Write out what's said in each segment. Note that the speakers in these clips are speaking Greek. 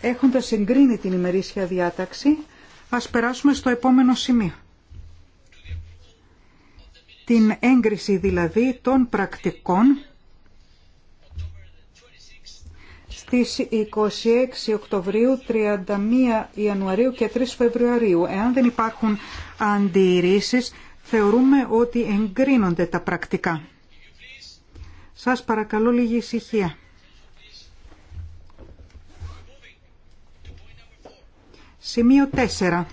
Έχοντας εγκρίνει την ημερήσια διάταξη, ας περάσουμε στο επόμενο σημείο. Την έγκριση δηλαδή των πρακτικών στις 26 Οκτωβρίου, 31 Ιανουαρίου και 3 Φεβρουαρίου. Εάν δεν υπάρχουν αντιρρήσεις, θεωρούμε ότι εγκρίνονται τα πρακτικά. Σας παρακαλώ λίγη ησυχία. Σημείο 4.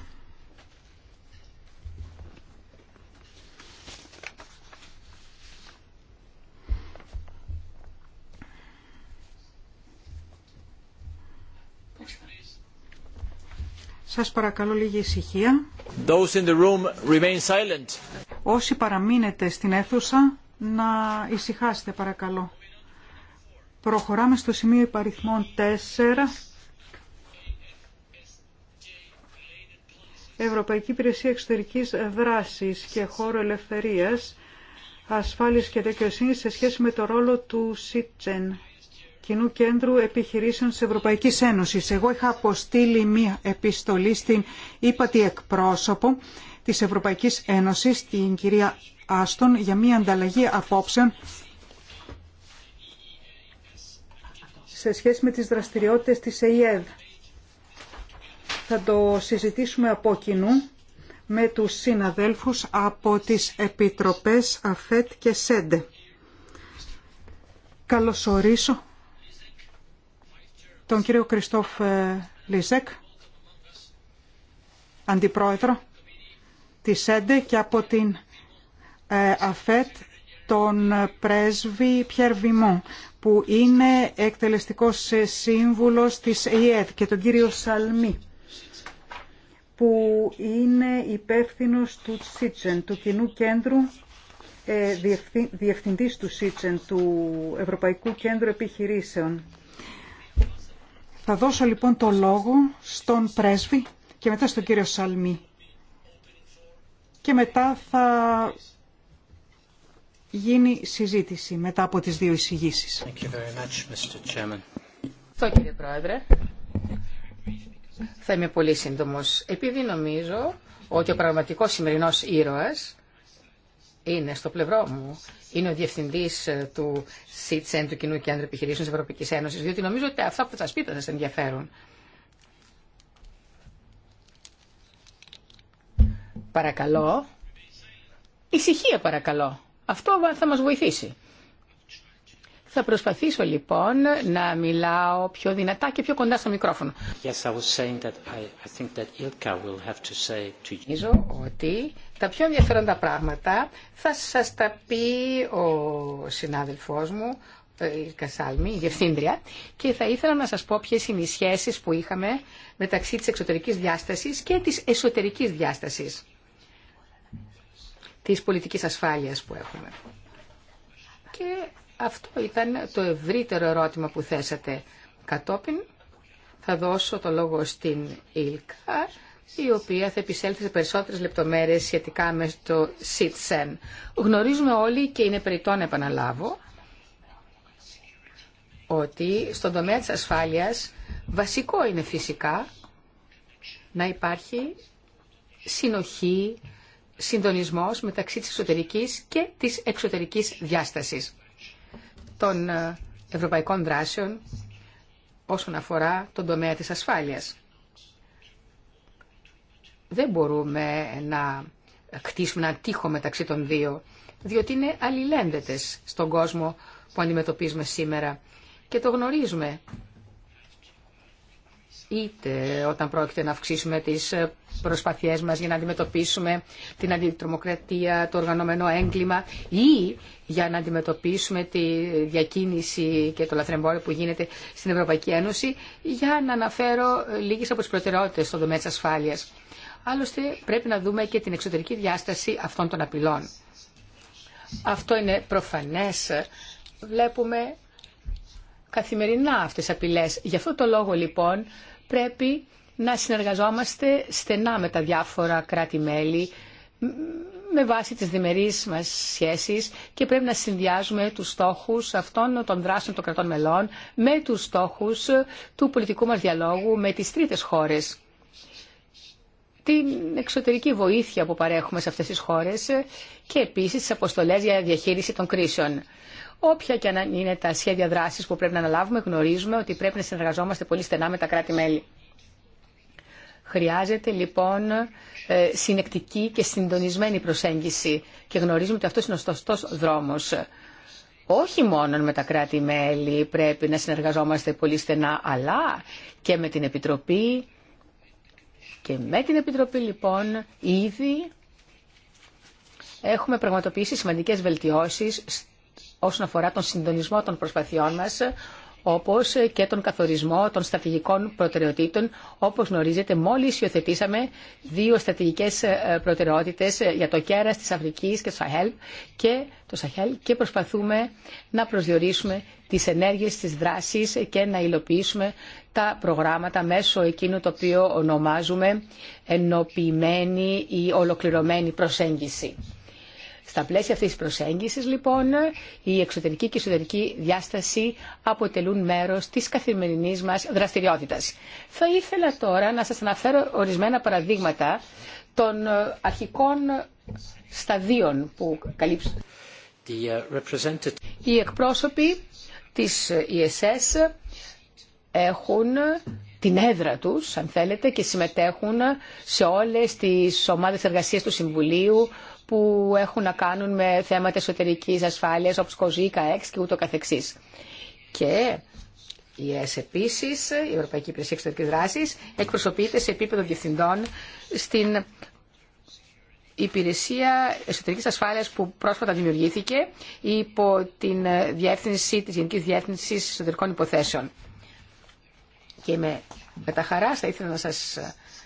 Σας παρακαλώ λίγη ησυχία. Those in the room remain silent. Όσοι παραμείνετε στην αίθουσα, να ησυχάσετε παρακαλώ. Προχωράμε στο σημείο υπαριθμών 4. Ευρωπαϊκή Υπηρεσία Εξωτερικής Δράσης και Χώρο Ελευθερίας, Ασφάλειας και Δικαιοσύνη σε σχέση με το ρόλο του ΣΥΤΣΕΝ, Κοινού Κέντρου Επιχειρήσεων της Ευρωπαϊκής Ένωσης. Εγώ είχα αποστείλει μία επιστολή στην ύπατη εκπρόσωπο της Ευρωπαϊκής Ένωσης, την κυρία Άστον, για μία ανταλλαγή απόψεων σε σχέση με τις δραστηριότητες της ΕΙΕΔ θα το συζητήσουμε από κοινού με τους συναδέλφους από τις Επιτροπές ΑΦΕΤ και ΣΕΝΤΕ. Καλωσορίσω τον κύριο Κριστόφ ε, Λιζέκ, αντιπρόεδρο της ΣΕΝΤΕ και από την ε, ΑΦΕΤ τον πρέσβη Πιέρ που είναι εκτελεστικός ε, σύμβουλος της ΕΙΕΔ και τον κύριο Σαλμή που είναι υπεύθυνος του ΣΥΤΣΕΝ, του Κοινού Κέντρου, ε, διευθυντής του ΣΥΤΣΕΝ, του Ευρωπαϊκού Κέντρου Επιχειρήσεων. Θα δώσω λοιπόν το λόγο στον πρέσβη και μετά στον κύριο Σαλμή. Και μετά θα γίνει συζήτηση μετά από τις δύο εισηγήσεις. κύριε Πρόεδρε. Θα είμαι πολύ σύντομο. επειδή νομίζω ότι ο πραγματικός σημερινός ήρωας είναι στο πλευρό μου. Είναι ο διευθυντή ε, του ΣΥΤΣΕΝ, του Κοινού Κέντρου Επιχειρήσεων τη Ευρωπαϊκή Ένωση, διότι νομίζω ότι αυτά που θα σα πείτε θα σα ενδιαφέρουν. Παρακαλώ. Ησυχία παρακαλώ. Αυτό θα μας βοηθήσει. Θα προσπαθήσω λοιπόν να μιλάω πιο δυνατά και πιο κοντά στο μικρόφωνο. Νομίζω ότι τα πιο ενδιαφέροντα πράγματα θα σας τα πει ο συνάδελφός μου, η ε, Κασάλμη, η Διευθύντρια, και θα ήθελα να σας πω ποιες είναι οι σχέσεις που είχαμε μεταξύ της εξωτερικής διάστασης και της εσωτερικής διάστασης της πολιτικής ασφάλειας που έχουμε. Και αυτό ήταν το ευρύτερο ερώτημα που θέσατε. Κατόπιν θα δώσω το λόγο στην Ιλκα, η οποία θα επισέλθει σε περισσότερες λεπτομέρειες σχετικά με το ΣΥΤΣΕΝ. Γνωρίζουμε όλοι και είναι περιττό να επαναλάβω ότι στον τομέα της ασφάλειας βασικό είναι φυσικά να υπάρχει συνοχή, συντονισμός μεταξύ της εσωτερικής και της εξωτερικής διάστασης των ε, ευρωπαϊκών δράσεων όσον αφορά τον τομέα της ασφάλειας. Δεν μπορούμε να κτίσουμε ένα τείχο μεταξύ των δύο, διότι είναι αλληλένδετες στον κόσμο που αντιμετωπίζουμε σήμερα και το γνωρίζουμε είτε όταν πρόκειται να αυξήσουμε τις προσπαθειές μας για να αντιμετωπίσουμε την αντιτρομοκρατία, το οργανωμένο έγκλημα ή για να αντιμετωπίσουμε τη διακίνηση και το λαθρεμπόριο που γίνεται στην Ευρωπαϊκή Ένωση για να αναφέρω λίγες από τις προτεραιότητες στον τομέα της ασφάλειας. Άλλωστε πρέπει να δούμε και την εξωτερική διάσταση αυτών των απειλών. Αυτό είναι προφανές. Βλέπουμε καθημερινά αυτές τις απειλές. Γι' αυτό το λόγο λοιπόν πρέπει να συνεργαζόμαστε στενά με τα διάφορα κράτη-μέλη με βάση τις διμερείς μας σχέσεις και πρέπει να συνδυάζουμε τους στόχους αυτών των δράσεων των κρατών μελών με τους στόχους του πολιτικού μας διαλόγου με τις τρίτες χώρες. Την εξωτερική βοήθεια που παρέχουμε σε αυτές τις χώρες και επίσης τις αποστολές για διαχείριση των κρίσεων. Όποια και αν είναι τα σχέδια δράση που πρέπει να αναλάβουμε, γνωρίζουμε ότι πρέπει να συνεργαζόμαστε πολύ στενά με τα κράτη-μέλη. Χρειάζεται λοιπόν ε, συνεκτική και συντονισμένη προσέγγιση και γνωρίζουμε ότι αυτό είναι ο σωστό δρόμος. Όχι μόνο με τα κράτη-μέλη πρέπει να συνεργαζόμαστε πολύ στενά, αλλά και με την Επιτροπή. Και με την Επιτροπή λοιπόν ήδη έχουμε πραγματοποιήσει σημαντικές βελτιώσεις όσον αφορά τον συντονισμό των προσπαθειών μας, όπως και τον καθορισμό των στρατηγικών προτεραιοτήτων. Όπως γνωρίζετε, μόλις υιοθετήσαμε δύο στρατηγικές ε, προτεραιότητες για το κέρας της Αφρικής και το Σαχέλ και, το Σαχέλ και προσπαθούμε να προσδιορίσουμε τις ενέργειες, της δράσης και να υλοποιήσουμε τα προγράμματα μέσω εκείνου το οποίο ονομάζουμε ενοποιημένη ή ολοκληρωμένη προσέγγιση. Στα πλαίσια αυτής της προσέγγισης, λοιπόν, η εξωτερική και η εσωτερική διάσταση αποτελούν μέρος της καθημερινής μας δραστηριότητας. Θα ήθελα τώρα να σας αναφέρω ορισμένα παραδείγματα των ε, αρχικών σταδίων που καλύψουν. Ε, Οι εκπρόσωποι της ISS ε, έχουν την έδρα τους, αν θέλετε, και συμμετέχουν σε όλες τις ομάδες εργασίας του Συμβουλίου, που έχουν να κάνουν με θέματα εσωτερικής ασφάλειας όπως Κοζίκα, ΕΞ και ούτω καθεξής. Και η ΕΣ επίση, η Ευρωπαϊκή Υπηρεσία Εξωτερικής Δράσης, εκπροσωπείται σε επίπεδο διευθυντών στην Υπηρεσία εσωτερικής ασφάλειας που πρόσφατα δημιουργήθηκε υπό την διεύθυνση της Γενική Διεύθυνση Εσωτερικών Υποθέσεων. Και με, με τα χαρά θα ήθελα να σας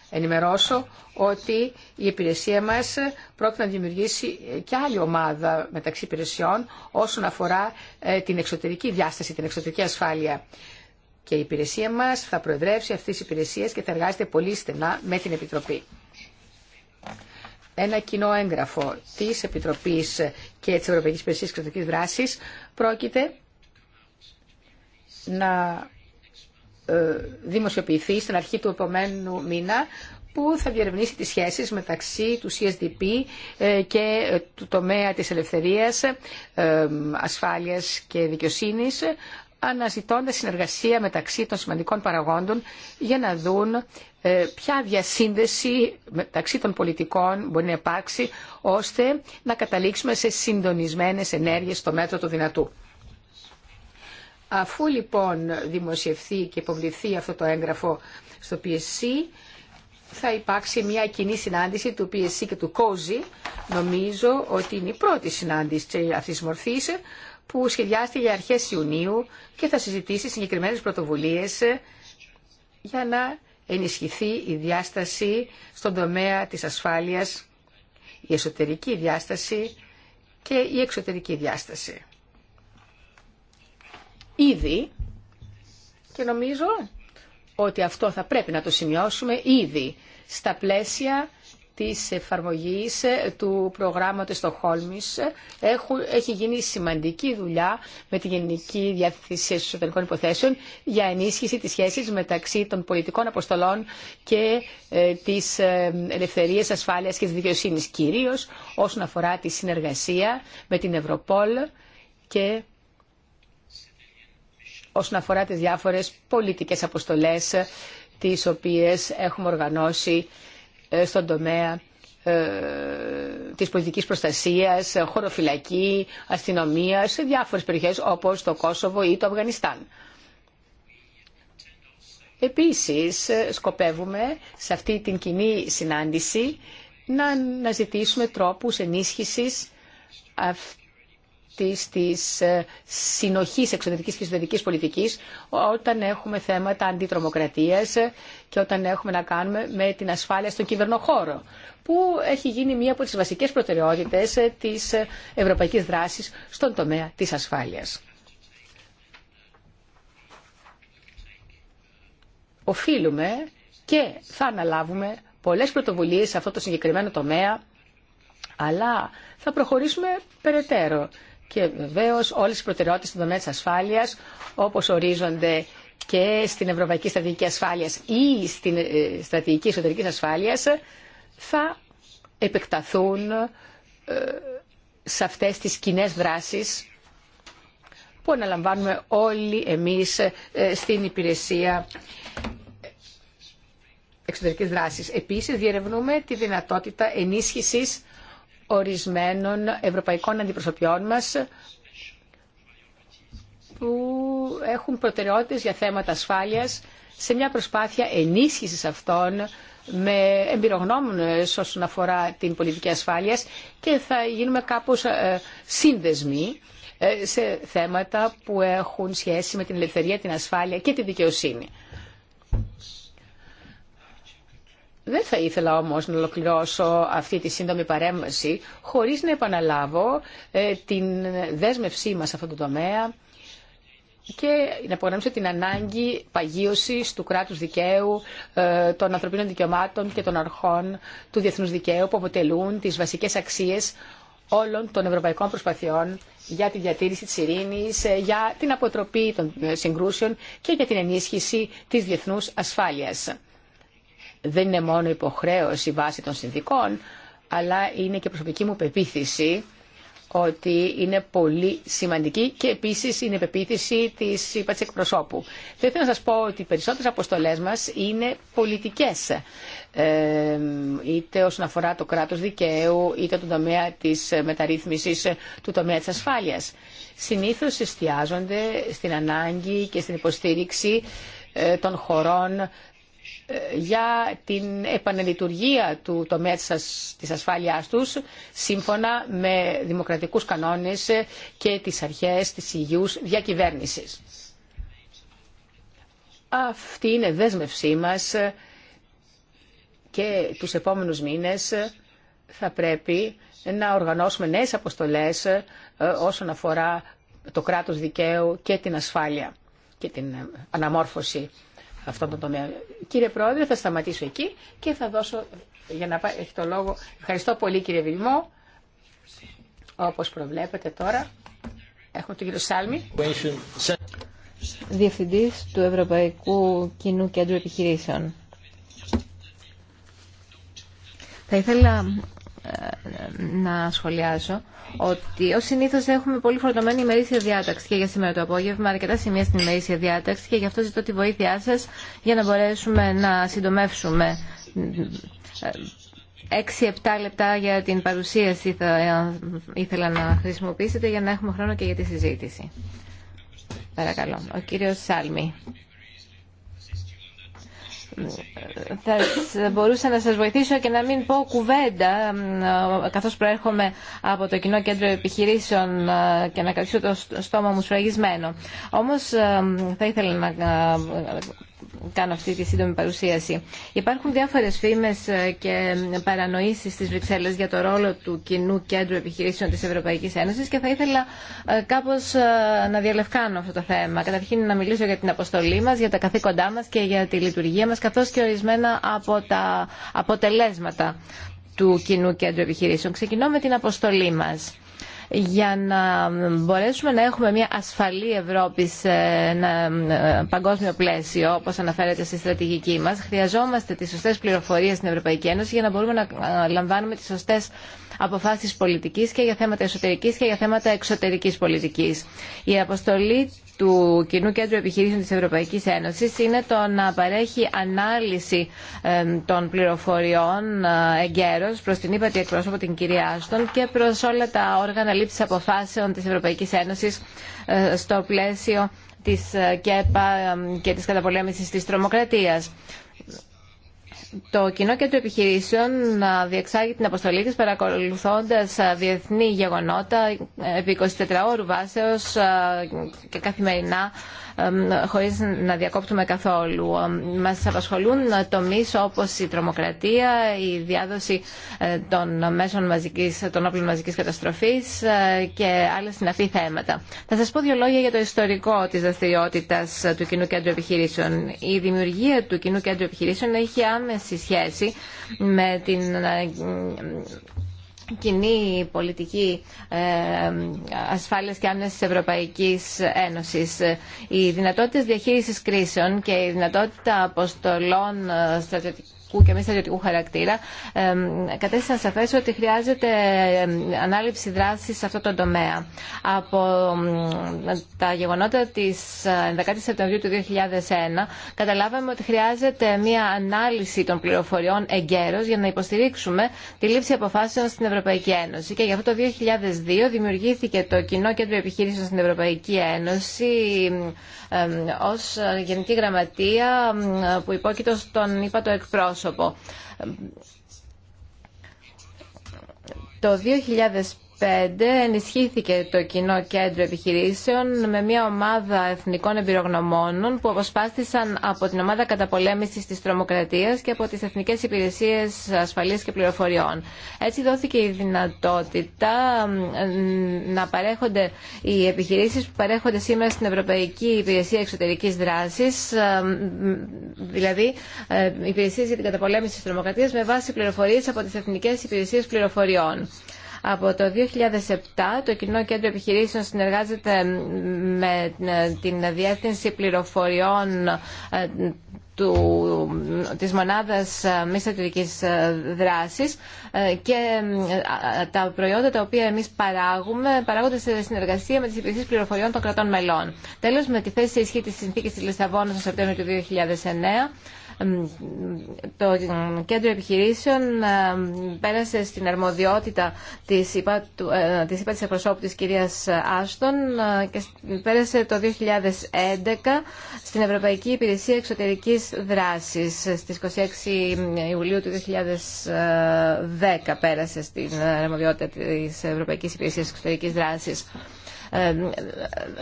ενημερώσω ότι η υπηρεσία μας πρόκειται να δημιουργήσει και άλλη ομάδα μεταξύ υπηρεσιών όσον αφορά ε, την εξωτερική διάσταση, την εξωτερική ασφάλεια. Και η υπηρεσία μας θα προεδρεύσει αυτές τις υπηρεσίες και θα εργάζεται πολύ στενά με την Επιτροπή. Ένα κοινό έγγραφο της Επιτροπής και της Ευρωπαϊκής Υπηρεσίας Εξωτερικής Δράσης πρόκειται να ε, δημοσιοποιηθεί στην αρχή του επομένου μήνα που θα διερευνήσει τις σχέσεις μεταξύ του CSDP ε, και του τομέα της ελευθερίας, ε, ασφάλειας και δικαιοσύνης αναζητώντας συνεργασία μεταξύ των σημαντικών παραγόντων για να δουν ποια διασύνδεση μεταξύ των πολιτικών μπορεί να υπάρξει ώστε να καταλήξουμε σε συντονισμένες ενέργειες στο μέτρο του δυνατού. Αφού λοιπόν δημοσιευθεί και υποβληθεί αυτό το έγγραφο στο PSC, θα υπάρξει μια κοινή συνάντηση του PSC και του COSI. Νομίζω ότι είναι η πρώτη συνάντηση αυτής της μορφής που σχεδιάστηκε για αρχές Ιουνίου και θα συζητήσει συγκεκριμένες πρωτοβουλίες για να ενισχυθεί η διάσταση στον τομέα της ασφάλειας, η εσωτερική διάσταση και η εξωτερική διάσταση ήδη και νομίζω ότι αυτό θα πρέπει να το σημειώσουμε ήδη στα πλαίσια της εφαρμογής του προγράμματος στο Χόλμης έχει γίνει σημαντική δουλειά με τη Γενική Διεύθυνση Εσωτερικών Υποθέσεων για ενίσχυση της σχέσης μεταξύ των πολιτικών αποστολών και ε, της ε, ελευθερίας, ασφάλειας και της δικαιοσύνης κυρίως όσον αφορά τη συνεργασία με την Ευρωπόλ και όσον αφορά τις διάφορες πολιτικές αποστολές τις οποίες έχουμε οργανώσει ε, στον τομέα ε, της πολιτικής προστασίας, ε, χωροφυλακή, αστυνομία σε διάφορες περιοχές όπως το Κόσοβο ή το Αφγανιστάν. Επίσης, σκοπεύουμε σε αυτή την κοινή συνάντηση να αναζητήσουμε τρόπους ενίσχυσης αυτή Τη της ε, συνοχής εξωτερικής και εσωτερικής πολιτικής όταν έχουμε θέματα αντιτρομοκρατίας και όταν έχουμε να κάνουμε με την ασφάλεια στον κυβερνοχώρο που έχει γίνει μία από τις βασικές προτεραιότητες ε, της ε, ευρωπαϊκής δράσης στον τομέα της ασφάλειας. Οφείλουμε και θα αναλάβουμε πολλές πρωτοβουλίες σε αυτό το συγκεκριμένο τομέα αλλά θα προχωρήσουμε περαιτέρω και βεβαίω όλες οι προτεραιότητε στον τομέα της ασφάλειας όπως ορίζονται και στην Ευρωπαϊκή Στρατηγική Ασφάλειας ή στην ε, Στρατηγική εσωτερική Ασφάλειας θα επεκταθούν ε, σε αυτές τις κοινέ δράσεις που αναλαμβάνουμε όλοι εμείς ε, στην υπηρεσία εξωτερικής δράσης. Επίσης, διερευνούμε τη δυνατότητα ενίσχυσης ορισμένων ευρωπαϊκών αντιπροσωπιών μας που έχουν προτεραιότητες για θέματα ασφάλειας σε μια προσπάθεια ενίσχυσης αυτών με εμπειρογνώμονες όσον αφορά την πολιτική ασφάλειας και θα γίνουμε κάπως ε, σύνδεσμοι ε, σε θέματα που έχουν σχέση με την ελευθερία, την ασφάλεια και τη δικαιοσύνη. Δεν θα ήθελα όμως να ολοκληρώσω αυτή τη σύντομη παρέμβαση χωρίς να επαναλάβω ε, την δέσμευσή μας σε αυτό το τομέα και να απογραμμίσω την ανάγκη παγίωσης του κράτους δικαίου, ε, των ανθρωπίνων δικαιωμάτων και των αρχών του διεθνούς δικαίου που αποτελούν τις βασικές αξίες όλων των ευρωπαϊκών προσπαθειών για τη διατήρηση της ειρήνης, ε, για την αποτροπή των συγκρούσεων και για την ενίσχυση της διεθνούς ασφάλειας δεν είναι μόνο υποχρέωση βάση των συνδικών, αλλά είναι και προσωπική μου πεποίθηση ότι είναι πολύ σημαντική και επίσης είναι πεποίθηση της ύπαρξης εκπροσώπου. Θα ήθελα να σα πω ότι οι περισσότερε αποστολέ μα είναι πολιτικές, ε, είτε όσον αφορά το κράτος δικαίου, είτε τον τομέα της μεταρρύθμισης του τομέα τη ασφάλεια. Συνήθω εστιάζονται στην ανάγκη και στην υποστήριξη ε, των χωρών για την επαναλειτουργία του τομέα της ασφάλειάς τους σύμφωνα με δημοκρατικούς κανόνες και τις αρχές της υγιούς διακυβέρνησης. Αυτή είναι δέσμευσή μας και τους επόμενους μήνες θα πρέπει να οργανώσουμε νέες αποστολές ε, όσον αφορά το κράτος δικαίου και την ασφάλεια και την ε, αναμόρφωση αυτόν τον τομέα. Κύριε Πρόεδρε, θα σταματήσω εκεί και θα δώσω για να πάει, έχει το λόγο. Ευχαριστώ πολύ κύριε Βιλμό. Όπως προβλέπετε τώρα, έχουμε τον κύριο Σάλμη. Διευθυντής του Ευρωπαϊκού Κοινού Κέντρου Επιχειρήσεων. Θα ήθελα να σχολιάσω ότι ως συνήθως έχουμε πολύ φορτωμένη ημερήσια διάταξη και για σήμερα το απόγευμα αρκετά σημεία στην ημερήσια διάταξη και γι' αυτό ζητώ τη βοήθειά σας για να μπορέσουμε να συντομευσουμε εξι 6-7 λεπτά για την παρουσίαση θα ε, ήθελα να χρησιμοποιήσετε για να έχουμε χρόνο και για τη συζήτηση. Παρακαλώ. Ο κύριος Σάλμη θα μπορούσα να σας βοηθήσω και να μην πω κουβέντα καθώς προέρχομαι από το Κοινό Κέντρο Επιχειρήσεων και να κρατήσω το στόμα μου σφραγισμένο. Όμως θα ήθελα να κάνω αυτή τη σύντομη παρουσίαση. Υπάρχουν διάφορες φήμες ε, και παρανοήσεις στις Βρυξέλλες για το ρόλο του κοινού κέντρου επιχειρήσεων της Ευρωπαϊκής Ένωσης και θα ήθελα ε, κάπως ε, να διαλευκάνω αυτό το θέμα. Καταρχήν να μιλήσω για την αποστολή μας, για τα καθήκοντά μας και για τη λειτουργία μας καθώς και ορισμένα από τα αποτελέσματα του κοινού κέντρου επιχειρήσεων. Ξεκινώ με την αποστολή μας για να μπορέσουμε να έχουμε μια ασφαλή Ευρώπη σε ένα ε, παγκόσμιο πλαίσιο, όπως αναφέρεται στη στρατηγική μας, χρειαζόμαστε τις σωστές πληροφορίες στην Ευρωπαϊκή Ένωση για να μπορούμε να ε, λαμβάνουμε τις σωστέ αποφάσεις πολιτικής και για θέματα εσωτερική και για θέματα εξωτερικής πολιτικής. Η αποστολή του Κοινού Κέντρου Επιχειρήσεων της Ευρωπαϊκής Ένωσης είναι το να παρέχει ανάλυση των πληροφοριών ε, εγκαίρως προς την ύπατη εκπρόσωπο την κυρία Άστον και προς όλα τα όργανα λήψης αποφάσεων της Ευρωπαϊκής Ένωσης ε, στο πλαίσιο της ε, ΚΕΠΑ και της καταπολέμησης της τρομοκρατίας το κοινό κέντρο επιχειρήσεων να διεξάγει την αποστολή της παρακολουθώντας διεθνή γεγονότα ε, επί 24 ώρου βάσεως και καθημερινά χωρίς να διακόπτουμε καθόλου. Μας απασχολούν τομείς όπως η τρομοκρατία, η διάδοση ε, των μέσων μαζικής, των όπλων μαζικής καταστροφής ε, και άλλα συναφή θέματα. Θα σας πω δύο λόγια για το ιστορικό της δραστηριότητα του Κοινού Κέντρου Επιχειρήσεων. Η δημιουργία του Κοινού Κέντρου Επιχειρήσεων έχει άμεση σχέση με την ε, κοινή πολιτική ε, ασφάλειας και άμυνας της Ευρωπαϊκής Ένωσης. Οι δυνατότητες διαχείρισης κρίσεων και η δυνατότητα αποστολών ε, στρατιωτικών πολιτικού και μη στρατιωτικού χαρακτήρα, κατέστησαν σαφέ ότι χρειάζεται ανάληψη δράση σε αυτό το τομέα. Από τα γεγονότα της 11 ε, Σεπτεμβρίου του 2001, καταλάβαμε ότι χρειάζεται μια ανάλυση των πληροφοριών εγκαίρως για να υποστηρίξουμε τη λήψη αποφάσεων στην Ευρωπαϊκή Ένωση. Και γι' αυτό το 2002 δημιουργήθηκε το Κοινό Κέντρο Επιχείρησεων στην Ευρωπαϊκή Ένωση ω Γενική Γραμματεία που υπόκειτο στον είπα το εκπρόσωπο το 2005 ενισχύθηκε το κοινό κέντρο επιχειρήσεων με μια ομάδα εθνικών εμπειρογνωμόνων που αποσπάστησαν από την ομάδα καταπολέμησης της τρομοκρατίας και από τις εθνικές υπηρεσίες ασφαλείας και πληροφοριών. Έτσι δόθηκε η δυνατότητα να παρέχονται οι επιχειρήσεις που παρέχονται σήμερα στην Ευρωπαϊκή Υπηρεσία Εξωτερικής Δράσης, δηλαδή ε, υπηρεσίες για την καταπολέμηση της τρομοκρατίας με βάση πληροφορίες από τις εθνικές υπηρεσίες πληροφοριών. Από το 2007 το Κοινό Κέντρο Επιχειρήσεων συνεργάζεται με την Διεύθυνση Πληροφοριών ε, του, της μονάδας ε, μη στρατιωτικής ε, δράσης και τα προϊόντα τα οποία εμείς παράγουμε παράγονται σε συνεργασία με τις υπηρεσίες πληροφοριών των κρατών μελών. Τέλος, με τη θέση ισχύ της συνθήκης της Λισαβόνας τον Σεπτέμβριο του 2009, το κέντρο επιχειρήσεων πέρασε στην αρμοδιότητα της ΥΠΑ ε, της, της της κυρίας Άστον ε, και πέρασε το 2011 στην Ευρωπαϊκή Υπηρεσία Εξωτερικής Δράσης. Στις 26 Ιουλίου του 2010 πέρασε στην αρμοδιότητα της Ευρωπαϊκής Υπηρεσίας Εξωτερικής Δράσης. Ε,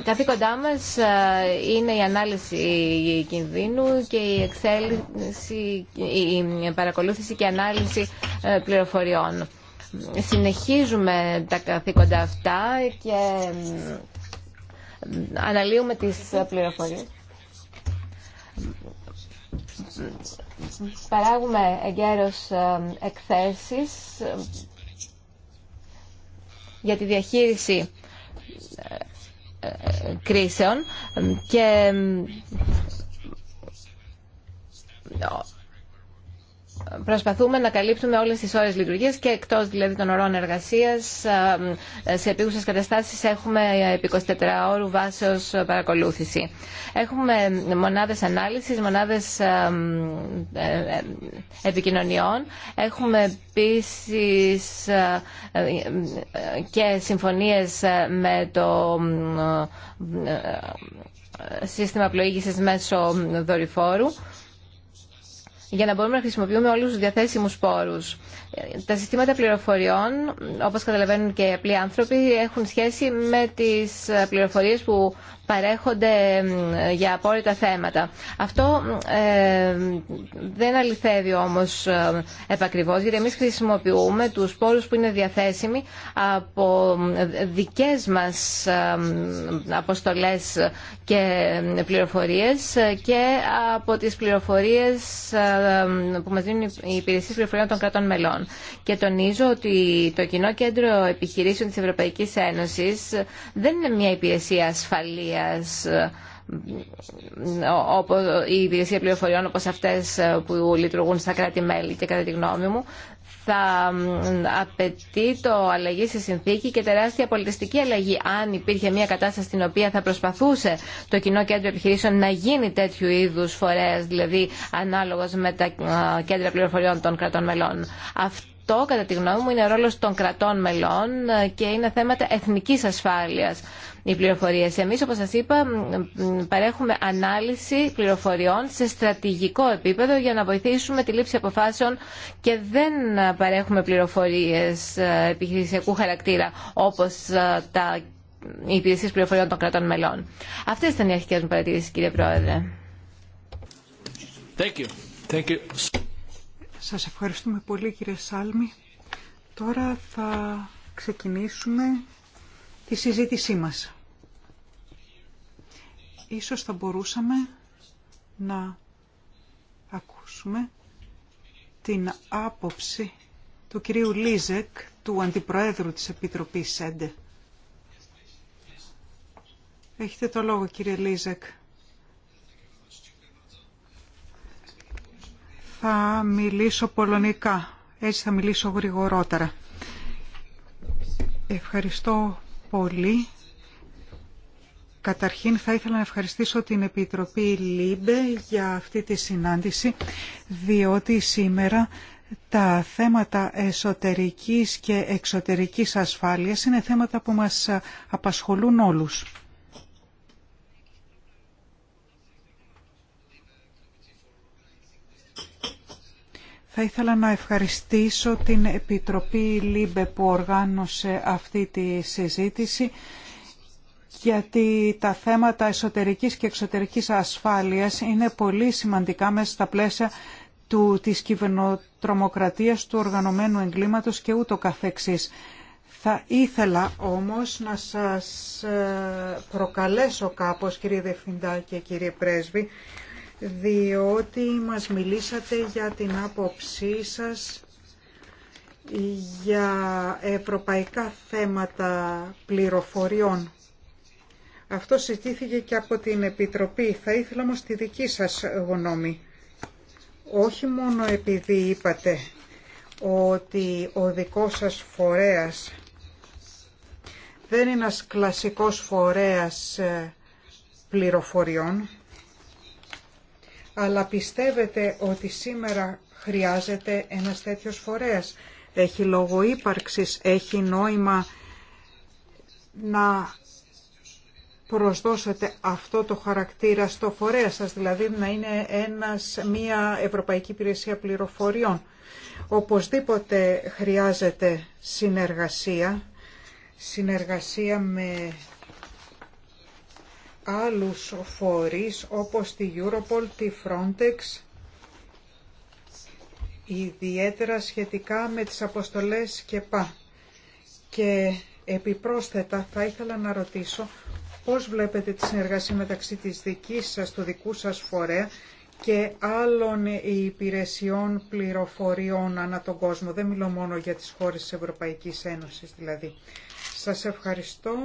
καθήκοντά μας ε, είναι η ανάλυση κινδύνου και η, εξέλιξη, η παρακολούθηση και ανάλυση ε, πληροφοριών. Συνεχίζουμε τα καθήκοντα αυτά και αναλύουμε τις πληροφορίες. Παράγουμε εγκαίρως εκθέσεις για τη διαχείριση κρίσεων και Προσπαθούμε να καλύπτουμε όλες τις ώρες λειτουργίας και εκτός δηλαδή των ωρών εργασίας. Σε επίγουσες καταστάσεις έχουμε επί 24 ώρου βάσεως παρακολούθηση. Έχουμε μονάδες ανάλυσης, μονάδες ε, επικοινωνιών. Έχουμε επίση ε, και συμφωνίες με το ε, σύστημα πλοήγησης μέσω δορυφόρου για να μπορούμε να χρησιμοποιούμε όλους τους διαθέσιμους πόρους. Τα συστήματα πληροφοριών, όπως καταλαβαίνουν και οι απλοί άνθρωποι, έχουν σχέση με τις πληροφορίες που παρέχονται για απόρριτα θέματα. Αυτό ε, δεν αληθεύει όμως ε, επακριβώς, γιατί εμείς χρησιμοποιούμε τους πόρους που είναι διαθέσιμοι από δικές μας ε, αποστολές και πληροφορίες και από τις πληροφορίες που μας δίνουν οι υπηρεσίες πληροφοριών των κρατών μελών. Και τονίζω ότι το Κοινό Κέντρο Επιχειρήσεων της Ευρωπαϊκής Ένωσης δεν είναι μια υπηρεσία ασφαλείας η υπηρεσία πληροφοριών όπως αυτές που λειτουργούν στα κράτη-μέλη και κατά τη γνώμη μου θα απαιτεί το αλλαγή στη συνθήκη και τεράστια πολιτιστική αλλαγή αν υπήρχε μια κατάσταση στην οποία θα προσπαθούσε το κοινό κέντρο επιχειρήσεων να γίνει τέτοιου είδους φορές, δηλαδή ανάλογος με τα κέντρα πληροφοριών των κρατών μελών αυτό, κατά τη γνώμη μου, είναι ρόλος των κρατών μελών ε, και είναι θέματα εθνικής ασφάλειας οι πληροφορίες. Εμείς, όπως σας είπα, παρέχουμε ανάλυση πληροφοριών σε στρατηγικό επίπεδο για να βοηθήσουμε τη λήψη αποφάσεων και δεν παρέχουμε πληροφορίες ε, επιχειρησιακού χαρακτήρα όπως ε, τα οι υπηρεσίε πληροφοριών των κρατών μελών. Αυτέ ήταν οι αρχικέ μου παρατηρήσει, κύριε Πρόεδρε. Thank you. Thank you. Σας ευχαριστούμε πολύ κύριε Σάλμη. Τώρα θα ξεκινήσουμε τη συζήτησή μας. Ίσως θα μπορούσαμε να ακούσουμε την άποψη του κυρίου Λίζεκ, του Αντιπροέδρου της Επιτροπής ΣΕΝΤΕ. Έχετε το λόγο κύριε Λίζεκ. Θα μιλήσω πολωνικά. Έτσι θα μιλήσω γρηγορότερα. Ευχαριστώ πολύ. Καταρχήν θα ήθελα να ευχαριστήσω την Επιτροπή ΛΥΜΠΕ για αυτή τη συνάντηση, διότι σήμερα τα θέματα εσωτερικής και εξωτερικής ασφάλειας είναι θέματα που μας απασχολούν όλους. Θα ήθελα να ευχαριστήσω την Επιτροπή ΛΥΜΠΕ που οργάνωσε αυτή τη συζήτηση γιατί τα θέματα εσωτερικής και εξωτερικής ασφάλειας είναι πολύ σημαντικά μέσα στα πλαίσια του, της κυβερνοτρομοκρατίας, του οργανωμένου εγκλήματος και ούτω καθεξής. Θα ήθελα όμως να σας ε, προκαλέσω κάπως κύριε Δευθυντά και κύριε Πρέσβη διότι μας μιλήσατε για την άποψή σας για ευρωπαϊκά θέματα πληροφοριών. Αυτό συζητήθηκε και από την Επιτροπή. Θα ήθελα όμως τη δική σας γνώμη. Όχι μόνο επειδή είπατε ότι ο δικός σας φορέας δεν είναι ένας κλασικός φορέας ε, πληροφοριών, αλλά πιστεύετε ότι σήμερα χρειάζεται ένας τέτοιος φορέας. Έχει λόγο ύπαρξης, έχει νόημα να προσδώσετε αυτό το χαρακτήρα στο φορέα σας, δηλαδή να είναι ένας, μια Ευρωπαϊκή Υπηρεσία Πληροφοριών. Οπωσδήποτε χρειάζεται συνεργασία, συνεργασία με άλλους φορείς όπως τη Europol, τη Frontex, ιδιαίτερα σχετικά με τις αποστολές και πά. Και επιπρόσθετα θα ήθελα να ρωτήσω πώς βλέπετε τη συνεργασία μεταξύ της δικής σας, του δικού σας φορέα και άλλων υπηρεσιών πληροφοριών ανά τον κόσμο. Δεν μιλώ μόνο για τις χώρες της Ευρωπαϊκής Ένωσης δηλαδή. Σας ευχαριστώ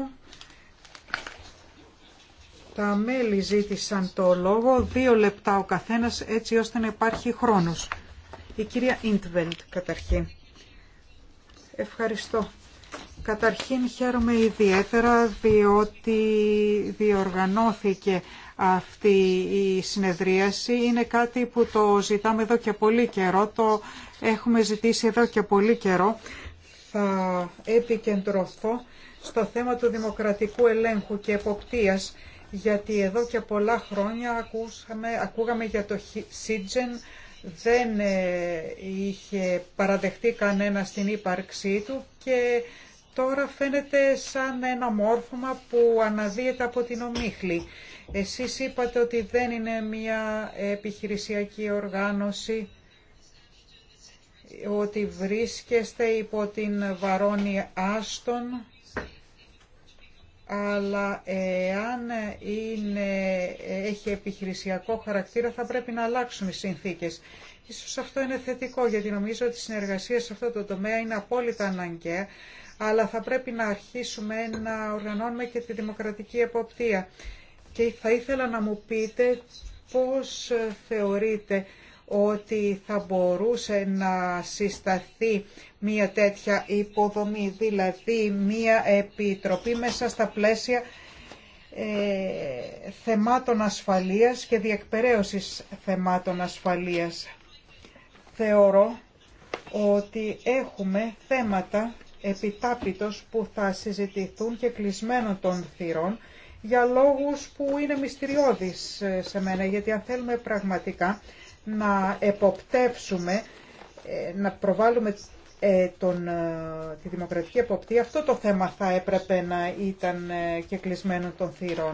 τα μέλη ζήτησαν το λόγο, δύο λεπτά ο καθένας έτσι ώστε να υπάρχει χρόνος. Η κυρία Ιντβελτ καταρχήν. Ευχαριστώ. Καταρχήν χαίρομαι ιδιαίτερα διότι διοργανώθηκε αυτή η συνεδρίαση. Είναι κάτι που το ζητάμε εδώ και πολύ καιρό, το έχουμε ζητήσει εδώ και πολύ καιρό. Θα επικεντρωθώ στο θέμα του δημοκρατικού ελέγχου και εποπτείας γιατί εδώ και πολλά χρόνια ακούσαμε, ακούγαμε για το Σίτζεν, δεν ε, είχε παραδεχτεί κανένα στην ύπαρξή του και τώρα φαίνεται σαν ένα μόρφωμα που αναδύεται από την ομίχλη. Εσείς είπατε ότι δεν είναι μια επιχειρησιακή οργάνωση, ότι βρίσκεστε υπό την Βαρόνη Άστον αλλά εάν είναι, έχει επιχειρησιακό χαρακτήρα θα πρέπει να αλλάξουν οι συνθήκες. Ίσως αυτό είναι θετικό γιατί νομίζω ότι η συνεργασία σε αυτό το τομέα είναι απόλυτα αναγκαία αλλά θα πρέπει να αρχίσουμε να οργανώνουμε και τη δημοκρατική εποπτεία. Και θα ήθελα να μου πείτε πώς θεωρείτε ότι θα μπορούσε να συσταθεί μια τέτοια υποδομή, δηλαδή μια επιτροπή μέσα στα πλαίσια ε, θεμάτων ασφαλείας και διεκπαιρέωσης θεμάτων ασφαλείας. Θεωρώ ότι έχουμε θέματα επιτάπητος που θα συζητηθούν και κλεισμένων των θυρών για λόγους που είναι μυστηριώδεις ε, σε μένα, γιατί αν θέλουμε πραγματικά να εποπτεύσουμε, ε, να προβάλλουμε ε, τον, ε, τη δημοκρατική εποπτεία, αυτό το θέμα θα έπρεπε να ήταν και κλεισμένο των θύρων.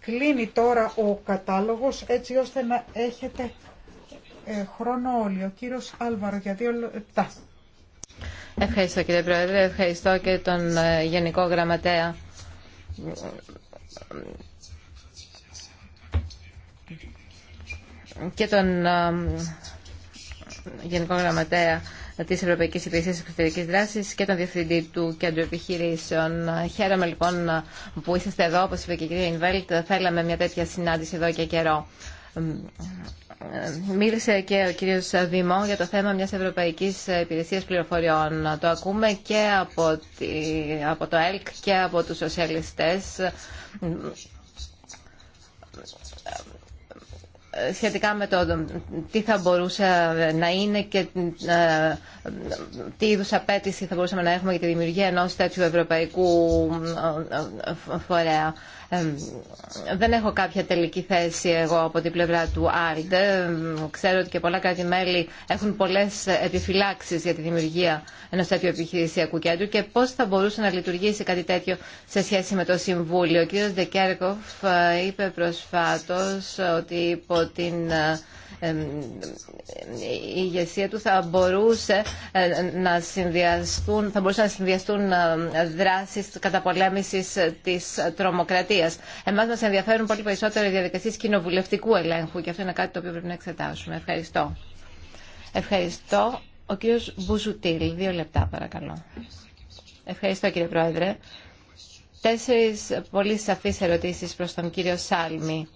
Κλείνει τώρα ο κατάλογος έτσι ώστε να έχετε χρόνο όλοι. Ο κύριος Άλβαρο για δύο λεπτά. Ευχαριστώ κύριε Πρόεδρε, ευχαριστώ και τον Γενικό Γραμματέα και τον Γενικό Γραμματέα τη Ευρωπαϊκή Υπηρεσία Εξωτερική Δράση και τον Διευθυντή του Κέντρου Επιχειρήσεων. Χαίρομαι λοιπόν που είσαστε εδώ. Όπω είπε και η κυρία Ινβέλτ, θέλαμε μια τέτοια συνάντηση εδώ και καιρό. Μίλησε και ο κύριος Δημό για το θέμα μιας Ευρωπαϊκής Υπηρεσίας Πληροφοριών. Το ακούμε και από, από το ΕΛΚ και από τους σοσιαλιστές σχετικά με το τι θα μπορούσε να είναι και ε, τι είδους απέτηση θα μπορούσαμε να έχουμε για τη δημιουργία ενός τέτοιου ευρωπαϊκού ε, ε, φορέα. Δεν έχω κάποια τελική θέση εγώ από την πλευρά του Άριντε. Ξέρω ότι και πολλά κράτη-μέλη έχουν πολλές επιφυλάξεις για τη δημιουργία ενός τέτοιου επιχειρησιακού κέντρου και πώς θα μπορούσε να λειτουργήσει κάτι τέτοιο σε σχέση με το Συμβούλιο. Ο κ. Δεκέρκοφ ε, είπε προσφάτως ότι υπό την ε, η ηγεσία του θα μπορούσε ε, να συνδυαστούν, θα μπορούσαν να συνδυαστούν ε, δράσεις καταπολέμησης της τρομοκρατίας. Εμάς μας ενδιαφέρουν πολύ περισσότερο οι διαδικασίες κοινοβουλευτικού ελέγχου και αυτό είναι κάτι το οποίο πρέπει να εξετάσουμε. Ευχαριστώ. Ευχαριστώ. Ο κύριος Μπουζουτήλ. Δύο λεπτά παρακαλώ. Ευχαριστώ κύριε Πρόεδρε. Τέσσερις πολύ σαφείς ερωτήσεις προς τον κύριο Σάλμη.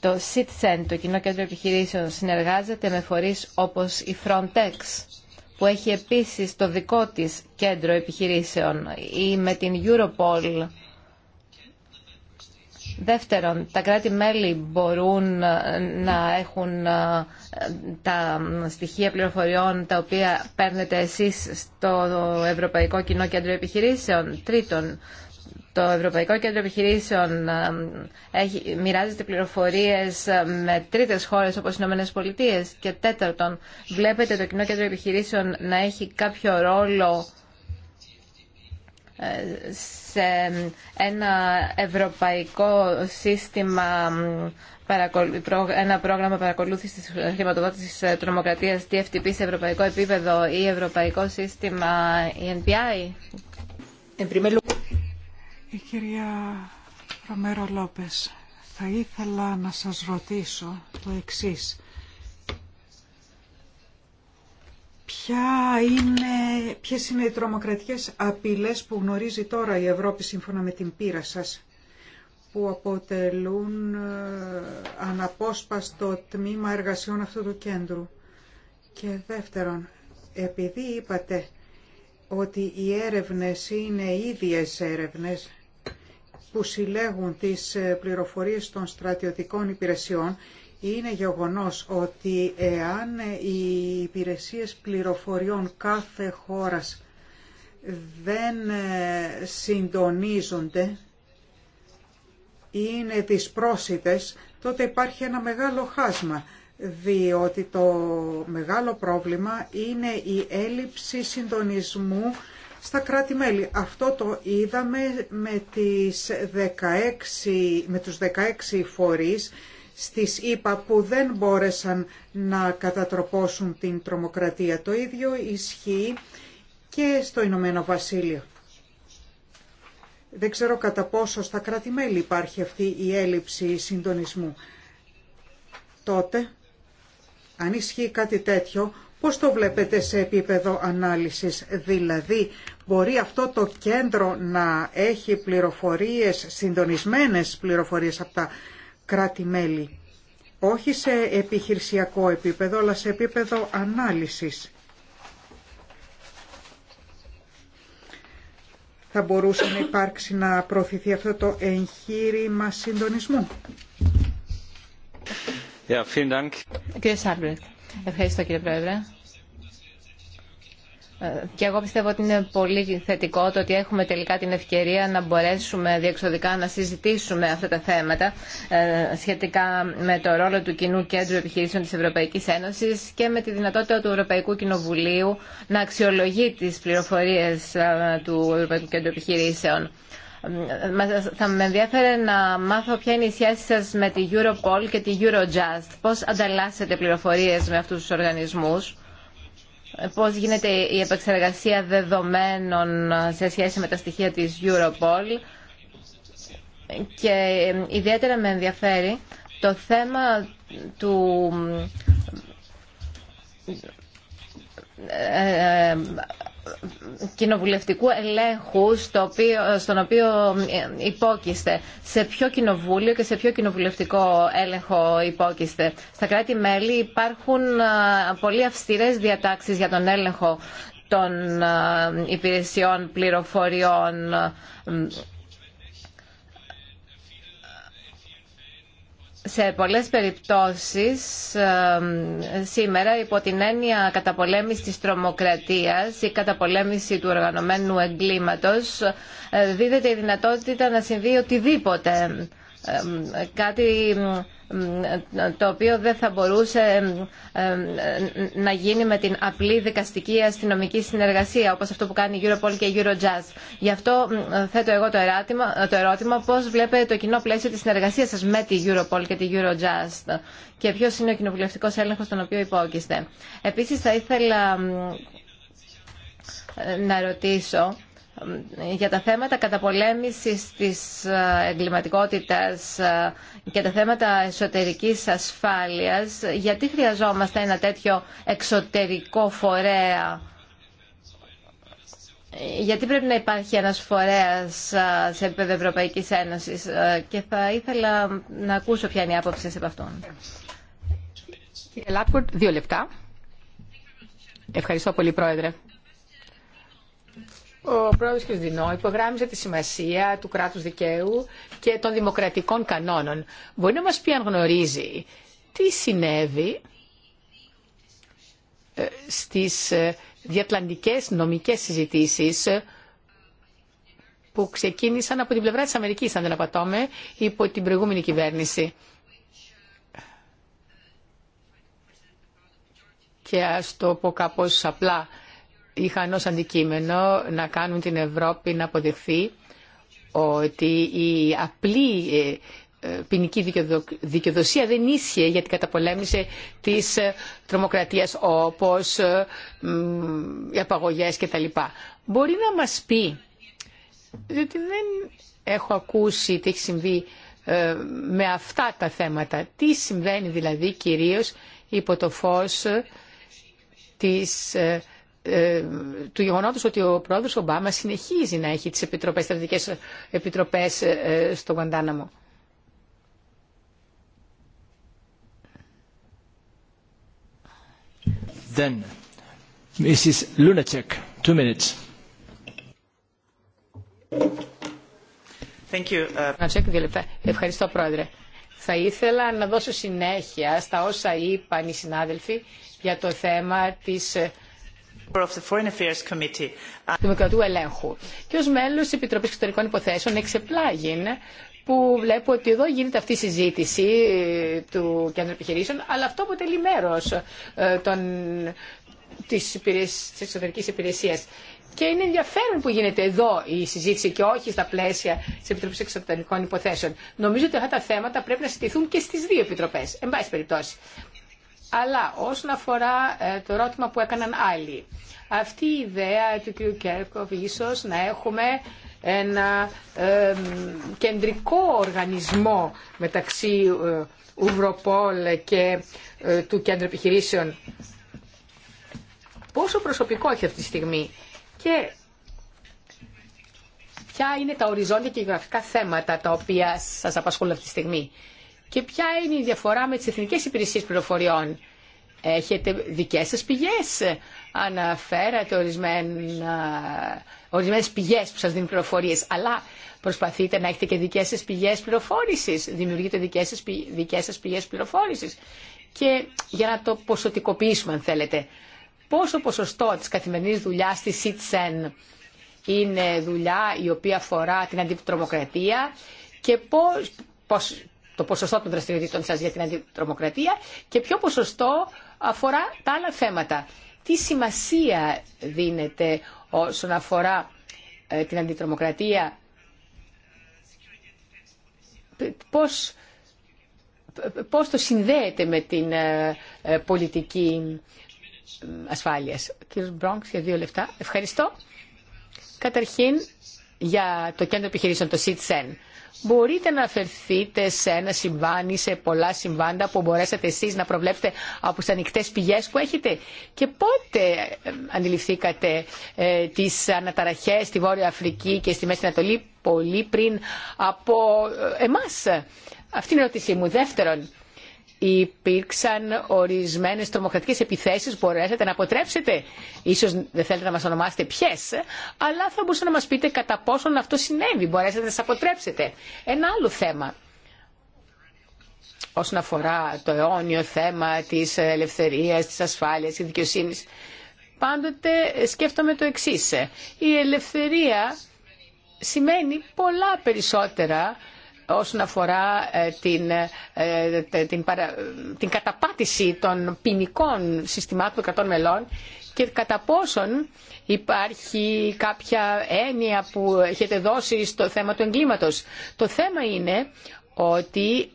Το CITCEN, το Κοινό Κέντρο Επιχειρήσεων, συνεργάζεται με φορείς όπως η Frontex, που έχει επίσης το δικό της κέντρο επιχειρήσεων, ή με την Europol. Δεύτερον, τα κράτη-μέλη μπορούν να έχουν ε, τα στοιχεία πληροφοριών τα οποία παίρνετε εσείς στο Ευρωπαϊκό Κοινό Κέντρο Επιχειρήσεων. Τρίτον, το Ευρωπαϊκό Κέντρο Επιχειρήσεων ε, έχει, μοιράζεται πληροφορίες ε, με τρίτες χώρες όπως οι Ηνωμένες Πολιτείες και τέταρτον βλέπετε το Κοινό Κέντρο Επιχειρήσεων να έχει κάποιο ρόλο ε, σε ένα ευρωπαϊκό σύστημα ένα πρόγραμμα παρακολούθησης χρηματοδότησης τρομοκρατίας TFTP σε ευρωπαϊκό επίπεδο ή ευρωπαϊκό σύστημα ENPI. Η κυρία Ρομέρο Λόπες, θα ήθελα να σας ρωτήσω το εξής. Ποια είναι, ποιες είναι οι τρομοκρατικές απειλές που γνωρίζει τώρα η Ευρώπη σύμφωνα με την πείρα σας που αποτελούν ε, αναπόσπαστο τμήμα εργασιών αυτού του κέντρου. Και δεύτερον, επειδή είπατε ότι οι έρευνες είναι ίδιες έρευνες, που συλλέγουν τις ε, πληροφορίες των στρατιωτικών υπηρεσιών είναι γεγονός ότι εάν ε, οι υπηρεσίες πληροφοριών κάθε χώρας δεν ε, συντονίζονται είναι δυσπρόσιτες, τότε υπάρχει ένα μεγάλο χάσμα, διότι το μεγάλο πρόβλημα είναι η έλλειψη συντονισμού στα κράτη-μέλη. Αυτό το είδαμε με, τις 16, με τους 16 φορείς στις ΗΠΑ που δεν μπόρεσαν να κατατροπώσουν την τρομοκρατία. Το ίδιο ισχύει και στο Ηνωμένο Βασίλειο. Δεν ξέρω κατά πόσο στα κράτη-μέλη υπάρχει αυτή η έλλειψη συντονισμού. Τότε, αν ισχύει κάτι τέτοιο, Πώς το βλέπετε σε επίπεδο ανάλυσης, δηλαδή μπορεί αυτό το κέντρο να έχει πληροφορίες, συντονισμένες πληροφορίες από τα κράτη-μέλη, όχι σε επιχειρησιακό επίπεδο, αλλά σε επίπεδο ανάλυσης. θα μπορούσε να υπάρξει να προωθηθεί αυτό το εγχείρημα συντονισμού. Ευχαριστώ κύριε Πρόεδρε. Ε, και εγώ πιστεύω ότι είναι πολύ θετικό το ότι έχουμε τελικά την ευκαιρία να μπορέσουμε διεξοδικά να συζητήσουμε αυτά τα θέματα ε, σχετικά με το ρόλο του Κοινού Κέντρου Επιχειρήσεων της Ευρωπαϊκής Ένωσης και με τη δυνατότητα του Ευρωπαϊκού Κοινοβουλίου να αξιολογεί τις πληροφορίες ε, του Ευρωπαϊκού Κέντρου Επιχειρήσεων. Θα με ενδιαφέρε να μάθω ποια είναι η σχέση σας με τη Europol και τη Eurojust. Πώς ανταλλάσσετε πληροφορίες με αυτούς τους οργανισμούς. Πώς γίνεται η επεξεργασία δεδομένων σε σχέση με τα στοιχεία της Europol. Και ε, ιδιαίτερα με ενδιαφέρει το θέμα του ε, ε, κοινοβουλευτικού ελέγχου στο στον οποίο υπόκειστε. Σε ποιο κοινοβούλιο και σε ποιο κοινοβουλευτικό έλεγχο υπόκειστε. Στα κράτη-μέλη υπάρχουν πολύ αυστηρές διατάξεις για τον έλεγχο των υπηρεσιών πληροφοριών σε πολλές περιπτώσεις σήμερα υπό την έννοια καταπολέμηση της τρομοκρατίας ή καταπολέμηση του οργανωμένου εγκλήματος ε, δίδεται η δυνατότητα να συμβεί οτιδήποτε κάτι το οποίο δεν θα μπορούσε να γίνει με την απλή δικαστική αστυνομική συνεργασία όπως αυτό που κάνει η Europol και η Eurojust. Γι' αυτό θέτω εγώ το ερώτημα, το πώς βλέπετε το κοινό πλαίσιο της συνεργασίας σας με τη Europol και τη Eurojust και ποιος είναι ο κοινοβουλευτικός έλεγχος τον οποίο υπόκειστε. Επίσης θα ήθελα να ρωτήσω για τα θέματα καταπολέμησης της ε, εγκληματικότητας ε, και τα θέματα εσωτερικής ασφάλειας, γιατί χρειαζόμαστε ένα τέτοιο εξωτερικό φορέα γιατί πρέπει να υπάρχει ένας φορέας ε, σε επίπεδο Ευρωπαϊκής Ένωσης και θα ήθελα να ακούσω ποια είναι η άποψη σε αυτόν. Κύριε δύο λεπτά. Ευχαριστώ πολύ, Πρόεδρε. Ο πρόεδρος κ. υπογράμμιζε τη σημασία του κράτους δικαίου και των δημοκρατικών κανόνων. Μπορεί να μας πει αν γνωρίζει τι συνέβη ε, στις ε, διατλαντικές νομικές συζητήσεις ε, που ξεκίνησαν από την πλευρά της Αμερικής, αν δεν απατώμε, υπό την προηγούμενη κυβέρνηση. Και ας το πω κάπως απλά, είχαν ως αντικείμενο να κάνουν την Ευρώπη να αποδεχθεί ότι η απλή ε, ε, ποινική δικαιοδοσία δεν ίσχυε για την καταπολέμηση της ε, τρομοκρατίας όπως οι απαγωγές κτλ. Μπορεί να μας πει, διότι δεν έχω ακούσει τι έχει συμβεί με αυτά τα θέματα, τι συμβαίνει δηλαδή κυρίως υπό το φως της ε, του γεγονότος ότι ο πρόεδρος Ομπάμα συνεχίζει να έχει τις επιτροπές, στρατηγικές επιτροπές ε, ε, στο Γκαντάναμο. Then, Mrs. Lunacek, two minutes. Thank you. Uh, Ευχαριστώ, Πρόεδρε. Θα ήθελα να δώσω συνέχεια στα όσα είπαν οι συνάδελφοι για το θέμα της Δημοκρατού Ελέγχου. Και ω μέλο τη Επιτροπή Εξωτερικών Υποθέσεων εξεπλάγει που βλέπω ότι εδώ γίνεται αυτή η συζήτηση ε, του κέντρου επιχειρήσεων, αλλά αυτό αποτελεί μέρο ε, τη εξωτερική υπηρεσία. εξωτερικής υπηρεσίας. Και είναι ενδιαφέρον που γίνεται εδώ η συζήτηση και όχι στα πλαίσια τη Επιτροπή Εξωτερικών Υποθέσεων. Νομίζω ότι αυτά τα θέματα πρέπει να συζητηθούν και στι δύο επιτροπέ. Εν πάση περιπτώσει. Αλλά όσον αφορά ε, το ερώτημα που έκαναν άλλοι, αυτή η ιδέα του κ. Κέρκοβ ίσως να έχουμε ένα ε, κεντρικό οργανισμό μεταξύ ε, Ουβροπόλ και ε, του Κέντρου Επιχειρήσεων. Πόσο προσωπικό έχει αυτή τη στιγμή και ποια είναι τα οριζόντια και γραφικά θέματα τα οποία σας απασχολούν αυτή τη στιγμή. Και ποια είναι η διαφορά με τις εθνικές υπηρεσίες πληροφοριών. Έχετε δικές σας πηγές. Αναφέρατε ορισμένε ορισμένες πηγές που σας δίνουν πληροφορίες. Αλλά προσπαθείτε να έχετε και δικές σας πηγές πληροφόρησης. Δημιουργείτε δικές σας, δικές σας πηγές πληροφόρησης. Και για να το ποσοτικοποιήσουμε αν θέλετε. Πόσο ποσοστό της καθημερινής δουλειάς της ΣΥΤΣΕΝ είναι δουλειά η οποία αφορά την αντιτρομοκρατία και πώς, πώς, το ποσοστό των δραστηριοτήτων σας για την αντιτρομοκρατία και ποιο ποσοστό αφορά τα άλλα θέματα. Τι σημασία δίνεται όσον αφορά ε, την αντιτρομοκρατία, πώς, πώς το συνδέεται με την ε, ε, πολιτική ασφάλειας. Κύριε Μπρόγκ, για δύο λεπτά. Ευχαριστώ. Καταρχήν για το κέντρο επιχειρήσεων, το CITSEN μπορείτε να αφαιρθείτε σε ένα συμβάν ή σε πολλά συμβάντα που μπορέσατε εσείς να προβλέψετε από τις ανοιχτές πηγές που έχετε και πότε ε, αντιληφθήκατε ε, τις αναταραχές στη Βόρεια Αφρική και στη Μέση Ανατολή πολύ πριν από ε, εμάς. Αυτή είναι η ερώτησή μου. Δεύτερον, υπήρξαν ορισμένες τρομοκρατικές επιθέσεις που μπορέσατε να αποτρέψετε. Ίσως δεν θέλετε να μας ονομάσετε ποιες, αλλά θα μπορούσατε να μας πείτε κατά πόσον αυτό συνέβη, μπορέσατε να σας αποτρέψετε. Ένα άλλο θέμα όσον αφορά το αιώνιο θέμα της ελευθερίας, της ασφάλειας, της δικαιοσύνης. Πάντοτε σκέφτομαι το εξής. Η ελευθερία σημαίνει πολλά περισσότερα όσον αφορά ε, την, ε, την, την καταπάτηση των ποινικών συστημάτων των κρατών μελών και κατά πόσον υπάρχει κάποια έννοια που έχετε δώσει στο θέμα του εγκλήματος. Το θέμα είναι ότι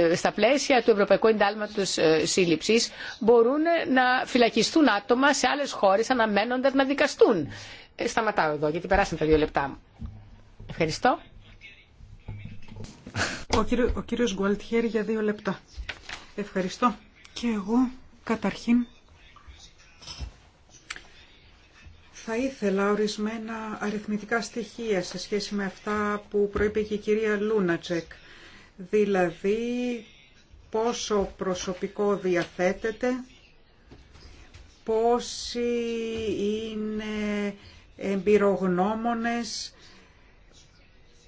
ε, στα πλαίσια του Ευρωπαϊκού Εντάλματος Σύλληψης μπορούν να φυλακιστούν άτομα σε άλλες χώρες αναμένοντας να δικαστούν. Σταματάω εδώ γιατί περάσαν τα δύο λεπτά μου. Ευχαριστώ. Ο, κύριο, για δύο λεπτά. Ευχαριστώ. Και εγώ καταρχήν θα ήθελα ορισμένα αριθμητικά στοιχεία σε σχέση με αυτά που προείπε και η κυρία Λούνατζεκ. Δηλαδή πόσο προσωπικό διαθέτεται, πόσοι είναι εμπειρογνώμονες,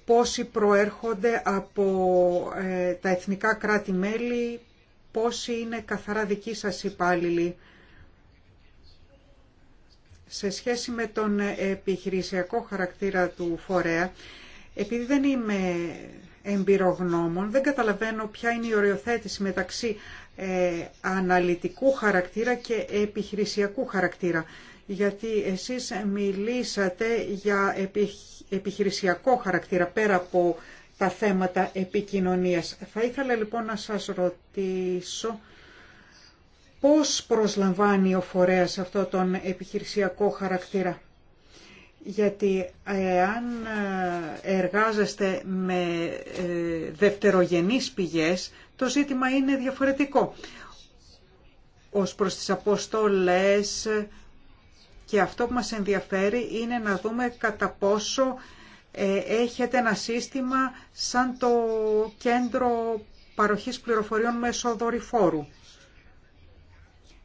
πόσοι προέρχονται από ε, τα εθνικά κράτη-μέλη, πόσοι είναι καθαρά δικοί σας υπάλληλοι. Σε σχέση με τον επιχειρησιακό χαρακτήρα του φορέα, επειδή δεν είμαι εμπειρογνώμων, δεν καταλαβαίνω ποια είναι η οριοθέτηση μεταξύ ε, αναλυτικού χαρακτήρα και επιχειρησιακού χαρακτήρα. Γιατί εσείς μιλήσατε για επιχειρησιακό επιχειρησιακό χαρακτήρα πέρα από τα θέματα επικοινωνίας. Θα ήθελα λοιπόν να σας ρωτήσω πώς προσλαμβάνει ο φορέας αυτό τον επιχειρησιακό χαρακτήρα. Γιατί εάν ε, εργάζεστε με ε, δευτερογενείς πηγές, το ζήτημα είναι διαφορετικό. Ως προς τις αποστολές, και αυτό που μας ενδιαφέρει είναι να δούμε κατά πόσο ε, έχετε ένα σύστημα σαν το κέντρο παροχής πληροφοριών μέσω δορυφόρου.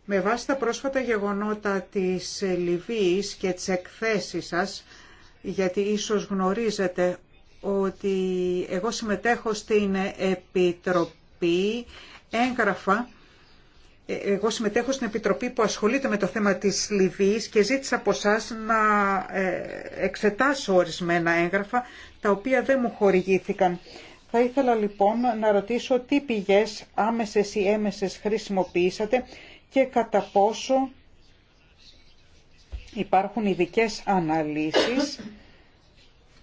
Με βάση τα πρόσφατα γεγονότα της Λιβύης και τις εκθέσεις σας, γιατί ίσως γνωρίζετε ότι εγώ συμμετέχω στην Επιτροπή έγγραφα εγώ συμμετέχω στην Επιτροπή που ασχολείται με το θέμα της Λιβύης και ζήτησα από εσά να ε, εξετάσω ορισμένα έγγραφα τα οποία δεν μου χορηγήθηκαν. Θα ήθελα λοιπόν να ρωτήσω τι πηγές άμεσες ή έμεσες χρησιμοποιήσατε και κατά πόσο υπάρχουν ειδικέ αναλύσεις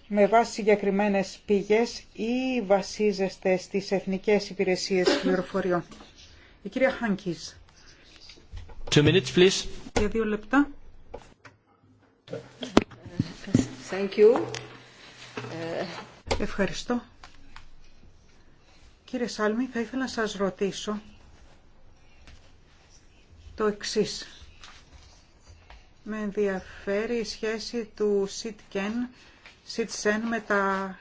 με βάση συγκεκριμένες πηγές ή βασίζεστε στις Εθνικές Υπηρεσίες Πληροφοριών. Η κυρία Χάνκης. Two minutes, please. Για δύο λεπτά. Thank you. Ευχαριστώ. Κύριε Σάλμη, θα ήθελα να σας ρωτήσω το εξής. Με ενδιαφέρει η σχέση του ΣΥΤΚΕΝ, με τα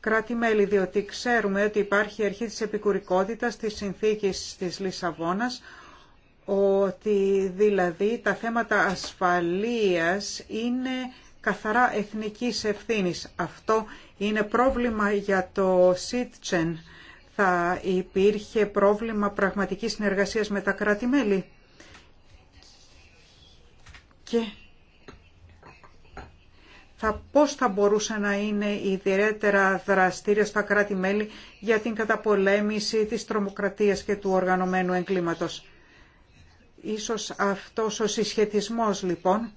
κρατη διότι ξέρουμε ότι υπάρχει η αρχή της επικουρικότητας της συνθήκης της Λισαβόνας, ότι δηλαδή τα θέματα ασφαλείας είναι καθαρά εθνικής ευθύνης. Αυτό είναι πρόβλημα για το ΣΥΤΤΣΕΝ. Θα υπήρχε πρόβλημα πραγματικής συνεργασίας με τα κράτη-μέλη. Και θα, πώς θα μπορούσε να είναι ιδιαίτερα δραστήριο στα κράτη-μέλη για την καταπολέμηση της τρομοκρατίας και του οργανωμένου εγκλήματος. Ίσως αυτός ο συσχετισμός λοιπόν.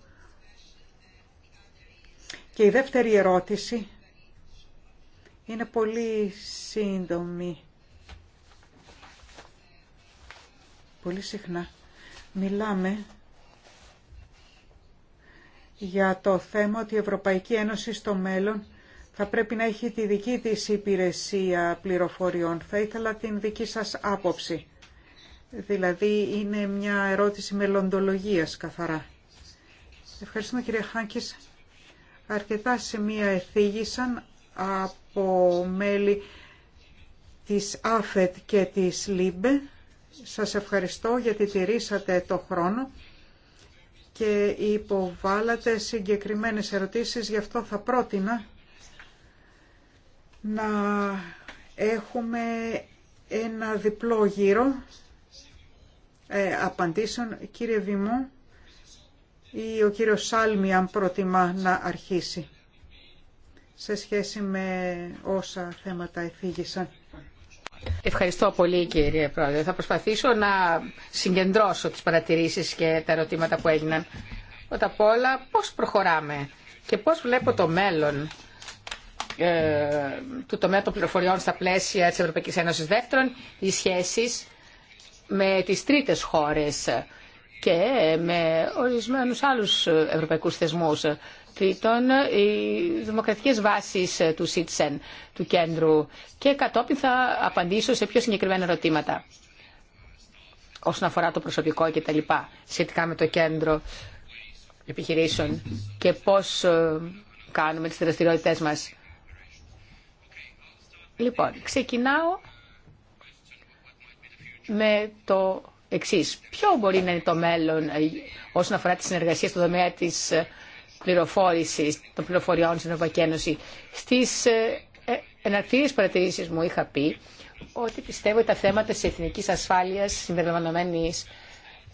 Και η δεύτερη ερώτηση είναι πολύ σύντομη. Πολύ συχνά μιλάμε για το θέμα ότι η Ευρωπαϊκή Ένωση στο μέλλον θα πρέπει να έχει τη δική της υπηρεσία πληροφοριών. Θα ήθελα την δική σας άποψη. Δηλαδή είναι μια ερώτηση μελλοντολογίας καθαρά. Ευχαριστούμε κύριε Χάκης. Αρκετά σημεία εθίγησαν από μέλη της ΑΦΕΤ και της ΛΥΜΠΕ. Σας ευχαριστώ γιατί τηρήσατε το χρόνο και υποβάλατε συγκεκριμένες ερωτήσεις, γι' αυτό θα πρότεινα να έχουμε ένα διπλό γύρο ε, απαντήσεων. Κύριε Βημό ή ο κύριος Σάλμι αν προτιμά να αρχίσει σε σχέση με όσα θέματα εφήγησαν. Ευχαριστώ πολύ κύριε Πρόεδρε. Θα προσπαθήσω να συγκεντρώσω τις παρατηρήσεις και τα ερωτήματα που έγιναν. Πρώτα απ' όλα πώς προχωράμε και πώς βλέπω το μέλλον ε, του τομέα των πληροφοριών στα πλαίσια της Ευρωπαϊκής Ένωσης. Δεύτερον, οι σχέσεις με τις τρίτες χώρες και με ορισμένους άλλους ευρωπαϊκούς θεσμούς. Τρίτον, οι δημοκρατικές βάσεις ε, του ΣΥΤΣΕΝ, του κέντρου. Και κατόπιν θα απαντήσω σε πιο συγκεκριμένα ερωτήματα όσον αφορά το προσωπικό και τα λοιπά, σχετικά με το κέντρο επιχειρήσεων και πώς ε, κάνουμε τις δραστηριότητες μας. Λοιπόν, ξεκινάω με το εξής. Ποιο μπορεί να είναι το μέλλον ε, όσον αφορά τη συνεργασία στο δομέα της πληροφόρηση, των πληροφοριών στην Ευρωπαϊκή Ένωση. Στις ε, ε, εναρτήριε παρατηρήσει μου είχα πει ότι πιστεύω ότι τα θέματα τη εθνική ασφάλεια, συμπεριλαμβανομένης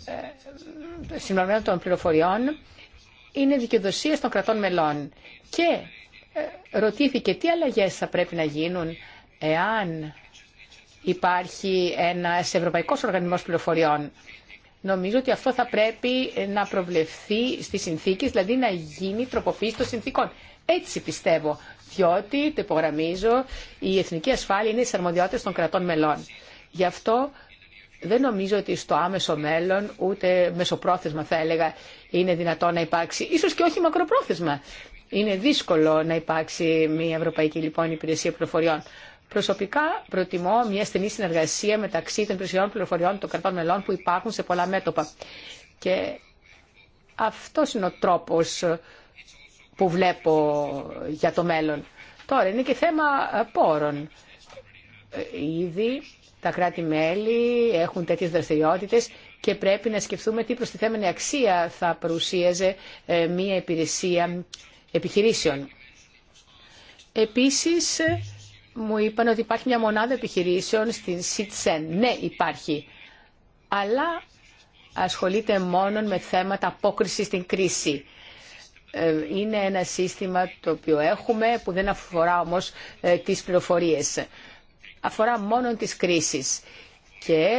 ε, των πληροφοριών είναι δικαιοδοσία των κρατών μελών. Και ρωτήθηκε τι αλλαγέ θα πρέπει να γίνουν εάν υπάρχει ένα ευρωπαϊκό οργανισμός πληροφοριών Νομίζω ότι αυτό θα πρέπει να προβλεφθεί στις συνθήκες, δηλαδή να γίνει τροποποίηση των συνθήκων. Έτσι πιστεύω, διότι, το υπογραμμίζω, η εθνική ασφάλεια είναι στις αρμοδιότητε των κρατών μελών. Γι' αυτό δεν νομίζω ότι στο άμεσο μέλλον, ούτε μεσοπρόθεσμα θα έλεγα, είναι δυνατό να υπάρξει, ίσως και όχι μακροπρόθεσμα. Είναι δύσκολο να υπάρξει μια Ευρωπαϊκή λοιπόν Υπηρεσία Πληροφοριών. Προσωπικά προτιμώ μια στενή συνεργασία μεταξύ των υπηρεσιών πληροφοριών των κρατών μελών που υπάρχουν σε πολλά μέτωπα. Και αυτό είναι ο τρόπος που βλέπω για το μέλλον. Τώρα είναι και θέμα πόρων. Ήδη τα κράτη-μέλη έχουν τέτοιε δραστηριότητε και πρέπει να σκεφτούμε τι προστιθέμενη αξία θα παρουσίαζε ε, μία υπηρεσία επιχειρήσεων. Επίσης, μου είπαν ότι υπάρχει μια μονάδα επιχειρήσεων στην ΣΥΤΣΕΝ. Ναι, υπάρχει. Αλλά ασχολείται μόνο με θέματα απόκρισης στην κρίση. Ε, είναι ένα σύστημα το οποίο έχουμε που δεν αφορά όμως ε, τις πληροφορίες. Αφορά μόνο τις κρίσεις και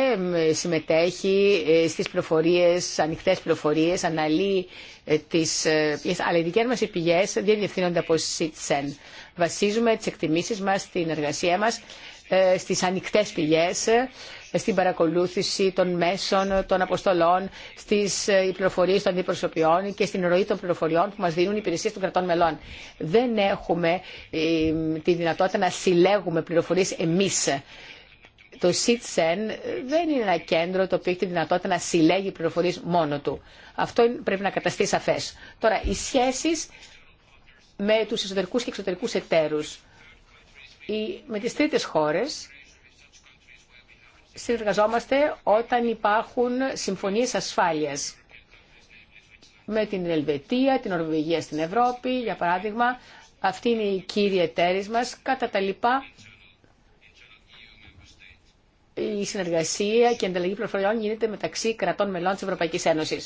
συμμετέχει ε, στις πληροφορίες, ανοιχτές πληροφορίες, αναλύει ε, τις ε, πηγές, αλλά οι δικές μας πηγές διαδιευθύνονται από ΣΥΤΣΕΝ. Βασίζουμε τις εκτιμήσεις μας την εργασία μας στις ανοιχτές πηγές, στην παρακολούθηση των μέσων, των αποστολών, στις πληροφορίες των αντιπροσωπιών και στην ροή των πληροφοριών που μας δίνουν οι υπηρεσίες των κρατών μελών. Δεν έχουμε τη δυνατότητα να συλλέγουμε πληροφορίες εμείς το ΣΥΤΣΕΝ δεν είναι ένα κέντρο το οποίο έχει τη δυνατότητα να συλλέγει πληροφορίες μόνο του. Αυτό πρέπει να καταστεί σαφές. Τώρα, οι σχέσεις με τους εσωτερικούς και εξωτερικούς εταίρους ή με τις τρίτες χώρες συνεργαζόμαστε όταν υπάρχουν συμφωνίες ασφάλειας με την Ελβετία, την Ορβηγία στην Ευρώπη, για παράδειγμα. Αυτοί είναι οι κύριοι εταίρες μας. Κατά η συνεργασία και η ανταλλαγή πληροφοριών γίνεται μεταξύ κρατών μελών τη Ευρωπαϊκή Ένωση.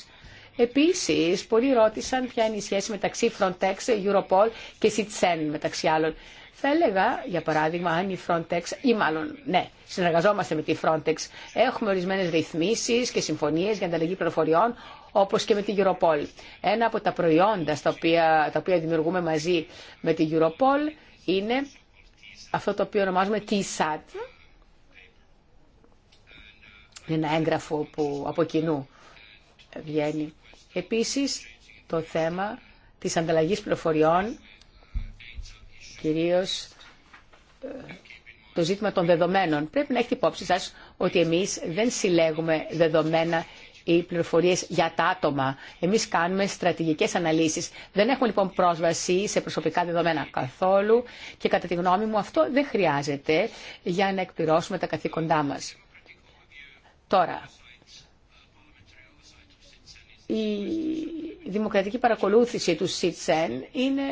Επίση, πολλοί ρώτησαν ποια είναι η σχέση μεταξύ Frontex, Europol και CITSEN μεταξύ άλλων. Θα έλεγα, για παράδειγμα, αν η Frontex, ή μάλλον, ναι, συνεργαζόμαστε με τη Frontex, έχουμε ορισμένε ρυθμίσει και συμφωνίε για ανταλλαγή πληροφοριών, όπω και με την Europol. Ένα από τα προϊόντα στα οποία, τα οποία δημιουργούμε μαζί με την Europol είναι αυτό το οποίο ονομάζουμε T-SAT, ένα έγγραφο που από κοινού βγαίνει. Επίσης, το θέμα της ανταλλαγής πληροφοριών, κυρίως ε, το ζήτημα των δεδομένων. Πρέπει να έχετε υπόψη σας ότι εμείς δεν συλλέγουμε δεδομένα ή πληροφορίες για τα άτομα. Εμείς κάνουμε στρατηγικές αναλύσεις. Δεν έχουμε λοιπόν πρόσβαση σε προσωπικά δεδομένα καθόλου και κατά τη γνώμη μου αυτό δεν χρειάζεται για να εκπληρώσουμε τα καθήκοντά μας. Τώρα, η δημοκρατική παρακολούθηση του ΣΥΤΣΕΝ είναι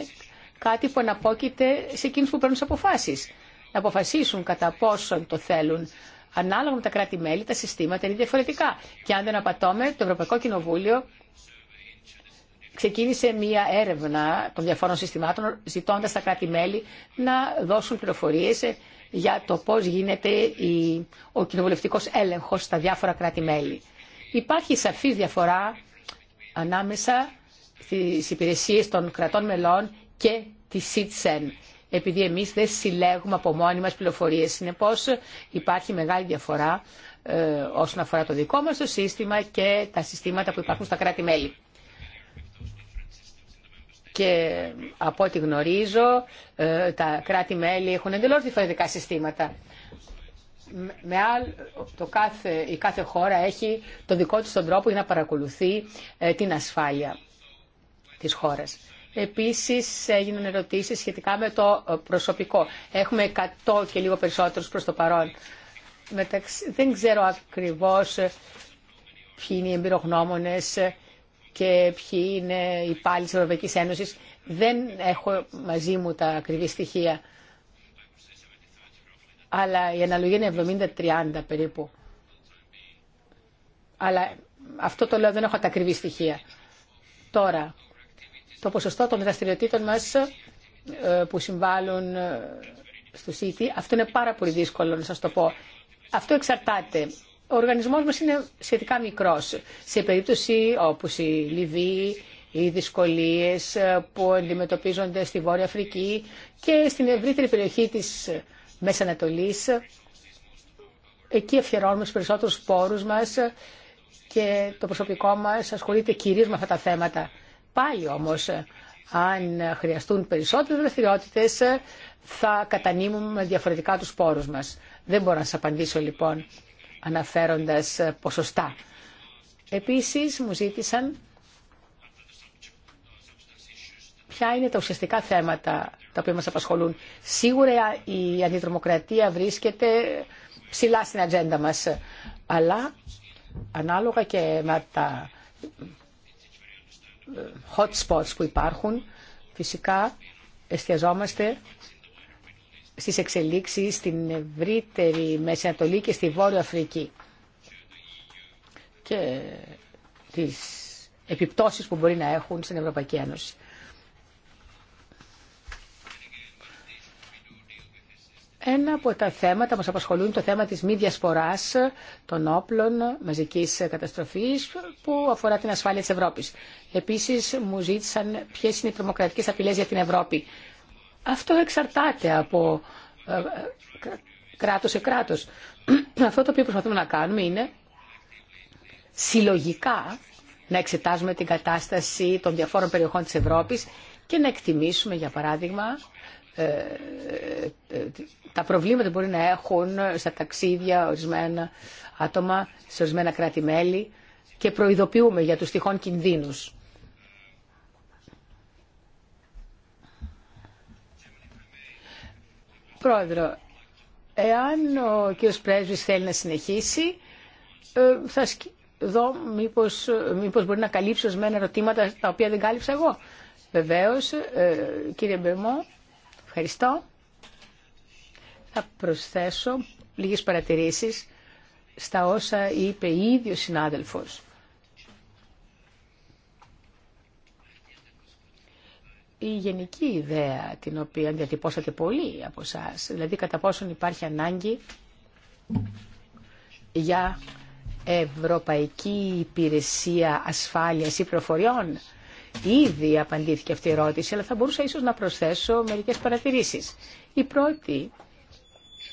κάτι που αναπόκειται σε εκείνους που παίρνουν τις αποφάσεις. Να αποφασίσουν κατά πόσον το θέλουν. Ανάλογα με τα κράτη-μέλη, τα συστήματα είναι διαφορετικά. Και αν δεν απατώμε, το Ευρωπαϊκό Κοινοβούλιο ξεκίνησε μία έρευνα των διαφόρων συστημάτων, ζητώντας τα κράτη-μέλη να δώσουν πληροφορίες για το πώς γίνεται ο κοινοβουλευτικός έλεγχος στα διάφορα κράτη-μέλη. Υπάρχει σαφή διαφορά ανάμεσα στις υπηρεσίες των κρατών μελών και τη ΣΥΤΣΕΝ επειδή εμείς δεν συλλέγουμε από μόνοι μας πληροφορίες. Συνεπώς υπάρχει μεγάλη διαφορά ε, όσον αφορά το δικό μας το σύστημα και τα συστήματα που υπάρχουν στα κράτη-μέλη και από ό,τι γνωρίζω ε, τα κράτη-μέλη έχουν εντελώς διαφορετικά συστήματα. Με άλλ, το κάθε, η κάθε χώρα έχει το δικό της τον τρόπο για να παρακολουθεί ε, την ασφάλεια της χώρας. Επίσης έγιναν ερωτήσεις σχετικά με το ε, προσωπικό. Έχουμε 100 και λίγο περισσότερους προς το παρόν. Δεν ξέρω ακριβώς ποιοι είναι οι εμπειρογνώμονες και ποιοι είναι οι υπάλληλοι της Ευρωπαϊκής Ένωσης. Δεν έχω μαζί μου τα ακριβή στοιχεία, αλλά η αναλογία είναι 70-30 περίπου. Αλλά αυτό το λέω, δεν έχω τα ακριβή στοιχεία. Τώρα, το ποσοστό των δραστηριοτήτων μας ε, που συμβάλλουν ε, στο ΣΥΤΙ, αυτό είναι πάρα πολύ δύσκολο να σας το πω. Αυτό εξαρτάται ο οργανισμό μας είναι σχετικά μικρός. Σε περίπτωση όπω η Λιβύη, οι δυσκολίες που αντιμετωπίζονται στη Βόρεια Αφρική και στην ευρύτερη περιοχή της Μέση ανατολή εκεί αφιερώνουμε περισσότερους πόρου μας και το προσωπικό μα ασχολείται κυρίως με αυτά τα θέματα. Πάλι όμως, αν χρειαστούν περισσότερε δραστηριότητε, θα κατανείμουμε διαφορετικά τους πόρου μα. Δεν μπορώ να σα απαντήσω λοιπόν αναφέροντας ποσοστά. Επίσης μου ζήτησαν ποια είναι τα ουσιαστικά θέματα τα οποία μας απασχολούν. Σίγουρα η αντιτρομοκρατία βρίσκεται ψηλά στην ατζέντα μας, αλλά ανάλογα και με τα ε, hot spots που υπάρχουν, φυσικά εστιαζόμαστε στις εξελίξεις στην ευρύτερη Μέση και στη Βόρεια Αφρική και τις επιπτώσεις που μπορεί να έχουν στην Ευρωπαϊκή Ένωση. Ένα από τα θέματα που μας απασχολούν είναι το θέμα της μη διασποράς των όπλων μαζικής καταστροφής που αφορά την ασφάλεια της Ευρώπης. Επίσης μου ζήτησαν ποιες είναι οι τρομοκρατικές απειλές για την Ευρώπη. Αυτό εξαρτάται από ε, ε, κράτος σε κράτος. Αυτό το οποίο προσπαθούμε να κάνουμε είναι συλλογικά να εξετάζουμε την κατάσταση των διαφόρων περιοχών της Ευρώπης και να εκτιμήσουμε, για παράδειγμα, ε, τα προβλήματα που μπορεί να έχουν στα ταξίδια ορισμένα άτομα, σε ορισμένα κράτη-μέλη και προειδοποιούμε για τους τυχόν κινδύνους. Πρόεδρο, εάν ο κύριος Πρέσβης θέλει να συνεχίσει, ε, θα δω μήπως, ε, μήπως μπορεί να καλύψει μένα ερωτήματα τα οποία δεν κάλυψα εγώ. Βεβαίως, ε, κύριε Μπεμό, ευχαριστώ. Θα προσθέσω λίγες παρατηρήσεις στα όσα είπε ίδιο ο συνάδελφος. η γενική ιδέα την οποία διατυπώσατε πολύ από εσά, δηλαδή κατά πόσον υπάρχει ανάγκη για Ευρωπαϊκή Υπηρεσία Ασφάλειας ή Προφοριών. Ήδη απαντήθηκε αυτή η ερώτηση, αλλά θα μπορούσα ίσως να προσθέσω μερικές παρατηρήσεις. Η πρώτη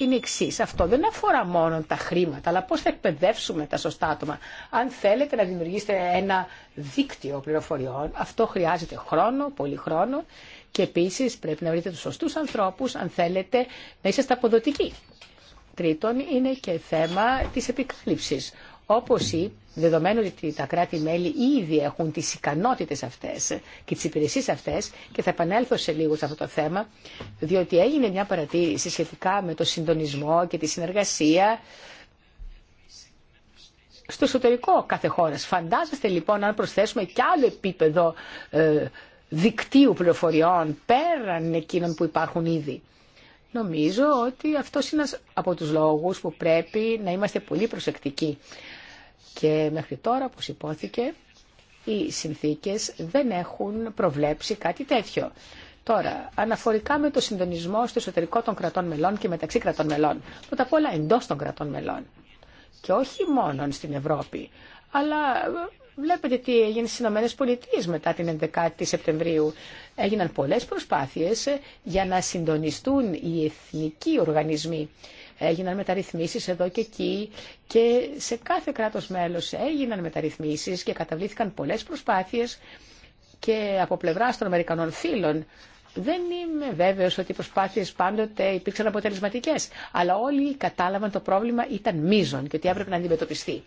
είναι εξή. Αυτό δεν αφορά μόνο τα χρήματα, αλλά πώς θα εκπαιδεύσουμε τα σωστά άτομα. Αν θέλετε να δημιουργήσετε ένα δίκτυο πληροφοριών, αυτό χρειάζεται χρόνο, πολύ χρόνο και επίσης πρέπει να βρείτε τους σωστούς ανθρώπους αν θέλετε να είσαστε αποδοτικοί. Τρίτον, είναι και θέμα της επικάλυψη. Όπω είπα, δεδομένου ότι τα κράτη-μέλη ήδη έχουν τις ικανότητες αυτές και τις υπηρεσίες αυτές και θα επανέλθω σε λίγο σε αυτό το θέμα, διότι έγινε μια παρατήρηση σχετικά με το συντονισμό και τη συνεργασία στο εσωτερικό κάθε χώρας. Φαντάζεστε λοιπόν αν προσθέσουμε και άλλο επίπεδο ε, δικτύου πληροφοριών πέραν εκείνων που υπάρχουν ήδη. Νομίζω ότι αυτό είναι από τους λόγους που πρέπει να είμαστε πολύ προσεκτικοί και μέχρι τώρα, όπως υπόθηκε, οι συνθήκες δεν έχουν προβλέψει κάτι τέτοιο. Τώρα, αναφορικά με το συντονισμό στο εσωτερικό των κρατών μελών και μεταξύ κρατών μελών. Πρώτα απ' όλα εντός των κρατών μελών. Και όχι μόνο στην Ευρώπη, αλλά ε, Βλέπετε τι έγινε στι Ηνωμένε Πολιτείε μετά την 11η Σεπτεμβρίου. Έγιναν πολλές προσπάθειες ε, για να συντονιστούν οι εθνικοί οργανισμοί έγιναν μεταρρυθμίσεις εδώ και εκεί και σε κάθε κράτος μέλος έγιναν μεταρρυθμίσεις και καταβλήθηκαν πολλές προσπάθειες και από πλευρά των Αμερικανών φίλων δεν είμαι βέβαιος ότι οι προσπάθειες πάντοτε υπήρξαν αποτελεσματικές, αλλά όλοι κατάλαβαν το πρόβλημα ήταν μείζον και ότι έπρεπε να αντιμετωπιστεί.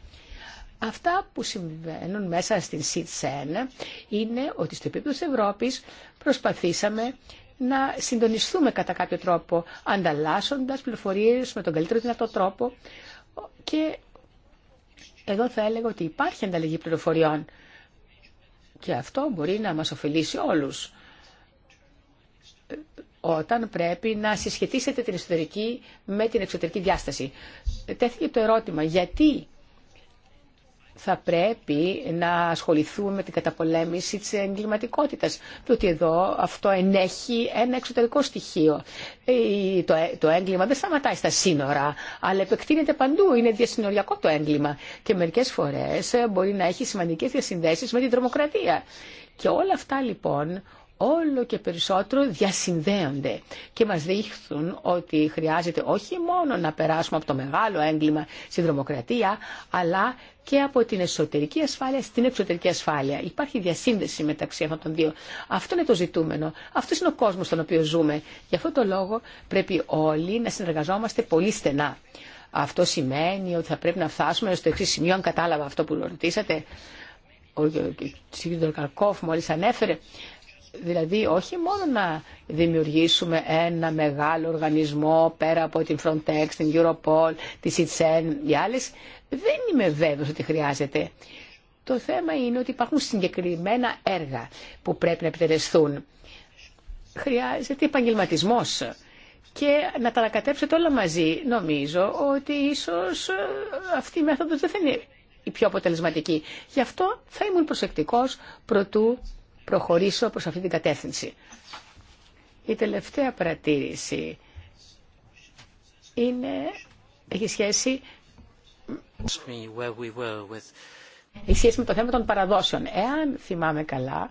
Αυτά που συμβαίνουν μέσα στην ΣΥΤΣΕΝ είναι ότι στο επίπεδο της Ευρώπης προσπαθήσαμε να συντονιστούμε κατά κάποιο τρόπο, ανταλλάσσοντας πληροφορίες με τον καλύτερο δυνατό τρόπο και εδώ θα έλεγα ότι υπάρχει ανταλλαγή πληροφοριών και αυτό μπορεί να μας ωφελήσει όλους όταν πρέπει να συσχετίσετε την εσωτερική με την εξωτερική διάσταση. Τέθηκε το ερώτημα γιατί θα πρέπει να ασχοληθούμε με την καταπολέμηση της εγκληματικότητας, διότι εδώ αυτό ενέχει ένα εξωτερικό στοιχείο. Το έγκλημα δεν σταματάει στα σύνορα, αλλά επεκτείνεται παντού, είναι διασυνοριακό το έγκλημα και μερικές φορές μπορεί να έχει σημαντικές διασυνδέσεις με την τρομοκρατία. Και όλα αυτά λοιπόν όλο και περισσότερο διασυνδέονται και μας δείχνουν ότι χρειάζεται όχι μόνο να περάσουμε από το μεγάλο έγκλημα στη δρομοκρατία, αλλά και από την εσωτερική ασφάλεια στην εξωτερική ασφάλεια. Υπάρχει διασύνδεση μεταξύ αυτών των δύο. Αυτό είναι το ζητούμενο. Αυτό είναι ο κόσμος στον οποίο ζούμε. Γι' αυτό το λόγο πρέπει όλοι να συνεργαζόμαστε πολύ στενά. Αυτό σημαίνει ότι θα πρέπει να φτάσουμε στο εξή σημείο, αν κατάλαβα αυτό που ρωτήσατε, ο κ. Καρκόφ μόλις ανέφερε, Δηλαδή όχι μόνο να δημιουργήσουμε ένα μεγάλο οργανισμό πέρα από την Frontex, την Europol, τη CITSEN, οι άλλες, δεν είμαι βέβαιος ότι χρειάζεται. Το θέμα είναι ότι υπάρχουν συγκεκριμένα έργα που πρέπει να επιτελεστούν. Χρειάζεται επαγγελματισμός και να τα ανακατέψετε όλα μαζί. Νομίζω ότι ίσως ε, αυτή η μέθοδος δεν θα είναι η πιο αποτελεσματική. Γι' αυτό θα ήμουν προσεκτικός προτού προχωρήσω προς αυτή την κατεύθυνση. Η τελευταία παρατήρηση είναι, έχει σχέση η σχέση με το θέμα των παραδόσεων. Εάν θυμάμαι καλά,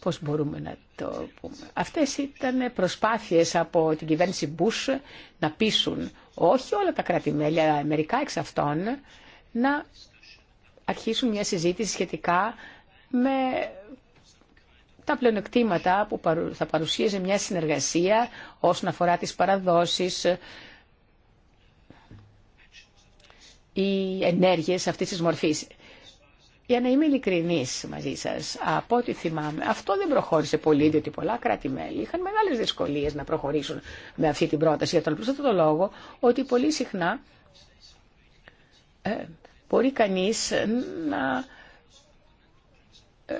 πώς μπορούμε να το πούμε. Αυτές ήταν προσπάθειες από την κυβέρνηση Μπούς να πείσουν όχι όλα τα κράτη-μέλη, αλλά μερικά εξ αυτών, να αρχίσουν μια συζήτηση σχετικά με τα πλεονεκτήματα που θα παρουσίαζε μια συνεργασία όσον αφορά τις παραδόσεις, οι ενέργειες αυτής της μορφής. Για να είμαι ειλικρινής μαζί σας, από ό,τι θυμάμαι, αυτό δεν προχώρησε πολύ, διότι πολλά κράτη-μέλη είχαν μεγάλες δυσκολίες να προχωρήσουν με αυτή την πρόταση. Για τον απλούστατο λόγο ότι πολύ συχνά ε, μπορεί κανεί να ε,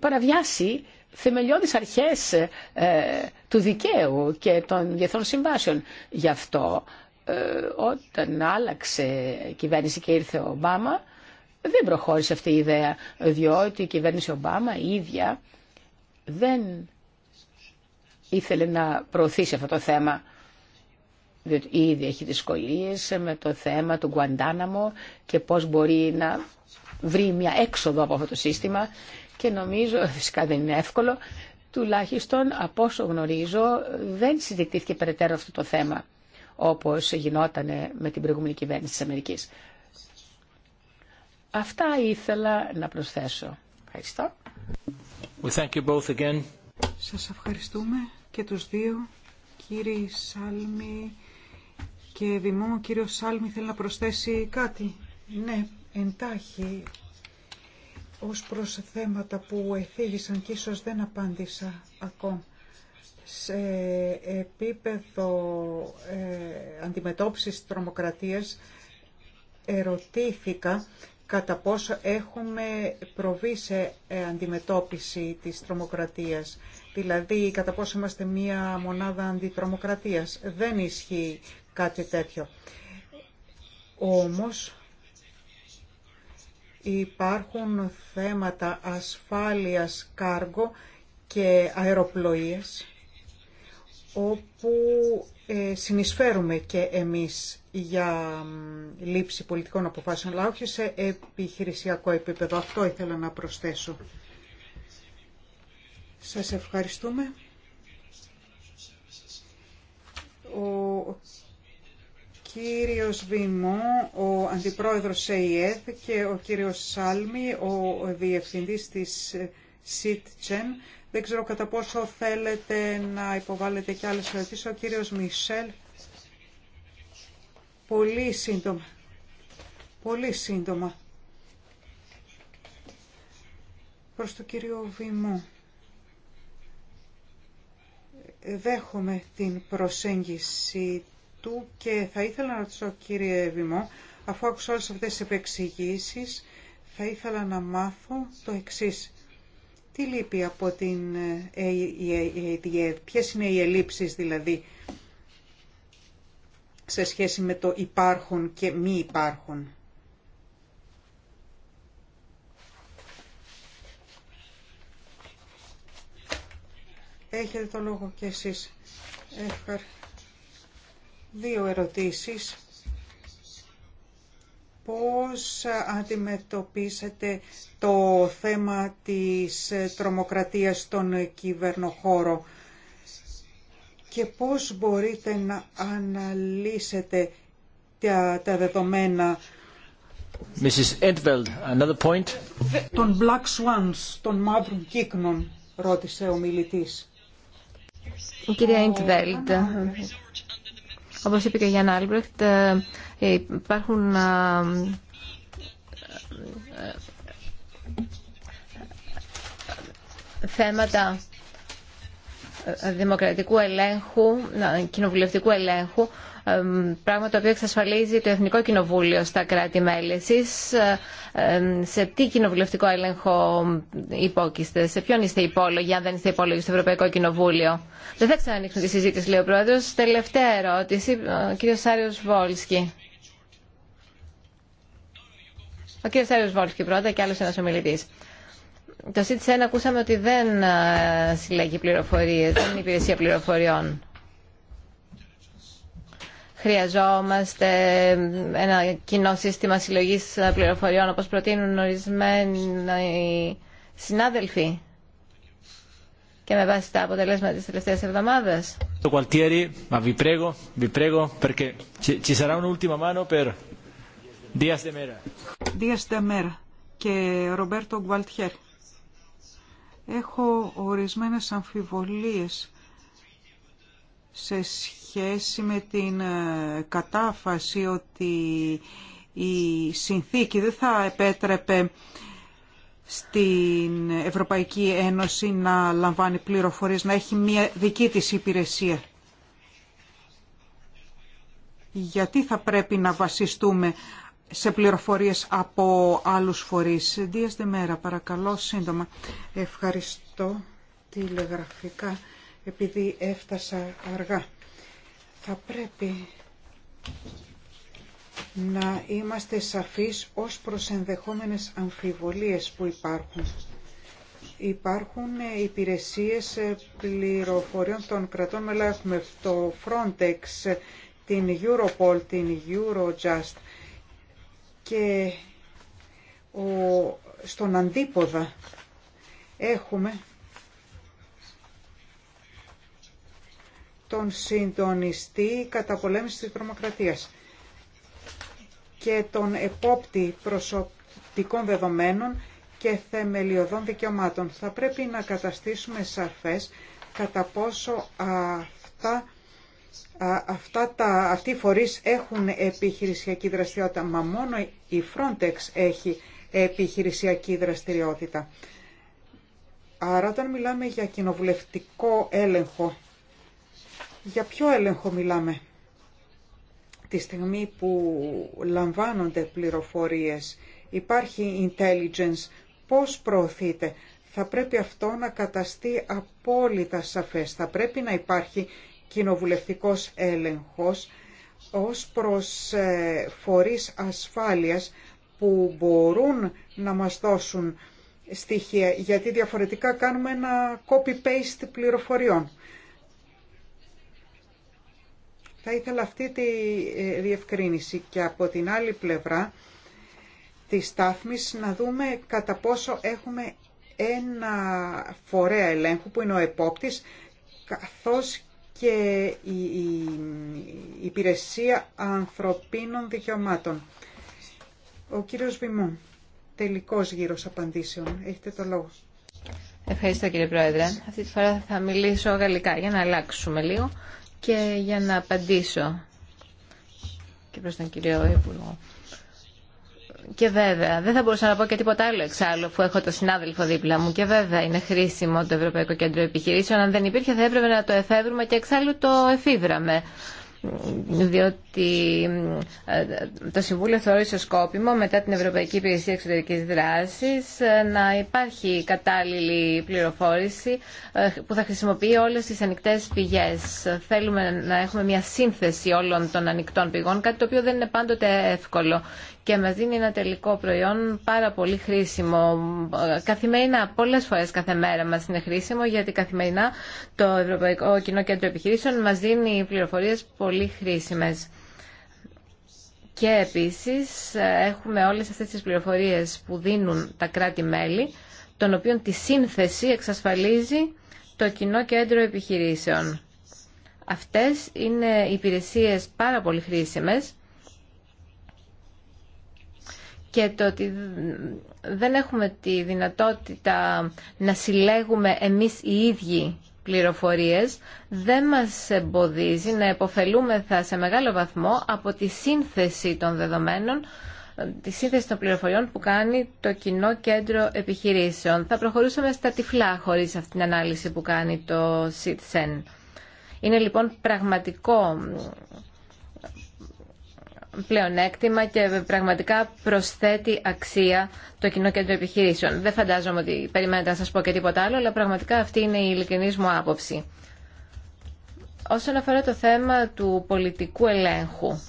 παραβιάσει θεμελιώδεις αρχές ε, του δικαίου και των διεθνών συμβάσεων. Γι' αυτό ε, όταν άλλαξε η κυβέρνηση και ήρθε ο Ομπάμα δεν προχώρησε αυτή η ιδέα διότι η κυβέρνηση Ομπάμα η ίδια δεν ήθελε να προωθήσει αυτό το θέμα διότι ήδη έχει δυσκολίες με το θέμα του Γκουαντάναμο και πώς μπορεί να βρει μια έξοδο από αυτό το σύστημα και νομίζω, φυσικά δεν είναι εύκολο, τουλάχιστον από όσο γνωρίζω δεν συζητήθηκε περαιτέρω αυτό το θέμα όπως γινόταν με την προηγούμενη κυβέρνηση της Αμερικής. Αυτά ήθελα να προσθέσω. Ευχαριστώ. We thank you both Σας ευχαριστούμε και τους δύο. Κύριε σάλμι και Δημό, ο κύριο Σάλμη θέλει να προσθέσει κάτι. Ναι, εντάχει, ως προ θέματα που εφήγησαν και ίσω δεν απάντησα ακόμα. Σε επίπεδο ε, αντιμετώπισης τρομοκρατίας ερωτήθηκα κατά πόσο έχουμε προβεί σε ε, αντιμετώπιση της τρομοκρατίας. Δηλαδή, κατά πόσο είμαστε μία μονάδα αντιτρομοκρατίας. Δεν ισχύει κάτι τέτοιο. Όμως υπάρχουν θέματα ασφάλειας κάργο και αεροπλοείας όπου ε, συνεισφέρουμε και εμείς για λήψη πολιτικών αποφάσεων, αλλά όχι σε επιχειρησιακό επίπεδο. Αυτό ήθελα να προσθέσω. Σας ευχαριστούμε. Ο κύριος Βημό, ο αντιπρόεδρος ΕΙΕΘ και ο κύριος Σάλμι, ο διευθυντής της ΣΥΤΤΣΕΝ. Δεν ξέρω κατά πόσο θέλετε να υποβάλλετε και άλλες ερωτήσεις. Ο κύριος Μισελ, πολύ σύντομα. Πολύ σύντομα. Προς τον κύριο Βημό. Δέχομαι την προσέγγιση και θα ήθελα να ρωτήσω κύριε Βημό, αφού άκουσα όλες αυτές τις επεξηγήσεις, θα ήθελα να μάθω το εξής. Τι λείπει από την AEDF, ε, ε, ε, ποιες είναι οι ελλείψεις δηλαδή σε σχέση με το υπάρχουν και μη υπάρχουν. Έχετε το λόγο κι εσείς. Ευχαριστώ δύο ερωτήσεις. Πώς αντιμετωπίσετε το θέμα της τρομοκρατίας στον κυβερνοχώρο και πώς μπορείτε να αναλύσετε τα, τα δεδομένα Mrs. Entveld, another point. Των Black Swans, των μαύρων κύκνων, ρώτησε ο μιλητής. Κυρία όπως είπε και ο Γιάννα Άλμπρεχτ, ε, υπάρχουν ε, ε, θέματα δημοκρατικού ελέγχου, κοινοβουλευτικού ελέγχου, πράγμα το οποίο εξασφαλίζει το Εθνικό Κοινοβούλιο στα κράτη-μέλη. Εσείς ε, σε τι κοινοβουλευτικό έλεγχο υπόκειστε, σε ποιον είστε υπόλογοι, αν δεν είστε υπόλογοι στο Ευρωπαϊκό Κοινοβούλιο. Δεν θα ξανανοίξουν τη συζήτηση, λέει ο Πρόεδρος. Τελευταία ερώτηση, ο κ. Σάριος Βόλσκι. Ο κ. Σάριος Βόλσκι πρώτα και άλλος ένας ομιλητής το ΣΥΤΣΕΝ ακούσαμε ότι δεν ε, συλλέγει πληροφορίες, δεν είναι υπηρεσία πληροφοριών. Χρειαζόμαστε ε, ένα κοινό σύστημα συλλογής πληροφοριών, όπως προτείνουν ορισμένοι συνάδελφοι και με βάση τα αποτελέσματα της τελευταίας εβδομάδας. μέρα και Ρομπέρτο Έχω ορισμένες αμφιβολίες σε σχέση με την ε, κατάφαση ότι η συνθήκη δεν θα επέτρεπε στην Ευρωπαϊκή Ένωση να λαμβάνει πληροφορίες, να έχει μια δική της υπηρεσία. Γιατί θα πρέπει να βασιστούμε σε πληροφορίες από άλλους φορείς. Δίας μέρα, παρακαλώ, σύντομα. Ευχαριστώ τηλεγραφικά, επειδή έφτασα αργά. Θα πρέπει να είμαστε σαφείς ως προς ενδεχόμενες αμφιβολίες που υπάρχουν. Υπάρχουν υπηρεσίες πληροφοριών των κρατών, με έχουμε το Frontex, την Europol, την Eurojust και στον αντίποδα έχουμε τον συντονιστή κατά πολέμηση της τρομοκρατίας και τον επόπτη προσωπικών δεδομένων και θεμελιωδών δικαιωμάτων. Θα πρέπει να καταστήσουμε σαφές κατά πόσο αυτά αυτά τα, αυτοί οι φορείς έχουν επιχειρησιακή δραστηριότητα, μα μόνο η Frontex έχει επιχειρησιακή δραστηριότητα. Άρα όταν μιλάμε για κοινοβουλευτικό έλεγχο, για ποιο έλεγχο μιλάμε τη στιγμή που λαμβάνονται πληροφορίες, υπάρχει intelligence, πώς προωθείται. Θα πρέπει αυτό να καταστεί απόλυτα σαφές. Θα πρέπει να υπάρχει κοινοβουλευτικός έλεγχος ως προς ε, φορείς ασφάλειας που μπορούν να μας δώσουν στοιχεία, γιατί διαφορετικά κάνουμε ένα copy-paste πληροφοριών. Θα ήθελα αυτή τη ε, διευκρίνηση και από την άλλη πλευρά της στάθμης να δούμε κατά πόσο έχουμε ένα φορέα ελέγχου που είναι ο επόπτης καθώς και η Υπηρεσία Ανθρωπίνων Δικαιωμάτων. Ο κύριος Βημό, τελικός γύρος απαντήσεων. Έχετε το λόγο. Ευχαριστώ κύριε Πρόεδρε. Αυτή τη φορά θα μιλήσω γαλλικά για να αλλάξουμε λίγο και για να απαντήσω και προς τον κύριο Υπουργό. Και βέβαια, δεν θα μπορούσα να πω και τίποτα άλλο εξάλλου, που έχω το συνάδελφο δίπλα μου. Και βέβαια είναι χρήσιμο το Ευρωπαϊκό Κέντρο Επιχειρήσεων. Αν δεν υπήρχε, θα έπρεπε να το εφεύρουμε και εξάλλου το εφήβραμε διότι ε, το Συμβούλιο θεώρησε σκόπιμο μετά την Ευρωπαϊκή Υπηρεσία Εξωτερική δράση ε, να υπάρχει κατάλληλη πληροφόρηση ε, που θα χρησιμοποιεί όλε τι ανοιχτέ πηγέ. Θέλουμε να έχουμε μια σύνθεση όλων των ανοιχτών πηγών, κάτι το οποίο δεν είναι πάντοτε εύκολο και μας δίνει ένα τελικό προϊόν πάρα πολύ χρήσιμο. Καθημερινά, πολλές φορές κάθε μέρα μας είναι χρήσιμο γιατί καθημερινά το Ευρωπαϊκό Κοινό Κέντρο Επιχειρήσεων μας δίνει πληροφορίες πολύ χρήσιμες. Και επίσης έχουμε όλες αυτές τις πληροφορίες που δίνουν τα κράτη-μέλη, των οποίων τη σύνθεση εξασφαλίζει το Κοινό Κέντρο Επιχειρήσεων. Αυτές είναι υπηρεσίες πάρα πολύ χρήσιμες και το ότι δεν έχουμε τη δυνατότητα να συλλέγουμε εμείς οι ίδιοι πληροφορίες δεν μας εμποδίζει να θα σε μεγάλο βαθμό από τη σύνθεση των δεδομένων τη σύνθεση των πληροφοριών που κάνει το κοινό κέντρο επιχειρήσεων. Θα προχωρούσαμε στα τυφλά χωρίς αυτή την ανάλυση που κάνει το ΣΥΤΣΕΝ. Είναι λοιπόν πραγματικό πλεονέκτημα και πραγματικά προσθέτει αξία το κοινό κέντρο επιχειρήσεων. Δεν φαντάζομαι ότι περιμένετε να σας πω και τίποτα άλλο, αλλά πραγματικά αυτή είναι η ειλικρινή μου άποψη. Όσον αφορά το θέμα του πολιτικού ελέγχου,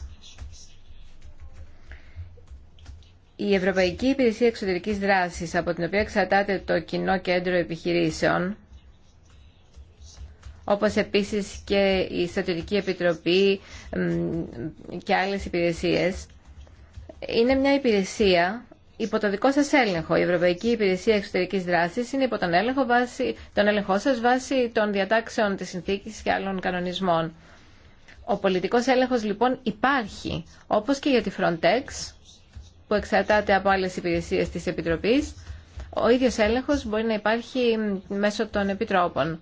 η Ευρωπαϊκή Υπηρεσία Εξωτερικής Δράσης, από την οποία εξαρτάται το κοινό κέντρο επιχειρήσεων, όπως επίσης και η Στατιωτική Επιτροπή και άλλες υπηρεσίες. Είναι μια υπηρεσία υπό το δικό σας έλεγχο. Η Ευρωπαϊκή Υπηρεσία Εξωτερικής Δράσης είναι υπό τον έλεγχο βάση, τον έλεγχό σας βάσει των διατάξεων της συνθήκης και άλλων κανονισμών. Ο πολιτικός έλεγχος λοιπόν υπάρχει, όπως και για τη Frontex, που εξαρτάται από άλλες υπηρεσίες της Επιτροπής, ο ίδιος έλεγχος μπορεί να υπάρχει μέσω των επιτρόπων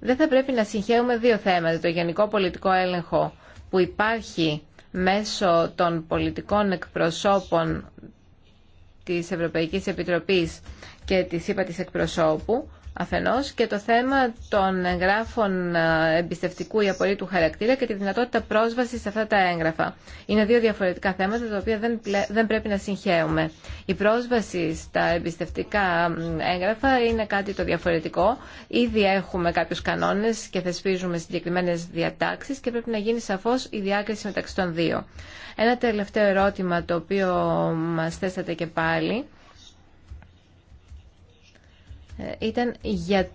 δεν θα πρέπει να συγχαίουμε δύο θέματα. Το γενικό πολιτικό έλεγχο που υπάρχει μέσω των πολιτικών εκπροσώπων της Ευρωπαϊκής Επιτροπής και της ΥΠΑ εκπροσώπου αφενός και το θέμα των εγγράφων ε, εμπιστευτικού ή απολύτου χαρακτήρα και τη δυνατότητα πρόσβασης σε αυτά τα έγγραφα. Είναι δύο διαφορετικά θέματα τα οποία δεν, δεν πρέπει να συγχαίουμε. Η πρόσβαση στα εμπιστευτικά έγγραφα είναι κάτι το διαφορετικό. Ήδη έχουμε κάποιους κανόνες και θεσπίζουμε συγκεκριμένες διατάξεις και πρέπει να γίνει σαφώς η διάκριση μεταξύ των δύο. Ένα τελευταίο ερώτημα το οποίο μας θέσατε και πάλι ήταν γιατί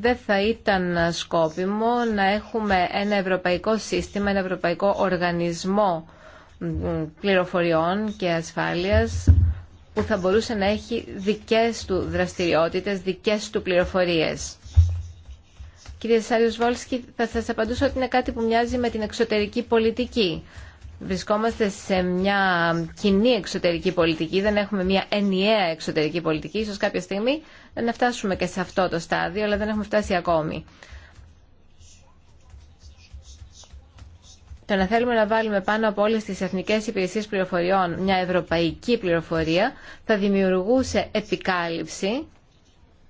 δεν θα ήταν σκόπιμο να έχουμε ένα ευρωπαϊκό σύστημα, ένα ευρωπαϊκό οργανισμό πληροφοριών και ασφάλειας που θα μπορούσε να έχει δικές του δραστηριότητες, δικές του πληροφορίες. Κύριε Σάριος Βόλσκι, θα σας απαντούσα ότι είναι κάτι που μοιάζει με την εξωτερική πολιτική. Βρισκόμαστε σε μια κοινή εξωτερική πολιτική, δεν έχουμε μια ενιαία εξωτερική πολιτική. Ίσως κάποια στιγμή να φτάσουμε και σε αυτό το στάδιο, αλλά δεν έχουμε φτάσει ακόμη. Το να θέλουμε να βάλουμε πάνω από όλες τις εθνικές υπηρεσίες πληροφοριών μια ευρωπαϊκή πληροφορία θα δημιουργούσε επικάλυψη,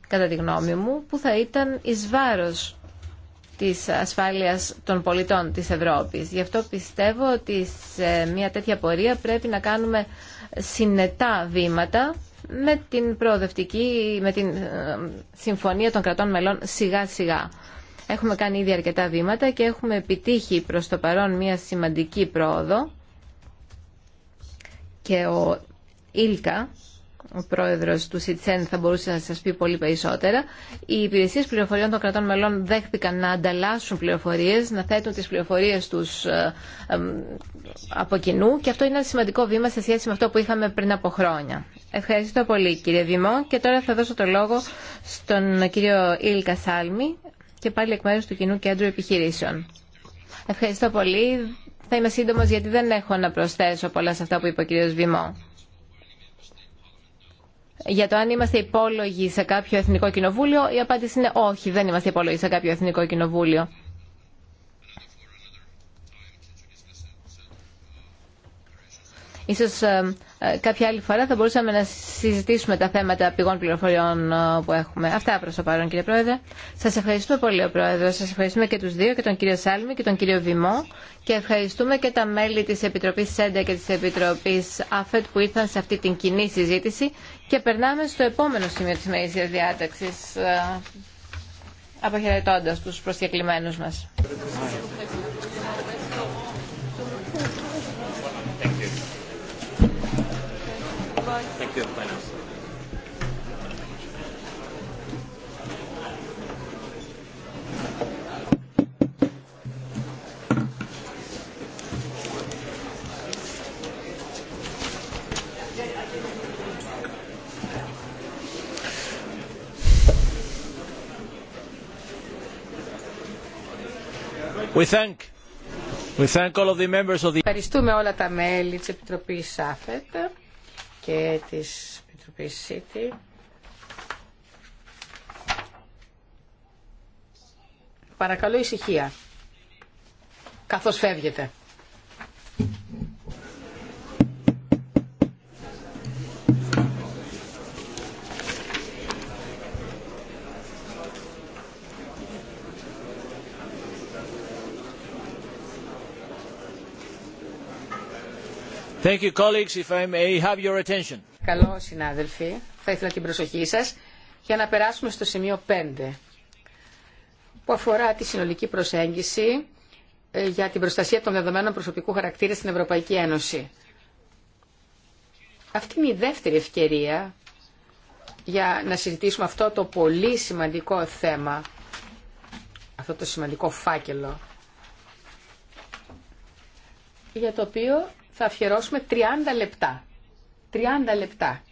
κατά τη γνώμη μου, που θα ήταν εις βάρος της ασφάλειας των πολιτών της Ευρώπης. Γι' αυτό πιστεύω ότι σε μια τέτοια πορεία πρέπει να κάνουμε συνετά βήματα με την προοδευτική, με την ε, συμφωνία των κρατών μελών σιγά σιγά. Έχουμε κάνει ήδη αρκετά βήματα και έχουμε επιτύχει προς το παρόν μια σημαντική πρόοδο και ο Ήλκα ο πρόεδρος του ΣΥΤΣΕΝ θα μπορούσε να σας πει πολύ περισσότερα. Οι υπηρεσίες πληροφοριών των κρατών μελών δέχτηκαν να ανταλλάσσουν πληροφορίες, να θέτουν τις πληροφορίες τους ε, ε, από κοινού και αυτό είναι ένα σημαντικό βήμα σε σχέση με αυτό που είχαμε πριν από χρόνια. Ευχαριστώ πολύ κύριε Δημό και τώρα θα δώσω το λόγο στον κύριο Ήλκα Σάλμη και πάλι εκ μέρους του Κοινού Κέντρου Επιχειρήσεων. Ευχαριστώ πολύ. Θα είμαι σύντομος γιατί δεν έχω να προσθέσω πολλά σε αυτά που είπε ο κύριος Βημό για το αν είμαστε υπόλογοι σε κάποιο εθνικό κοινοβούλιο, η απάντηση είναι όχι, δεν είμαστε υπόλογοι σε κάποιο εθνικό κοινοβούλιο. Ίσως ε, ε, κάποια άλλη φορά θα μπορούσαμε να συζητήσουμε τα θέματα πηγών πληροφοριών ε, που έχουμε. Αυτά προ το παρόν, κύριε Πρόεδρε. Σα ευχαριστούμε πολύ, ο Πρόεδρο. Σα ευχαριστούμε και του δύο, και τον κύριο Σάλμη και τον κύριο Βημό. Και ευχαριστούμε και τα μέλη τη Επιτροπή ΣΕΝΤΑ και τη Επιτροπή ΑΦΕΤ που ήρθαν σε αυτή την κοινή συζήτηση. Και περνάμε στο επόμενο σημείο τη μερίσια διάταξη, ε, αποχαιρετώντα του προσκεκλημένου μα. We thank. We thank Ευχαριστούμε όλα τα μέλη της Επιτροπής ΣΑΦΕΤ και της Επιτροπής City. Παρακαλώ ησυχία, καθώς φεύγετε. Thank you, colleagues, συνάδελφοι, θα ήθελα την προσοχή σας για να περάσουμε στο σημείο 5 που αφορά τη συνολική προσέγγιση ε, για την προστασία των δεδομένων προσωπικού χαρακτήρα στην Ευρωπαϊκή Ένωση. Αυτή είναι η δεύτερη ευκαιρία για να συζητήσουμε αυτό το πολύ σημαντικό θέμα, αυτό το σημαντικό φάκελο, για το οποίο θα αφιερώσουμε 30 λεπτά. 30 λεπτά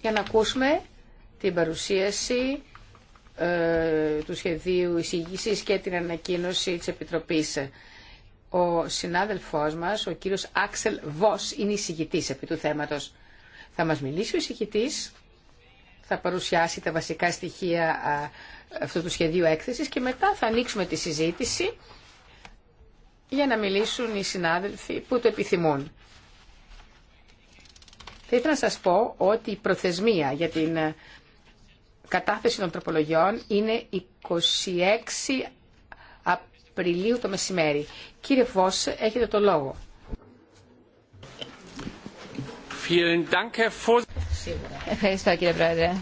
για να ακούσουμε την παρουσίαση ε, του σχεδίου εισήγηση και την ανακοίνωση της Επιτροπής. Ο συνάδελφός μας, ο κύριος Άξελ Βος, είναι εισηγητής επί του θέματος. Θα μας μιλήσει ο εισηγητής, θα παρουσιάσει τα βασικά στοιχεία αυτού του σχεδίου έκθεσης και μετά θα ανοίξουμε τη συζήτηση για να μιλήσουν οι συνάδελφοι που το επιθυμούν. Θα ήθελα να σας πω ότι η προθεσμία για την ε, κατάθεση των τροπολογιών είναι 26 Απριλίου το μεσημέρι. Κύριε Φως, έχετε το λόγο. Ευχαριστώ κύριε Πρόεδρε.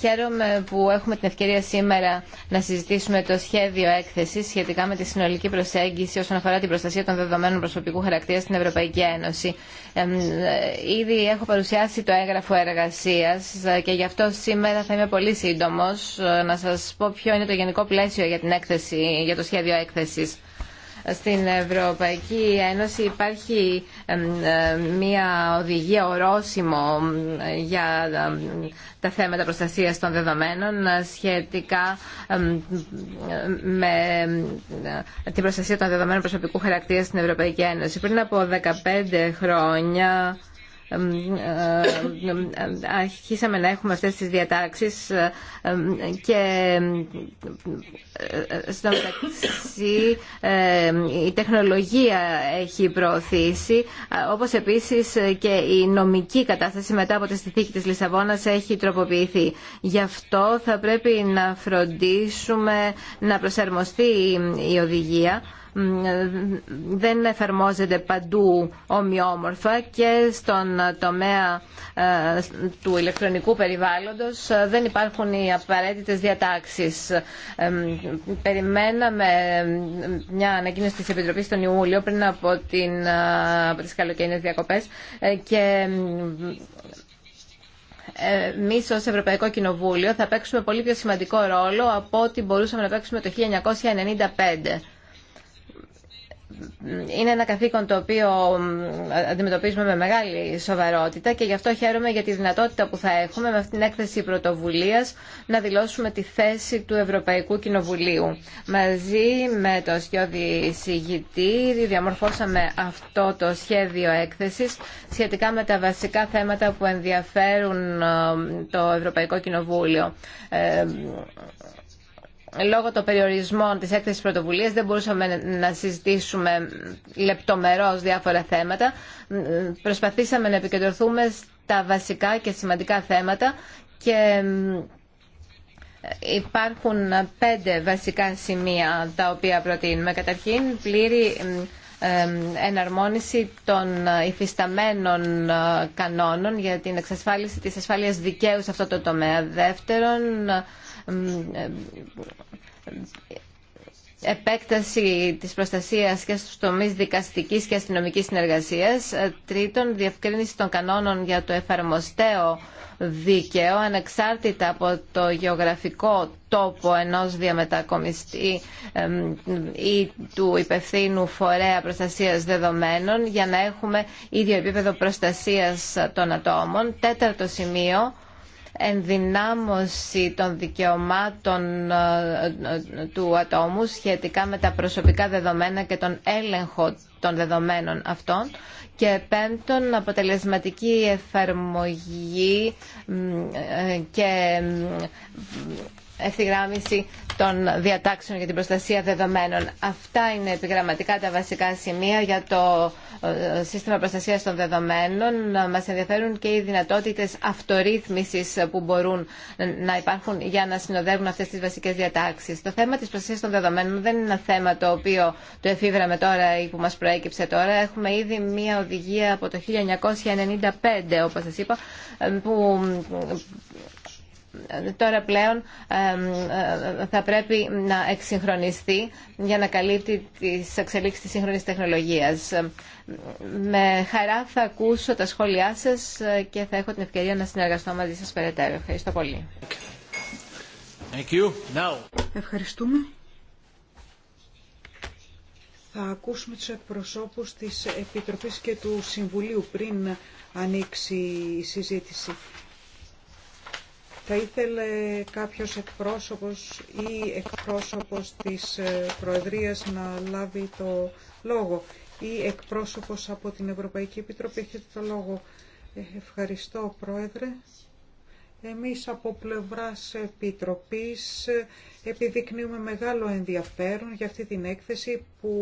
Χαίρομαι που έχουμε την ευκαιρία σήμερα να συζητήσουμε το σχέδιο έκθεση σχετικά με τη συνολική προσέγγιση όσον αφορά την προστασία των δεδομένων προσωπικού χαρακτήρα στην Ευρωπαϊκή Ένωση. Ήδη έχω παρουσιάσει το έγγραφο εργασία και γι' αυτό σήμερα θα είμαι πολύ σύντομο ε, να σα πω ποιο είναι το γενικό πλαίσιο για, την έκθεση, για το σχέδιο έκθεση. Στην Ευρωπαϊκή Ένωση υπάρχει ε, μια οδηγία ορόσημο ε, για ε, τα θέματα προστασίας των δεδομένων σχετικά με την προστασία των δεδομένων προσωπικού χαρακτήρα στην Ευρωπαϊκή Ένωση. Πριν από 15 χρόνια αρχίσαμε να έχουμε αυτές τις διατάξεις και στο μεταξύ η τεχνολογία έχει προωθήσει όπως επίσης και η νομική κατάσταση μετά από τη συνθήκη της Λισαβόνας έχει τροποποιηθεί. Γι' αυτό θα πρέπει να φροντίσουμε να προσαρμοστεί η οδηγία δεν εφαρμόζεται παντού ομοιόμορφα και στον τομέα ε, του ηλεκτρονικού περιβάλλοντος ε, δεν υπάρχουν οι απαραίτητες διατάξεις. Ε, περιμέναμε μια ανακοίνωση της Επιτροπής τον Ιούλιο πριν από, την, από τις καλοκαιρινές διακοπές και εμεί ω Ευρωπαϊκό Κοινοβούλιο θα παίξουμε πολύ πιο σημαντικό ρόλο από ό,τι μπορούσαμε να παίξουμε το 1995 είναι ένα καθήκον το οποίο αντιμετωπίζουμε με μεγάλη σοβαρότητα και γι' αυτό χαίρομαι για τη δυνατότητα που θα έχουμε με αυτήν την έκθεση πρωτοβουλίας να δηλώσουμε τη θέση του Ευρωπαϊκού Κοινοβουλίου. Μαζί με το Σκιώδη Συγητή διαμορφώσαμε αυτό το σχέδιο έκθεσης σχετικά με τα βασικά θέματα που ενδιαφέρουν το Ευρωπαϊκό Κοινοβούλιο ε, λόγω των περιορισμών της έκθεσης πρωτοβουλίας δεν μπορούσαμε να συζητήσουμε λεπτομερώς διάφορα θέματα. Προσπαθήσαμε να επικεντρωθούμε στα βασικά και σημαντικά θέματα και ε, υπάρχουν πέντε βασικά σημεία τα οποία προτείνουμε. Καταρχήν, πλήρη ε, εναρμόνιση των υφισταμένων ε, κανόνων για την εξασφάλιση της ασφάλειας δικαίου σε αυτό το τομέα. Δεύτερον, επέκταση της προστασίας και στους τομείς δικαστικής και αστυνομικής συνεργασίας. Τρίτον, διευκρίνηση των κανόνων για το εφαρμοστέο δίκαιο, ανεξάρτητα από το γεωγραφικό τόπο ενός διαμετακομιστή ή του υπευθύνου φορέα προστασίας δεδομένων, για να έχουμε ίδιο επίπεδο προστασίας των ατόμων. Τέταρτο σημείο, ενδυνάμωση των δικαιωμάτων ε, ε, του ατόμου σχετικά με τα προσωπικά δεδομένα και τον έλεγχο των δεδομένων αυτών και πέμπτον αποτελεσματική εφαρμογή ε, και ευθυγράμμιση των διατάξεων για την προστασία δεδομένων. Αυτά είναι επιγραμματικά τα βασικά σημεία για το ε, σύστημα προστασίας των δεδομένων. Μας ενδιαφέρουν και οι δυνατότητες αυτορύθμισης που μπορούν να υπάρχουν για να συνοδεύουν αυτές τις βασικές διατάξεις. Το θέμα της προστασίας των δεδομένων δεν είναι ένα θέμα το οποίο το εφήβραμε τώρα ή που μας προέκυψε τώρα. Έχουμε ήδη μία οδηγία από το 1995, όπως σας είπα, ε, που τώρα πλέον ε, θα πρέπει να εξυγχρονιστεί για να καλύπτει τις εξελίξεις της σύγχρονης τεχνολογίας. Με χαρά θα ακούσω τα σχόλιά σας ε, και θα έχω την ευκαιρία να συνεργαστώ μαζί σας περαιτέρω. Ευχαριστώ πολύ. Ευχαριστούμε. Θα ακούσουμε τους εκπροσώπους της Επιτροπής και του Συμβουλίου πριν ανοίξει η συζήτηση. Θα ήθελε κάποιος εκπρόσωπος ή εκπρόσωπος της ε, Προεδρίας να λάβει το λόγο ή εκπρόσωπος από την Ευρωπαϊκή Επιτροπή. Έχετε το λόγο. Ε, ευχαριστώ, Πρόεδρε. Εμείς από πλευράς Επιτροπής ε, επιδεικνύουμε μεγάλο ενδιαφέρον για αυτή την έκθεση που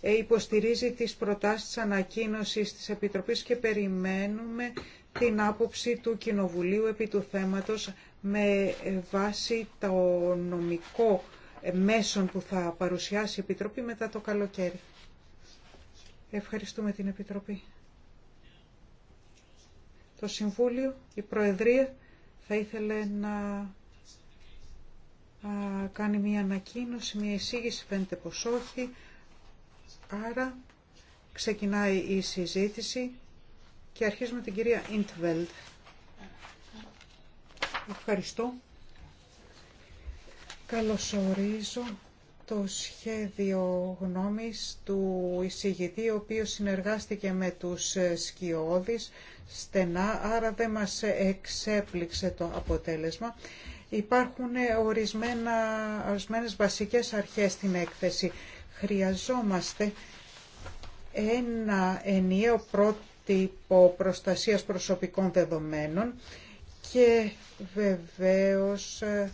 υποστηρίζει τις προτάσεις της ανακοίνωσης της Επιτροπής και περιμένουμε την άποψη του Κοινοβουλίου επί του θέματος με βάση το νομικό μέσον που θα παρουσιάσει η Επιτροπή μετά το καλοκαίρι. Ευχαριστούμε την Επιτροπή. Το Συμβούλιο, η Προεδρία θα ήθελε να κάνει μια ανακοίνωση, μια εισήγηση, φαίνεται πως όχι. Άρα ξεκινάει η συζήτηση και αρχίζουμε την κυρία Ιντβέλτ. Ευχαριστώ. Καλωσορίζω το σχέδιο γνώμης του εισηγητή, ο οποίος συνεργάστηκε με τους σκιώδεις στενά, άρα δεν μας εξέπληξε το αποτέλεσμα. Υπάρχουν ορισμένα, ορισμένες βασικές αρχές στην έκθεση. Χρειαζόμαστε ένα ενιαίο πρώτο τύπο προστασίας προσωπικών δεδομένων και βεβαίως ε,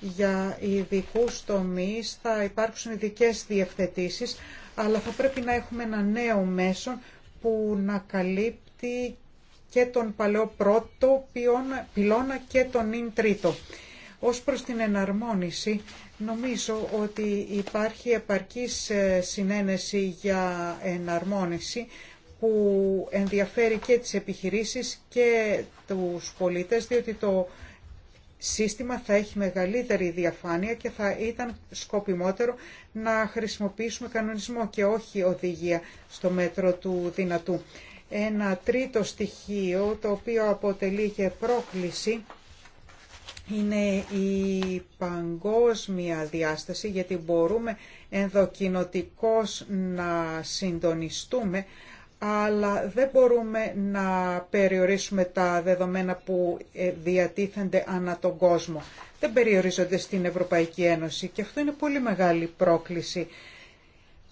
για ειδικού τομεί θα υπάρξουν ειδικέ διευθετήσεις, αλλά θα πρέπει να έχουμε ένα νέο μέσο που να καλύπτει και τον παλαιό πρώτο πυλώνα και τον ίν τρίτο. Ως προς την εναρμόνιση, νομίζω ότι υπάρχει επαρκής ε, συνένεση για εναρμόνιση, που ενδιαφέρει και τις επιχειρήσεις και τους πολίτες, διότι το σύστημα θα έχει μεγαλύτερη διαφάνεια και θα ήταν σκοπιμότερο να χρησιμοποιήσουμε κανονισμό και όχι οδηγία στο μέτρο του δυνατού. Ένα τρίτο στοιχείο το οποίο αποτελεί και πρόκληση είναι η παγκόσμια διάσταση γιατί μπορούμε ενδοκινοτικώς να συντονιστούμε αλλά δεν μπορούμε να περιορίσουμε τα δεδομένα που ε, διατίθενται ανά τον κόσμο. Δεν περιορίζονται στην Ευρωπαϊκή Ένωση και αυτό είναι πολύ μεγάλη πρόκληση.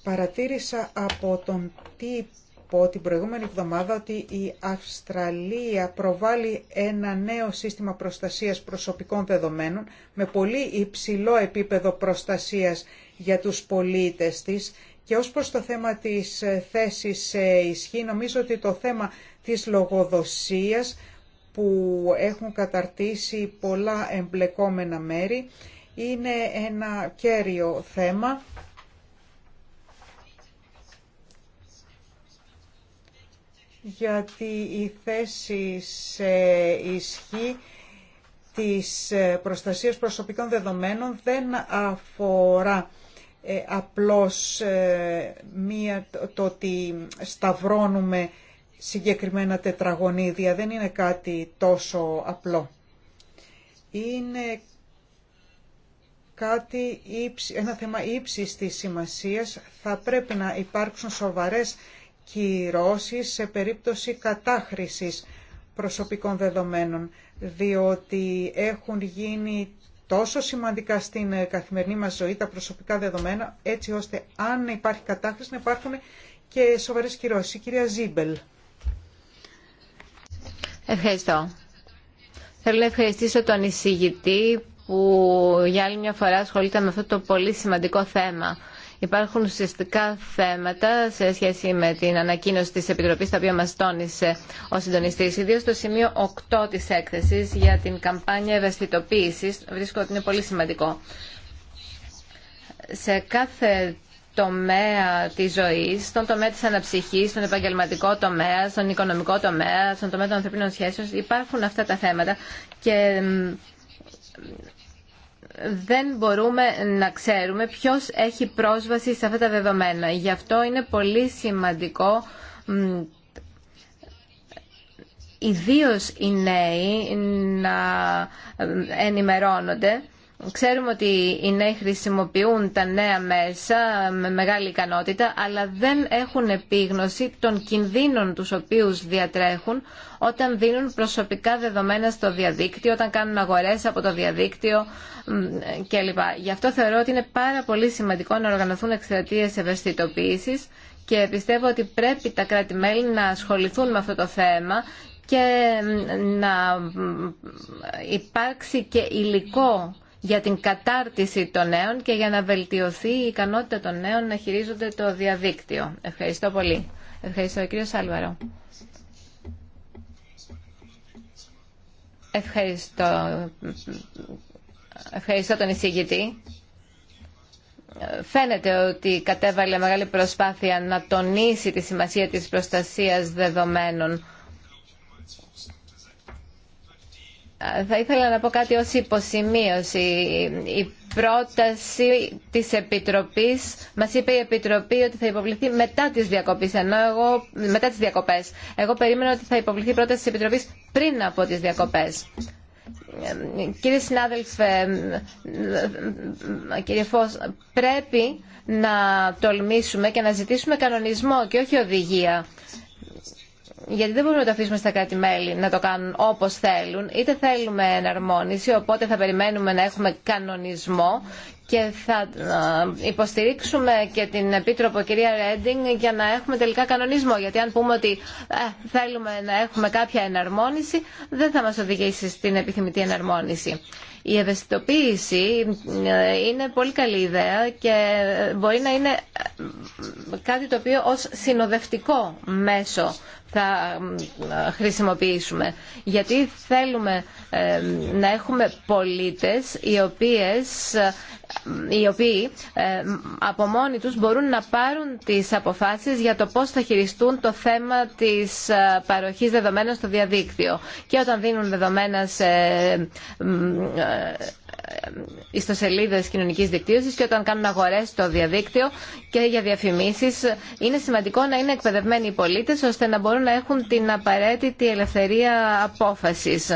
Παρατήρησα από τον τύπο την προηγούμενη εβδομάδα ότι η Αυστραλία προβάλλει ένα νέο σύστημα προστασίας προσωπικών δεδομένων με πολύ υψηλό επίπεδο προστασίας για τους πολίτες της και ως προς το θέμα της ε, θέσης σε ισχύ, νομίζω ότι το θέμα της λογοδοσίας που έχουν καταρτήσει πολλά εμπλεκόμενα μέρη είναι ένα κέριο θέμα. γιατί η θέση σε ισχύ της ε, προστασίας προσωπικών δεδομένων δεν αφορά ε, απλώς ε, μία, το ότι σταυρώνουμε συγκεκριμένα τετραγωνίδια. Δεν είναι κάτι τόσο απλό. Είναι κάτι ένα θέμα ύψης της σημασίας. Θα πρέπει να υπάρξουν σοβαρές κυρώσεις σε περίπτωση κατάχρησης προσωπικών δεδομένων, διότι έχουν γίνει τόσο σημαντικά στην ε, καθημερινή μας ζωή τα προσωπικά δεδομένα, έτσι ώστε αν υπάρχει κατάχρηση να υπάρχουν και σοβαρές κυρώσεις. κυρία Ζίμπελ. Ευχαριστώ. Θέλω να ευχαριστήσω τον εισηγητή που για άλλη μια φορά ασχολείται με αυτό το πολύ σημαντικό θέμα. Υπάρχουν ουσιαστικά θέματα σε σχέση με την ανακοίνωση της Επιτροπής, τα οποία μας τόνισε ο συντονιστής. Ιδίως στο σημείο 8 της έκθεσης για την καμπάνια ευαισθητοποίησης, βρίσκω ότι είναι πολύ σημαντικό. Σε κάθε τομέα της ζωής, στον τομέα της αναψυχής, στον επαγγελματικό τομέα, στον οικονομικό τομέα, στον τομέα των ανθρωπίνων σχέσεων, υπάρχουν αυτά τα θέματα και δεν μπορούμε να ξέρουμε ποιος έχει πρόσβαση σε αυτά τα δεδομένα. Γι' αυτό είναι πολύ σημαντικό ιδίως οι νέοι να ενημερώνονται Ξέρουμε ότι οι νέοι χρησιμοποιούν τα νέα μέσα με μεγάλη ικανότητα, αλλά δεν έχουν επίγνωση των κινδύνων τους οποίους διατρέχουν όταν δίνουν προσωπικά δεδομένα στο διαδίκτυο, όταν κάνουν αγορές από το διαδίκτυο κλπ. Γι' αυτό θεωρώ ότι είναι πάρα πολύ σημαντικό να οργανωθούν εκστρατείες ευαισθητοποίησης και πιστεύω ότι πρέπει τα κράτη-μέλη να ασχοληθούν με αυτό το θέμα και να υπάρξει και υλικό για την κατάρτιση των νέων και για να βελτιωθεί η ικανότητα των νέων να χειρίζονται το διαδίκτυο. Ευχαριστώ πολύ. Ευχαριστώ κύριο Σάλβαρο. Ευχαριστώ. Ευχαριστώ τον εισηγητή. Φαίνεται ότι κατέβαλε μεγάλη προσπάθεια να τονίσει τη σημασία της προστασίας δεδομένων Θα ήθελα να πω κάτι ως υποσημείωση. Η πρόταση της Επιτροπής, μας είπε η Επιτροπή ότι θα υποβληθεί μετά τις διακοπές, ενώ εγώ, μετά τις διακοπές. Εγώ περίμενα ότι θα υποβληθεί η πρόταση της Επιτροπής πριν από τις διακοπές. Κύριε συνάδελφε, κύριε Φως, πρέπει να τολμήσουμε και να ζητήσουμε κανονισμό και όχι οδηγία γιατί δεν μπορούμε να το αφήσουμε στα κράτη-μέλη να το κάνουν όπως θέλουν. Είτε θέλουμε εναρμόνιση, οπότε θα περιμένουμε να έχουμε κανονισμό και θα ε, υποστηρίξουμε και την Επίτροπο κυρία Ρέντινγκ για να έχουμε τελικά κανονισμό. Γιατί αν πούμε ότι ε, θέλουμε να έχουμε κάποια εναρμόνιση, δεν θα μας οδηγήσει στην επιθυμητή εναρμόνιση. Η ευαισθητοποίηση ε, είναι πολύ καλή ιδέα και μπορεί να είναι κάτι το οποίο ως συνοδευτικό μέσο θα χρησιμοποιήσουμε. Γιατί θέλουμε ε, να έχουμε πολίτες οι, οποίες, ε, οι οποίοι ε, από μόνοι τους μπορούν να πάρουν τις αποφάσεις για το πώς θα χειριστούν το θέμα της παροχής δεδομένων στο διαδίκτυο. Και όταν δίνουν δεδομένα σε ιστοσελίδες κοινωνικής δικτύωσης και όταν κάνουν αγορές στο διαδίκτυο και για διαφημίσεις. Είναι σημαντικό να είναι εκπαιδευμένοι οι πολίτες ώστε να μπορούν να έχουν την απαραίτητη ελευθερία απόφασης.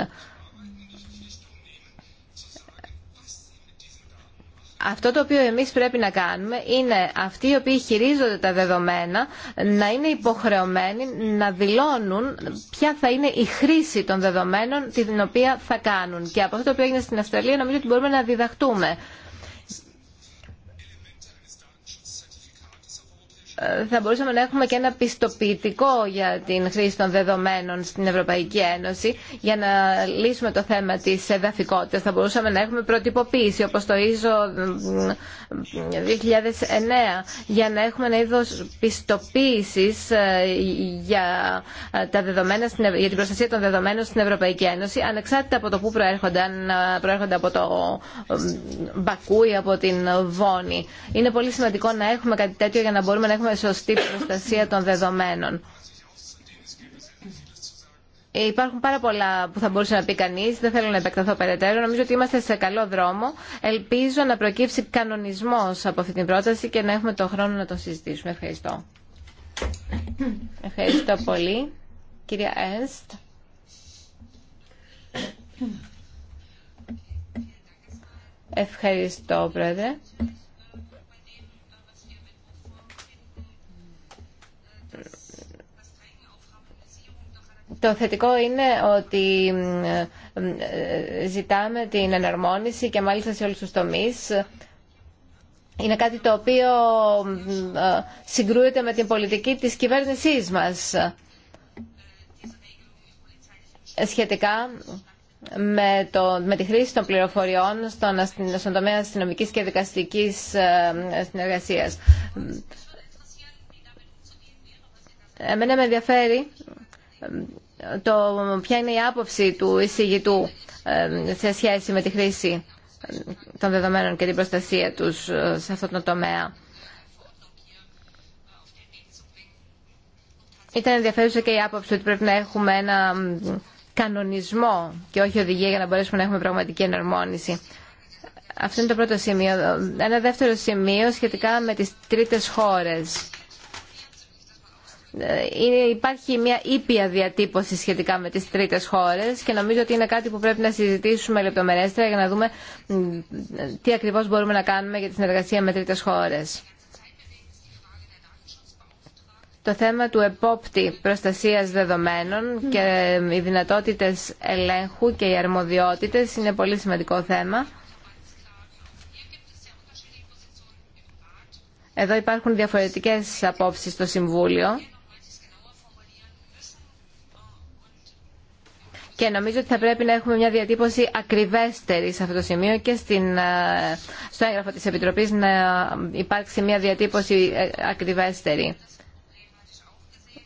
αυτό το οποίο εμείς πρέπει να κάνουμε είναι αυτοί οι οποίοι χειρίζονται τα δεδομένα να είναι υποχρεωμένοι να δηλώνουν ποια θα είναι η χρήση των δεδομένων την οποία θα κάνουν. Και από αυτό το οποίο έγινε στην Αυστραλία νομίζω ότι μπορούμε να διδαχτούμε θα μπορούσαμε να έχουμε και ένα πιστοποιητικό για την χρήση των δεδομένων στην Ευρωπαϊκή Ένωση για να λύσουμε το θέμα της εδαφικότητας. Θα μπορούσαμε να έχουμε προτυποποίηση όπως το ISO 2009 ε, για να έχουμε ένα είδος πιστοποίησης ε, για, ε, τα δεδομένα, για την προστασία των δεδομένων στην Ευρωπαϊκή Ένωση ανεξάρτητα από το που προέρχονται, αν προέρχονται από το Μπακού ή από την Βόνη. Είναι πολύ σημαντικό να έχουμε κάτι τέτοιο για να μπορούμε να έχουμε σωστή προστασία των δεδομένων. Ε, υπάρχουν πάρα πολλά που θα μπορούσε να πει κανεί, δεν θέλω να επεκταθώ περαιτέρω. Νομίζω ότι είμαστε σε καλό δρόμο. Ελπίζω να προκύψει κανονισμό από αυτή την πρόταση και να έχουμε τον χρόνο να το συζητήσουμε. Ευχαριστώ. Ευχαριστώ πολύ. Κυρία Ένστ. Ευχαριστώ, Πρόεδρε. Το θετικό είναι ότι ε, ζητάμε την εναρμόνιση και μάλιστα σε όλους τους τομείς. Είναι κάτι το οποίο ε, συγκρούεται με την πολιτική της κυβέρνησής μας σχετικά με, το, με τη χρήση των πληροφοριών στον, στον τομέα αστυνομική και δικαστική ε, συνεργασία. Εμένα με ενδιαφέρει το ποια είναι η άποψη του εισηγητού ε, σε σχέση με τη χρήση των δεδομένων και την προστασία τους ε, σε αυτό το τομέα. Ήταν ενδιαφέρουσα και η άποψη ότι πρέπει να έχουμε ένα κανονισμό και όχι οδηγία για να μπορέσουμε να έχουμε πραγματική εναρμόνιση. Αυτό είναι το πρώτο σημείο. Ένα δεύτερο σημείο σχετικά με τις τρίτες χώρες υπάρχει μια ήπια διατύπωση σχετικά με τις τρίτες χώρες και νομίζω ότι είναι κάτι που πρέπει να συζητήσουμε λεπτομερέστερα για να δούμε τι ακριβώς μπορούμε να κάνουμε για τη συνεργασία με τρίτες χώρες. Το θέμα του επόπτη προστασίας δεδομένων και οι δυνατότητες ελέγχου και οι αρμοδιότητες είναι πολύ σημαντικό θέμα. Εδώ υπάρχουν διαφορετικές απόψεις στο Συμβούλιο. Και νομίζω ότι θα πρέπει να έχουμε μια διατύπωση ακριβέστερη σε αυτό το σημείο και στην, ε, στο έγγραφο της Επιτροπής να υπάρξει μια διατύπωση ε, ακριβέστερη.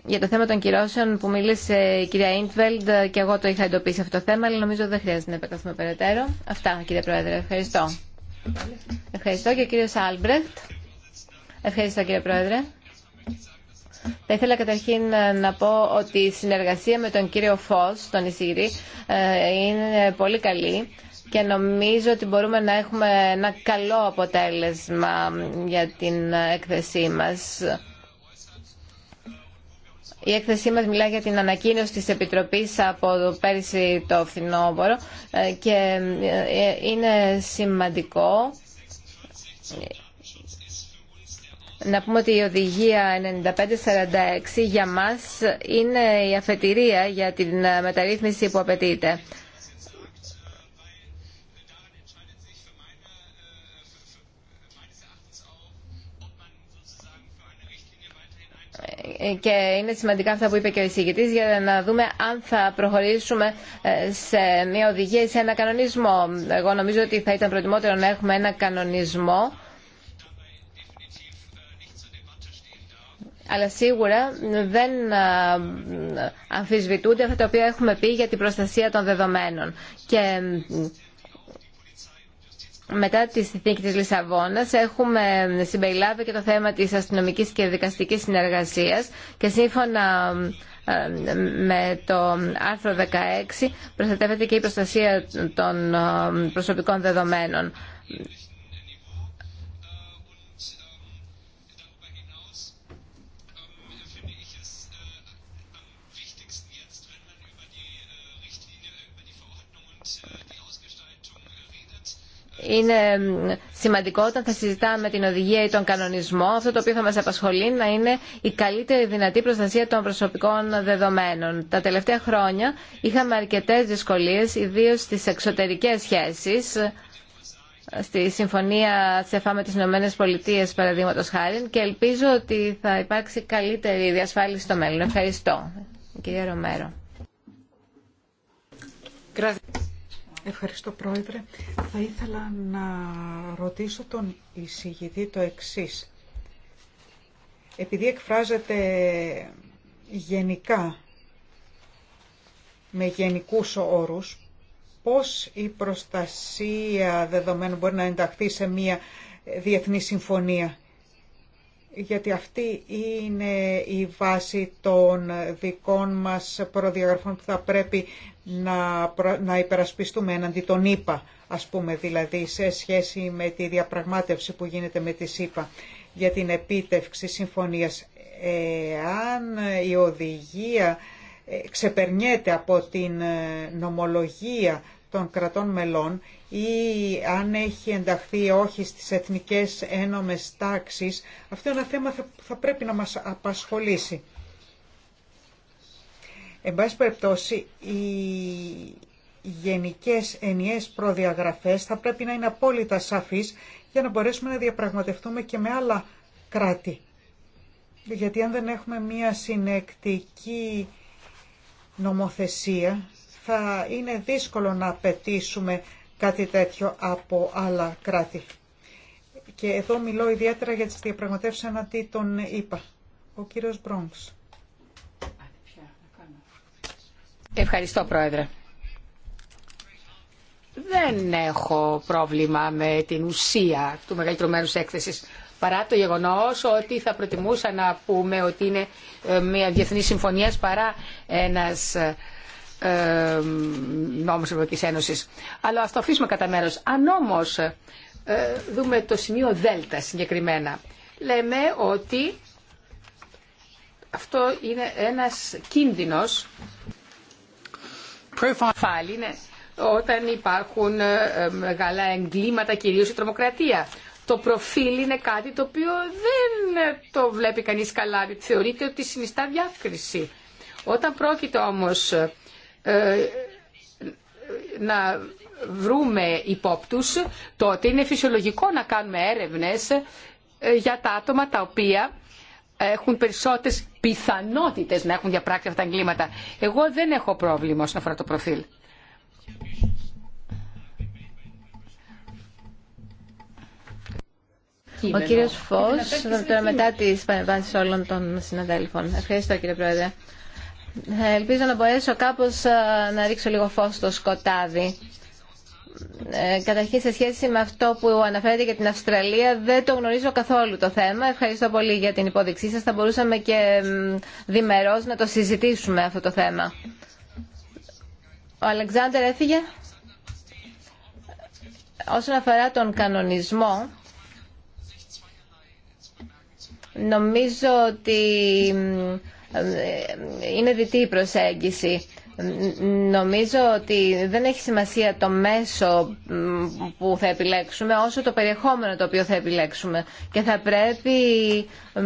Για το θέμα των κυρώσεων που μίλησε η κυρία Ιντβελντ ε, και εγώ το είχα εντοπίσει αυτό το θέμα, αλλά νομίζω δεν χρειάζεται να επεκταθούμε περαιτέρω. Αυτά, κύριε Πρόεδρε. Ευχαριστώ. Ευχαριστώ και ο Άλμπρεχτ. Ευχαριστώ κύριε Πρόεδρε. Θα ήθελα καταρχήν να πω ότι η συνεργασία με τον κύριο Φως, τον εισηγητή, ε, είναι πολύ καλή και νομίζω ότι μπορούμε να έχουμε ένα καλό αποτέλεσμα για την έκθεσή μας. Η έκθεσή μας μιλά για την ανακοίνωση της Επιτροπής από το πέρυσι το φθινόμπορο ε, και ε, είναι σημαντικό να πούμε ότι η οδηγία 9546 για μας είναι η αφετηρία για την μεταρρύθμιση που απαιτείται. και είναι σημαντικά αυτά που είπε και ο εισηγητής για να δούμε αν θα προχωρήσουμε ε, σε μια οδηγία ή σε ένα κανονισμό. Εγώ νομίζω ότι θα ήταν προτιμότερο να έχουμε ένα κανονισμό αλλά σίγουρα δεν ε, αμφισβητούνται αυτά τα οποία έχουμε πει για την προστασία των δεδομένων. Και μετά τη συνθήκη της Λισαβόνας έχουμε συμπεριλάβει και το θέμα της αστυνομικής και δικαστικής συνεργασίας και σύμφωνα με το άρθρο 16 προστατεύεται και η προστασία των ε, προσωπικών δεδομένων. είναι σημαντικό όταν θα συζητάμε την οδηγία ή τον κανονισμό, αυτό το οποίο θα μας απασχολεί να είναι η καλύτερη δυνατή προστασία των προσωπικών δεδομένων. Τα τελευταία χρόνια είχαμε αρκετές δυσκολίες, ιδίως στις εξωτερικές σχέσεις, στη συμφωνία ΣΕΦΑ με τις Ηνωμένες Πολιτείες, παραδείγματος χάρη, και ελπίζω ότι θα υπάρξει καλύτερη διασφάλιση στο μέλλον. Ευχαριστώ. κύριε Ρωμέρο. Ευχαριστώ Πρόεδρε. Θα ήθελα να ρωτήσω τον εισηγητή το εξής. Επειδή εκφράζεται γενικά, με γενικούς όρους, πώς η προστασία δεδομένων μπορεί να ενταχθεί σε μια διεθνή συμφωνία γιατί αυτή είναι η βάση των δικών μας προδιαγραφών που θα πρέπει να, να υπερασπιστούμε έναντι των ΙΠΑ, ας πούμε, δηλαδή σε σχέση με τη διαπραγμάτευση που γίνεται με τις ΣΥΠΑ για την επίτευξη συμφωνίας. Εάν η οδηγία ε, ξεπερνιέται από την ε, νομολογία των κρατών μελών ή αν έχει ενταχθεί ή όχι στις εθνικές ένομες τάξεις, αυτό είναι ένα θέμα που θα πρέπει να μας απασχολήσει. Εν πάση περιπτώσει, οι γενικές ενιές προδιαγραφές θα πρέπει να είναι απόλυτα σαφείς για να μπορέσουμε να διαπραγματευτούμε και με άλλα κράτη. Γιατί αν δεν έχουμε μία συνεκτική νομοθεσία θα είναι δύσκολο να απαιτήσουμε κάτι τέτοιο από άλλα κράτη. Και εδώ μιλώ ιδιαίτερα για τις διαπραγματεύσεις τι τον είπα. Ο κύριος Μπρόγκς. Ευχαριστώ Πρόεδρε. Δεν έχω πρόβλημα με την ουσία του μεγαλύτερου μέρου έκθεση. παρά το γεγονό. ότι θα προτιμούσα να πούμε ότι είναι ε, μια διεθνή συμφωνία παρά ένας ε, ε, της Ευρωπαϊκής Ένωσης. Αλλά ας το αφήσουμε κατά μέρος. Αν όμως ε, δούμε το σημείο Δέλτα συγκεκριμένα, λέμε ότι αυτό είναι ένας κίνδυνος προφάλι ναι, όταν υπάρχουν ε, μεγάλα εγκλήματα, κυρίως η τρομοκρατία. Το προφίλ είναι κάτι το οποίο δεν το βλέπει κανείς καλά, θεωρείται ότι συνιστά διάκριση. Όταν πρόκειται όμως ε, να βρούμε υπόπτους, τότε είναι φυσιολογικό να κάνουμε έρευνες ε, για τα άτομα τα οποία έχουν περισσότερες πιθανότητες να έχουν διαπράξει αυτά τα εγκλήματα. Εγώ δεν έχω πρόβλημα όσον αφορά το προφίλ. Ο κύριος Φως, μετά τις παρεμβάσεις όλων των συναδέλφων. Ευχαριστώ κύριε Πρόεδρε. Ε, ελπίζω να μπορέσω κάπως ε, να ρίξω λίγο φως στο σκοτάδι. Ε, καταρχήν σε σχέση με αυτό που αναφέρεται για την Αυστραλία δεν το γνωρίζω καθόλου το θέμα. Ευχαριστώ πολύ για την υπόδειξή σας. Θα μπορούσαμε και διμερώς να το συζητήσουμε αυτό το θέμα. Ο Αλεξάνδρ έφυγε. Όσον αφορά τον κανονισμό, νομίζω ότι είναι διτή η προσέγγιση. Νομίζω ότι δεν έχει σημασία το μέσο που θα επιλέξουμε όσο το περιεχόμενο το οποίο θα επιλέξουμε και θα πρέπει ε,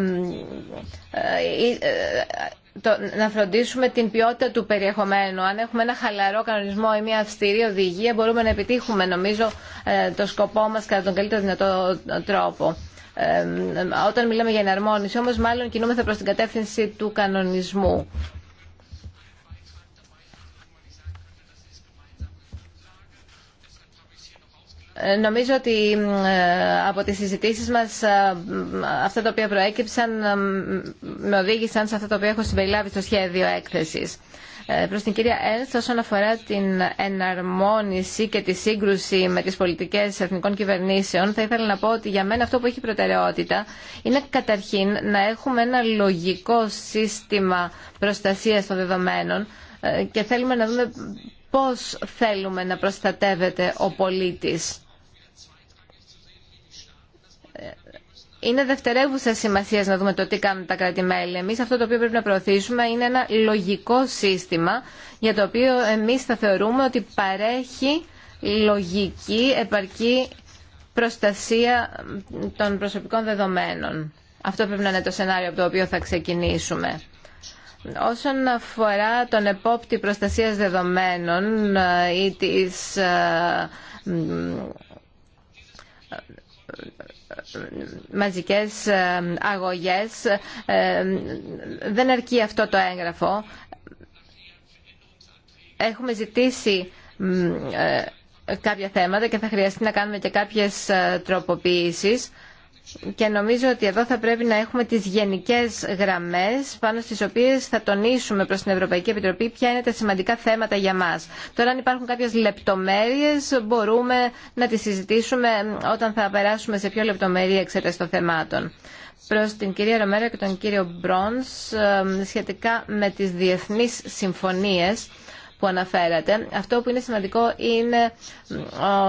ε, ε, να φροντίσουμε την ποιότητα του περιεχομένου. Αν έχουμε ένα χαλαρό κανονισμό ή μια αυστηρή οδηγία μπορούμε να επιτύχουμε νομίζω το σκοπό μας κατά τον καλύτερο δυνατό τρόπο όταν μιλάμε για εναρμόνιση, όμως μάλλον κινούμεθα προς την κατεύθυνση του κανονισμού. Ε, νομίζω ότι ε, από τις συζητήσεις μας ε, αυτά τα οποία προέκυψαν με οδήγησαν σε αυτά τα οποία έχω συμπεριλάβει στο σχέδιο έκθεσης. Ε, προς την κυρία Ένστ όσον αφορά την εναρμόνιση και τη σύγκρουση με τις πολιτικές εθνικών κυβερνήσεων θα ήθελα να πω ότι για μένα αυτό που έχει προτεραιότητα είναι καταρχήν να έχουμε ένα λογικό σύστημα προστασίας των δεδομένων ε, και θέλουμε να δούμε πώς θέλουμε να προστατεύεται ο πολίτης είναι δευτερεύουσα σημασία να δούμε το τι κάνουν τα κράτη-μέλη. Εμεί αυτό το οποίο πρέπει να προωθήσουμε είναι ένα λογικό σύστημα για το οποίο εμεί θα θεωρούμε ότι παρέχει λογική, επαρκή προστασία των προσωπικών δεδομένων. Αυτό πρέπει να είναι το σενάριο από το οποίο θα ξεκινήσουμε. Όσον αφορά τον επόπτη προστασίας δεδομένων ε, ή της ε, μαζικές ε, αγωγές. Ε, δεν αρκεί αυτό το έγγραφο. Έχουμε ζητήσει ε, κάποια θέματα και θα χρειαστεί να κάνουμε και κάποιες τροποποίησεις και νομίζω ότι εδώ θα πρέπει να έχουμε τις γενικές γραμμές πάνω στις οποίες θα τονίσουμε προς την Ευρωπαϊκή Επιτροπή ποια είναι τα σημαντικά θέματα για μας. Τώρα αν υπάρχουν κάποιες λεπτομέρειες μπορούμε να τις συζητήσουμε όταν θα περάσουμε σε πιο λεπτομερή εξέταση των θεμάτων. Προς την κυρία Ρομέρα και τον κύριο Μπρόνς ε, σχετικά με τις διεθνείς συμφωνίες που αναφέρατε. Αυτό που είναι σημαντικό είναι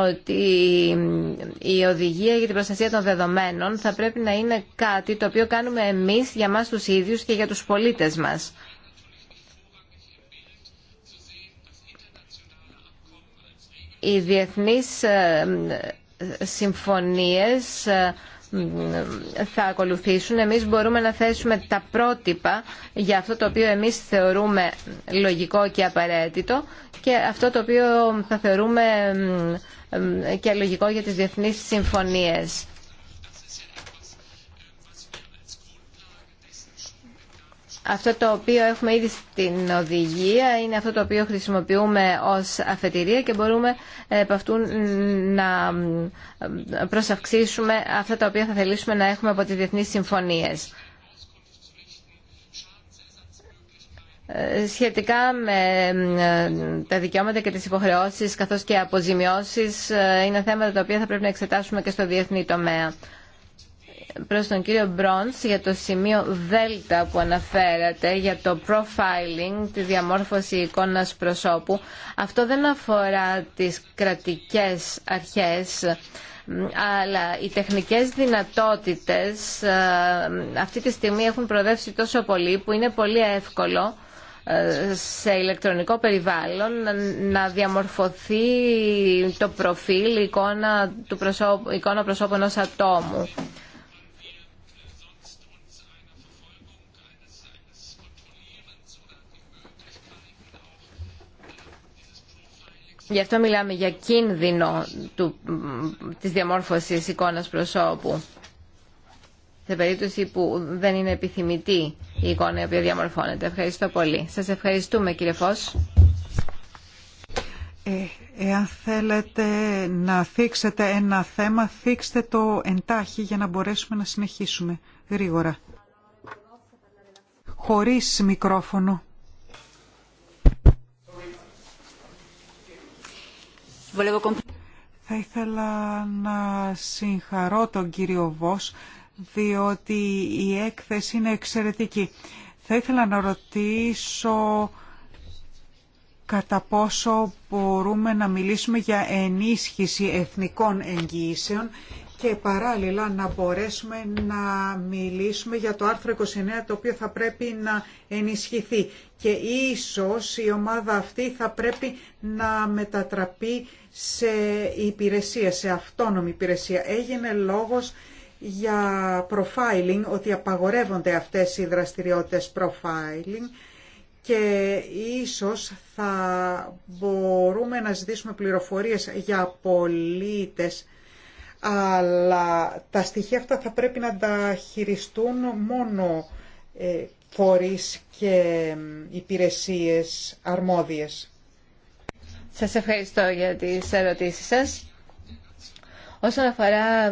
ότι η οδηγία για την προστασία των δεδομένων θα πρέπει να είναι κάτι το οποίο κάνουμε εμείς για μας τους ίδιους και για τους πολίτες μας. Οι διεθνείς ε, συμφωνίες ε, θα ακολουθήσουν. Εμείς μπορούμε να θέσουμε τα πρότυπα για αυτό το οποίο εμείς θεωρούμε λογικό και απαραίτητο και αυτό το οποίο θα θεωρούμε και λογικό για τις διεθνείς συμφωνίες. Αυτό το οποίο έχουμε ήδη στην οδηγία είναι αυτό το οποίο χρησιμοποιούμε ως αφετηρία και μπορούμε από ε, αυτού να προσαυξήσουμε αυτά τα οποία θα θελήσουμε να έχουμε από τις διεθνείς συμφωνίες. Ε, σχετικά με τα δικαιώματα και τις υποχρεώσεις καθώς και αποζημιώσεις ε, είναι θέματα τα οποία θα πρέπει να εξετάσουμε και στο διεθνή τομέα προς τον κύριο Μπρόντς για το σημείο Δέλτα που αναφέρατε για το profiling, τη διαμόρφωση εικόνας προσώπου. Αυτό δεν αφορά τις κρατικές αρχές αλλά οι τεχνικές δυνατότητες ε, αυτή τη στιγμή έχουν προδεύσει τόσο πολύ που είναι πολύ εύκολο ε, σε ηλεκτρονικό περιβάλλον να διαμορφωθεί το προφίλ, εικόνα, του προσώπου, εικόνα προσώπου ενός ατόμου. Γι' αυτό μιλάμε για κίνδυνο του, της διαμόρφωσης εικόνας προσώπου σε περίπτωση που δεν είναι επιθυμητή η εικόνα η οποία διαμορφώνεται. Ευχαριστώ πολύ. Σας ευχαριστούμε κύριε Φως. Ε, εάν θέλετε να θίξετε ένα θέμα, θίξτε το εντάχει για να μπορέσουμε να συνεχίσουμε γρήγορα. Χωρίς μικρόφωνο. Θα ήθελα να συγχαρώ τον κύριο Βος, διότι η έκθεση είναι εξαιρετική. Θα ήθελα να ρωτήσω κατά πόσο μπορούμε να μιλήσουμε για ενίσχυση εθνικών εγγυήσεων και παράλληλα να μπορέσουμε να μιλήσουμε για το άρθρο 29 το οποίο θα πρέπει να ενισχυθεί και ίσως η ομάδα αυτή θα πρέπει να μετατραπεί σε υπηρεσία, σε αυτόνομη υπηρεσία. Έγινε λόγος για profiling, ότι απαγορεύονται αυτές οι δραστηριότητες profiling και ίσως θα μπορούμε να ζητήσουμε πληροφορίες για πολίτες αλλά τα στοιχεία αυτά θα πρέπει να τα χειριστούν μόνο ε, φορείς και υπηρεσίες αρμόδιες. Σας ευχαριστώ για τις ερωτήσεις σας. Όσον αφορά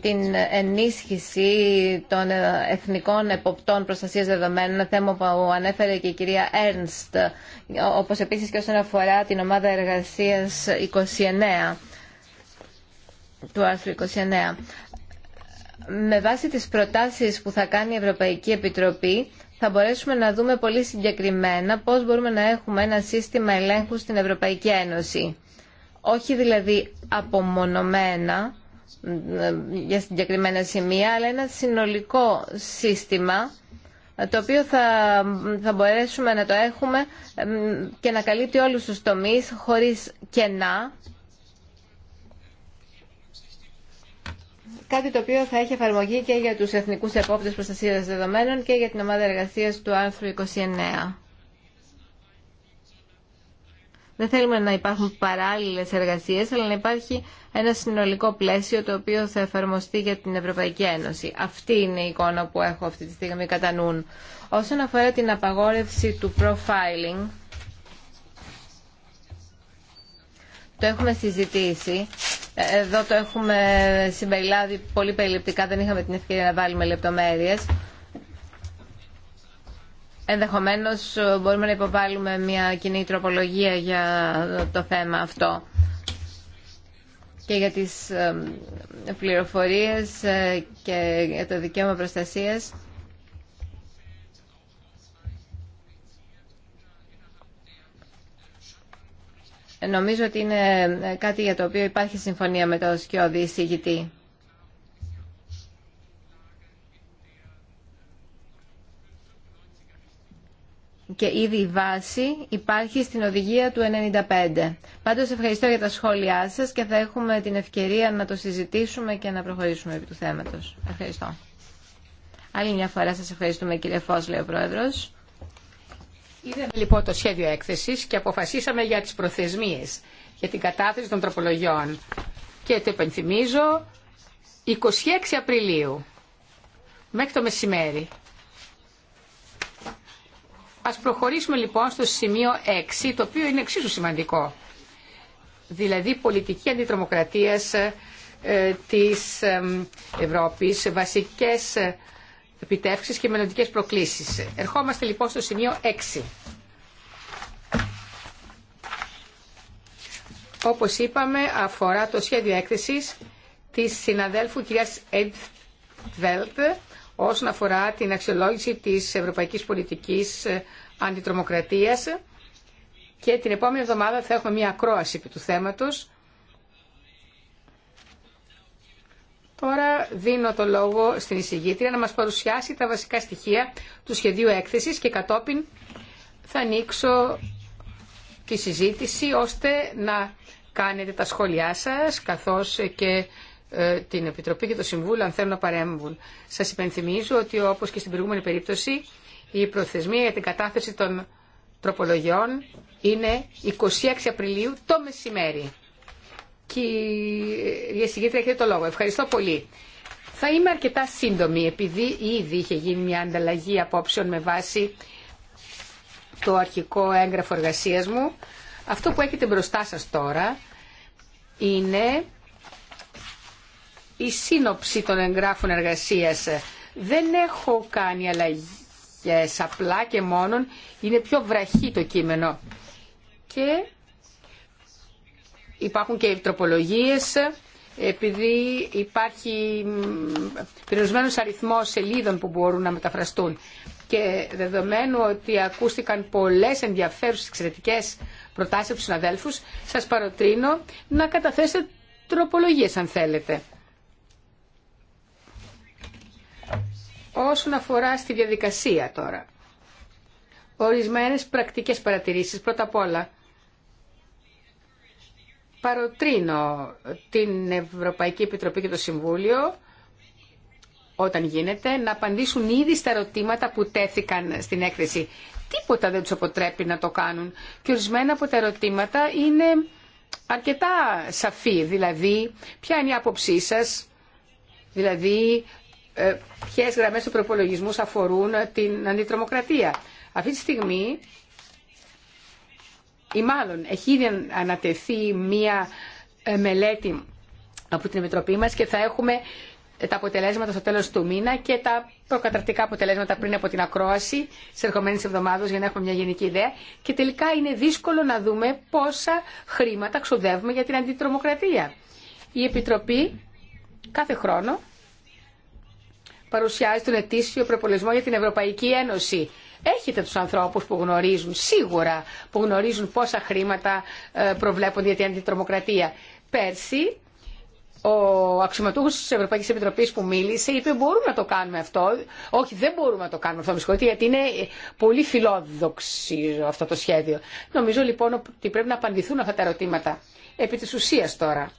την ενίσχυση των εθνικών εποπτών προστασίας δεδομένων, ένα θέμα που ανέφερε και η κυρία Έρνστ, όπως επίσης και όσον αφορά την ομάδα εργασίας 29 του άρθρου 29. Με βάση τις προτάσεις που θα κάνει η Ευρωπαϊκή Επιτροπή, θα μπορέσουμε να δούμε πολύ συγκεκριμένα πώς μπορούμε να έχουμε ένα σύστημα ελέγχου στην Ευρωπαϊκή Ένωση. Όχι δηλαδή απομονωμένα για συγκεκριμένα σημεία, αλλά ένα συνολικό σύστημα το οποίο θα, θα μπορέσουμε να το έχουμε και να καλύπτει όλους τους τομείς χωρίς κενά κάτι το οποίο θα έχει εφαρμογή και για τους Εθνικούς Επόπτες Προστασίας Δεδομένων και για την ομάδα εργασίας του άρθρου 29. Δεν θέλουμε να υπάρχουν παράλληλες εργασίες, αλλά να υπάρχει ένα συνολικό πλαίσιο το οποίο θα εφαρμοστεί για την Ευρωπαϊκή Ένωση. Αυτή είναι η εικόνα που έχω αυτή τη στιγμή κατά νουν. Όσον αφορά την απαγόρευση του profiling, το έχουμε συζητήσει εδώ το έχουμε συμπεριλάβει πολύ περιληπτικά, δεν είχαμε την ευκαιρία να βάλουμε λεπτομέρειες. Ενδεχομένως ε, μπορούμε να υποβάλουμε μια κοινή τροπολογία για το θέμα αυτό και για τις ε, πληροφορίες ε, και για το δικαίωμα προστασίας. Νομίζω ότι είναι ε, κάτι για το οποίο υπάρχει συμφωνία με το σκιώδη εισηγητή. και ήδη η βάση υπάρχει στην οδηγία του 95. Πάντως ευχαριστώ για τα σχόλιά σας και θα έχουμε την ευκαιρία να το συζητήσουμε και να προχωρήσουμε επί του θέματος. Ευχαριστώ. Άλλη μια φορά σας ευχαριστούμε κύριε Φως, λέει ο Πρόεδρος. Είδαμε λοιπόν το σχέδιο έκθεσης και αποφασίσαμε για τις προθεσμίες για την κατάθεση των τροπολογιών. Και το επενθυμίζω, 26 Απριλίου μέχρι το μεσημέρι. Ας προχωρήσουμε λοιπόν στο σημείο 6, το οποίο είναι εξίσου σημαντικό. Δηλαδή πολιτική αντιτρομοκρατίας ε, της ε, Ευρώπης, βασικές ε, επιτεύξεις και μελλοντικές προκλήσεις. Ερχόμαστε λοιπόν στο σημείο 6. Όπως είπαμε, αφορά το σχέδιο έκθεσης της συναδέλφου κυρίας Εντβέλτ όσον αφορά την αξιολόγηση της ευρωπαϊκής πολιτικής ε, αντιτρομοκρατίας και την επόμενη εβδομάδα θα έχουμε μια ακρόαση του θέματος Τώρα δίνω το λόγο στην εισηγήτρια να μας παρουσιάσει τα βασικά στοιχεία του σχεδίου έκθεσης και κατόπιν θα ανοίξω τη συζήτηση ώστε να κάνετε τα σχόλιά σας καθώς και ε, την Επιτροπή και το Συμβούλιο αν θέλουν να παρέμβουν. Σας υπενθυμίζω ότι όπως και στην προηγούμενη περίπτωση η προθεσμία για την κατάθεση των τροπολογιών είναι 26 Απριλίου το μεσημέρι. Κυρία Συγκήτρια, έχετε το λόγο. Ευχαριστώ πολύ. Θα είμαι αρκετά σύντομη, επειδή ήδη είχε γίνει μια ανταλλαγή απόψεων με βάση το αρχικό έγγραφο εργασία μου. Αυτό που έχετε μπροστά σας τώρα είναι η σύνοψη των εγγράφων εργασία. Δεν έχω κάνει αλλαγές απλά και μόνον. Είναι πιο βραχή το κείμενο. Και υπάρχουν και οι επειδή υπάρχει περιορισμένο αριθμό σελίδων που μπορούν να μεταφραστούν και δεδομένου ότι ακούστηκαν πολλές ενδιαφέρουσες εξαιρετικέ προτάσεις από τους συναδέλφους, σας παροτρύνω να καταθέσετε τροπολογίες αν θέλετε. Όσον αφορά στη διαδικασία τώρα, ορισμένες πρακτικές παρατηρήσεις. Πρώτα απ' όλα, παροτρύνω την Ευρωπαϊκή Επιτροπή και το Συμβούλιο όταν γίνεται, να απαντήσουν ήδη στα ερωτήματα που τέθηκαν στην έκθεση. Τίποτα δεν τους αποτρέπει να το κάνουν. Και ορισμένα από τα ερωτήματα είναι αρκετά σαφή. Δηλαδή, ποια είναι η άποψή σας, δηλαδή ε, ποιες γραμμές του προπολογισμού αφορούν την αντιτρομοκρατία. Αυτή τη στιγμή ή μάλλον έχει ήδη ανατεθεί μία ε, μελέτη από την Επιτροπή μας και θα έχουμε ε, τα αποτελέσματα στο τέλος του μήνα και τα προκαταρτικά αποτελέσματα πριν από την ακρόαση στις ερχομένες εβδομάδες για να έχουμε μια γενική ιδέα και τελικά είναι δύσκολο να δούμε πόσα χρήματα ξοδεύουμε για την αντιτρομοκρατία. Η Επιτροπή κάθε χρόνο παρουσιάζει τον ετήσιο προπολισμό για την Ευρωπαϊκή Ένωση Έχετε τους ανθρώπους που γνωρίζουν σίγουρα, που γνωρίζουν πόσα χρήματα ε, προβλέπουν για την αντιτρομοκρατία. Πέρσι ο αξιωματούχο τη Ευρωπαϊκή Επιτροπή που μίλησε είπε μπορούμε να το κάνουμε αυτό. Όχι, δεν μπορούμε να το κάνουμε αυτό, με συγχωρείτε, γιατί είναι πολύ φιλόδοξη αυτό το σχέδιο. Νομίζω λοιπόν ότι πρέπει να απαντηθούν αυτά τα ερωτήματα. Επί τη ουσία τώρα.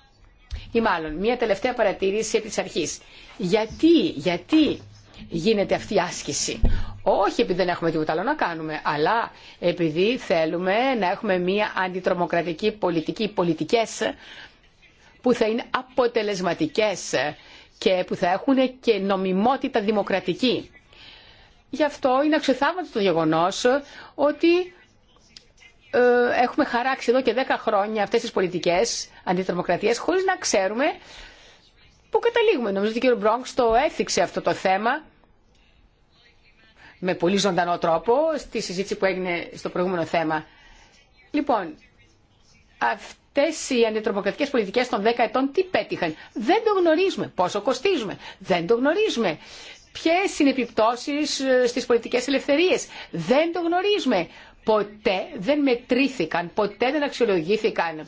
Ή μάλλον, μία τελευταία παρατήρηση επί τη αρχή. Γιατί, γιατί γίνεται αυτή η άσκηση. Όχι επειδή δεν έχουμε τίποτα άλλο να κάνουμε, αλλά επειδή θέλουμε να έχουμε μια αντιτρομοκρατική πολιτική, πολιτικές που θα είναι αποτελεσματικές και που θα έχουν και νομιμότητα δημοκρατική. Γι' αυτό είναι αξιοθαύματο το γεγονός ότι ε, έχουμε χαράξει εδώ και 10 χρόνια αυτές τις πολιτικές αντιτρομοκρατίες χωρίς να ξέρουμε Πού καταλήγουμε. Νομίζω ότι ο κύριο Μπρόγκ το έθιξε αυτό το θέμα με πολύ ζωντανό τρόπο στη συζήτηση που έγινε στο προηγούμενο θέμα. Λοιπόν, αυτές οι αντιτροποκρατικέ πολιτικές των 10 ετών τι πέτυχαν. Δεν το γνωρίζουμε. Πόσο κοστίζουμε. Δεν το γνωρίζουμε. Ποιε είναι οι επιπτώσεις ε, στις πολιτικές ελευθερίες. Δεν το γνωρίζουμε. Ποτέ δεν μετρήθηκαν, ποτέ δεν αξιολογήθηκαν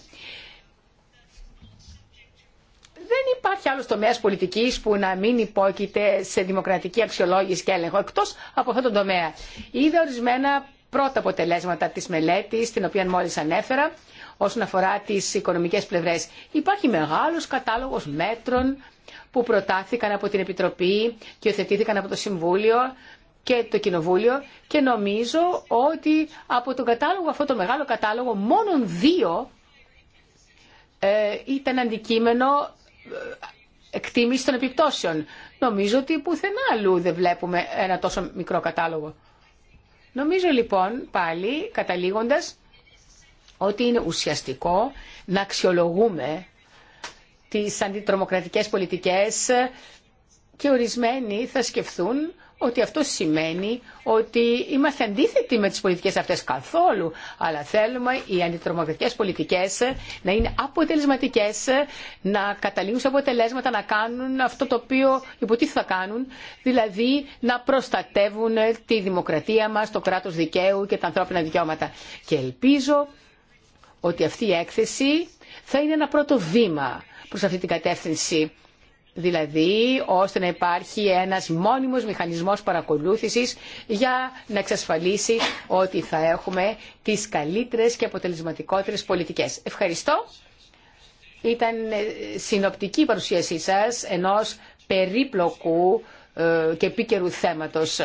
δεν υπάρχει άλλο τομέα πολιτική που να μην υπόκειται σε δημοκρατική αξιολόγηση και έλεγχο Εκτό από αυτόν τον τομέα. Είδα ορισμένα πρώτα αποτελέσματα τη μελέτη, την οποία μόλι ανέφερα, όσον αφορά τι οικονομικέ πλευρέ. Υπάρχει μεγάλο κατάλογος μέτρων που προτάθηκαν από την Επιτροπή και υιοθετήθηκαν από το Συμβούλιο και το Κοινοβούλιο και νομίζω ότι από τον κατάλογο, αυτό το μεγάλο κατάλογο, μόνο δύο ε, ήταν αντικείμενο εκτίμηση των επιπτώσεων. Νομίζω ότι πουθενά αλλού δεν βλέπουμε ένα τόσο μικρό κατάλογο. Νομίζω λοιπόν πάλι καταλήγοντας ότι είναι ουσιαστικό να αξιολογούμε τις αντιτρομοκρατικές πολιτικές και ορισμένοι θα σκεφτούν ότι αυτό σημαίνει ότι είμαστε αντίθετοι με τις πολιτικές αυτές καθόλου, αλλά θέλουμε οι αντιτρομοκρατικές πολιτικές να είναι αποτελεσματικές, να καταλήγουν σε αποτελέσματα, να κάνουν αυτό το οποίο υποτίθεται θα κάνουν, δηλαδή να προστατεύουν τη δημοκρατία μας, το κράτος δικαίου και τα ανθρώπινα δικαιώματα. Και ελπίζω ότι αυτή η έκθεση θα είναι ένα πρώτο βήμα προς αυτή την κατεύθυνση δηλαδή ώστε να υπάρχει ένας μόνιμος μηχανισμός παρακολούθησης για να εξασφαλίσει ότι θα έχουμε τις καλύτερες και αποτελεσματικότερες πολιτικές. Ευχαριστώ. Ήταν ε, συνοπτική η παρουσίασή σας ενός περίπλοκου ε, και επίκαιρου θέματος.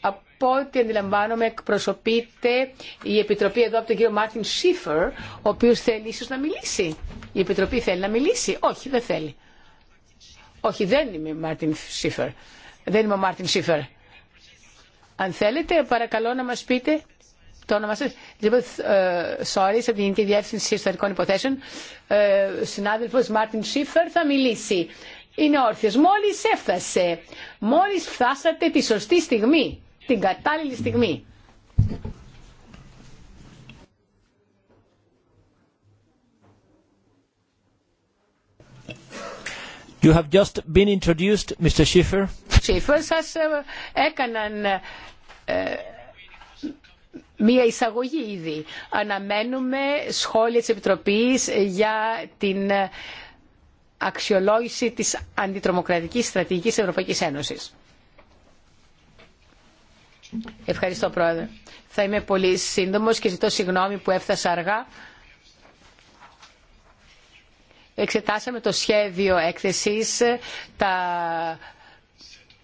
Από ό,τι αντιλαμβάνομαι εκπροσωπείται η Επιτροπή εδώ από τον κύριο Μάρτιν Σίφερ, ο οποίος θέλει ίσως να μιλήσει. Η Επιτροπή θέλει να μιλήσει. Όχι, δεν θέλει. Όχι, δεν είμαι Μάρτιν Σίφερ. Δεν είμαι ο Μάρτιν Σίφερ. Αν θέλετε, παρακαλώ να μας πείτε το όνομά σας. Λοιπόν, ε, sorry, σε την Γενική Διεύθυνση Ιστορικών Υποθέσεων, ο ε, συνάδελφος Μάρτιν Σίφερ θα μιλήσει. Είναι όρθιος. Μόλις έφτασε. Μόλις φτάσατε τη σωστή στιγμή. Την κατάλληλη στιγμή. σας ε, έκαναν ε, μία εισαγωγή ήδη. Αναμένουμε σχόλια της Επιτροπής για την ε, αξιολόγηση της αντιτρομοκρατικής στρατηγικής Ευρωπαϊκής Ένωσης. Ευχαριστώ, Πρόεδρε. Θα είμαι πολύ σύντομος και ζητώ συγγνώμη που έφτασα αργά εξετάσαμε το σχέδιο έκθεσης, τα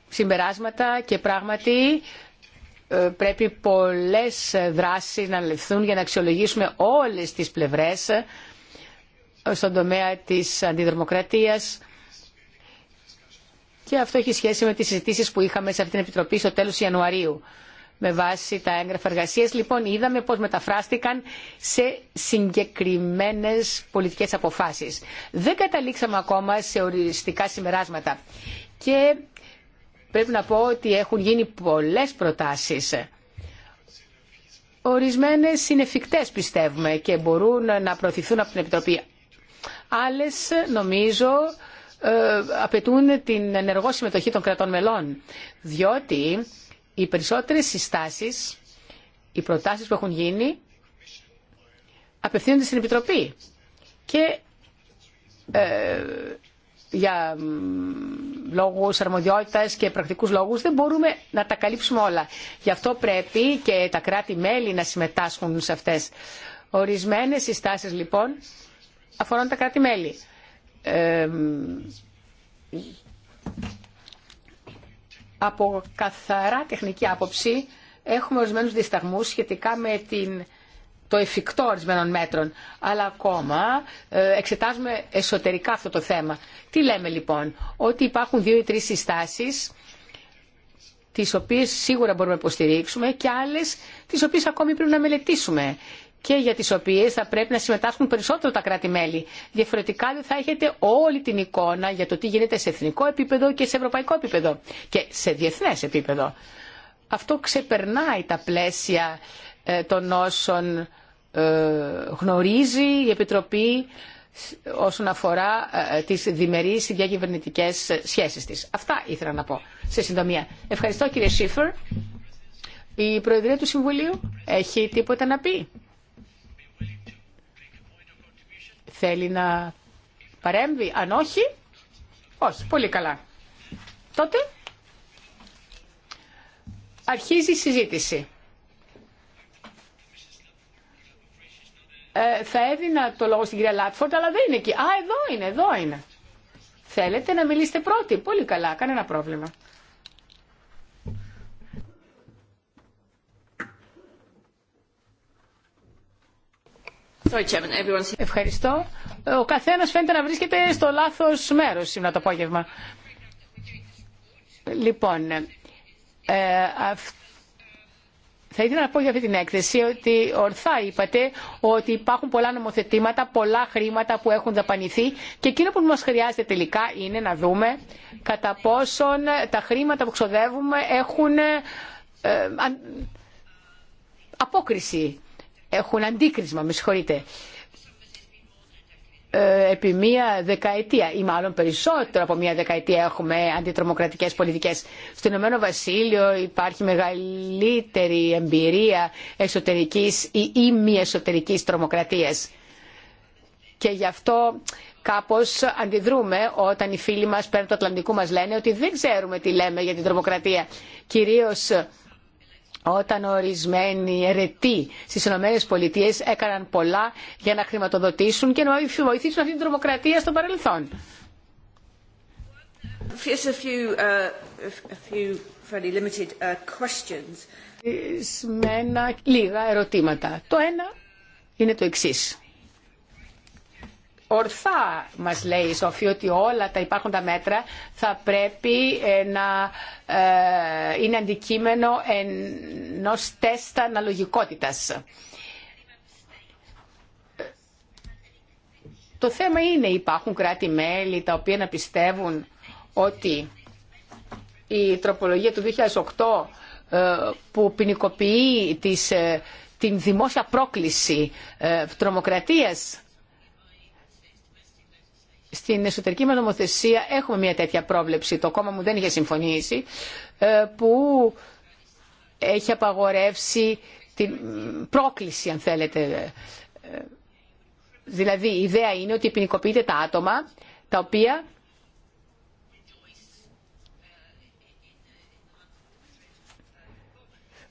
συμπεράσματα και πράγματι ε, πρέπει πολλές δράσεις να ληφθούν για να αξιολογήσουμε όλες τις πλευρές ε, στον τομέα της αντιδρομοκρατίας και αυτό έχει σχέση με τις συζητήσεις που είχαμε σε αυτήν την Επιτροπή στο τέλος Ιανουαρίου με βάση τα έγγραφα εργασίας. Λοιπόν, είδαμε πώς μεταφράστηκαν σε συγκεκριμένες πολιτικές αποφάσεις. Δεν καταλήξαμε ακόμα σε οριστικά συμμεράσματα. Και πρέπει να πω ότι έχουν γίνει πολλές προτάσεις. Ορισμένες είναι εφικτές πιστεύουμε και μπορούν να προωθηθούν από την Επιτροπή. Άλλες νομίζω ε, απαιτούν την ενεργό συμμετοχή των κρατών μελών, διότι οι περισσότερες συστάσεις, οι προτάσεις που έχουν γίνει, απευθύνονται στην Επιτροπή. Και ε, για λόγους αρμοδιότητας και πρακτικούς λόγους δεν μπορούμε να τα καλύψουμε όλα. Γι' αυτό πρέπει και τα κράτη-μέλη να συμμετάσχουν σε αυτές. Ορισμένες συστάσεις λοιπόν αφορούν τα κράτη-μέλη. Ε, από καθαρά τεχνική άποψη έχουμε ορισμένους δισταγμούς σχετικά με την, το εφικτό ορισμένων μέτρων. Αλλά ακόμα ε, εξετάζουμε εσωτερικά αυτό το θέμα. Τι λέμε λοιπόν, ότι υπάρχουν δύο ή τρεις συστάσεις τις οποίες σίγουρα μπορούμε να υποστηρίξουμε και άλλες τις οποίες ακόμη πρέπει να μελετήσουμε και για τις οποίες θα πρέπει να συμμετάσχουν περισσότερο τα κράτη-μέλη. Διαφορετικά δεν θα έχετε όλη την εικόνα για το τι γίνεται σε εθνικό επίπεδο και σε ευρωπαϊκό επίπεδο και σε διεθνές επίπεδο. Αυτό ξεπερνάει τα πλαίσια ε, των όσων ε, γνωρίζει η Επιτροπή όσον αφορά ε, τις διμερείς διακυβερνητικές σχέσεις της. Αυτά ήθελα να πω σε συντομία. Ευχαριστώ κύριε Σίφερ. Η Προεδρία του Συμβουλίου έχει τίποτα να πει. Θέλει να παρέμβει. Αν όχι, όχι. Πολύ καλά. Τότε αρχίζει η συζήτηση. Ε, θα έδινα το λόγο στην κυρία Λάτφορντ, αλλά δεν είναι εκεί. Α, εδώ είναι, εδώ είναι. Θέλετε να μιλήσετε πρώτοι. Πολύ καλά, κανένα πρόβλημα. Ευχαριστώ. Ο καθένας φαίνεται να βρίσκεται στο λάθος μέρος σήμερα το απόγευμα. Λοιπόν, ε, θα ήθελα να πω για αυτή την έκθεση ότι ορθά είπατε ότι υπάρχουν πολλά νομοθετήματα, πολλά χρήματα που έχουν δαπανηθεί και εκείνο που μας χρειάζεται τελικά είναι να δούμε κατά πόσον τα χρήματα που ξοδεύουμε έχουν ε, ε απόκριση έχουν αντίκρισμα, με συγχωρείτε, ε, επί μία δεκαετία ή μάλλον περισσότερο από μία δεκαετία έχουμε αντιτρομοκρατικές πολιτικές. Στο Ηνωμένο Βασίλειο υπάρχει μεγαλύτερη εμπειρία εσωτερικής ή, ή μη εσωτερικής τρομοκρατίας. Και γι' αυτό κάπως αντιδρούμε όταν οι φίλοι μας πέραν του Ατλαντικού μας λένε ότι δεν ξέρουμε τι λέμε για την τρομοκρατία. Κυρίως όταν ορισμένοι ερετοί στι ΗΠΑ έκαναν πολλά για να χρηματοδοτήσουν και να βοηθήσουν αυτή την τρομοκρατία στο παρελθόν. Υπάρχουν uh, uh, λίγα ερωτήματα. Το ένα είναι το εξής. Ορθά μας λέει η Σοφία ότι όλα τα υπάρχοντα μέτρα θα πρέπει ε, να ε, είναι αντικείμενο ενός τεστ αναλογικότητας. Το θέμα είναι υπάρχουν κράτη-μέλη τα οποία να πιστεύουν ότι η τροπολογία του 2008 ε, που ποινικοποιεί την δημόσια πρόκληση τρομοκρατίας στην εσωτερική μας νομοθεσία έχουμε μια τέτοια πρόβλεψη, το κόμμα μου δεν είχε συμφωνήσει, ε, που έχει απαγορεύσει την πρόκληση αν θέλετε. Ε, δηλαδή η ιδέα είναι ότι ποινικοποιείται τα άτομα τα οποία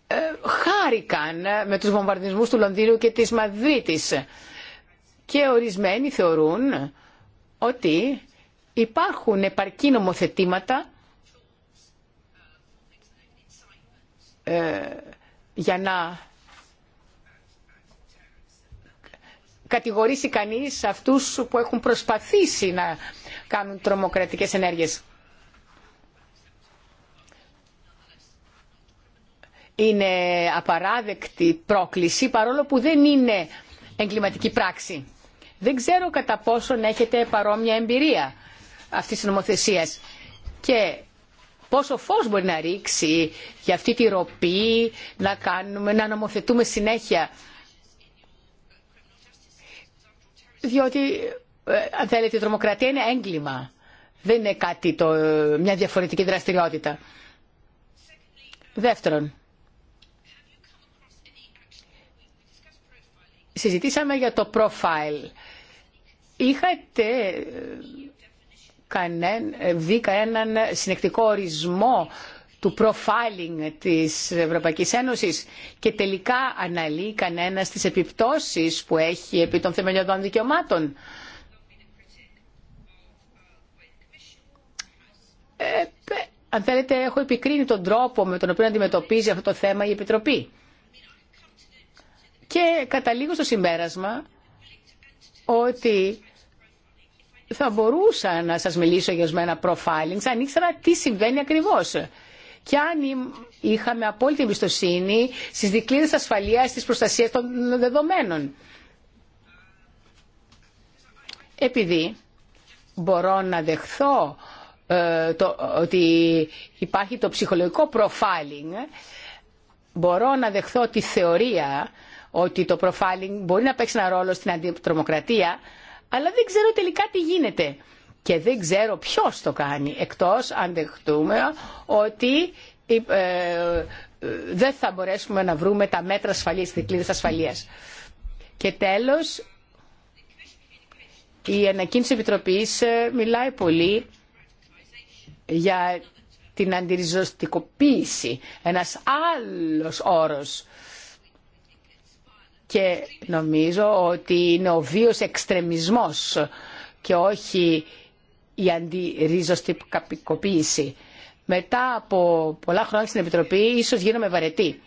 ε, χάρηκαν με τους βομβαρδισμούς του Λονδίνου και της Μαδρίτης και ορισμένοι θεωρούν ότι υπάρχουν επαρκή νομοθετήματα ε, για να κατηγορήσει κανείς αυτούς που έχουν προσπαθήσει να κάνουν τρομοκρατικές ενέργειες. Είναι απαράδεκτη πρόκληση παρόλο που δεν είναι εγκληματική πράξη. Δεν ξέρω κατά πόσον έχετε παρόμοια εμπειρία αυτής της νομοθεσίας και πόσο φως μπορεί να ρίξει για αυτή τη ροπή να, κάνουμε, να νομοθετούμε συνέχεια. Διότι, ε, αν θέλετε, η τρομοκρατία είναι έγκλημα. Δεν είναι κάτι το, ε, μια διαφορετική δραστηριότητα. Δεύτερον, συζητήσαμε για το profile Είχατε δει ε, ε, κανέναν συνεκτικό ορισμό του profiling της Ευρωπαϊκής Ένωσης και τελικά αναλύει κανένα τις επιπτώσεις που έχει επί των θεμελιωδών δικαιωμάτων. Ε, αν θέλετε, έχω επικρίνει τον τρόπο με τον οποίο αντιμετωπίζει αυτό το θέμα η Επιτροπή. Και καταλήγω στο συμπέρασμα ότι θα μπορούσα να σας μιλήσω για ορισμένα profiling αν ήξερα τι συμβαίνει ακριβώς. Και αν είχαμε απόλυτη εμπιστοσύνη στις δικλείδες ασφαλείας, στις προστασίες των δεδομένων. Επειδή μπορώ να δεχθώ ε, το, ότι υπάρχει το ψυχολογικό profiling, μπορώ να δεχθώ τη θεωρία ότι το profiling μπορεί να παίξει ένα ρόλο στην αντιτρομοκρατία, αλλά δεν ξέρω τελικά τι γίνεται. Και δεν ξέρω ποιος το κάνει, εκτός αν δεχτούμε ότι ε, ε, δεν θα μπορέσουμε να βρούμε τα μέτρα ασφαλείας, τις κλίδες ασφαλείας. Και τέλος, η ανακοίνηση Επιτροπής ε, μιλάει πολύ για την αντιριζωστικοποίηση, ένας άλλος όρος και νομίζω ότι είναι ο βίος εξτρεμισμός και όχι η καπικοποίηση. Μετά από πολλά χρόνια στην Επιτροπή ίσως γίνομαι βαρετή.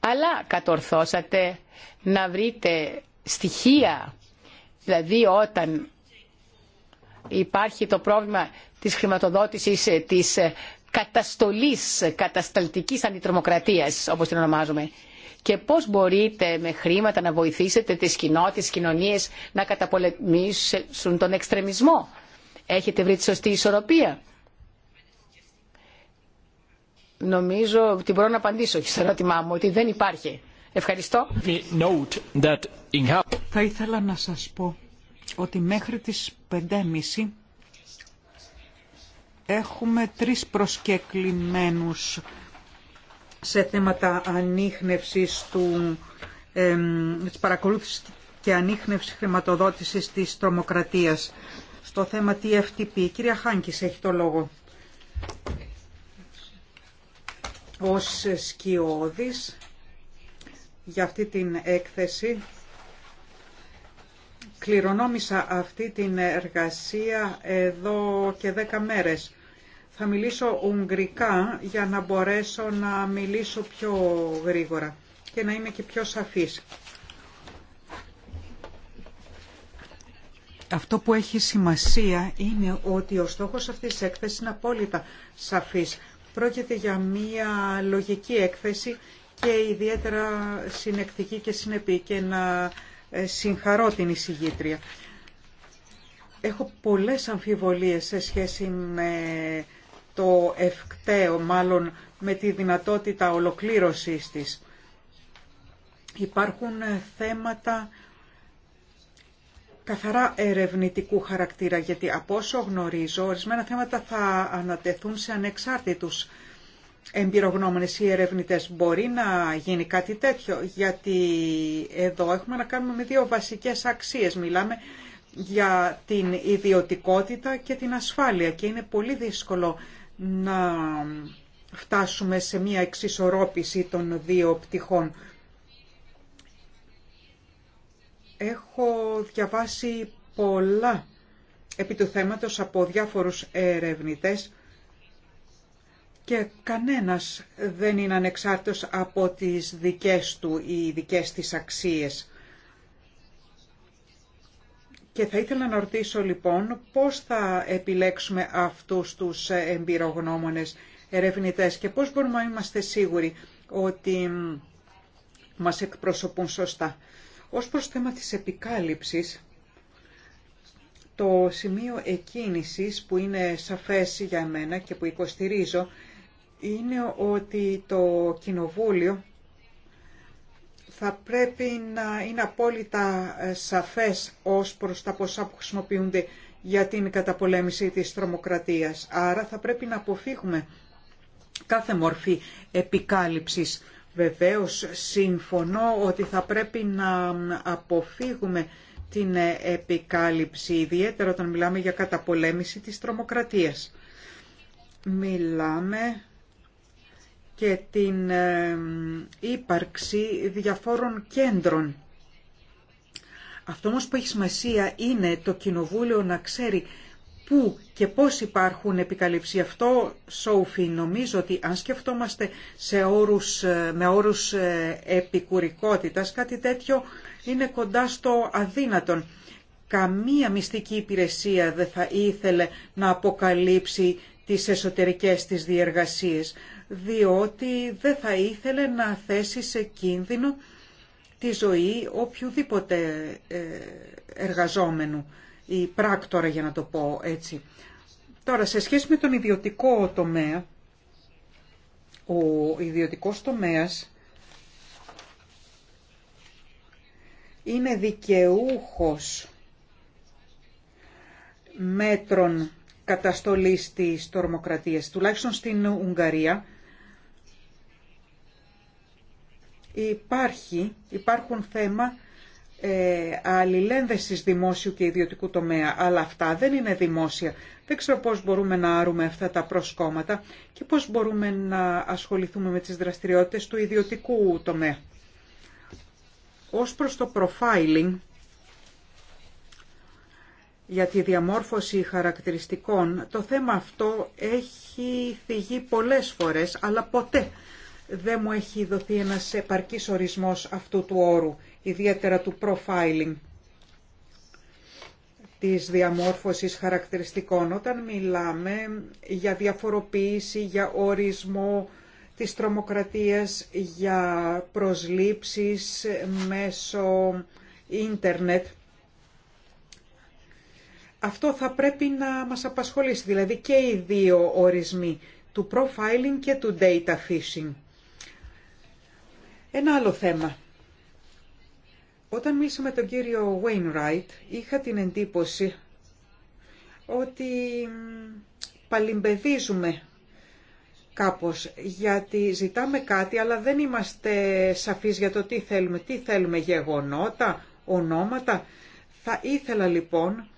Αλλά κατορθώσατε να βρείτε στοιχεία, δηλαδή όταν υπάρχει το πρόβλημα της χρηματοδότησης ε, της ε, καταστολής, κατασταλτικής αντιτρομοκρατίας, όπως την ονομάζουμε και πώς μπορείτε με χρήματα να βοηθήσετε τις κοινότητες, τις κοινωνίες να καταπολεμήσουν τον εξτρεμισμό. Έχετε βρει τη σωστή ισορροπία. Νομίζω ότι μπορώ να απαντήσω και στο ερώτημά μου ότι δεν υπάρχει. Ευχαριστώ. Θα ήθελα να σας πω ότι μέχρι τις 5.30 έχουμε τρεις προσκεκλημένους σε θέματα ανείχνευσης του, ε, της παρακολούθησης και ανείχνευσης χρηματοδότησης της τρομοκρατίας. Στο θέμα TFTP, η κυρία Χάνκης έχει το λόγο. Ως σκιώδης για αυτή την έκθεση κληρονόμησα αυτή την εργασία εδώ και δέκα μέρες θα μιλήσω ουγγρικά για να μπορέσω να μιλήσω πιο γρήγορα και να είμαι και πιο σαφής. Αυτό που έχει σημασία είναι ότι ο στόχος αυτής της έκθεσης είναι απόλυτα σαφής. Πρόκειται για μία λογική έκθεση και ιδιαίτερα συνεκτική και συνεπή και να ε, συγχαρώ την εισηγήτρια. Έχω πολλές αμφιβολίες σε σχέση με το ευκταίο, μάλλον με τη δυνατότητα ολοκλήρωσής της. Υπάρχουν ε, θέματα καθαρά ερευνητικού χαρακτήρα, γιατί από όσο γνωρίζω, ορισμένα θέματα θα ανατεθούν σε ανεξάρτητους εμπειρογνώμονες ή ερευνητές. Μπορεί να γίνει κάτι τέτοιο, γιατί εδώ έχουμε να κάνουμε με δύο βασικές αξίες. Μιλάμε για την ιδιωτικότητα και την ασφάλεια και είναι πολύ δύσκολο να φτάσουμε σε μια εξισορρόπηση των δύο πτυχών. Έχω διαβάσει πολλά επί του θέματος από διάφορους ερευνητές και κανένας δεν είναι ανεξάρτητος από τις δικές του ή δικές της αξίες. Και θα ήθελα να ρωτήσω λοιπόν πώς θα επιλέξουμε αυτούς τους εμπειρογνώμονες ερευνητές και πώς μπορούμε να είμαστε σίγουροι ότι μας εκπροσωπούν σωστά. Ως προς θέμα της επικάλυψης, το σημείο εκκίνησης που είναι σαφές για μένα και που υποστηρίζω είναι ότι το Κοινοβούλιο θα πρέπει να είναι απόλυτα ε, σαφές ως προς τα ποσά που χρησιμοποιούνται για την καταπολέμηση της τρομοκρατίας. Άρα θα πρέπει να αποφύγουμε κάθε μορφή επικάλυψης. Βεβαίως συμφωνώ ότι θα πρέπει να αποφύγουμε την ε, επικάλυψη, ιδιαίτερα όταν μιλάμε για καταπολέμηση της τρομοκρατίας. Μιλάμε και την ύπαρξη διαφόρων κέντρων. Αυτό όμως που έχει σημασία είναι το Κοινοβούλιο να ξέρει πού και πώς υπάρχουν επικαλύψει. Αυτό, Σόφι, νομίζω ότι αν σκεφτόμαστε σε όρους, ε, με όρους ε, επικουρικότητας, κάτι τέτοιο είναι κοντά στο αδύνατον. Καμία μυστική υπηρεσία δεν θα ήθελε να αποκαλύψει τις εσωτερικές της διεργασίες διότι δεν θα ήθελε να θέσει σε κίνδυνο τη ζωή οποιοδήποτε ε, εργαζόμενου ή πράκτορα για να το πω έτσι. Τώρα, σε σχέση με τον ιδιωτικό τομέα, ο ιδιωτικός τομέας είναι δικαιούχος μέτρων καταστολής της τορμοκρατίας, τουλάχιστον στην Ουγγαρία, υπάρχει, υπάρχουν θέμα ε, αλληλένδεσης δημόσιου και ιδιωτικού τομέα, αλλά αυτά δεν είναι δημόσια. Δεν ξέρω πώς μπορούμε να άρουμε αυτά τα προσκόμματα και πώς μπορούμε να ασχοληθούμε με τις δραστηριότητες του ιδιωτικού τομέα. Ως προς το profiling, για τη διαμόρφωση χαρακτηριστικών, το θέμα αυτό έχει θυγεί πολλές φορές, αλλά ποτέ δεν μου έχει δοθεί ένας επαρκής ορισμός αυτού του όρου, ιδιαίτερα του profiling της διαμόρφωσης χαρακτηριστικών. Όταν μιλάμε για διαφοροποίηση, για ορισμό της τρομοκρατίας, για προσλήψεις μέσω ίντερνετ, αυτό θα πρέπει να μας απασχολήσει, δηλαδή και οι δύο ορισμοί του profiling και του data phishing. Ένα άλλο θέμα. Όταν μίλησα με τον κύριο Wainwright, είχα την εντύπωση ότι παλιμπεδίζουμε κάπως, γιατί ζητάμε κάτι, αλλά δεν είμαστε σαφείς για το τι θέλουμε. Τι θέλουμε, γεγονότα, ονόματα. Θα ήθελα λοιπόν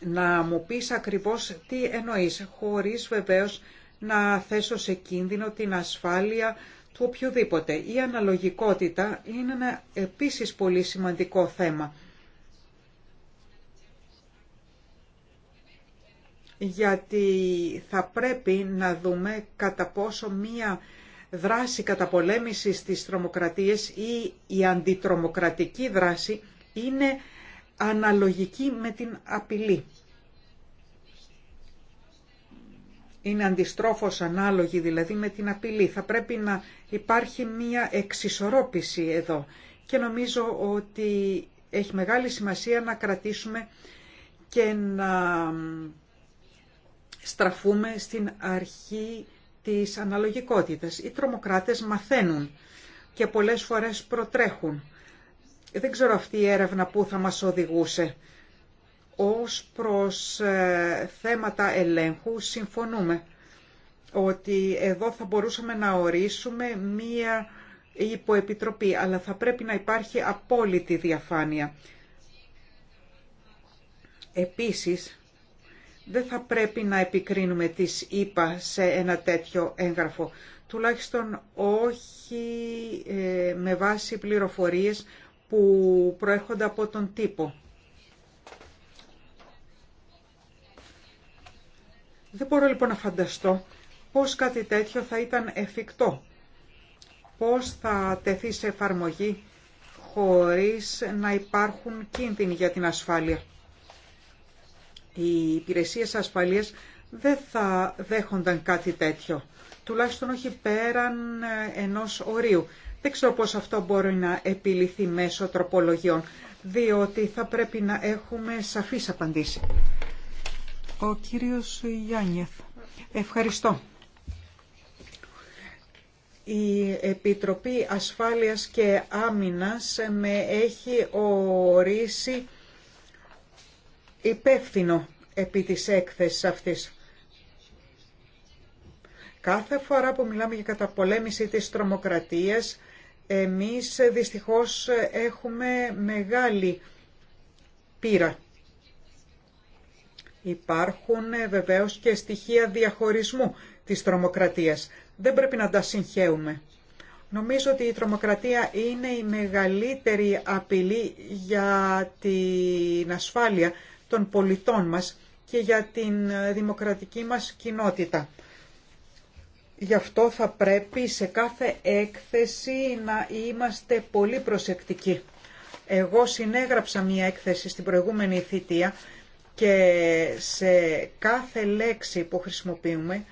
να μου πεις ακριβώς τι εννοείς, χωρίς βεβαίως να θέσω σε κίνδυνο την ασφάλεια του οποιοδήποτε. Η αναλογικότητα είναι ένα επίσης πολύ σημαντικό θέμα. Γιατί θα πρέπει να δούμε κατά πόσο μία δράση καταπολέμησης της τρομοκρατίας ή η αντιτρομοκρατική δράση είναι αναλογική με την απειλή. είναι αντιστρόφως ανάλογη δηλαδή με την απειλή. Θα πρέπει να υπάρχει μία εξισορρόπηση εδώ και νομίζω ότι έχει μεγάλη σημασία να κρατήσουμε και να στραφούμε στην αρχή της αναλογικότητας. Οι τρομοκράτες μαθαίνουν και πολλές φορές προτρέχουν. Δεν ξέρω αυτή η έρευνα που θα μας οδηγούσε. Ως προς ε, θέματα ελέγχου συμφωνούμε ότι εδώ θα μπορούσαμε να ορίσουμε μία υποεπιτροπή, αλλά θα πρέπει να υπάρχει απόλυτη διαφάνεια. Επίσης, δεν θα πρέπει να επικρίνουμε τις ΙΠΑ σε ένα τέτοιο έγγραφο, τουλάχιστον όχι ε, με βάση πληροφορίες που προέρχονται από τον τύπο. Δεν μπορώ λοιπόν να φανταστώ πώς κάτι τέτοιο θα ήταν εφικτό. Πώς θα τεθεί σε εφαρμογή χωρίς να υπάρχουν κίνδυνοι για την ασφάλεια. Οι υπηρεσίες ασφαλείας δεν θα δέχονταν κάτι τέτοιο, τουλάχιστον όχι πέραν ε, ενός ορίου. Δεν ξέρω πώς αυτό μπορεί να επιληθεί μέσω τροπολογιών, διότι θα πρέπει να έχουμε σαφείς απαντήσεις. Ο κύριος Γιάννιεθ. Ευχαριστώ. Η Επιτροπή Ασφάλειας και Άμυνας με έχει ορίσει υπεύθυνο επί της έκθεσης αυτής. Κάθε φορά που μιλάμε για καταπολέμηση της τρομοκρατίας, εμείς δυστυχώς έχουμε μεγάλη πείρα. Υπάρχουν ε, βεβαίως και στοιχεία διαχωρισμού της τρομοκρατίας. Δεν πρέπει να τα συγχαίουμε. Νομίζω ότι η τρομοκρατία είναι η μεγαλύτερη απειλή για την ασφάλεια των πολιτών μας και για την ε, δημοκρατική μας κοινότητα. Γι' αυτό θα πρέπει σε κάθε έκθεση να είμαστε πολύ προσεκτικοί. Εγώ συνέγραψα μία έκθεση στην προηγούμενη θητεία και σε κάθε λέξη που χρησιμοποιούμε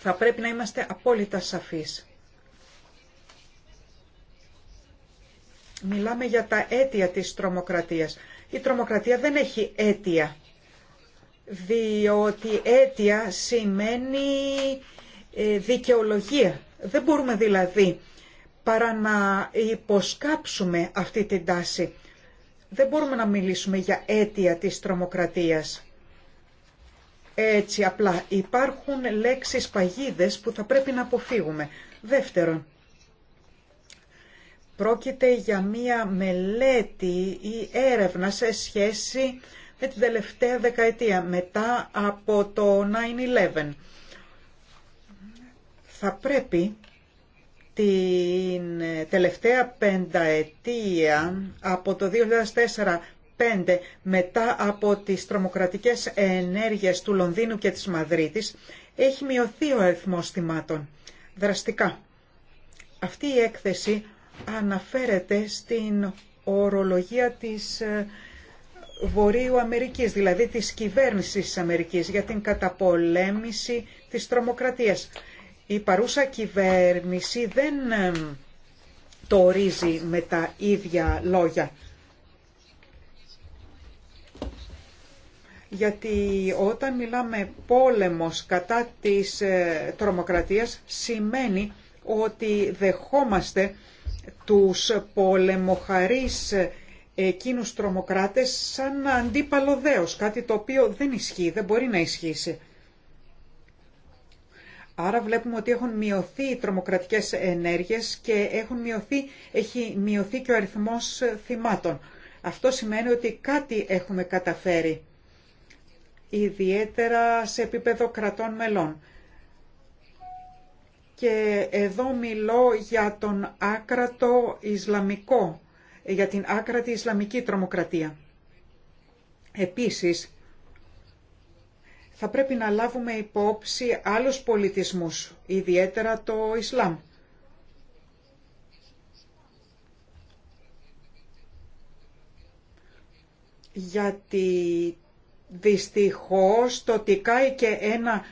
θα πρέπει να είμαστε απόλυτα σαφείς. Μιλάμε για τα αίτια της τρομοκρατίας. Η τρομοκρατία δεν έχει αίτια, διότι αίτια σημαίνει ε, δικαιολογία. Δεν μπορούμε δηλαδή παρά να υποσκάψουμε αυτή την τάση δεν μπορούμε να μιλήσουμε για αίτια της τρομοκρατίας. Έτσι απλά υπάρχουν λέξεις παγίδες που θα πρέπει να αποφύγουμε. Δεύτερον, πρόκειται για μία μελέτη ή έρευνα σε σχέση με την τελευταία δεκαετία, μετά από το 9-11. Θα πρέπει την τελευταία πενταετία από το 2004-2005 μετά από τις τρομοκρατικές ενέργειες του Λονδίνου και της Μαδρίτης έχει μειωθεί ο αριθμός θυμάτων δραστικά. Αυτή η έκθεση αναφέρεται στην ορολογία της ε, Βορείου Αμερικής, δηλαδή της κυβέρνησης της Αμερικής για την καταπολέμηση της τρομοκρατίας η παρούσα κυβέρνηση δεν το ορίζει με τα ίδια λόγια. γιατί όταν μιλάμε πόλεμος κατά της ε, τρομοκρατίας σημαίνει ότι δεχόμαστε τους πολεμοχαρείς ε, εκείνους τρομοκράτες σαν αντίπαλο δέος, κάτι το οποίο δεν ισχύει, δεν μπορεί να ισχύσει. Άρα βλέπουμε ότι έχουν μειωθεί οι τρομοκρατικές ενέργειες και έχουν μειωθεί, έχει μειωθεί και ο αριθμός θυμάτων. Αυτό σημαίνει ότι κάτι έχουμε καταφέρει, ιδιαίτερα σε επίπεδο κρατών μελών. Και εδώ μιλώ για τον άκρατο Ισλαμικό, για την άκρατη Ισλαμική τρομοκρατία. Επίσης, θα πρέπει να λάβουμε υπόψη άλλους πολιτισμούς, ιδιαίτερα το Ισλάμ. Γιατί δυστυχώς το ότι και ένα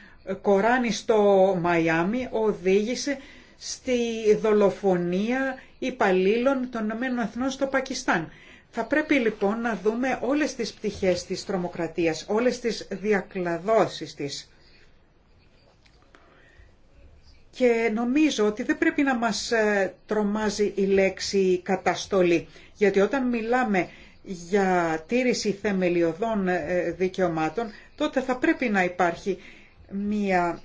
κοράνι στο Μαϊάμι οδήγησε στη δολοφονία υπαλλήλων των ΗΠΑ στο Πακιστάν. Θα πρέπει λοιπόν να δούμε όλες τις πτυχές της τρομοκρατίας, όλες τις διακλαδώσεις της. Και νομίζω ότι δεν πρέπει να μας ε, τρομάζει η λέξη καταστολή, γιατί όταν μιλάμε για τήρηση θεμελιωδών ε, δικαιωμάτων, τότε θα πρέπει να υπάρχει μια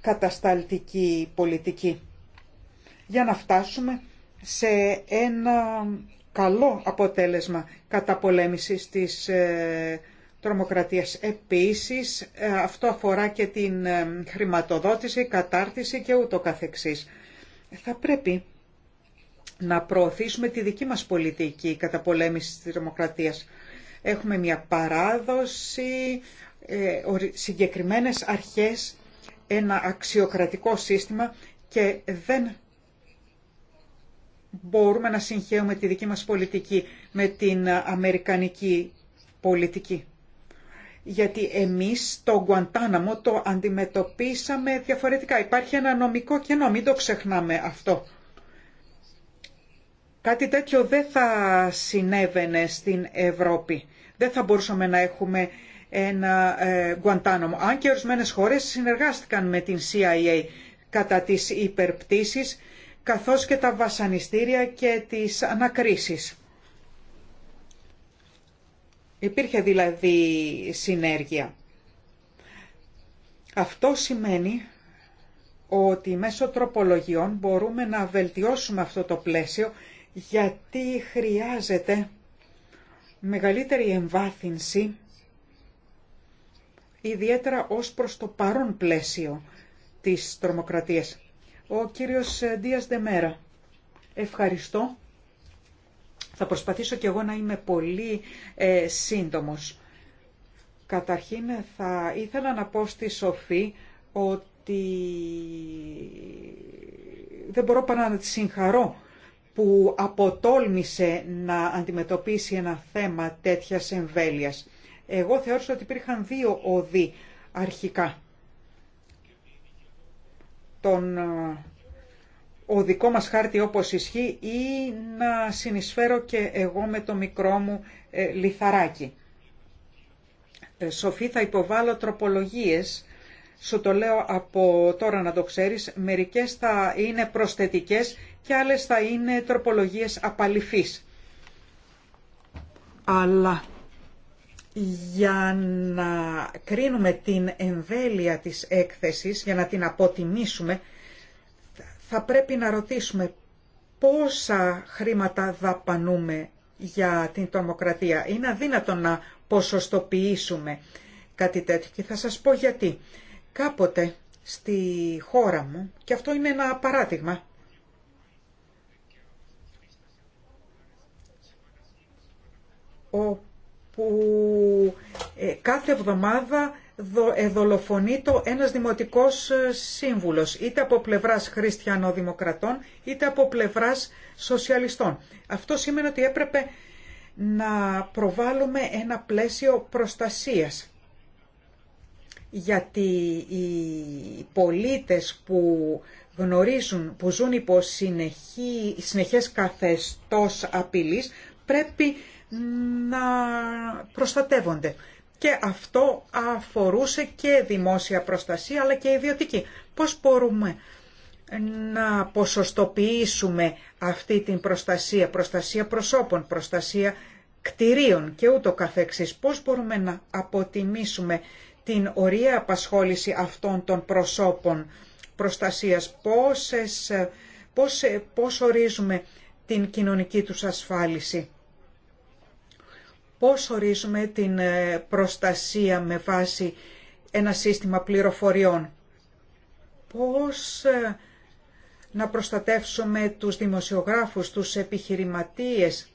κατασταλτική πολιτική για να φτάσουμε σε ένα καλό αποτέλεσμα καταπολέμησης της ε, τρομοκρατίας. Επίσης, ε, αυτό αφορά και την ε, χρηματοδότηση, κατάρτιση και ούτω καθεξής. Θα πρέπει να προωθήσουμε τη δική μας πολιτική πολέμησης της τρομοκρατίας. Έχουμε μια παράδοση, ε, συγκεκριμένες αρχές, ένα αξιοκρατικό σύστημα και δεν μπορούμε να συγχαίουμε τη δική μας πολιτική με την αμερικανική πολιτική. Γιατί εμείς το Γκουαντάναμο το αντιμετωπίσαμε διαφορετικά. Υπάρχει ένα νομικό κενό, μην το ξεχνάμε αυτό. Κάτι τέτοιο δεν θα συνέβαινε στην Ευρώπη. Δεν θα μπορούσαμε να έχουμε ένα ε, Γκουαντάναμο. Αν και ορισμένες χώρες συνεργάστηκαν με την CIA κατά τις υπερπτήσεις καθώς και τα βασανιστήρια και τις ανακρίσεις. Υπήρχε δηλαδή συνέργεια. Αυτό σημαίνει ότι μέσω τροπολογιών μπορούμε να βελτιώσουμε αυτό το πλαίσιο γιατί χρειάζεται μεγαλύτερη εμβάθυνση ιδιαίτερα ως προς το παρόν πλαίσιο της τρομοκρατίας. Ο κύριος ε, Δίας Δεμέρα. Ευχαριστώ. Θα προσπαθήσω κι εγώ να είμαι πολύ ε, σύντομος. Καταρχήν θα ήθελα να πω στη Σοφή ότι δεν μπορώ παρά να τη συγχαρώ που αποτόλμησε να αντιμετωπίσει ένα θέμα τέτοιας εμβέλειας. Εγώ θεώρησα ότι υπήρχαν δύο οδοί αρχικά τον ε, δικό μας χάρτη όπως ισχύει ή να συνεισφέρω και εγώ με το μικρό μου ε, λιθαράκι. Ε, Σοφή, θα υποβάλω τροπολογίες, σου το λέω από τώρα να το ξέρεις, μερικές θα είναι προσθετικές και άλλες θα είναι τροπολογίες απαλυφής. Αλλά για να κρίνουμε την εμβέλεια της έκθεσης, για να την αποτιμήσουμε, θα πρέπει να ρωτήσουμε πόσα χρήματα δαπανούμε για την τρομοκρατία. Είναι αδύνατο να ποσοστοποιήσουμε κάτι τέτοιο και θα σας πω γιατί. Κάποτε στη χώρα μου, και αυτό είναι ένα παράδειγμα, ο που ε, κάθε εβδομάδα εδολοφονεί το ένας δημοτικός ε, σύμβουλος, είτε από πλευράς χριστιανοδημοκρατών, είτε από πλευράς σοσιαλιστών. Αυτό σημαίνει ότι έπρεπε να προβάλλουμε ένα πλαίσιο προστασίας. Γιατί οι πολίτες που γνωρίζουν, που ζουν υπό συνεχή, συνεχές καθεστώς απειλής, πρέπει να προστατεύονται. Και αυτό αφορούσε και δημόσια προστασία αλλά και ιδιωτική. Πώς μπορούμε να ποσοστοποιήσουμε αυτή την προστασία, προστασία προσώπων, προστασία κτηρίων και ούτω καθεξής. Πώς μπορούμε να αποτιμήσουμε την ωραία απασχόληση αυτών των προσώπων προστασίας, πόσες, ε, πώς, ε, πώς ορίζουμε την κοινωνική τους ασφάλιση. Πώς ορίζουμε την ε, προστασία με βάση ένα σύστημα πληροφοριών. Πώς ε, να προστατεύσουμε τους δημοσιογράφους, τους επιχειρηματίες,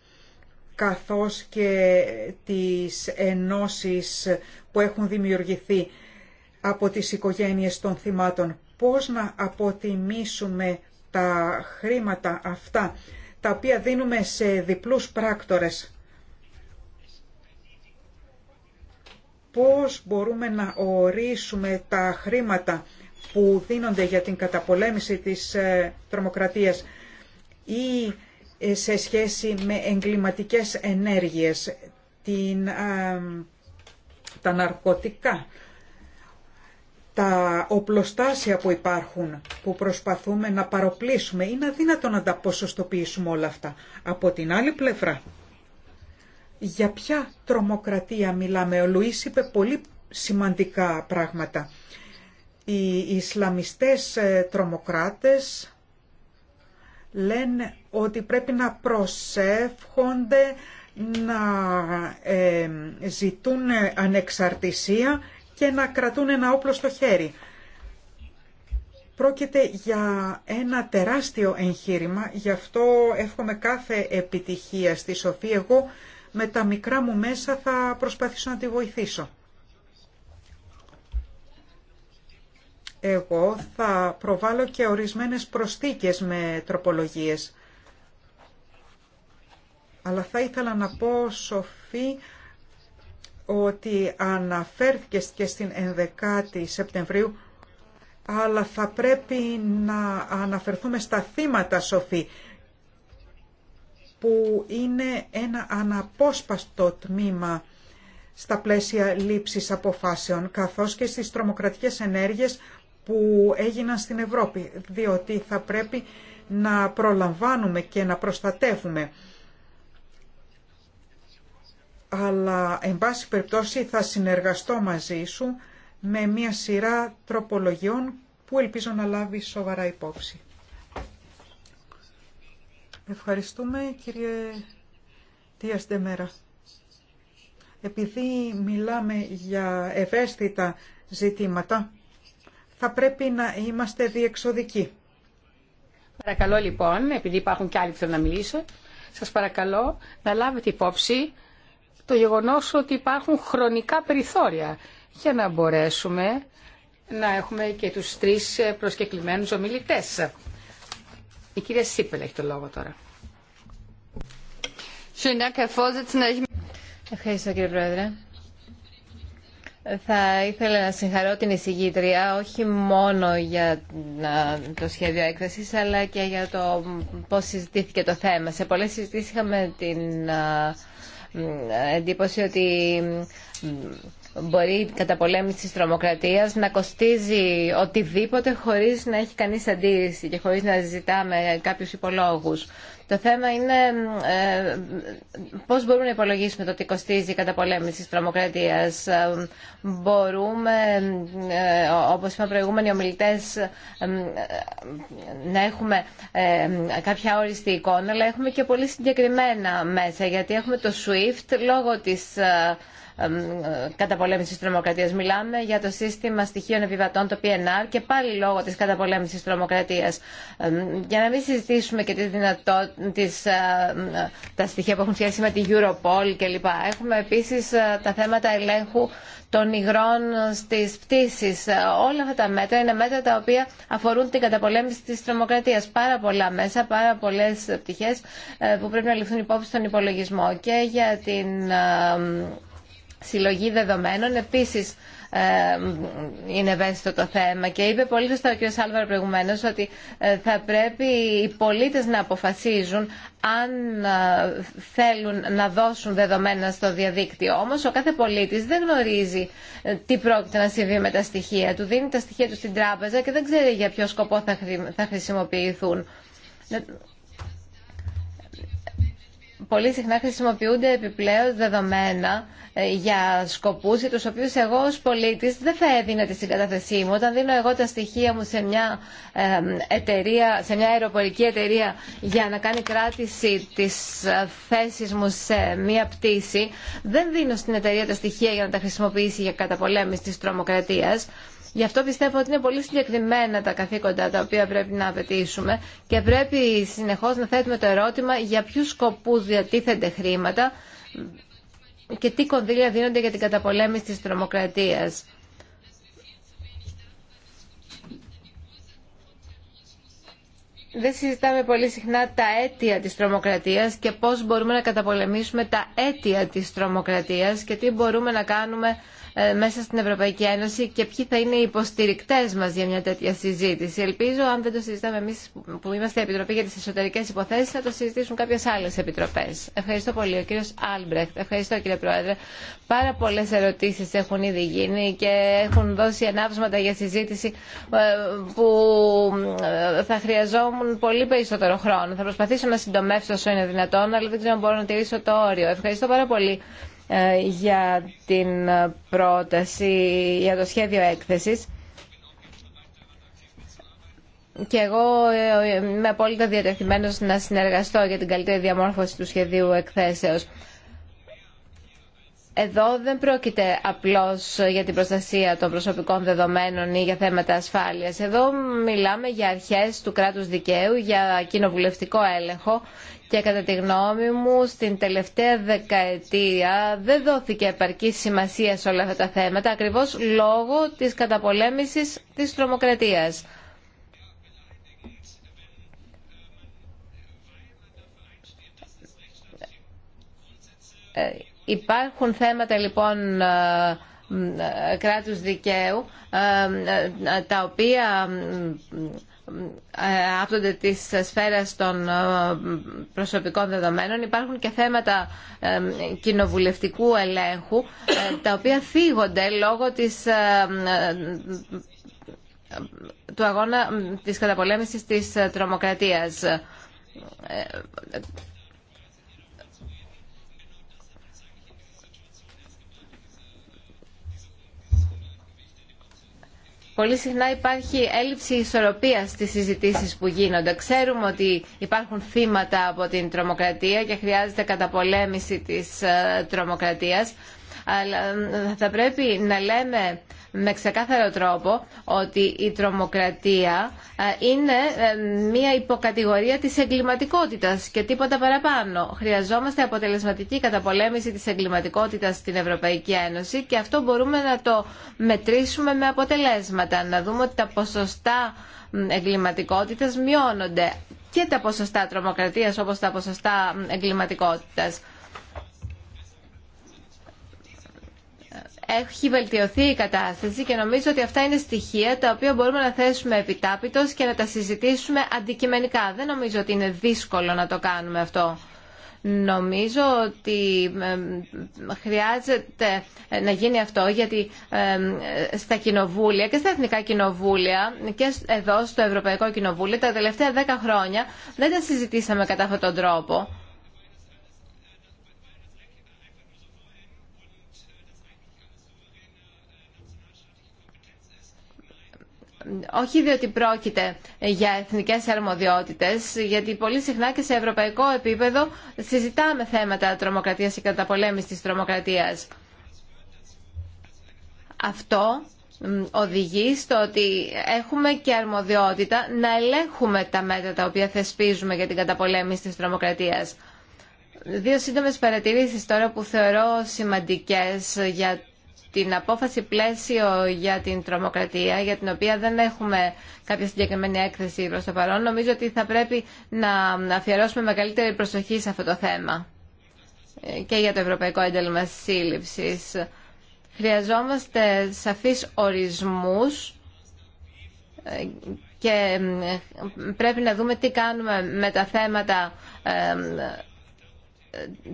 καθώς και τις ενώσεις που έχουν δημιουργηθεί από τις οικογένειες των θυμάτων. Πώς να αποτιμήσουμε τα χρήματα αυτά, τα οποία δίνουμε σε διπλούς πράκτορες. πώς μπορούμε να ορίσουμε τα χρήματα που δίνονται για την καταπολέμηση της ε, τρομοκρατίας ή ε, σε σχέση με εγκληματικές ενέργειες, την, ε, τα ναρκωτικά, τα οπλοστάσια που υπάρχουν, που προσπαθούμε να παροπλήσουμε, είναι αδύνατο να τα ποσοστοποιήσουμε όλα αυτά. Από την άλλη πλευρά, για ποια τρομοκρατία μιλάμε. Ο Λουίς είπε πολύ σημαντικά πράγματα. Οι Ισλαμιστές ε, τρομοκράτες λένε ότι πρέπει να προσεύχονται να ε, ζητούν ανεξαρτησία και να κρατούν ένα όπλο στο χέρι. Πρόκειται για ένα τεράστιο εγχείρημα, γι' αυτό εύχομαι κάθε επιτυχία στη Σοφία με τα μικρά μου μέσα θα προσπαθήσω να τη βοηθήσω. Εγώ θα προβάλλω και ορισμένες προστίκες με τροπολογίες. Αλλά θα ήθελα να πω, Σοφή, ότι αναφέρθηκες και στην 11η Σεπτεμβρίου, αλλά θα πρέπει να αναφερθούμε στα θύματα, Σοφή, που είναι ένα αναπόσπαστο τμήμα στα πλαίσια λήψης αποφάσεων, καθώς και στις τρομοκρατικές ενέργειες που έγιναν στην Ευρώπη, διότι θα πρέπει να προλαμβάνουμε και να προστατεύουμε. Αλλά, εν πάση περιπτώσει, θα συνεργαστώ μαζί σου με μια σειρά τροπολογιών που ελπίζω να λάβει σοβαρά υπόψη. Ευχαριστούμε κύριε Τίας Ντεμέρα. Επειδή μιλάμε για ευαίσθητα ζητήματα, θα πρέπει να είμαστε διεξοδικοί. Παρακαλώ λοιπόν, επειδή υπάρχουν και άλλοι που θέλουν να μιλήσουν, σας παρακαλώ να λάβετε υπόψη το γεγονός ότι υπάρχουν χρονικά περιθώρια για να μπορέσουμε να έχουμε και τους τρεις προσκεκλημένους ομιλητές. Η κυρία Σίπελ έχει το λόγο τώρα. Ευχαριστώ κύριε Πρόεδρε. Θα ήθελα να συγχαρώ την εισηγήτρια όχι μόνο για το σχέδιο έκθεσης αλλά και για το πώς συζητήθηκε το θέμα. Σε πολλές συζητήσεις είχαμε την εντύπωση ότι μπορεί η καταπολέμηση της τρομοκρατίας να κοστίζει οτιδήποτε χωρίς να έχει κανείς αντίρρηση και χωρίς να ζητάμε κάποιους υπολόγους. Το θέμα είναι ε, πώς μπορούμε να υπολογίσουμε το τι κοστίζει η καταπολέμηση της τρομοκρατίας. Ε, μπορούμε, ε, όπως είπαν προηγούμενοι ομιλητές, ε, να έχουμε ε, κάποια όριστη εικόνα, αλλά έχουμε και πολύ συγκεκριμένα μέσα, γιατί έχουμε το SWIFT λόγω της τη Τρομοκρατία. Μιλάμε για το σύστημα στοιχείων επιβατών, το PNR, και πάλι λόγω της καταπολέμησης τρομοκρατία. Για να μην συζητήσουμε και τις δυνατό... Ε, τα στοιχεία που έχουν σχέση με την Europol κλπ. Έχουμε επίση ε, τα θέματα ελέγχου των υγρών στι πτήσει. Ε, όλα αυτά τα μέτρα είναι μέτρα τα οποία αφορούν την καταπολέμηση τη τρομοκρατία. Πάρα πολλά μέσα, πάρα πολλέ πτυχέ που πρέπει να ληφθούν υπόψη στον υπολογισμό και για την συλλογή δεδομένων. Επίσης ε, είναι ευαίσθητο το θέμα και είπε πολύ σωστά ο κ. Σάλβαρο προηγουμένω ότι ε, θα πρέπει οι πολίτες να αποφασίζουν αν ε, θέλουν να δώσουν δεδομένα στο διαδίκτυο. Όμως ο κάθε πολίτης δεν γνωρίζει τι πρόκειται να συμβεί με τα στοιχεία του. Δίνει τα στοιχεία του στην τράπεζα και δεν ξέρει για ποιο σκοπό θα χρησιμοποιηθούν πολύ συχνά χρησιμοποιούνται επιπλέον δεδομένα ε, για σκοπούς για τους οποίους εγώ ως πολίτης δεν θα έδινα τη συγκαταθεσή μου. Όταν δίνω εγώ τα στοιχεία μου σε μια, εταιρεία, σε μια αεροπορική εταιρεία για να κάνει κράτηση της ε, θέσης μου σε μια πτήση, δεν δίνω στην εταιρεία τα στοιχεία για να τα χρησιμοποιήσει για καταπολέμηση της τρομοκρατίας. Γι' αυτό πιστεύω ότι είναι πολύ συγκεκριμένα τα καθήκοντα τα οποία πρέπει να απαιτήσουμε και πρέπει συνεχώς να θέτουμε το ερώτημα για ποιους σκοπούς διατίθενται χρήματα και τι κονδύλια δίνονται για την καταπολέμηση της τρομοκρατίας. Δεν συζητάμε πολύ συχνά τα αίτια της τρομοκρατίας και πώς μπορούμε να καταπολεμήσουμε τα αίτια της τρομοκρατίας και τι μπορούμε να κάνουμε ε, μέσα στην Ευρωπαϊκή Ένωση και ποιοι θα είναι οι υποστηρικτέ μα για μια τέτοια συζήτηση. Ελπίζω, αν δεν το συζητάμε εμεί που είμαστε η Επιτροπή για τι εσωτερικέ υποθέσει, θα το συζητήσουν κάποιε άλλε επιτροπέ. Ευχαριστώ πολύ. Ο κύριο Άλμπρεχτ. Ευχαριστώ κύριε Πρόεδρε. Πάρα πολλέ ερωτήσει έχουν ήδη γίνει και έχουν δώσει ανάψματα για συζήτηση ε, που ε, θα χρειαζόμουν πολύ περισσότερο χρόνο. Θα προσπαθήσω να συντομεύσω όσο είναι δυνατόν, αλλά δεν ξέρω αν μπορώ να τηρήσω το όριο. Ευχαριστώ πάρα πολύ ε, για την πρόταση, για το σχέδιο έκθεσης. Και εγώ ε, είμαι απόλυτα διατεθειμένος να συνεργαστώ για την καλύτερη διαμόρφωση του σχεδίου εκθέσεως. Εδώ δεν πρόκειται απλώς για την προστασία των προσωπικών δεδομένων ή για θέματα ασφάλειας. Εδώ μιλάμε για αρχές του κράτους δικαίου, για κοινοβουλευτικό έλεγχο και κατά τη γνώμη μου στην τελευταία δεκαετία δεν δόθηκε επαρκή σημασία σε όλα αυτά τα θέματα ακριβώς λόγω της καταπολέμησης της τρομοκρατίας. Ε, υπάρχουν θέματα λοιπόν ε, ε, κράτους δικαίου τα οποία ε, άπτονται της σφαίρας των ε, προσωπικών δεδομένων υπάρχουν και θέματα ε, κοινοβουλευτικού ελέγχου τα οποία φύγονται λόγω της του αγώνα της καταπολέμησης της τρομοκρατίας Πολύ συχνά υπάρχει έλλειψη ισορροπίας στις συζητήσεις που γίνονται. Ξέρουμε ότι υπάρχουν θύματα από την τρομοκρατία και χρειάζεται καταπολέμηση της ε, τρομοκρατίας. Αλλά ε, θα πρέπει να λέμε με ξεκάθαρο τρόπο ότι η τρομοκρατία ε, είναι ε, μια υποκατηγορία της εγκληματικότητας και τίποτα παραπάνω. Χρειαζόμαστε αποτελεσματική καταπολέμηση της εγκληματικότητας στην Ευρωπαϊκή Ένωση και αυτό μπορούμε να το μετρήσουμε με αποτελέσματα, να δούμε ότι τα ποσοστά εγκληματικότητας μειώνονται και τα ποσοστά τρομοκρατίας όπως τα ποσοστά εγκληματικότητας. έχει βελτιωθεί η κατάσταση και νομίζω ότι αυτά είναι στοιχεία τα οποία μπορούμε να θέσουμε επιτάπητος και να τα συζητήσουμε αντικειμενικά. Δεν νομίζω ότι είναι δύσκολο να το κάνουμε αυτό. Νομίζω ότι χρειάζεται ε, να γίνει αυτό γιατί στα κοινοβούλια και στα εθνικά κοινοβούλια και εδώ στο Ευρωπαϊκό Κοινοβούλιο τα τελευταία δέκα χρόνια δεν τα συζητήσαμε κατά αυτόν τον τρόπο. όχι διότι πρόκειται για εθνικές αρμοδιότητες, γιατί πολύ συχνά και σε ευρωπαϊκό επίπεδο συζητάμε θέματα τρομοκρατίας και καταπολέμησης της τρομοκρατίας. Αυτό οδηγεί στο ότι έχουμε και αρμοδιότητα να ελέγχουμε τα μέτρα τα οποία θεσπίζουμε για την καταπολέμηση της τρομοκρατίας. Δύο σύντομες παρατηρήσεις τώρα που θεωρώ σημαντικές για την απόφαση πλαίσιο για την τρομοκρατία, για την οποία δεν έχουμε κάποια συγκεκριμένη έκθεση προς το παρόν, νομίζω ότι θα πρέπει να αφιερώσουμε μεγαλύτερη προσοχή σε αυτό το θέμα και για το Ευρωπαϊκό Έντελμα Σύλληψης. Χρειαζόμαστε σαφείς ορισμούς και πρέπει να δούμε τι κάνουμε με τα θέματα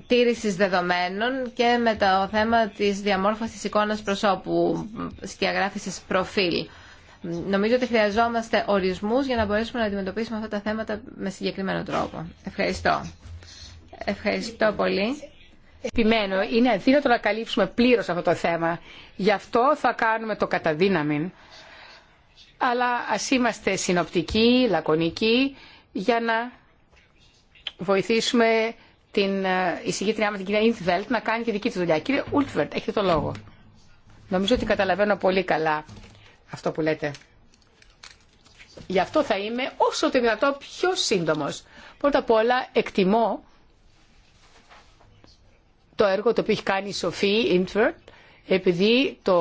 τήρησης δεδομένων και με το θέμα της διαμόρφωσης εικόνας προσώπου, σκιαγράφησης προφίλ. Νομίζω ότι χρειαζόμαστε ορισμούς για να μπορέσουμε να αντιμετωπίσουμε αυτά τα θέματα με συγκεκριμένο τρόπο. Ευχαριστώ. Ευχαριστώ πολύ. Επιμένω, είναι αδύνατο να καλύψουμε πλήρως αυτό το θέμα. Γι' αυτό θα κάνουμε το καταδύναμη. Αλλά α είμαστε συνοπτικοί, λακωνικοί, για να βοηθήσουμε την ε, εισηγήτριά μα, την κυρία Ίνθβελτ να κάνει και δική τη δουλειά. Κύριε Ούλτβερτ, έχετε το λόγο. Νομίζω ότι καταλαβαίνω πολύ καλά αυτό που λέτε. Γι' αυτό θα είμαι όσο το δυνατό πιο σύντομο. Πρώτα απ' όλα εκτιμώ το έργο το οποίο έχει κάνει η Σοφή Ιντβελτ επειδή το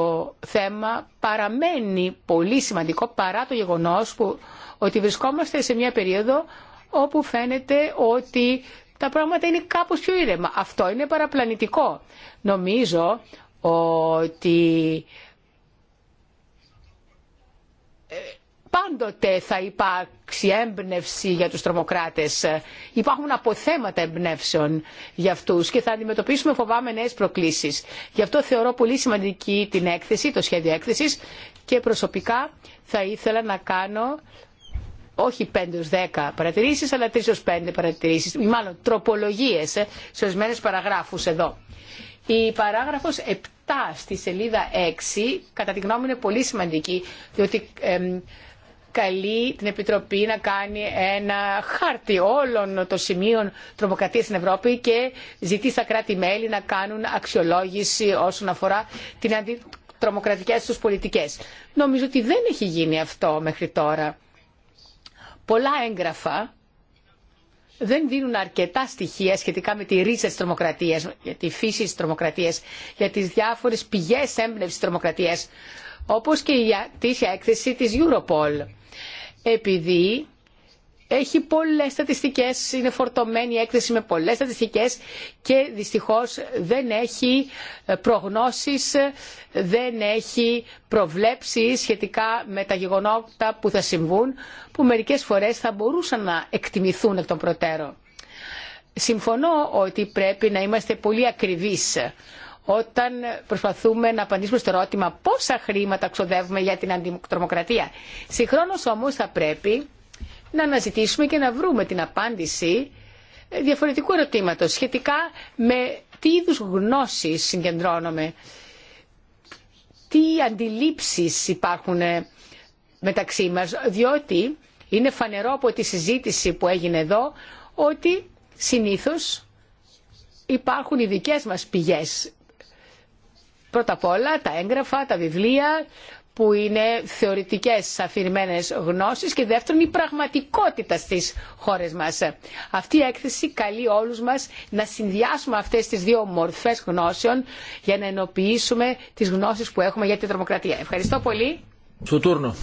θέμα παραμένει πολύ σημαντικό παρά το γεγονός που, ότι βρισκόμαστε σε μια περίοδο όπου φαίνεται ότι τα πράγματα είναι κάπως πιο ήρεμα. Αυτό είναι παραπλανητικό. Νομίζω ότι ε, πάντοτε θα υπάρξει έμπνευση για τους τρομοκράτες. Υπάρχουν αποθέματα εμπνεύσεων για αυτούς και θα αντιμετωπίσουμε φοβάμαι νέες προκλήσεις. Γι' αυτό θεωρώ πολύ σημαντική την έκθεση, το σχέδιο έκθεσης και προσωπικά θα ήθελα να κάνω όχι 5 ως 10 παρατηρήσει, αλλά 3 ως 5 παρατηρήσεις, ή μάλλον τροπολογίες ε, σε ορισμένε παραγράφους εδώ. μαλλον τροπολογιες σε ορισμενε παραγράφου εδω η παραγραφος 7 στη σελίδα 6, κατά τη γνώμη είναι πολύ σημαντική, διότι καλεί την Επιτροπή να κάνει ένα χάρτη όλων των σημείων τρομοκρατίας στην Ευρώπη και ζητεί στα κράτη-μέλη να κάνουν αξιολόγηση όσον αφορά την αντιτρομοκρατικές τους πολιτικές. Νομίζω ότι δεν έχει γίνει αυτό μέχρι τώρα πολλά έγγραφα δεν δίνουν αρκετά στοιχεία σχετικά με τη ρίζα της τρομοκρατίας, για τη φύση της τρομοκρατίας, για τις διάφορες πηγές έμπνευσης της τρομοκρατίας, όπως και η τήσια έκθεση της Europol. Επειδή έχει πολλές στατιστικές, είναι φορτωμένη η έκθεση με πολλές στατιστικές και δυστυχώς δεν έχει ε, προγνώσεις, δεν έχει προβλέψεις σχετικά με τα γεγονότα που θα συμβούν, που μερικές φορές θα μπορούσαν να εκτιμηθούν εκ των προτέρων. Συμφωνώ ότι πρέπει να είμαστε πολύ ακριβείς όταν προσπαθούμε να απαντήσουμε στο ερώτημα πόσα χρήματα ξοδεύουμε για την αντιτρομοκρατία. Συγχρόνως όμως θα πρέπει να αναζητήσουμε και να βρούμε την απάντηση διαφορετικού ερωτήματος σχετικά με τι είδους γνώσεις συγκεντρώνομαι, τι αντιλήψεις υπάρχουν ε, μεταξύ μας, διότι είναι φανερό από τη συζήτηση που έγινε εδώ ότι συνήθως υπάρχουν οι δικές μας πηγές. Πρώτα απ' όλα τα έγγραφα, τα βιβλία, που είναι θεωρητικές αφηρημένες γνώσεις και δεύτερον η πραγματικότητα στις χώρες μας. Αυτή η έκθεση καλεί όλους μας να συνδυάσουμε αυτές τις δύο μορφές γνώσεων για να ενοποιήσουμε τις γνώσεις που έχουμε για την τρομοκρατία. Ευχαριστώ πολύ. Στο τούρνο.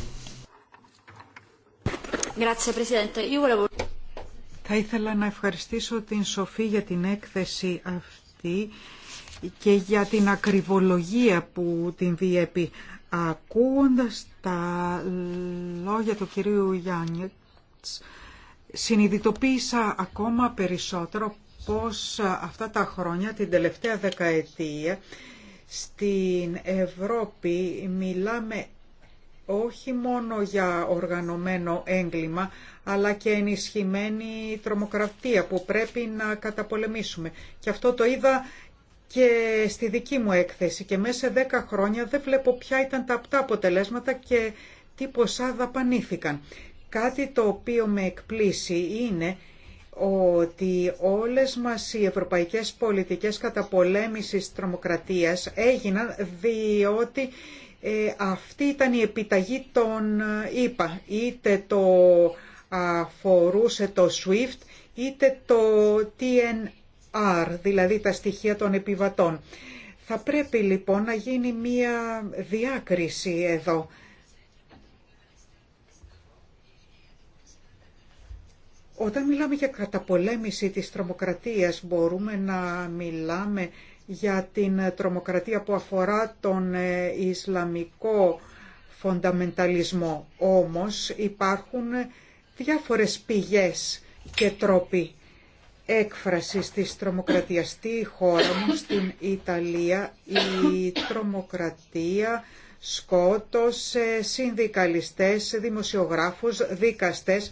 Θα ήθελα να ευχαριστήσω την Σοφή για την έκθεση αυτή και για την ακριβολογία που την διέπει. Ακούγοντας τα λόγια του κυρίου Γιάννη, συνειδητοποίησα ακόμα περισσότερο πως αυτά τα χρόνια, την τελευταία δεκαετία, στην Ευρώπη μιλάμε όχι μόνο για οργανωμένο έγκλημα, αλλά και ενισχυμένη τρομοκρατία που πρέπει να καταπολεμήσουμε. Και αυτό το είδα και στη δική μου έκθεση και μέσα σε 10 χρόνια δεν βλέπω ποια ήταν τα απτά αποτελέσματα και τι ποσά δαπανήθηκαν. Κάτι το οποίο με εκπλήσει είναι ότι όλες μας οι ευρωπαϊκές πολιτικές καταπολέμησης τρομοκρατίας έγιναν διότι ε, αυτή ήταν η επιταγή των ΙΠΑ. Ε, είτε το αφορούσε το SWIFT είτε το TN, R, δηλαδή τα στοιχεία των επιβατών. Θα πρέπει λοιπόν να γίνει μία διάκριση εδώ. Όταν μιλάμε για καταπολέμηση της τρομοκρατίας μπορούμε να μιλάμε για την τρομοκρατία που αφορά τον ε, Ισλαμικό φονταμενταλισμό. Όμως υπάρχουν ε, διάφορες πηγές και τρόποι έκφρασης της τρομοκρατίας στη χώρα μου, στην Ιταλία. Η τρομοκρατία σκότωσε συνδικαλιστές, δημοσιογράφους, δίκαστες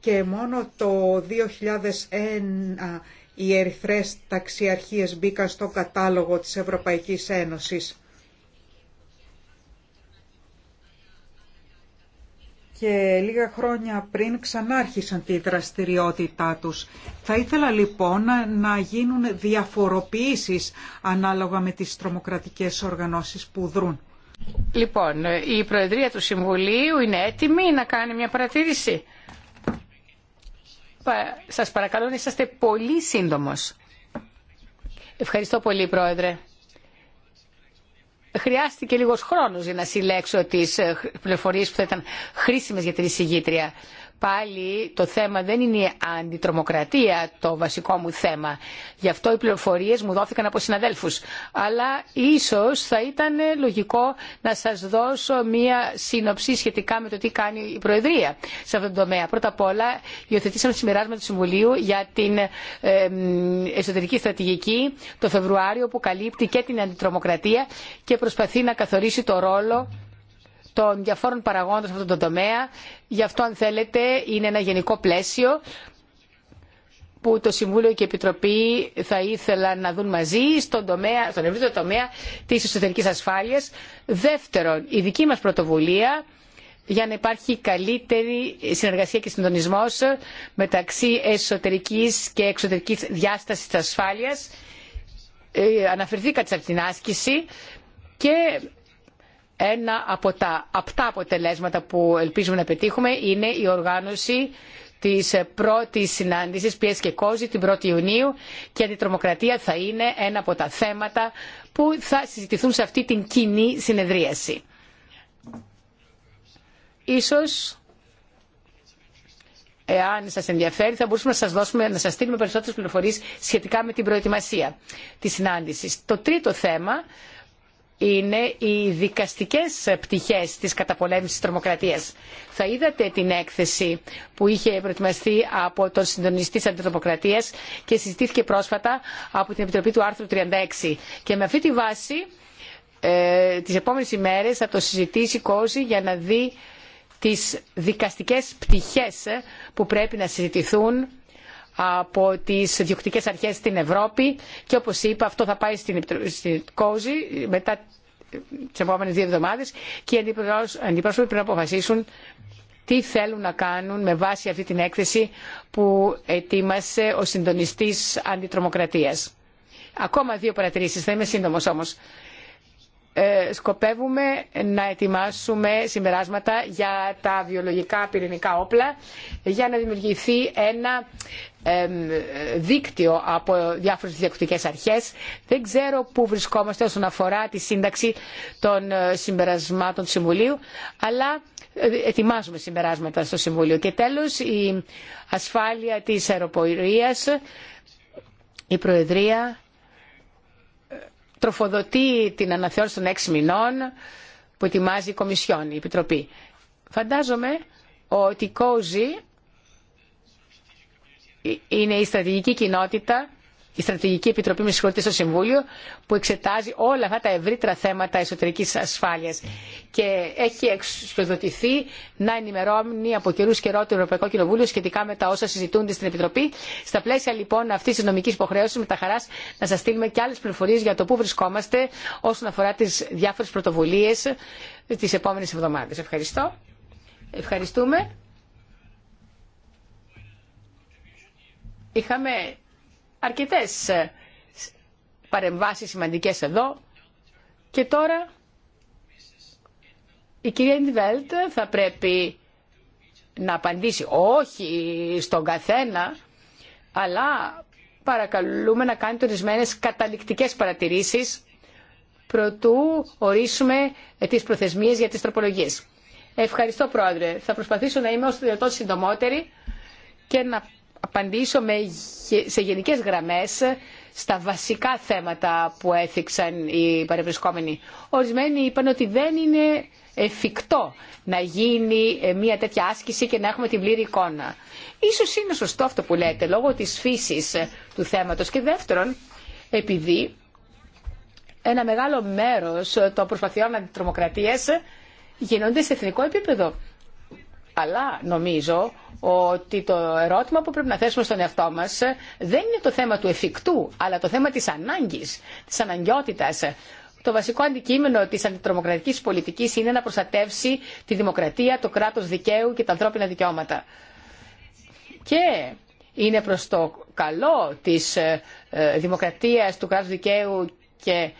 και μόνο το 2001 οι ερυθρές ταξιαρχίες μπήκαν στο κατάλογο της Ευρωπαϊκής Ένωσης. και λίγα χρόνια πριν ξανάρχισαν τη δραστηριότητά τους. Θα ήθελα λοιπόν να γίνουν διαφοροποιήσεις ανάλογα με τις τρομοκρατικές οργανώσεις που δρούν. Λοιπόν, η Προεδρία του Συμβουλίου είναι έτοιμη να κάνει μια παρατήρηση. Σας παρακαλώ να είσαστε πολύ σύντομος. Ευχαριστώ πολύ, Πρόεδρε χρειάστηκε λίγος χρόνος για να συλλέξω τις ε, πληροφορίες που θα ήταν χρήσιμες για την εισηγήτρια πάλι το θέμα δεν είναι η αντιτρομοκρατία το βασικό μου θέμα. Γι' αυτό οι πληροφορίες μου δόθηκαν από συναδέλφους. Αλλά ίσως θα ήταν λογικό να σας δώσω μία σύνοψη σχετικά με το τι κάνει η Προεδρία σε αυτόν τον τομέα. Πρώτα απ' όλα υιοθετήσαμε συμμεράσμα του Συμβουλίου για την εσωτερική στρατηγική το Φεβρουάριο που καλύπτει και την αντιτρομοκρατία και προσπαθεί να καθορίσει το ρόλο των διαφόρων παραγόντων σε αυτό το τομέα. Γι' αυτό, αν θέλετε, είναι ένα γενικό πλαίσιο που το Συμβούλιο και η Επιτροπή θα ήθελαν να δουν μαζί στον, τομέα, στον ευρύτερο τομέα της εσωτερικής ασφάλειας. Δεύτερον, η δική μας πρωτοβουλία για να υπάρχει καλύτερη συνεργασία και συντονισμός μεταξύ εσωτερικής και εξωτερικής διάστασης της ασφάλειας. Ε, αναφερθήκατε σε αυτήν την άσκηση και ένα από τα απτά αποτελέσματα που ελπίζουμε να πετύχουμε είναι η οργάνωση της πρώτης συνάντησης πιέση και κόζη την 1η Ιουνίου και η αντιτρομοκρατία θα είναι ένα από τα θέματα που θα συζητηθούν σε αυτή την κοινή συνεδρίαση. Ίσως, εάν σας ενδιαφέρει, θα μπορούσαμε να σας, δώσουμε, να σας στείλουμε περισσότερες πληροφορίες σχετικά με την προετοιμασία της συνάντησης. Το τρίτο θέμα είναι οι δικαστικές πτυχές της καταπολέμησης της τρομοκρατίας. Θα είδατε την έκθεση που είχε προετοιμαστεί από τον συντονιστή της αντιτρομοκρατίας και συζητήθηκε πρόσφατα από την Επιτροπή του άρθρου 36. Και με αυτή τη βάση ε, τις επόμενες ημέρες θα το συζητήσει η Κόζη για να δει τις δικαστικές πτυχές που πρέπει να συζητηθούν από τις διοκτικές αρχές στην Ευρώπη και όπως είπα αυτό θα πάει στην, Κόζη μετά τις επόμενες δύο εβδομάδες και οι αντιπρόσωποι πρέπει να αποφασίσουν τι θέλουν να κάνουν με βάση αυτή την έκθεση που ετοίμασε ο συντονιστής αντιτρομοκρατίας. Ακόμα δύο παρατηρήσεις, θα είμαι σύντομος όμως. Ε, σκοπεύουμε να ετοιμάσουμε συμπεράσματα για τα βιολογικά πυρηνικά όπλα για να δημιουργηθεί ένα δίκτυο από διάφορες διακριτικές αρχές. Δεν ξέρω πού βρισκόμαστε όσον αφορά τη σύνταξη των ε, συμπερασμάτων του Συμβουλίου, αλλά ε, ετοιμάζουμε συμπεράσματα στο Συμβούλιο. Και τέλος, η ασφάλεια της αεροπορίας, η Προεδρία τροφοδοτεί την αναθεώρηση των έξι μηνών που ετοιμάζει η Κομισιόν, η Επιτροπή. Φαντάζομαι ότι η COSI είναι η στρατηγική κοινότητα η Στρατηγική Επιτροπή με συγχωρείτε στο Συμβούλιο που εξετάζει όλα αυτά τα ευρύτερα θέματα εσωτερική ασφάλεια και έχει εξοδοτηθεί να ενημερώνει από καιρού καιρό το Ευρωπαϊκό Κοινοβούλιο σχετικά με τα όσα συζητούνται στην Επιτροπή. Στα πλαίσια λοιπόν αυτή τη νομική υποχρέωση, με τα χαρά να σα στείλουμε και άλλε πληροφορίε για το πού βρισκόμαστε όσον αφορά τι διάφορε πρωτοβουλίε τι επόμενε εβδομάδε. Ευχαριστώ. Ευχαριστούμε. Είχαμε αρκετές ε, παρεμβάσεις σημαντικές εδώ και τώρα η κυρία Ιντιβέλτ θα πρέπει να απαντήσει όχι στον καθένα αλλά παρακαλούμε να κάνει ορισμένε καταληκτικές παρατηρήσεις προτού ορίσουμε τις προθεσμίες για τις τροπολογίες. Ευχαριστώ Πρόεδρε. Θα προσπαθήσω να είμαι όσο δυνατόν συντομότερη και να απαντήσω σε γενικές γραμμές στα βασικά θέματα που έθιξαν οι παρευρισκόμενοι. Ορισμένοι είπαν ότι δεν είναι εφικτό να γίνει ε, μια τέτοια άσκηση και να έχουμε την πλήρη εικόνα. Ίσως είναι σωστό αυτό που λέτε λόγω της φύσης ε, του θέματος και δεύτερον επειδή ένα μεγάλο μέρος των προσπαθειών αντιτρομοκρατίας ε, γίνονται σε εθνικό επίπεδο. Αλλά νομίζω ότι το ερώτημα που πρέπει να θέσουμε στον εαυτό μα δεν είναι το θέμα του εφικτού, αλλά το θέμα τη ανάγκη, τη αναγκαιότητα. Το βασικό αντικείμενο τη αντιτρομοκρατική πολιτική είναι να προστατεύσει τη δημοκρατία, το κράτο δικαίου και τα ανθρώπινα δικαιώματα. Και είναι προ το καλό της ε, δημοκρατία, του κράτου δικαίου και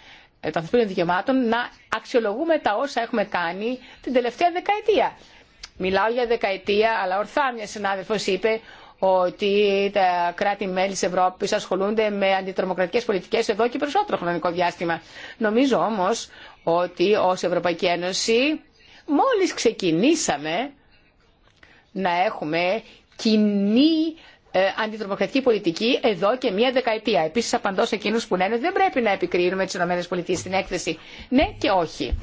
ε, των ανθρωπίνων δικαιωμάτων να αξιολογούμε τα όσα έχουμε κάνει την τελευταία δεκαετία. Μιλάω για δεκαετία, αλλά ορθά μια συνάδελφος είπε ότι τα κράτη-μέλη τη Ευρώπη ασχολούνται με αντιτρομοκρατικέ πολιτικέ εδώ και περισσότερο χρονικό διάστημα. Νομίζω όμω ότι ω Ευρωπαϊκή Ένωση μόλι ξεκινήσαμε να έχουμε κοινή ε, αντιτρομοκρατική πολιτική εδώ και μία δεκαετία. Επίση, απαντώ σε εκείνου που λένε ότι δεν πρέπει να επικρίνουμε τι ΗΠΑ στην έκθεση. Ναι και όχι.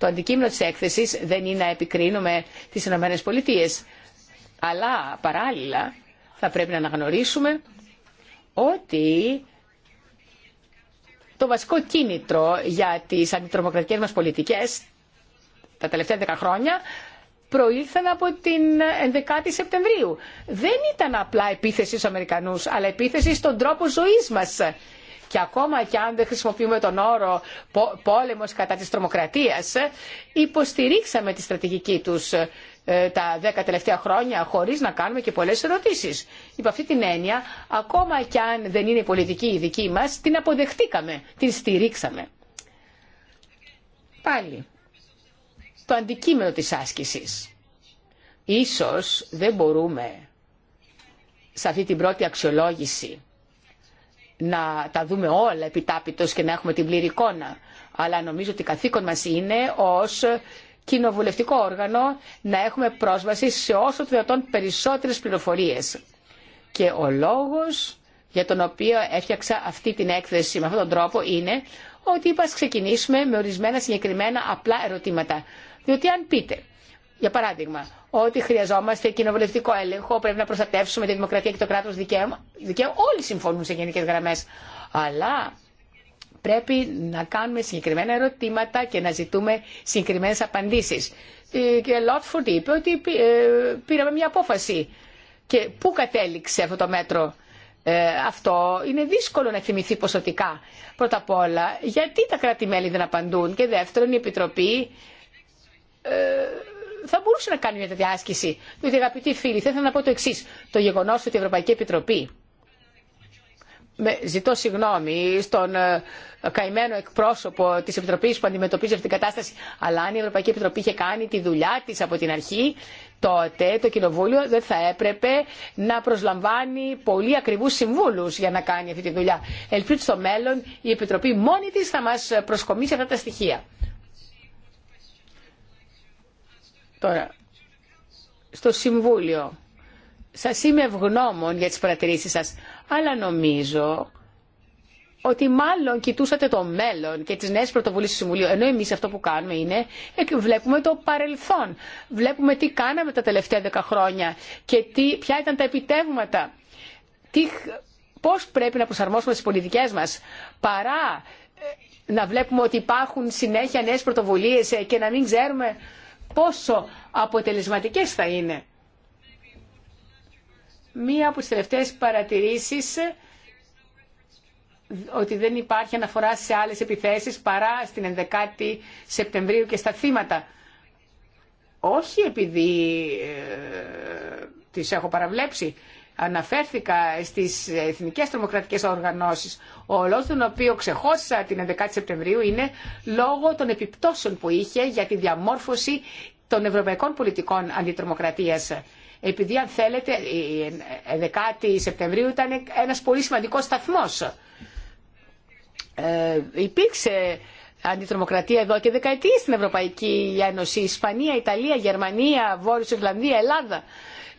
Το αντικείμενο της έκθεσης δεν είναι να επικρίνουμε τις Ηνωμένες Πολιτείες. Αλλά παράλληλα θα πρέπει να αναγνωρίσουμε ότι το βασικό κίνητρο για τις αντιτρομοκρατικές μας πολιτικές τα τελευταία δέκα χρόνια προήλθαν από την 11η Σεπτεμβρίου. Δεν ήταν απλά επίθεση στους Αμερικανούς, αλλά επίθεση στον τρόπο ζωής μας και ακόμα και αν δεν χρησιμοποιούμε τον όρο πόλεμος κατά της τρομοκρατίας, υποστηρίξαμε τη στρατηγική τους ε, τα δέκα τελευταία χρόνια χωρίς να κάνουμε και πολλές ερωτήσεις. Υπό αυτή την έννοια, ακόμα και αν δεν είναι η πολιτική η δική μας, την αποδεχτήκαμε, την στηρίξαμε. Πάλι, το αντικείμενο της άσκησης. Ίσως δεν μπορούμε σε αυτή την πρώτη αξιολόγηση να τα δούμε όλα επιτάπητος και να έχουμε την πλήρη εικόνα. Αλλά νομίζω ότι καθήκον μας είναι ως κοινοβουλευτικό όργανο να έχουμε πρόσβαση σε όσο το δυνατόν περισσότερες πληροφορίες. Και ο λόγος για τον οποίο έφτιαξα αυτή την έκθεση με αυτόν τον τρόπο είναι ότι είπα ξεκινήσουμε με ορισμένα συγκεκριμένα απλά ερωτήματα. Διότι αν πείτε για παράδειγμα, ότι χρειαζόμαστε κοινοβουλευτικό έλεγχο, πρέπει να προστατεύσουμε τη δημοκρατία και το κράτο δικαίου. Όλοι συμφωνούν σε γενικέ γραμμέ. Αλλά πρέπει να κάνουμε συγκεκριμένα ερωτήματα και να ζητούμε συγκεκριμένε απαντήσει. Ε, και Λότφορντ είπε ότι ε, πήραμε μια απόφαση. Και πού κατέληξε αυτό το μέτρο. Ε, αυτό είναι δύσκολο να θυμηθεί ποσοτικά. Πρώτα απ' όλα, γιατί τα κράτη-μέλη δεν απαντούν. Και δεύτερον, η Επιτροπή θα μπορούσε να κάνει μια τέτοια άσκηση. Διότι αγαπητοί φίλοι, θέλω να πω το εξή. Το γεγονό ότι η Ευρωπαϊκή Επιτροπή με, ζητώ συγγνώμη στον ε, καημένο εκπρόσωπο της Επιτροπής που αντιμετωπίζει αυτή την κατάσταση, αλλά αν η Ευρωπαϊκή Επιτροπή είχε κάνει τη δουλειά της από την αρχή, τότε το Κοινοβούλιο δεν θα έπρεπε να προσλαμβάνει πολύ ακριβούς συμβούλους για να κάνει αυτή τη δουλειά. Ελπίζω στο μέλλον η Επιτροπή μόνη τη θα μα προσκομίσει αυτά τα στοιχεία. Τώρα, στο Συμβούλιο, σας είμαι ευγνώμων για τις παρατηρήσεις σας, αλλά νομίζω ότι μάλλον κοιτούσατε το μέλλον και τις νέες πρωτοβουλίες του Συμβουλίου, ενώ εμείς αυτό που κάνουμε είναι ε, βλέπουμε το παρελθόν. Βλέπουμε τι κάναμε τα τελευταία δέκα χρόνια και τι, ποια ήταν τα επιτεύγματα. Τι, πώς πρέπει να προσαρμόσουμε τις πολιτικές μας παρά ε, να βλέπουμε ότι υπάρχουν συνέχεια νέες πρωτοβουλίες ε, και να μην ξέρουμε πόσο αποτελεσματικές θα είναι. Μία από τις τελευταίες παρατηρήσεις ότι δεν υπάρχει αναφορά σε άλλες επιθέσεις παρά στην 11η Σεπτεμβρίου και στα θύματα. Όχι επειδή ε, τις έχω παραβλέψει αναφέρθηκα στις εθνικές τρομοκρατικές οργανώσεις. Ο λόγος τον οποίο ξεχώρισα την 11η Σεπτεμβρίου είναι λόγω των επιπτώσεων που είχε για τη διαμόρφωση των ευρωπαϊκών πολιτικών αντιτρομοκρατίας. Επειδή αν θέλετε η 11η Σεπτεμβρίου ήταν ένας πολύ σημαντικός σταθμός. Ε, υπήρξε αντιτρομοκρατία εδώ και δεκαετίες στην Ευρωπαϊκή Ένωση, Ισπανία, Ιταλία, Γερμανία, Βόρειο Ιρλανδία, Ελλάδα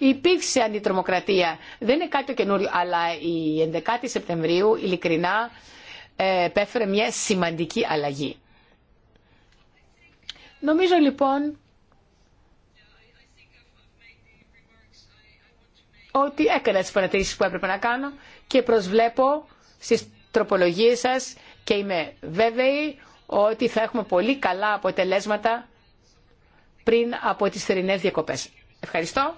υπήρξε αντιτρομοκρατία. Δεν είναι κάτι το καινούριο, αλλά η 11η Σεπτεμβρίου ειλικρινά ε, επέφερε μια σημαντική αλλαγή. Νομίζω λοιπόν ότι έκανα τις παρατηρήσεις που έπρεπε να κάνω και προσβλέπω στις τροπολογίες σας και είμαι βέβαιη ότι θα έχουμε πολύ καλά αποτελέσματα πριν από τις θερινές διακοπές. Ευχαριστώ.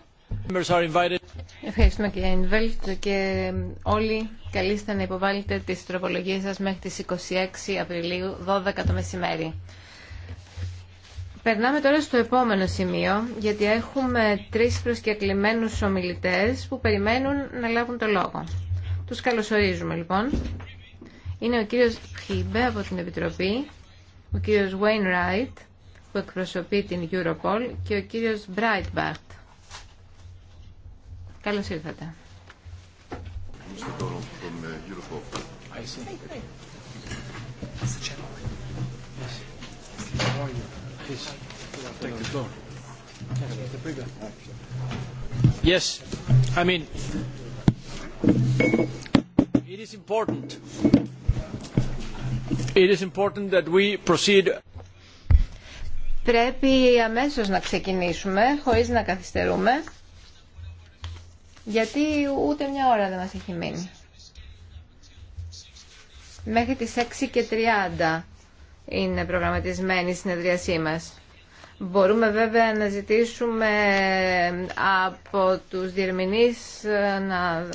Ευχαριστούμε κύριε Ινβέλτ και όλοι καλείστε να υποβάλλετε τις τροπολογίες σας μέχρι τις 26 Απριλίου 12 το μεσημέρι. Περνάμε τώρα στο επόμενο σημείο, γιατί έχουμε τρεις προσκεκλημένους ομιλητές που περιμένουν να λάβουν το λόγο. Τους καλωσορίζουμε λοιπόν. Είναι ο κύριος Χίμπε από την Επιτροπή, ο κύριος Ράιτ που εκπροσωπεί την Europol και ο κύριος Breitbart Καλώ ήρθατε. Yes, I mean, it is important. It is important that we proceed. Πρέπει αμέσως να ξεκινήσουμε, χωρίς να καθυστερούμε γιατί ούτε μια ώρα δεν μας έχει μείνει. Μέχρι τις 6 και 30 είναι προγραμματισμένη η συνεδρίασή μας. Μπορούμε βέβαια να ζητήσουμε ε, από τους διερμηνείς ε, να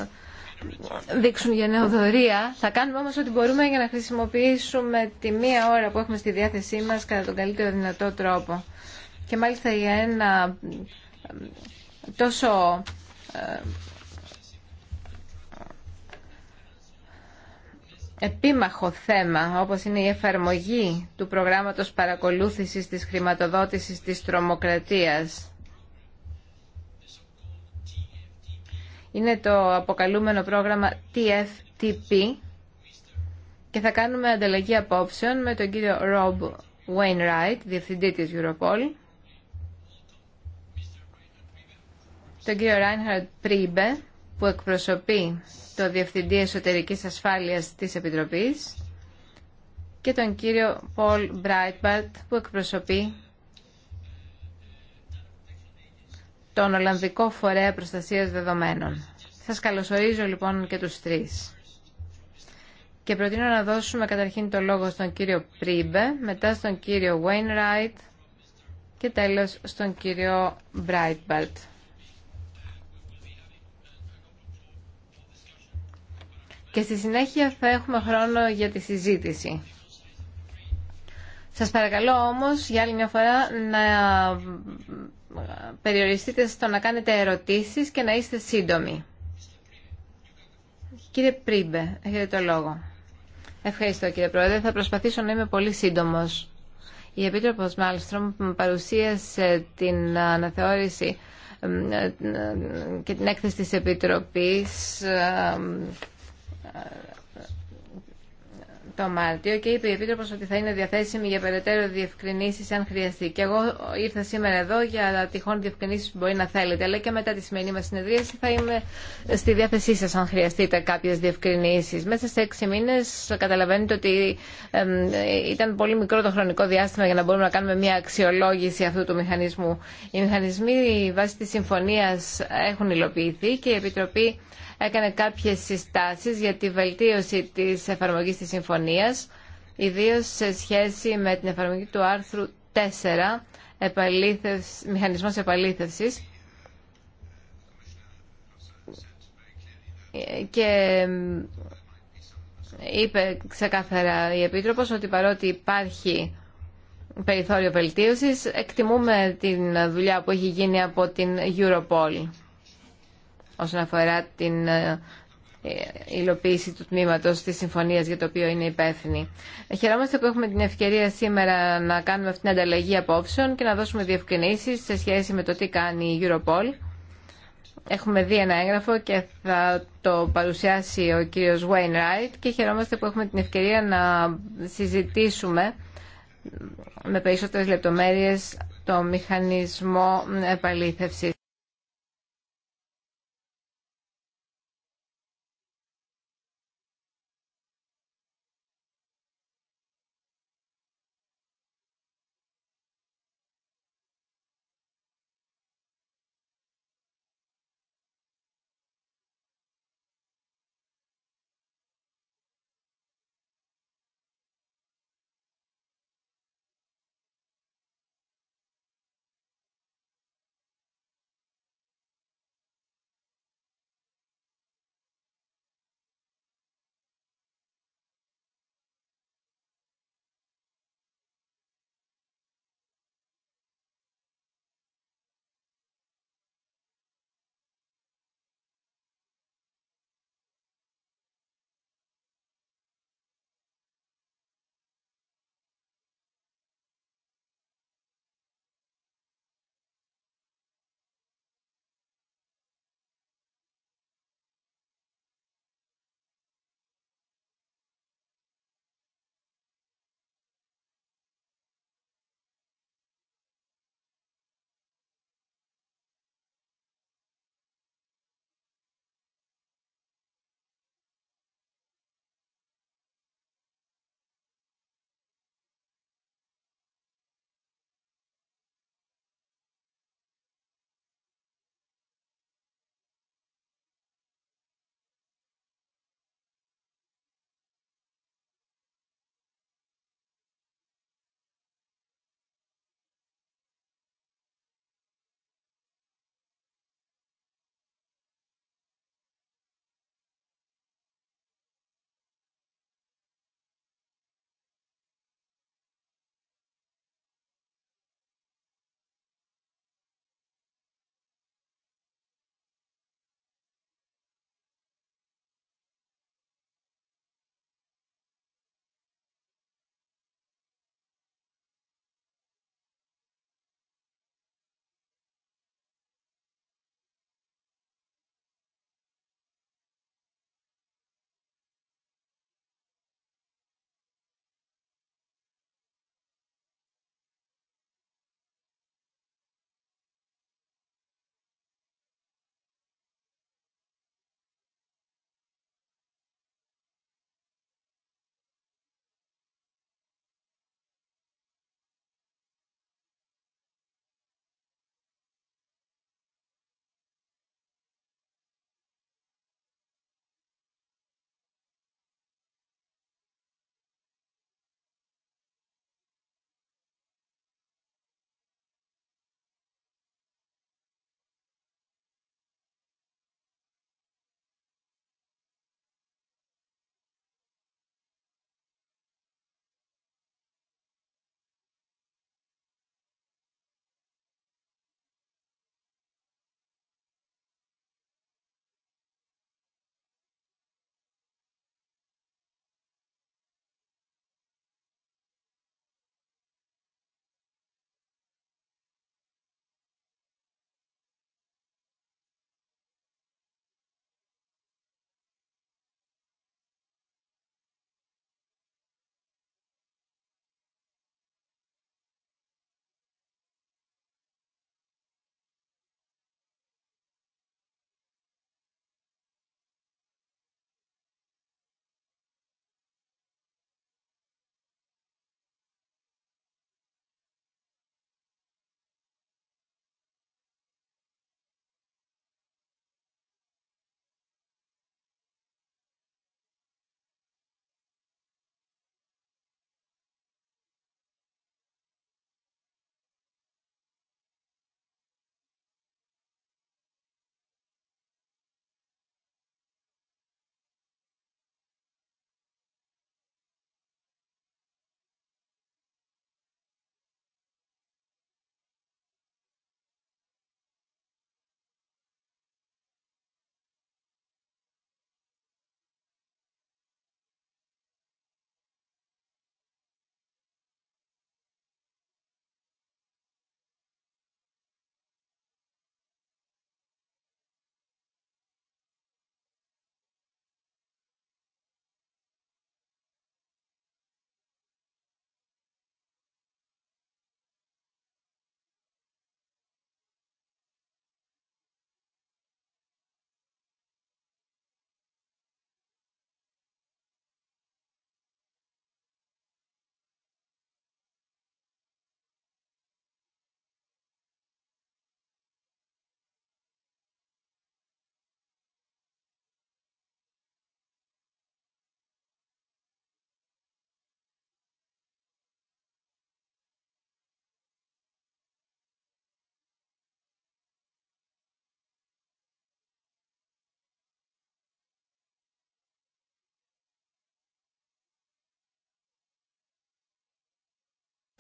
δείξουν γενναιοδορία. Θα κάνουμε όμως ό,τι μπορούμε για να χρησιμοποιήσουμε τη μία ώρα που έχουμε στη διάθεσή μας κατά τον καλύτερο δυνατό τρόπο. Και μάλιστα για ένα ε, τόσο επίμαχο θέμα όπως είναι η εφαρμογή του προγράμματος παρακολούθησης της χρηματοδότησης της τρομοκρατίας. Είναι το αποκαλούμενο πρόγραμμα TFTP και θα κάνουμε ανταλλαγή απόψεων με τον κύριο Rob Wainwright, διευθυντή της Europol τον κύριο Ράινχαρτ Πρίμπε που εκπροσωπεί το Διευθυντή Εσωτερικής Ασφάλειας της Επιτροπής και τον κύριο Πολ Μπράιτμπαρτ που εκπροσωπεί τον Ολλανδικό Φορέα Προστασίας Δεδομένων. Σας καλωσορίζω λοιπόν και τους τρεις. Και προτείνω να δώσουμε καταρχήν το λόγο στον κύριο Πρίμπε, μετά στον κύριο Βέινράιτ και τέλος στον κύριο Breitbart. και στη συνέχεια θα έχουμε χρόνο για τη συζήτηση. Σας παρακαλώ όμως για άλλη μια φορά να περιοριστείτε στο να κάνετε ερωτήσεις και να είστε σύντομοι. Κύριε Πρίμπε, έχετε το λόγο. Ευχαριστώ κύριε Πρόεδρε. Θα προσπαθήσω να είμαι πολύ σύντομος. Η Επίτροπος Μάλστρομ παρουσίασε την αναθεώρηση ε, ε, ε, και την έκθεση της Επιτροπής το Μάρτιο και είπε η Επίτροπο ότι θα είναι διαθέσιμη για περαιτέρω διευκρινήσει αν χρειαστεί. Και εγώ ήρθα σήμερα εδώ για τυχόν διευκρινήσει που μπορεί να θέλετε. Αλλά και μετά τη σημερινή μα συνεδρίαση θα είμαι στη διάθεσή σα αν χρειαστείτε κάποιε διευκρινήσει. Μέσα σε έξι μήνε καταλαβαίνετε ότι ήταν πολύ μικρό το χρονικό διάστημα για να μπορούμε να κάνουμε μια αξιολόγηση αυτού του μηχανισμού. Οι μηχανισμοί βάσει τη συμφωνία έχουν υλοποιηθεί και η Επιτροπή έκανε κάποιες συστάσεις για τη βελτίωση της εφαρμογής της συμφωνίας, ιδίως σε σχέση με την εφαρμογή του άρθρου 4, επαλήθευση, μηχανισμός επαλήθευσης, και είπε ξεκάθαρα η Επίτροπος ότι παρότι υπάρχει περιθώριο βελτίωσης εκτιμούμε την δουλειά που έχει γίνει από την Europol όσον αφορά την ε, υλοποίηση του τμήματο τη συμφωνία για το οποίο είναι υπεύθυνη. Ε, χαιρόμαστε που έχουμε την ευκαιρία σήμερα να κάνουμε αυτή την ανταλλαγή απόψεων και να δώσουμε διευκρινήσει σε σχέση με το τι κάνει η Europol. Έχουμε δει ένα έγγραφο και θα το παρουσιάσει ο κύριος Wright και χαιρόμαστε που έχουμε την ευκαιρία να συζητήσουμε με περισσότερες λεπτομέρειες το μηχανισμό επαλήθευσης.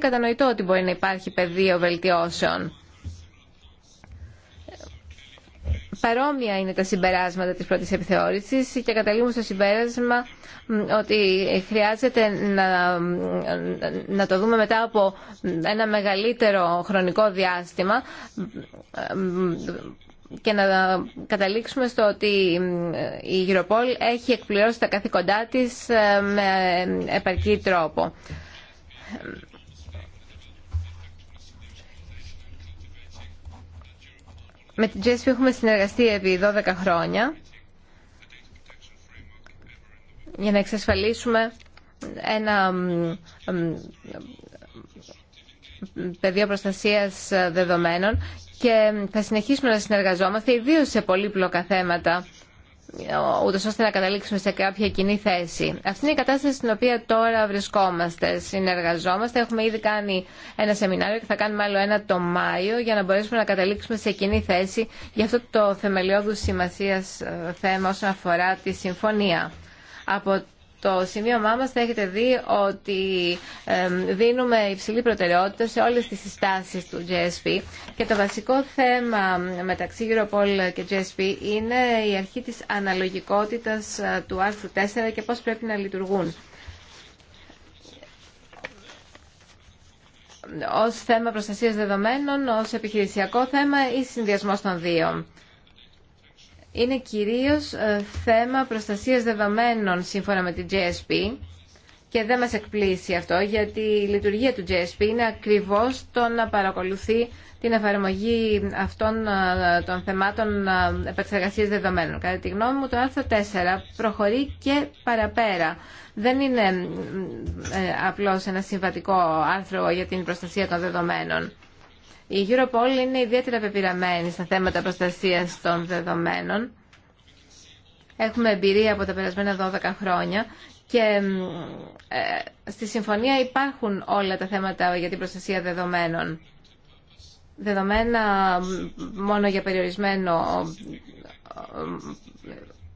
κατανοητό ότι μπορεί να υπάρχει πεδίο βελτιώσεων. Παρόμοια είναι τα συμπεράσματα της πρώτης επιθεώρησης και καταλήγουμε στο συμπέρασμα ότι χρειάζεται να, να το δούμε μετά από ένα μεγαλύτερο χρονικό διάστημα και να καταλήξουμε στο ότι η Europol έχει εκπληρώσει τα καθήκοντά της ε, με επαρκή τρόπο. Με την GSP έχουμε συνεργαστεί επί 12 χρόνια για να εξασφαλίσουμε ένα πεδίο προστασίας δεδομένων και θα συνεχίσουμε να συνεργαζόμαστε ιδίως σε πολύπλοκα θέματα ούτως ώστε να καταλήξουμε σε κάποια κοινή θέση. Αυτή είναι η κατάσταση στην οποία τώρα βρισκόμαστε. Συνεργαζόμαστε, έχουμε ήδη κάνει ένα σεμινάριο και θα κάνουμε άλλο ένα το Μάιο για να μπορέσουμε να καταλήξουμε σε κοινή θέση για αυτό το θεμελιώδους σημασίας ε, θέμα όσον αφορά τη συμφωνία. Από το σημείωμά μας θα έχετε δει ότι δίνουμε υψηλή προτεραιότητα σε όλες τις συστάσεις του GSP και το βασικό θέμα μεταξύ Europol και GSP είναι η αρχή της αναλογικότητας ε, του άρθρου 4 και πώς πρέπει να λειτουργούν. ως θέμα προστασίας δεδομένων, ως επιχειρησιακό θέμα ή συνδυασμός των δύο είναι κυρίως ε, θέμα προστασίας δεδομένων σύμφωνα με την GSP και δεν μας εκπλήσει αυτό γιατί η λειτουργία του GSP είναι ακριβώς το να παρακολουθεί την εφαρμογή αυτών ε, των θεμάτων ε, επεξεργασίας δεδομένων. Κατά τη γνώμη μου το άρθρο 4 προχωρεί και παραπέρα. Δεν είναι απλώς ένα συμβατικό άρθρο για την προστασία των δεδομένων. Η Europol είναι ιδιαίτερα πεπειραμένη στα θέματα προστασίας των δεδομένων. Έχουμε εμπειρία από τα περασμένα 12 χρόνια και ε, στη συμφωνία υπάρχουν όλα τα θέματα για την προστασία δεδομένων. Δεδομένα μόνο για περιορισμένο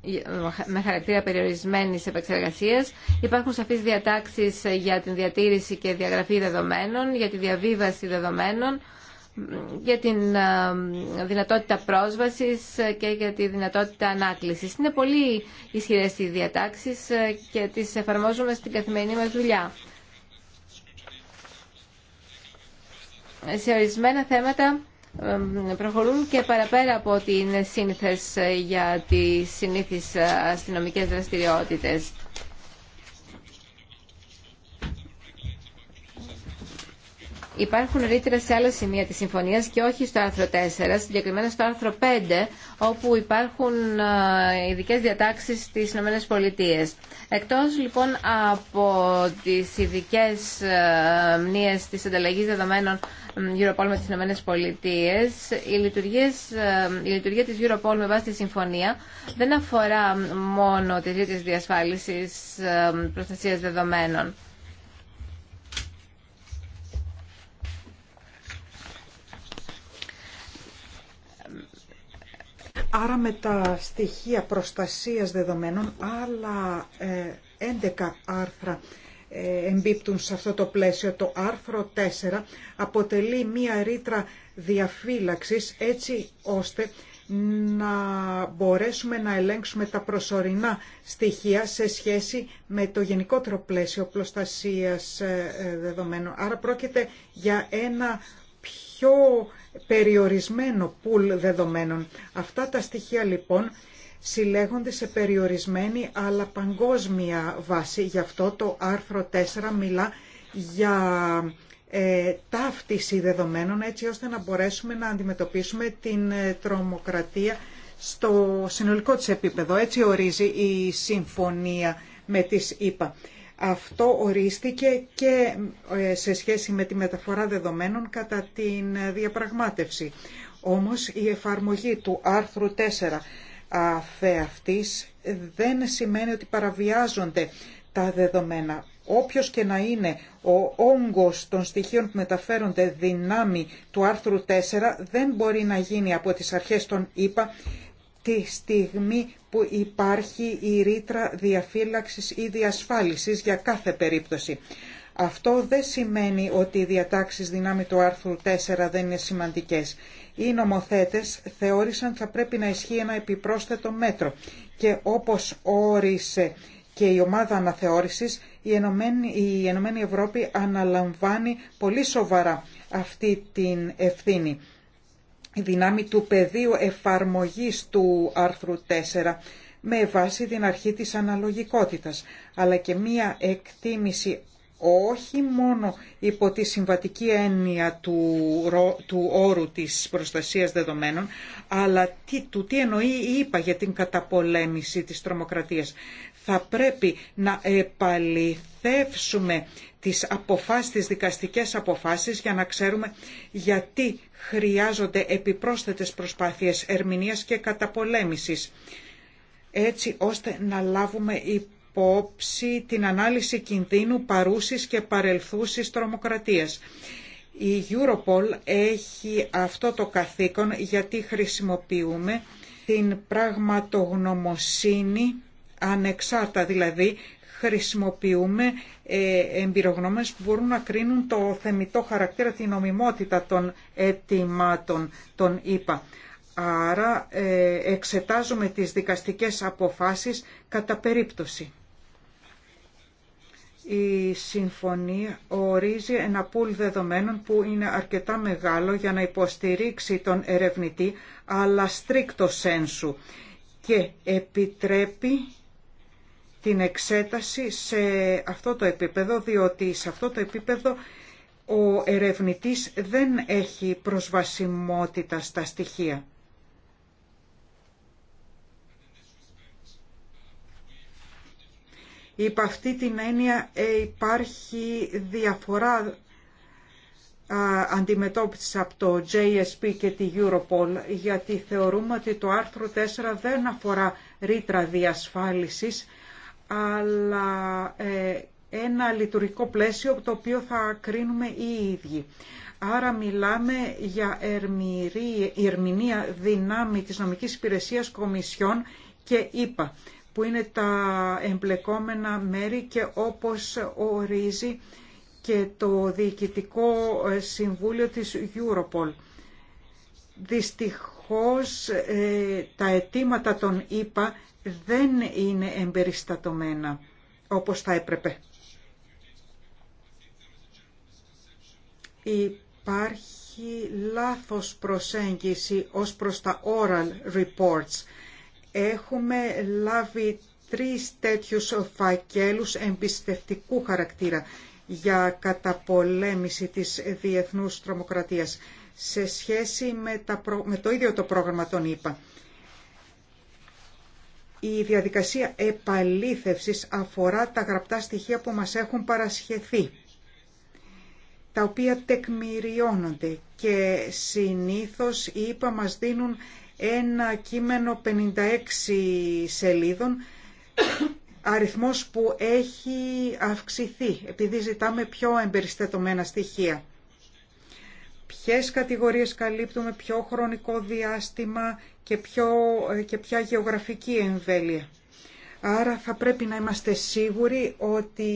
ε, με χαρακτήρα περιορισμένης επεξεργασίας. Υπάρχουν σαφείς διατάξεις για την διατήρηση και διαγραφή δεδομένων, για τη διαβίβαση δεδομένων για την ε, δυνατότητα πρόσβασης και για τη δυνατότητα ανάκλησης. Είναι πολύ ισχυρές οι διατάξεις ε, και τις εφαρμόζουμε στην καθημερινή μας δουλειά. Σε ορισμένα θέματα ε, προχωρούν και παραπέρα από ότι είναι σύνθεση για τις συνήθεις αστυνομικές δραστηριότητες. Υπάρχουν ρήτρε σε άλλα σημεία της συμφωνίας και όχι στο άρθρο 4, συγκεκριμένα στο άρθρο 5, όπου υπάρχουν ειδικέ διατάξεις στις ΗΠΑ. Εκτός λοιπόν από τις ειδικέ μνήες της ανταλλαγής δεδομένων Europol με τις ΗΠΑ, η, η λειτουργία της Europol με βάση τη συμφωνία δεν αφορά μόνο τις ρήτρες διασφάλισης προστασίας δεδομένων. Άρα με τα στοιχεία προστασίας δεδομένων άλλα 11 ε, άρθρα ε, εμπίπτουν σε αυτό το πλαίσιο. Το άρθρο 4 αποτελεί μία ρήτρα διαφύλαξης έτσι ώστε να μπορέσουμε να ελέγξουμε τα προσωρινά στοιχεία σε σχέση με το γενικότερο πλαίσιο προστασίας ε, δεδομένων. Άρα πρόκειται για ένα πιο περιορισμένο πουλ δεδομένων. Αυτά τα στοιχεία λοιπόν συλλέγονται σε περιορισμένη αλλά παγκόσμια βάση. Γι' αυτό το άρθρο 4 μιλά για ε, ταύτιση δεδομένων έτσι ώστε να μπορέσουμε να αντιμετωπίσουμε την ε, τρομοκρατία στο συνολικό της επίπεδο. Έτσι ορίζει η συμφωνία με τις ΗΠΑ. Αυτό ορίστηκε και ε, σε σχέση με τη μεταφορά δεδομένων κατά την διαπραγμάτευση. Όμως η εφαρμογή του άρθρου 4 αυτής δεν σημαίνει ότι παραβιάζονται τα δεδομένα. Όποιος και να είναι ο όγκος των στοιχείων που μεταφέρονται δυνάμει του άρθρου 4 δεν μπορεί να γίνει από τις αρχές των ΙΠΑ τη στιγμή που υπάρχει η ρήτρα διαφύλαξης ή διασφάλισης για κάθε περίπτωση. Αυτό δεν σημαίνει ότι οι διατάξεις δυνάμει του άρθρου 4 δεν είναι σημαντικές. Οι νομοθέτες θεώρησαν θα πρέπει να ισχύει ένα επιπρόσθετο μέτρο και όπως όρισε και η ομάδα αναθεώρησης, η Ενωμένη, η Ενωμένη Ευρώπη αναλαμβάνει πολύ σοβαρά αυτή την ευθύνη δυνάμει του πεδίου εφαρμογής του άρθρου 4 με βάση την αρχή της αναλογικότητας, αλλά και μία εκτίμηση όχι μόνο υπό τη συμβατική έννοια του, του όρου της προστασίας δεδομένων, αλλά τι, του τι εννοεί είπα για την καταπολέμηση της τρομοκρατίας. Θα πρέπει να επαληθεύσουμε τις αποφάσεις, τις δικαστικές αποφάσεις για να ξέρουμε γιατί χρειάζονται επιπρόσθετες προσπάθειες ερμηνείας και καταπολέμησης, έτσι ώστε να λάβουμε υπόψη την ανάλυση κινδύνου παρούσης και παρελθούσης τρομοκρατίας. Η Europol έχει αυτό το καθήκον γιατί χρησιμοποιούμε την πραγματογνωμοσύνη ανεξάρτητα δηλαδή χρησιμοποιούμε ε, εμπειρογνώμες που μπορούν να κρίνουν το θεμητό χαρακτήρα, την νομιμότητα των αιτημάτων των ΙΠΑ. Άρα ε, εξετάζουμε τις δικαστικές αποφάσεις κατά περίπτωση. Η συμφωνία ορίζει ένα πουλ δεδομένων που είναι αρκετά μεγάλο για να υποστηρίξει τον ερευνητή, αλλά στρίκτο σένσου και επιτρέπει την εξέταση σε αυτό το επίπεδο, διότι σε αυτό το επίπεδο ο ερευνητής δεν έχει προσβασιμότητα στα στοιχεία. Υπ' αυτή την έννοια ε, υπάρχει διαφορά αντιμετώπισης από το JSP και τη Europol γιατί θεωρούμε ότι το άρθρο 4 δεν αφορά ρήτρα διασφάλισης αλλά ε, ένα λειτουργικό πλαίσιο το οποίο θα κρίνουμε οι ίδιοι. Άρα μιλάμε για ερμηνεία δυνάμει της νομικής υπηρεσίας κομισιών και ΕΠΑ, που είναι τα εμπλεκόμενα μέρη και όπως ορίζει και το Διοικητικό ε, Συμβούλιο της Europol. Δυστυχώς ε, τα αιτήματα των ΕΠΑ δεν είναι εμπεριστατωμένα όπως θα έπρεπε. Υπάρχει λάθος προσέγγιση ως προς τα oral reports. Έχουμε λάβει τρεις τέτοιους φακέλους εμπιστευτικού χαρακτήρα για καταπολέμηση της διεθνούς τρομοκρατίας σε σχέση με, τα με το ίδιο το πρόγραμμα των ΗΠΑ η διαδικασία επαλήθευσης αφορά τα γραπτά στοιχεία που μας έχουν παρασχεθεί, τα οποία τεκμηριώνονται και συνήθως είπα, μας δίνουν ένα κείμενο 56 σελίδων, αριθμός που έχει αυξηθεί, επειδή ζητάμε πιο εμπεριστατωμένα στοιχεία. Ποιες κατηγορίες καλύπτουμε, ποιο χρονικό διάστημα και, πιο, ποια γεωγραφική εμβέλεια. Άρα θα πρέπει να είμαστε σίγουροι ότι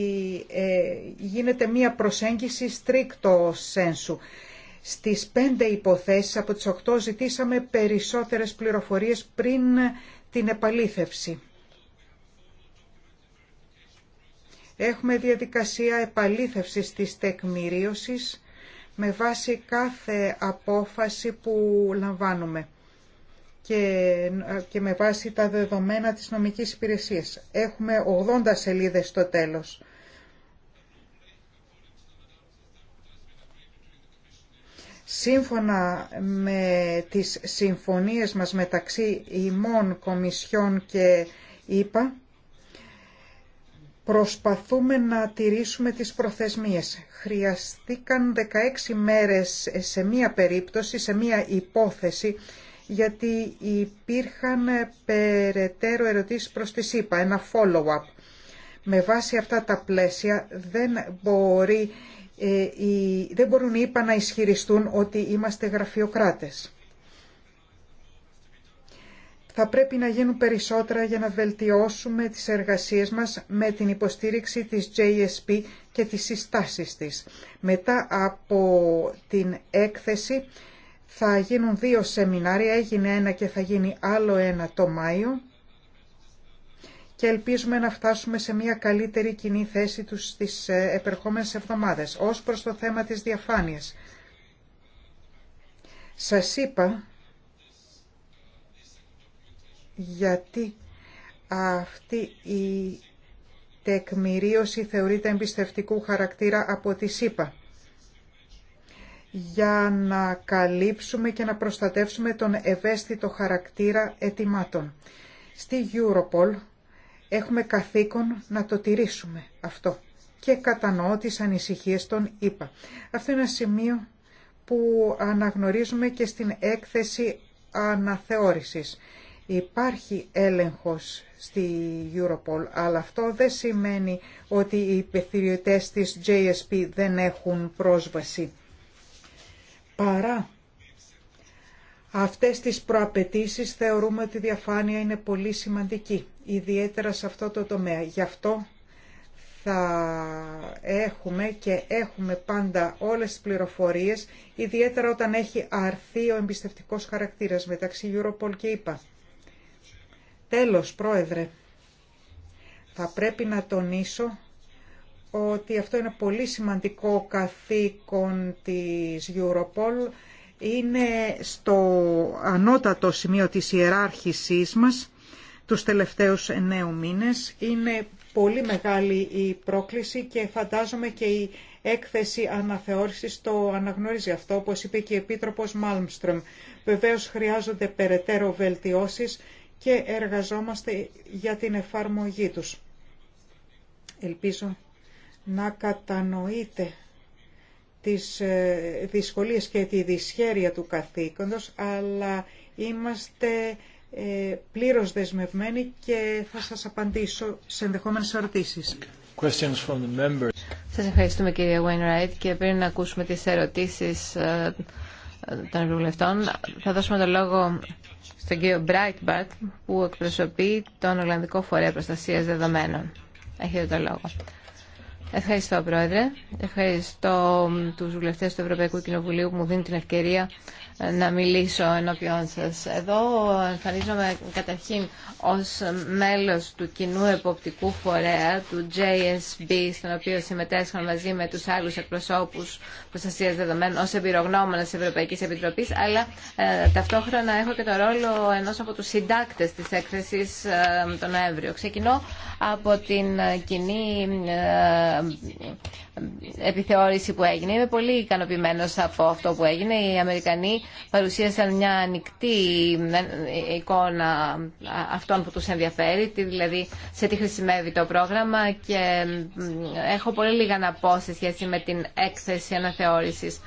ε, γίνεται μία προσέγγιση στρίκτο σένσου. Στις πέντε υποθέσεις από τις οκτώ ζητήσαμε περισσότερες πληροφορίες πριν την επαλήθευση. Έχουμε διαδικασία επαλήθευσης της τεκμηρίωσης με βάση κάθε απόφαση που λαμβάνουμε και, και με βάση τα δεδομένα της νομικής υπηρεσίας. Έχουμε 80 σελίδες στο τέλος. Σύμφωνα με τις συμφωνίες μας μεταξύ ημών, κομισιών και ΕΠΑ, προσπαθούμε να τηρήσουμε τις προθεσμίες. Χρειαστήκαν 16 μέρες σε μία περίπτωση, σε μία υπόθεση, γιατί υπήρχαν ε, περαιτέρω ερωτήσεις προς τη ΣΥΠΑ, ένα follow-up. Με βάση αυτά τα πλαίσια δεν, μπορεί, ε, δεν μπορούν οι ΥΠΑ να ισχυριστούν ότι είμαστε γραφειοκράτες. Θα πρέπει να γίνουν περισσότερα για να βελτιώσουμε τις εργασίες μας με την υποστήριξη της JSP και τις συστάσεις της. Μετά από την έκθεση θα γίνουν δύο σεμινάρια, έγινε ένα και θα γίνει άλλο ένα το Μάιο και ελπίζουμε να φτάσουμε σε μια καλύτερη κοινή θέση τους στις ε, επερχόμενες εβδομάδες. Ως προς το θέμα της διαφάνειας, σας είπα γιατί αυτή η τεκμηρίωση θεωρείται εμπιστευτικού χαρακτήρα από τη ΣΥΠΑ για να καλύψουμε και να προστατεύσουμε τον ευαίσθητο χαρακτήρα ετοιμάτων. Στη Europol έχουμε καθήκον να το τηρήσουμε αυτό και κατανοώ τις ανησυχίες των ΙΠΑ. Αυτό είναι ένα σημείο που αναγνωρίζουμε και στην έκθεση αναθεώρησης. Υπάρχει έλεγχος στη Europol, αλλά αυτό δεν σημαίνει ότι οι υπεθυριωτές της JSP δεν έχουν πρόσβαση παρά αυτές τις προαπαιτήσεις θεωρούμε ότι η διαφάνεια είναι πολύ σημαντική, ιδιαίτερα σε αυτό το τομέα. Γι' αυτό θα έχουμε και έχουμε πάντα όλες τις πληροφορίες, ιδιαίτερα όταν έχει αρθεί ο εμπιστευτικός χαρακτήρας μεταξύ Europol και ΕΠΑ. Τέλος, Πρόεδρε, θα πρέπει να τονίσω ότι αυτό είναι πολύ σημαντικό καθήκον της Europol. Είναι στο ανώτατο σημείο της ιεράρχησής μας τους τελευταίους εννέου μήνες. Είναι πολύ μεγάλη η πρόκληση και φαντάζομαι και η έκθεση αναθεώρησης το αναγνωρίζει αυτό, όπως είπε και η Επίτροπος Μάλμστρομ. Βεβαίως χρειάζονται περαιτέρω βελτιώσεις και εργαζόμαστε για την εφαρμογή τους. Ελπίζω να κατανοείτε τις ε, δυσκολίες και τη δυσχέρεια του καθήκοντος, αλλά είμαστε ε, πλήρως δεσμευμένοι και θα σας απαντήσω σε ενδεχόμενες ερωτήσεις. Σας ευχαριστούμε κύριε Wainwright και πριν να ακούσουμε τις ερωτήσεις ε, των ευρωβουλευτών θα δώσουμε το λόγο στον κύριο Breitbart που εκπροσωπεί τον Ολλανδικό Φορέα Προστασίας Δεδομένων. Έχετε το λόγο. Ευχαριστώ, Πρόεδρε. Ευχαριστώ τους βουλευτές του Ευρωπαϊκού Κοινοβουλίου που μου δίνουν την ευκαιρία ε, να μιλήσω ενώπιόν σας. Εδώ εμφανίζομαι καταρχήν ως μέλος του κοινού εποπτικού φορέα, του JSB, στον οποίο συμμετέσχαν μαζί με τους άλλους εκπροσώπους προστασία δεδομένων ως εμπειρογνώμονα της Ευρωπαϊκής Επιτροπής, αλλά ε, ταυτόχρονα έχω και το ρόλο ενός από τους συντάκτες της έκθεσης ε, τον Νοέμβριο. Ξεκινώ από την ε, κοινή ε, επιθεώρηση που έγινε. Είμαι πολύ ικανοποιημένο από αυτό που έγινε. Οι Αμερικανοί παρουσίασαν μια ανοιχτή εικόνα αυτών που τους ενδιαφέρει, δηλαδή σε τι χρησιμεύει το πρόγραμμα και έχω πολύ λίγα να πω σε σχέση με την έκθεση αναθεώρησης.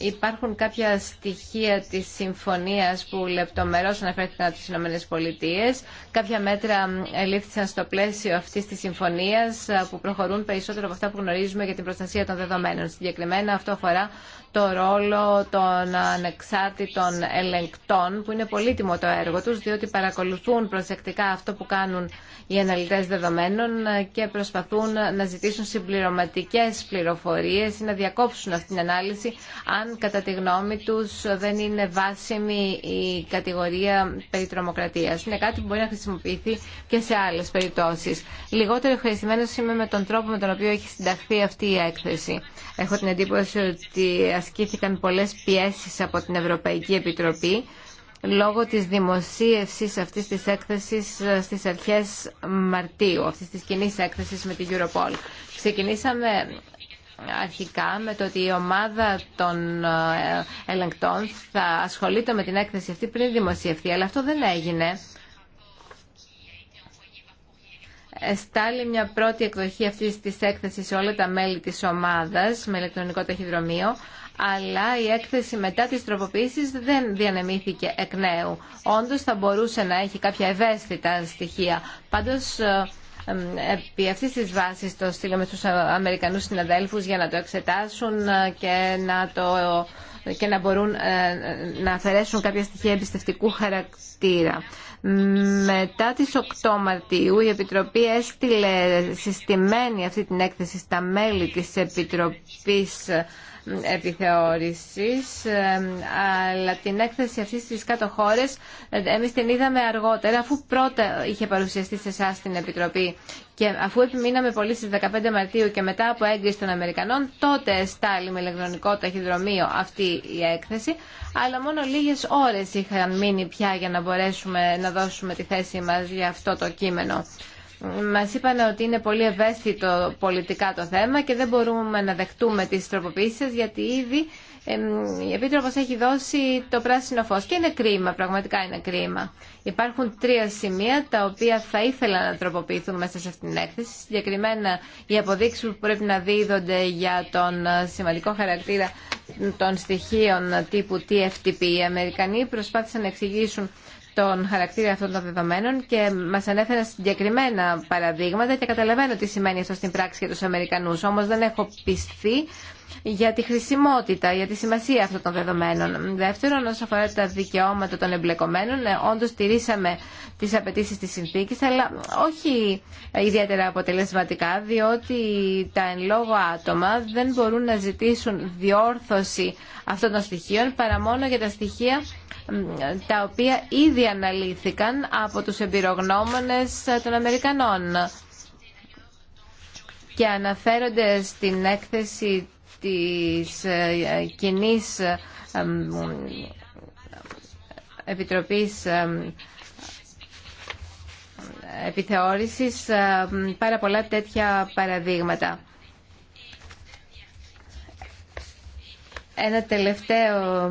Υπάρχουν κάποια στοιχεία της συμφωνίας που λεπτομερώς αναφέρθηκαν από τις Ηνωμένες Πολιτείες. Κάποια μέτρα ελήφθησαν στο πλαίσιο αυτής της συμφωνίας που προχωρούν περισσότερο από αυτά που γνωρίζουμε για την προστασία των δεδομένων. Συγκεκριμένα αυτό αφορά το ρόλο των ανεξάρτητων ελεγκτών που είναι πολύτιμο το έργο τους διότι παρακολουθούν προσεκτικά αυτό που κάνουν οι αναλυτές δεδομένων και προσπαθούν να ζητήσουν συμπληρωματικές πληροφορίες ή να διακόψουν αυτή την ανάλυση αν κατά τη γνώμη τους δεν είναι βάσιμη η κατηγορία περί τρομοκρατίας. Είναι κάτι που μπορεί να χρησιμοποιηθεί και σε άλλες περιπτώσεις. Λιγότερο ευχαριστημένος είμαι με τον τρόπο με τον οποίο έχει συνταχθεί αυτή η έκθεση. Έχω την εντύπωση ότι ασκήθηκαν πολλές πιέσεις από την Ευρωπαϊκή Επιτροπή λόγω της δημοσίευσης αυτής της έκθεσης ε, στις αρχές Μαρτίου, αυτής της κοινή έκθεσης με την Europol. Ξεκινήσαμε αρχικά με το ότι η ομάδα των ε, ελεγκτών θα ασχολείται με την έκθεση αυτή πριν δημοσιευθεί, αλλά αυτό δεν έγινε. Στάλει μια πρώτη εκδοχή αυτής της έκθεσης σε όλα τα μέλη της ομάδας με ηλεκτρονικό ταχυδρομείο αλλά η έκθεση μετά τις τροποποιήσεις δεν διανεμήθηκε εκ νέου. Όντως θα μπορούσε να έχει κάποια ευαίσθητα στοιχεία. Πάντως, ε, επί αυτής της βάσης το στείλαμε στους Αμερικανούς συναδέλφους για να το εξετάσουν ε, και να, το, και να μπορούν ε, να αφαιρέσουν κάποια στοιχεία εμπιστευτικού χαρακτήρα. Μετά τις 8 Μαρτίου η Επιτροπή έστειλε συστημένη αυτή την έκθεση στα μέλη της Επιτροπής επιθεώρησης αλλά την έκθεση αυτή στις κάτω χώρες ε, εμείς την είδαμε αργότερα αφού πρώτα είχε παρουσιαστεί σε εσά την Επιτροπή και αφού επιμείναμε πολύ στις 15 Μαρτίου και μετά από έγκριση των Αμερικανών τότε στάλει με ηλεκτρονικό ταχυδρομείο αυτή η έκθεση αλλά μόνο λίγες ώρες είχαν μείνει πια για να μπορέσουμε να δώσουμε τη θέση μας για αυτό το κείμενο. Μα είπαν ότι είναι πολύ ευαίσθητο πολιτικά το θέμα και δεν μπορούμε να δεχτούμε τις σα γιατί ήδη η Επίτροπος έχει δώσει το πράσινο φως και είναι κρίμα, πραγματικά είναι κρίμα. Υπάρχουν τρία σημεία τα οποία θα ήθελα να τροποποιηθούν μέσα σε αυτήν την έκθεση. Συγκεκριμένα οι αποδείξει που πρέπει να δίδονται για τον σημαντικό χαρακτήρα των στοιχείων τύπου TFTP. Οι Αμερικανοί προσπάθησαν να εξηγήσουν τον χαρακτήρα αυτών των δεδομένων και μα ανέφεραν συγκεκριμένα παραδείγματα και καταλαβαίνω τι σημαίνει αυτό στην πράξη για του Αμερικανού. Όμω δεν έχω πιστεί για τη χρησιμότητα, για τη σημασία αυτών των δεδομένων. Δεύτερον, όσον αφορά τα δικαιώματα των εμπλεκομένων, ε, όντω τηρήσαμε τι απαιτήσει τη συνθήκη, αλλά όχι ιδιαίτερα αποτελεσματικά, διότι τα εν λόγω άτομα δεν μπορούν να ζητήσουν διόρθωση αυτών των στοιχείων παρά μόνο για τα στοιχεία τα οποία ήδη αναλύθηκαν από τους εμπειρογνώμονες των Αμερικανών και αναφέρονται στην έκθεση της ε, κοινή ε, Επιτροπής ε, Επιθεώρησης πάρα πολλά τέτοια παραδείγματα. Ένα τελευταίο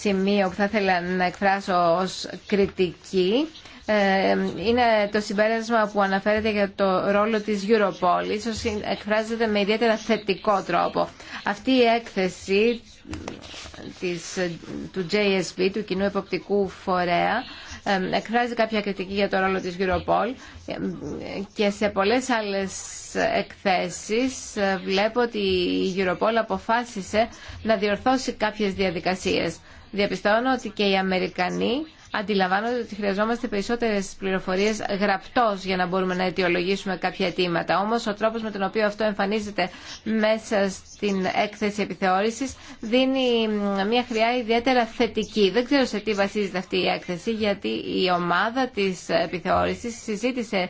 σημείο που θα ήθελα να εκφράσω ως κριτική ε, είναι το συμπέρασμα που αναφέρεται για το ρόλο της Europol. Ίσως εκφράζεται με ιδιαίτερα θετικό τρόπο. Αυτή η έκθεση της, του JSB, του Κοινού Εποπτικού Φορέα, ε, εκφράζει κάποια κριτική για το ρόλο της Europol ε, και σε πολλές άλλες εκθέσεις βλέπω ότι η Europol αποφάσισε να διορθώσει κάποιες διαδικασίες. Διαπιστώνω ότι και οι Αμερικανοί αντιλαμβάνονται ότι χρειαζόμαστε περισσότερε πληροφορίε γραπτώ για να μπορούμε να αιτιολογήσουμε κάποια αιτήματα. Όμω ο τρόπο με τον οποίο αυτό εμφανίζεται μέσα στην έκθεση επιθεώρηση δίνει μια χρειά ιδιαίτερα θετική. Δεν ξέρω σε τι βασίζεται αυτή η έκθεση, γιατί η ομάδα τη επιθεώρηση συζήτησε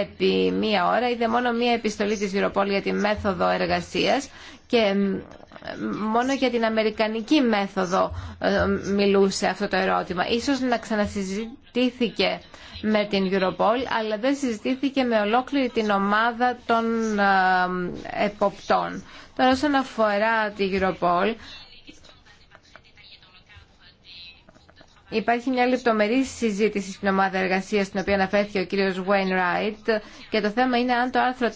επί μία ώρα, είδε μόνο μία επιστολή τη Γυροπόλ για τη μέθοδο εργασία και μόνο για την αμερικανική μέθοδο ε, μιλούσε αυτό το ερώτημα. Ίσως να ξανασυζητήθηκε με την Europol, αλλά δεν συζητήθηκε με ολόκληρη την ομάδα των ε, εποπτών. Τώρα όσον αφορά την Europol, Υπάρχει μια λεπτομερή συζήτηση στην ομάδα εργασία στην οποία αναφέρθηκε ο κύριος Ράιτ και το θέμα είναι αν το άρθρο 4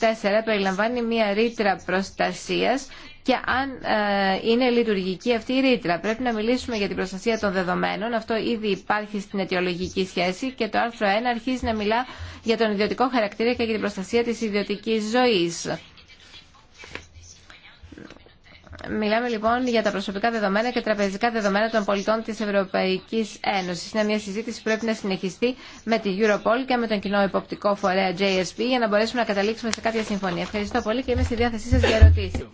περιλαμβάνει μια ρήτρα προστασίας και αν ε, είναι λειτουργική αυτή η ρήτρα. Πρέπει να μιλήσουμε για την προστασία των δεδομένων. Αυτό ήδη υπάρχει στην αιτιολογική σχέση και το άρθρο 1 αρχίζει να μιλά για τον ιδιωτικό χαρακτήρα και για την προστασία της ιδιωτικής ζωής. Μιλάμε λοιπόν για τα προσωπικά δεδομένα και τραπεζικά δεδομένα των πολιτών τη Ευρωπαϊκή Ένωση. Είναι μια συζήτηση που πρέπει να συνεχιστεί με τη Europol και με τον κοινό υποπτικό φορέα JSP για να μπορέσουμε να καταλήξουμε σε κάποια συμφωνία. Ευχαριστώ πολύ και είμαι στη διάθεσή σα για ερωτήσει.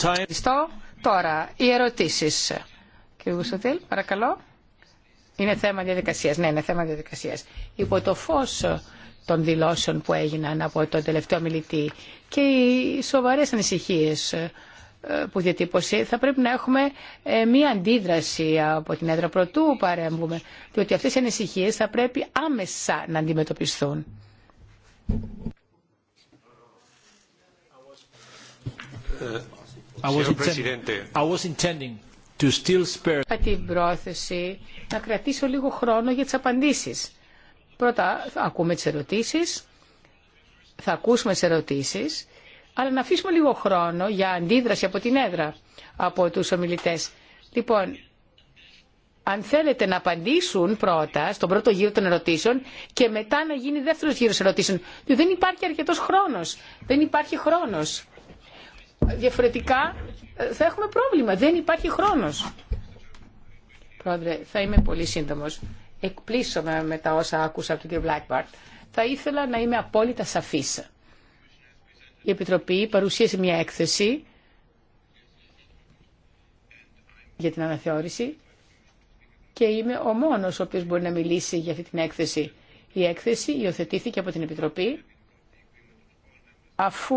Ευχαριστώ. Τώρα, οι ερωτήσει. Κύριε Γουσοτήλ, παρακαλώ. Είναι θέμα διαδικασία. Ναι, είναι θέμα διαδικασία. Υπό το φω των δηλώσεων που έγιναν από τον τελευταίο μιλητή και οι σοβαρές ανησυχίες ε, που διατύπωσε, θα πρέπει να έχουμε ε, μία αντίδραση από την έδρα πρωτού παρέμβουμε, ότι αυτές οι ανησυχίες θα πρέπει άμεσα να αντιμετωπιστούν. Ε, Είχα την πρόθεση να κρατήσω λίγο χρόνο για τις απαντήσεις. Πρώτα ακούμε τις ερωτήσεις, θα ακούσουμε τις ερωτήσεις αλλά να αφήσουμε λίγο χρόνο για αντίδραση από την έδρα, από τους ομιλητές. Λοιπόν, αν θέλετε να απαντήσουν πρώτα στον πρώτο γύρο των ερωτήσεων και μετά να γίνει δεύτερος γύρος ερωτήσεων. διότι Δεν υπάρχει αρκετός χρόνος. Δεν υπάρχει χρόνος. Διαφορετικά ε, θα έχουμε πρόβλημα. Δεν υπάρχει χρόνος. Πρόεδρε, θα είμαι πολύ σύντομος. Εκπλήσω με τα όσα άκουσα από τον κ. Blackbart. Θα ήθελα να είμαι απόλυτα σαφής η Επιτροπή παρουσίασε μια έκθεση για την αναθεώρηση και είμαι ο μόνος ο οποίος μπορεί να μιλήσει για αυτή την έκθεση. Η έκθεση υιοθετήθηκε από την Επιτροπή αφού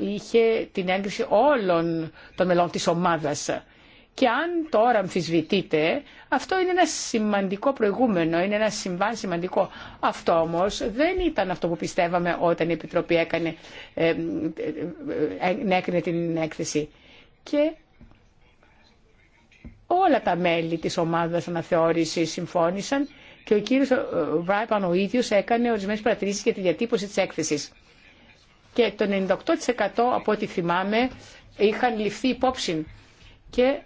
είχε την έγκριση όλων των μελών της ομάδας. Και αν τώρα αμφισβητείτε, αυτό είναι ένα σημαντικό προηγούμενο, είναι ένα συμβάν σημαντικό. Αυτό όμως δεν ήταν αυτό που πιστεύαμε όταν η Επιτροπή έκανε, ε, ε, ε, την έκθεση. Και όλα τα μέλη της ομάδας αναθεώρησης συμφώνησαν και ο κύριος Βράιπαν ο ίδιος έκανε ορισμένες παρατηρήσεις για τη διατύπωση της έκθεσης. Και το 98% από ό,τι θυμάμαι είχαν ληφθεί υπόψη. Και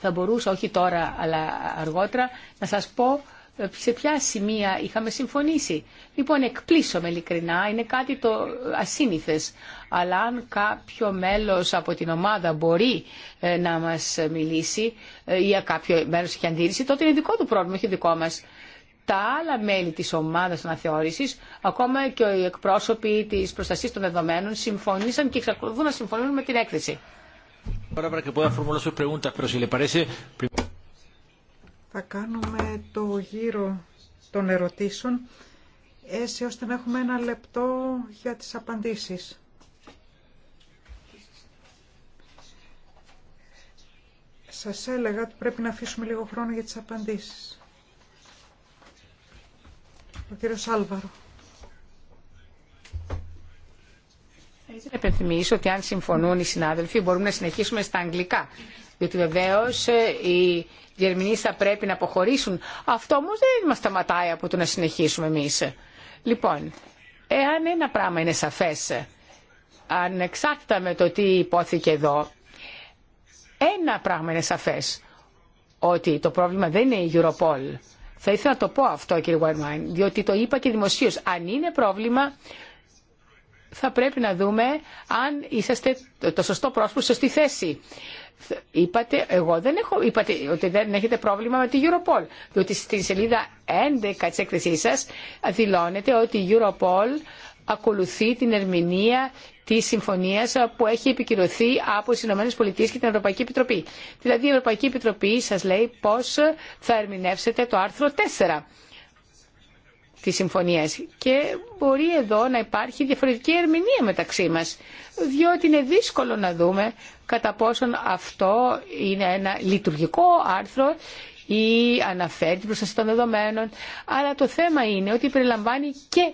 θα μπορούσα όχι τώρα αλλά αργότερα να σας πω ε, σε ποια σημεία είχαμε συμφωνήσει. Λοιπόν, εκπλήσω με ειλικρινά, είναι κάτι το ε, ασύνηθες. Αλλά αν κάποιο μέλος από την ομάδα μπορεί ε, να μας μιλήσει ή κάποιο μέλος έχει αντίρρηση, τότε είναι δικό του πρόβλημα, όχι δικό μας. Τα άλλα μέλη της ομάδας αναθεώρησης, ακόμα και οι εκπρόσωποι της προστασίας των δεδομένων, συμφωνήσαν και εξακολουθούν να συμφωνούν με την έκθεση. Θα κάνουμε το γύρο των ερωτήσεων έτσι ώστε να έχουμε ένα λεπτό για τις απαντήσεις. Σας έλεγα ότι πρέπει να αφήσουμε λίγο χρόνο για τις απαντήσεις. Ο κύριος Άλβαρο. Θα ήθελα να ότι αν συμφωνούν οι συνάδελφοι μπορούμε να συνεχίσουμε στα αγγλικά. Διότι βεβαίω ε, οι Γερμανοί θα πρέπει να αποχωρήσουν. Αυτό όμω δεν μα σταματάει από το να συνεχίσουμε εμεί. Λοιπόν, εάν ένα πράγμα είναι σαφέ, ανεξάρτητα με το τι υπόθηκε εδώ, ένα πράγμα είναι σαφέ. Ότι το πρόβλημα δεν είναι η Europol. Θα ήθελα να το πω αυτό, κύριε Γουαρμάιν, διότι το είπα και δημοσίω. Αν είναι πρόβλημα, θα πρέπει να δούμε αν είσαστε το σωστό πρόσωπο, σωστή θέση. Είπατε, εγώ δεν έχω, είπατε ότι δεν έχετε πρόβλημα με τη Europol, διότι στη σελίδα 11 της έκθεσής σας δηλώνεται ότι η Europol ακολουθεί την ερμηνεία τη συμφωνία που έχει επικυρωθεί από τι ΗΠΑ και την Ευρωπαϊκή Επιτροπή. Δηλαδή η Ευρωπαϊκή Επιτροπή σα λέει πώ θα ερμηνεύσετε το άρθρο 4 τις συμφωνίες και μπορεί εδώ να υπάρχει διαφορετική ερμηνεία μεταξύ μας διότι είναι δύσκολο να δούμε κατά πόσον αυτό είναι ένα λειτουργικό άρθρο ή αναφέρει την προστασία των δεδομένων αλλά το θέμα είναι ότι περιλαμβάνει και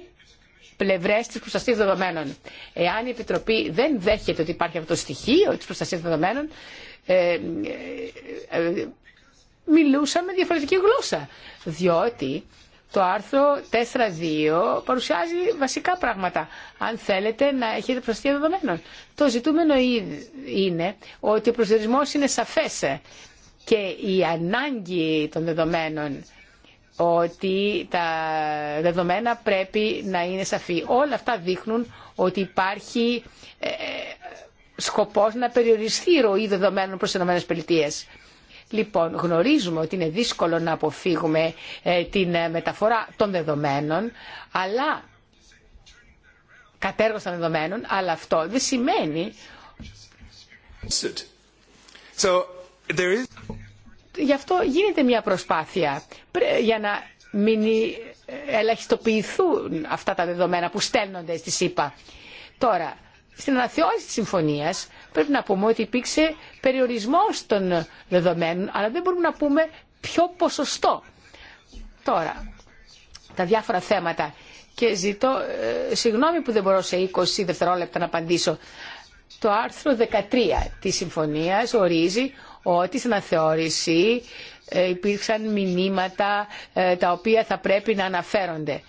πλευρέ τη προστασία δεδομένων. Εάν η Επιτροπή δεν δέχεται ότι υπάρχει αυτό το στοιχείο τη προστασία δεδομένων, ε, ε, ε, μιλούσαμε διαφορετική γλώσσα. Διότι το άρθρο 4.2 παρουσιάζει βασικά πράγματα. Αν θέλετε να έχετε προστασία δεδομένων. Το ζητούμενο είναι ότι ο προσδιορισμός είναι σαφές και η ανάγκη των δεδομένων ότι τα δεδομένα πρέπει να είναι σαφή. Όλα αυτά δείχνουν ότι υπάρχει ε, ε, σκοπός να περιοριστεί η ροή δεδομένων προς τις Λοιπόν, γνωρίζουμε ότι είναι δύσκολο να αποφύγουμε ε, την ε, μεταφορά των δεδομένων, αλλά κατέργωση των δεδομένων, αλλά αυτό δεν σημαίνει Γι' αυτό γίνεται μια προσπάθεια για να μην ε, ελαχιστοποιηθούν αυτά τα δεδομένα που στέλνονται στη ΣΥΠΑ. Τώρα, στην αναθεώρηση της συμφωνίας πρέπει να πούμε ότι υπήρξε περιορισμός των δεδομένων, αλλά δεν μπορούμε να πούμε ποιο ποσοστό. Τώρα, τα διάφορα θέματα και ζητώ ε, συγγνώμη που δεν μπορώ σε 20 δευτερόλεπτα να απαντήσω. Το άρθρο 13 της συμφωνίας ορίζει ότι στην αναθεώρηση ε, υπήρξαν μηνύματα ε, τα οποία θα πρέπει να αναφέρονται.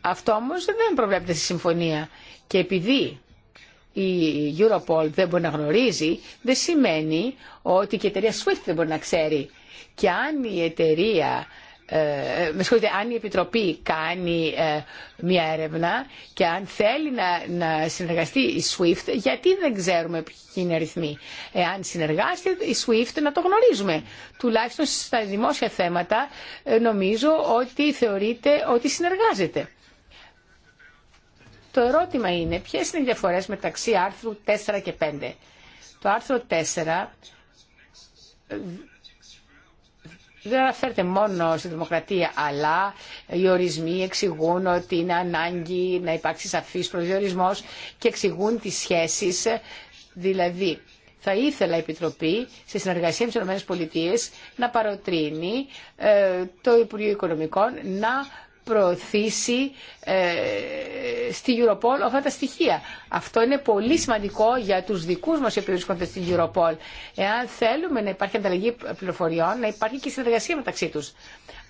Αυτό όμως δεν προβλέπεται στη συμφωνία. Και επειδή η Europol δεν μπορεί να γνωρίζει, δεν σημαίνει ότι και η εταιρεία SWIFT δεν μπορεί να ξέρει. Και αν η εταιρεία, ε, ε με σχόλια, αν η Επιτροπή κάνει ε, μια έρευνα και αν θέλει να, να συνεργαστεί η SWIFT, γιατί δεν ξέρουμε ποιοι είναι οι αριθμοί. Εάν συνεργάζεται η SWIFT να το γνωρίζουμε. Τουλάχιστον στα δημόσια θέματα ε, νομίζω ότι θεωρείται ότι συνεργάζεται. Το ερώτημα είναι ποιες είναι οι διαφορές μεταξύ άρθρου 4 και 5. Το άρθρο 4 ε, δεν αναφέρεται μόνο στη δημοκρατία, αλλά οι ορισμοί εξηγούν ότι είναι ανάγκη να υπάρξει σαφής προσδιορισμός και εξηγούν τις σχέσεις. Δηλαδή, θα ήθελα η Επιτροπή, σε συνεργασία με τις ΗΠΑ, να παροτρύνει ε, το Υπουργείο Οικονομικών να προωθήσει ε, στη Europol αυτά τα στοιχεία. Αυτό είναι πολύ σημαντικό για τους δικούς μας οι στην Europol. Εάν θέλουμε να υπάρχει ανταλλαγή πληροφοριών, να υπάρχει και συνεργασία μεταξύ τους.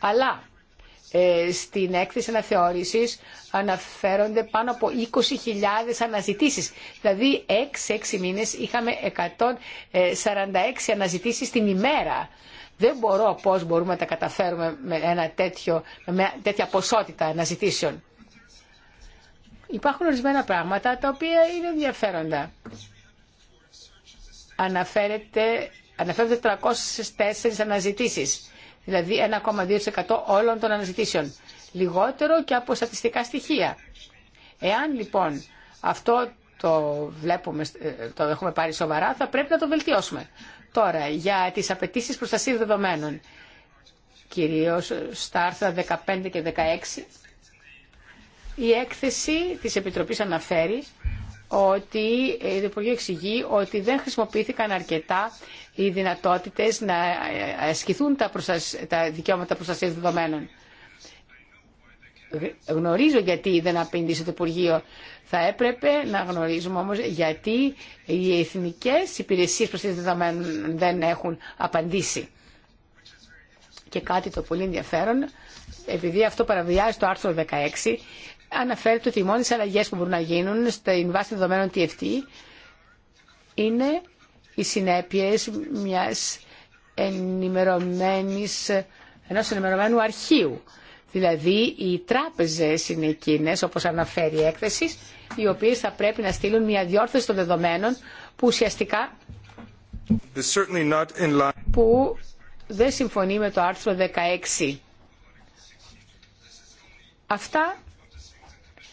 Αλλά ε, στην έκθεση αναθεώρησης αναφέρονται πάνω από 20.000 αναζητήσεις. Δηλαδή 6-6 μήνες είχαμε 146 ε, αναζητήσεις την ημέρα. Δεν μπορώ πώς μπορούμε να τα καταφέρουμε με, ένα τέτοιο, με μια τέτοια ποσότητα αναζητήσεων. Υπάρχουν ορισμένα πράγματα τα οποία είναι ενδιαφέροντα. Αναφέρεται, αναφέρονται 304 αναζητήσεις, δηλαδή 1,2% όλων των αναζητήσεων. Λιγότερο και από στατιστικά στοιχεία. Εάν λοιπόν αυτό το βλέπουμε, ε, το έχουμε πάρει σοβαρά, θα πρέπει να το βελτιώσουμε. Τώρα, για τις απαιτήσει προστασίας δεδομένων, κυρίως στα άρθρα 15 και 16, η έκθεση της Επιτροπής αναφέρει ότι η ε, Υπουργείο εξηγεί ότι δεν χρησιμοποιήθηκαν αρκετά οι δυνατότητες να ε, ασκηθούν τα, δικαιώματα προστασίας δεδομένων γνωρίζω γιατί δεν απήντησε το Υπουργείο. Θα έπρεπε να γνωρίζουμε όμως γιατί οι εθνικές υπηρεσίες προστασίας δεδομένων δεν έχουν απαντήσει. Και κάτι το πολύ ενδιαφέρον, επειδή αυτό παραβιάζει το άρθρο 16, αναφέρεται ότι οι μόνες αλλαγές που μπορούν να γίνουν στην βάση δεδομένων TFT είναι οι συνέπειες μιας ενημερωμένης, ενός ενημερωμένου αρχείου Δηλαδή οι τράπεζες είναι εκείνες, όπως αναφέρει η έκθεση, οι οποίες θα πρέπει να στείλουν μια διόρθωση των δεδομένων που ουσιαστικά που δεν συμφωνεί με το άρθρο 16. Αυτά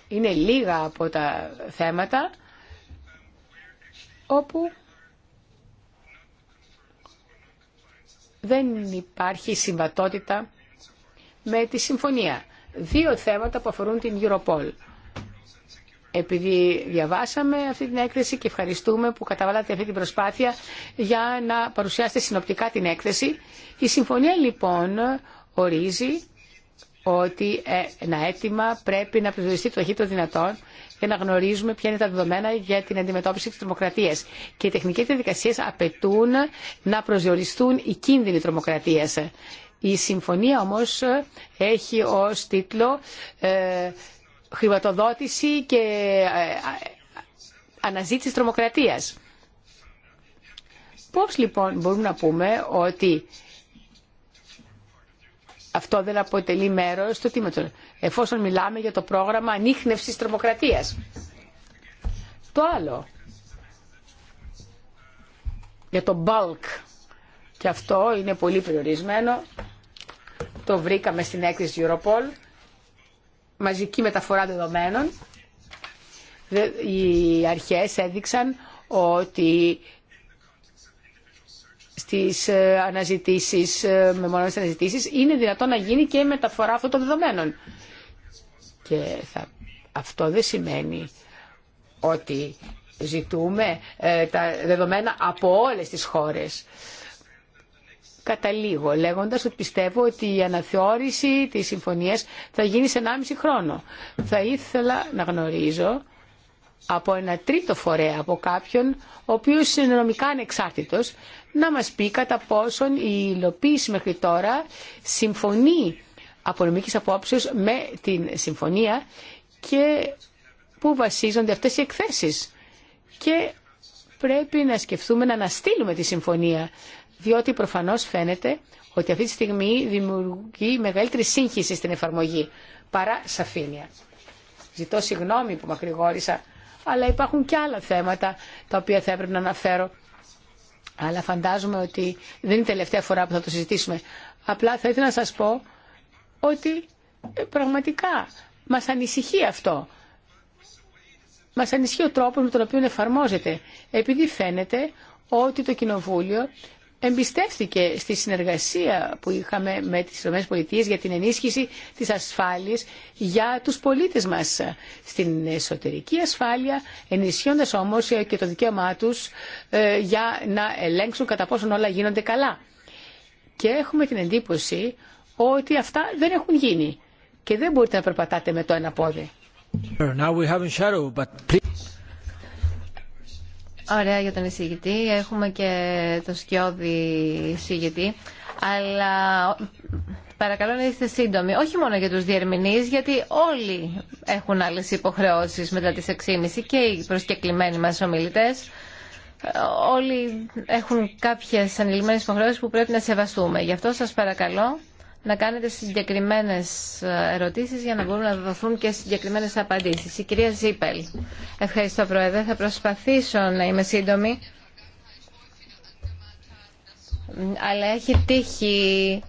είναι λίγα από τα θέματα όπου δεν υπάρχει συμβατότητα με τη συμφωνία. Δύο θέματα που αφορούν την Europol. Επειδή διαβάσαμε αυτή την έκθεση και ευχαριστούμε που καταβάλατε αυτή την προσπάθεια για να παρουσιάσετε συνοπτικά την έκθεση. Η συμφωνία λοιπόν ορίζει ότι ε, ένα αίτημα πρέπει να προσδιοριστεί το ταχύτερο δυνατόν για να γνωρίζουμε ποια είναι τα δεδομένα για την αντιμετώπιση της τρομοκρατίας. Και οι τεχνικές διαδικασίες απαιτούν να προσδιοριστούν οι κίνδυνοι τρομοκρατίας. Η συμφωνία όμως έχει ως τίτλο ε, χρηματοδότηση και ε, αναζήτηση τρομοκρατίας. Πώς λοιπόν μπορούμε να πούμε ότι αυτό δεν αποτελεί μέρος του τίματος, εφόσον μιλάμε για το πρόγραμμα ανείχνευσης τρομοκρατίας. Το άλλο, για το bulk, και αυτό είναι πολύ περιορισμένο το βρήκαμε στην έκθεση Europol, μαζική μεταφορά δεδομένων. Οι αρχές έδειξαν ότι στις ε, αναζητήσεις, στις ε, αναζητήσεις, είναι δυνατόν να γίνει και η μεταφορά αυτών των δεδομένων. Και θα, αυτό δεν σημαίνει ότι ζητούμε ε, τα δεδομένα από όλες τις χώρες καταλήγω λέγοντας ότι πιστεύω ότι η αναθεώρηση της συμφωνίας θα γίνει σε 1,5 χρόνο. Θα ήθελα να γνωρίζω από ένα τρίτο φορέα, από κάποιον ο οποίος είναι νομικά ανεξάρτητος, να μας πει κατά πόσον η υλοποίηση μέχρι τώρα συμφωνεί από νομικής απόψεως με την συμφωνία και πού βασίζονται αυτές οι εκθέσεις. Και πρέπει να σκεφτούμε να αναστείλουμε τη συμφωνία διότι προφανώς φαίνεται ότι αυτή τη στιγμή δημιουργεί μεγαλύτερη σύγχυση στην εφαρμογή παρά σαφήνεια. Ζητώ συγγνώμη που μακρηγόρησα, αλλά υπάρχουν και άλλα θέματα τα οποία θα έπρεπε να αναφέρω. Αλλά φαντάζομαι ότι δεν είναι η τελευταία φορά που θα το συζητήσουμε. Απλά θα ήθελα να σας πω ότι ε, πραγματικά μας ανησυχεί αυτό. Μας ανησυχεί ο τρόπος με τον οποίο εφαρμόζεται. Επειδή φαίνεται ότι το Κοινοβούλιο εμπιστεύθηκε στη συνεργασία που είχαμε με τις ΗΠΑ για την ενίσχυση της ασφάλειας για τους πολίτες μας στην εσωτερική ασφάλεια, ενισχύοντας όμως και το δικαίωμά τους ε, για να ελέγξουν κατά πόσον όλα γίνονται καλά. Και έχουμε την εντύπωση ότι αυτά δεν έχουν γίνει και δεν μπορείτε να περπατάτε με το ένα πόδι. Ωραία για τον εισηγητή. Έχουμε και το σκιώδη εισηγητή. Αλλά παρακαλώ να είστε σύντομοι. Όχι μόνο για τους διερμηνείς, γιατί όλοι έχουν άλλες υποχρεώσεις μετά τις 6.30 και οι προσκεκλημένοι μας ομιλητές. Όλοι έχουν κάποιες ανηλυμένες υποχρεώσεις που πρέπει να σεβαστούμε. Γι' αυτό σας παρακαλώ να κάνετε συγκεκριμένες ε, ερωτήσεις για να μπορούν να δοθούν και συγκεκριμένες απαντήσεις. Η κυρία Ζίπελ. Ευχαριστώ Πρόεδρε. Θα προσπαθήσω να είμαι σύντομη. Αλλά έχει τύχει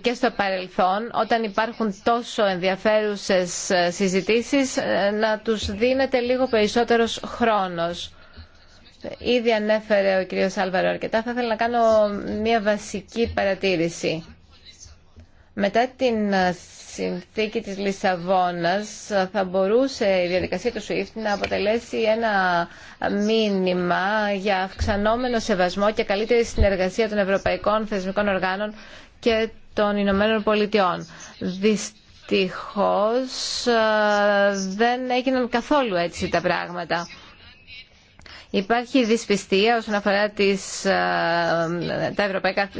και στο παρελθόν όταν υπάρχουν τόσο ενδιαφέρουσες ε, συζητήσεις ε, να τους δίνεται λίγο περισσότερος χρόνος. Ήδη ανέφερε ο κύριος Άλβαρο αρκετά. Θα ήθελα να κάνω μια βασική παρατήρηση. Μετά την συνθήκη της Λισαβόνας θα μπορούσε η διαδικασία του SWIFT να αποτελέσει ένα μήνυμα για αυξανόμενο σεβασμό και καλύτερη συνεργασία των ευρωπαϊκών θεσμικών οργάνων και των Ηνωμένων Πολιτειών. Δυστυχώς ε, δεν έγιναν καθόλου έτσι τα πράγματα. Υπάρχει δυσπιστία όσον αφορά τις, ε, τα ευρωπαϊκά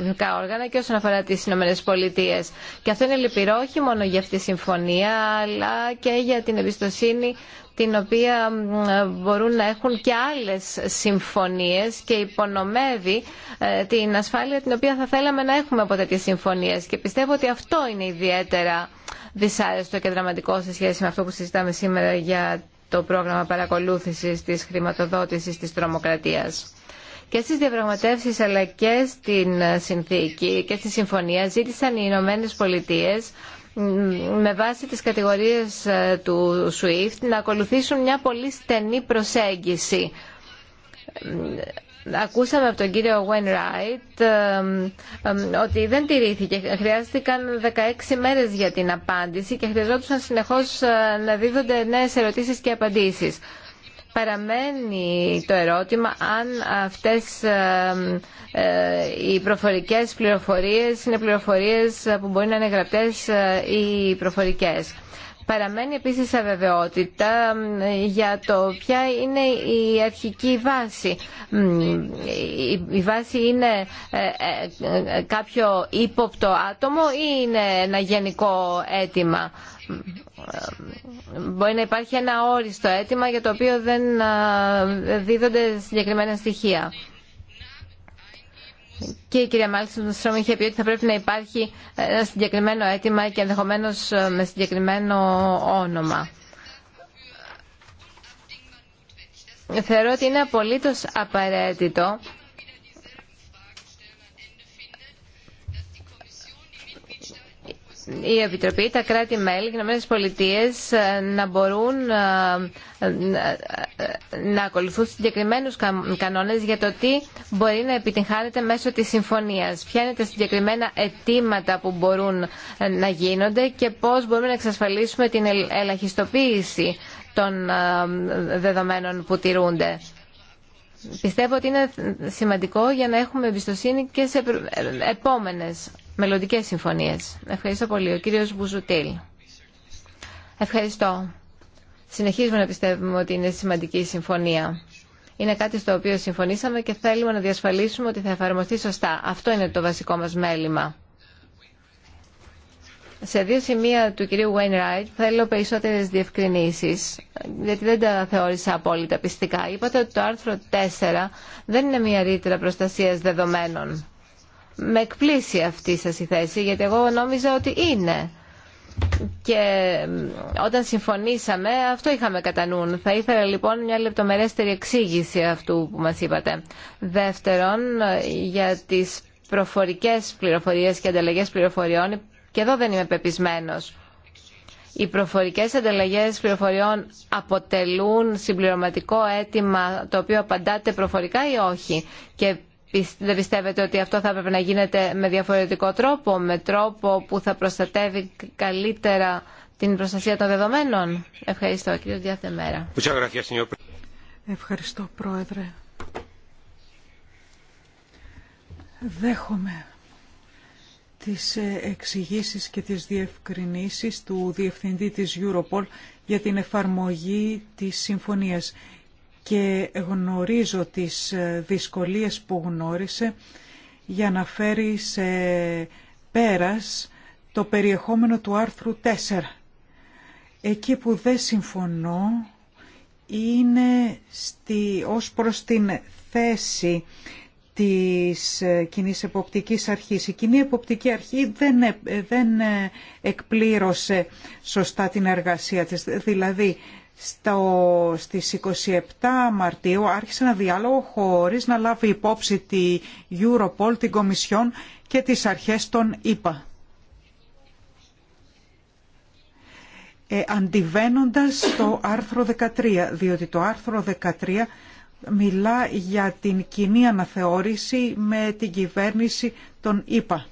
όργανα και όσον αφορά τις Ηνωμένες Πολιτείες. Και αυτό είναι λυπηρό όχι μόνο για αυτή τη συμφωνία, αλλά και για την εμπιστοσύνη την οποία μπορούν να έχουν και άλλες συμφωνίες και υπονομεύει ε, την ασφάλεια την οποία θα θέλαμε να έχουμε από τέτοιες συμφωνίες. Και πιστεύω ότι αυτό είναι ιδιαίτερα δυσάρεστο και δραματικό σε σχέση με αυτό που συζητάμε σήμερα για το πρόγραμμα παρακολούθησης της χρηματοδότησης της τρομοκρατίας. Και στις διαπραγματεύσει, αλλά και στην συνθήκη και στη συμφωνία ζήτησαν οι Ηνωμένε Πολιτείε με βάση τις κατηγορίες ε, του SWIFT να ακολουθήσουν μια πολύ στενή προσέγγιση Ακούσαμε από τον κύριο Γουέν Ράιτ ότι δεν τηρήθηκε. Χρειάστηκαν 16 μέρες για την απάντηση και χρειαζόντουσαν συνεχώς ε, να δίδονται νέες ερωτήσεις και απαντήσεις. Παραμένει το ερώτημα αν αυτές ε, οι προφορικές πληροφορίες είναι πληροφορίες που μπορεί να είναι γραπτές ε, ή προφορικές. Παραμένει επίσης αβεβαιότητα για το ποια είναι η αρχική βάση. Η βάση είναι ε, ε, ε, κάποιο ύποπτο άτομο ή είναι ένα γενικό αίτημα. Μπορεί να υπάρχει ένα όριστο αίτημα για το οποίο δεν δίδονται συγκεκριμένα στοιχεία και η κυρία Μάλιστον είχε πει ότι θα πρέπει να υπάρχει ένα συγκεκριμένο αίτημα και ενδεχομένω ε, με συγκεκριμένο όνομα. Θεωρώ ότι είναι απολύτως απαραίτητο η Επιτροπή, τα κράτη-μέλη οι Ηνωμένε Πολιτείε ε, να μπορούν ε, ε, να ακολουθούν συγκεκριμένου κανόνε για το τι μπορεί να επιτυγχάνεται μέσω τη Συμφωνίας. Ποια είναι τα συγκεκριμένα αιτήματα που μπορούν να γίνονται και πώ μπορούμε να εξασφαλίσουμε την ελαχιστοποίηση των δεδομένων που τηρούνται. Πιστεύω ότι είναι σημαντικό για να έχουμε εμπιστοσύνη και σε επόμενες μελλοντικές συμφωνίες. Ευχαριστώ πολύ. Ο κύριος Μπουζουτήλ. Ευχαριστώ. Συνεχίζουμε να πιστεύουμε ότι είναι σημαντική η συμφωνία. Είναι κάτι στο οποίο συμφωνήσαμε και θέλουμε να διασφαλίσουμε ότι θα εφαρμοστεί σωστά. Αυτό είναι το βασικό μας μέλημα. Σε δύο σημεία του κυρίου Wainwright θέλω περισσότερε διευκρινήσει, γιατί δεν τα θεώρησα απόλυτα πιστικά. Είπατε ότι το άρθρο 4 δεν είναι μια ρήτρα προστασία δεδομένων με εκπλήσει αυτή σας η θέση, γιατί εγώ νόμιζα ότι είναι. Και όταν συμφωνήσαμε, αυτό είχαμε κατά νου. Θα ήθελα λοιπόν μια λεπτομερέστερη εξήγηση αυτού που μας είπατε. Δεύτερον, για τις προφορικές πληροφορίες και ανταλλαγές πληροφοριών, και εδώ δεν είμαι πεπισμένος. Οι προφορικές ανταλλαγές πληροφοριών αποτελούν συμπληρωματικό αίτημα το οποίο απαντάτε προφορικά ή όχι δεν πιστεύετε ότι αυτό θα έπρεπε να γίνεται με διαφορετικό τρόπο, με τρόπο που θα προστατεύει καλύτερα την προστασία των δεδομένων. Ευχαριστώ, κύριε Διαθεμέρα. Ευχαριστώ, Πρόεδρε. Δέχομαι τις ε, εξηγήσει και τις διευκρινήσεις του Διευθυντή της Europol για την εφαρμογή της συμφωνίας και γνωρίζω τις ε, δυσκολίες που γνώρισε για να φέρει σε πέρας το περιεχόμενο του άρθρου 4. Εκεί που δεν συμφωνώ είναι στη, ως προς την θέση της ε, κοινή εποπτικής αρχής. Η κοινή εποπτική αρχή δεν, ε, δεν εκπλήρωσε σωστά την εργασία της. Δηλαδή στο, στις 27 Μαρτίου άρχισε ένα διάλογο χωρίς να λάβει υπόψη τη Europol, την Κομισιόν και τις αρχές των ΙΠΑ. Ε, αντιβαίνοντας το άρθρο 13, διότι το άρθρο 13 μιλά για την κοινή αναθεώρηση με την κυβέρνηση των ΙΠΑ.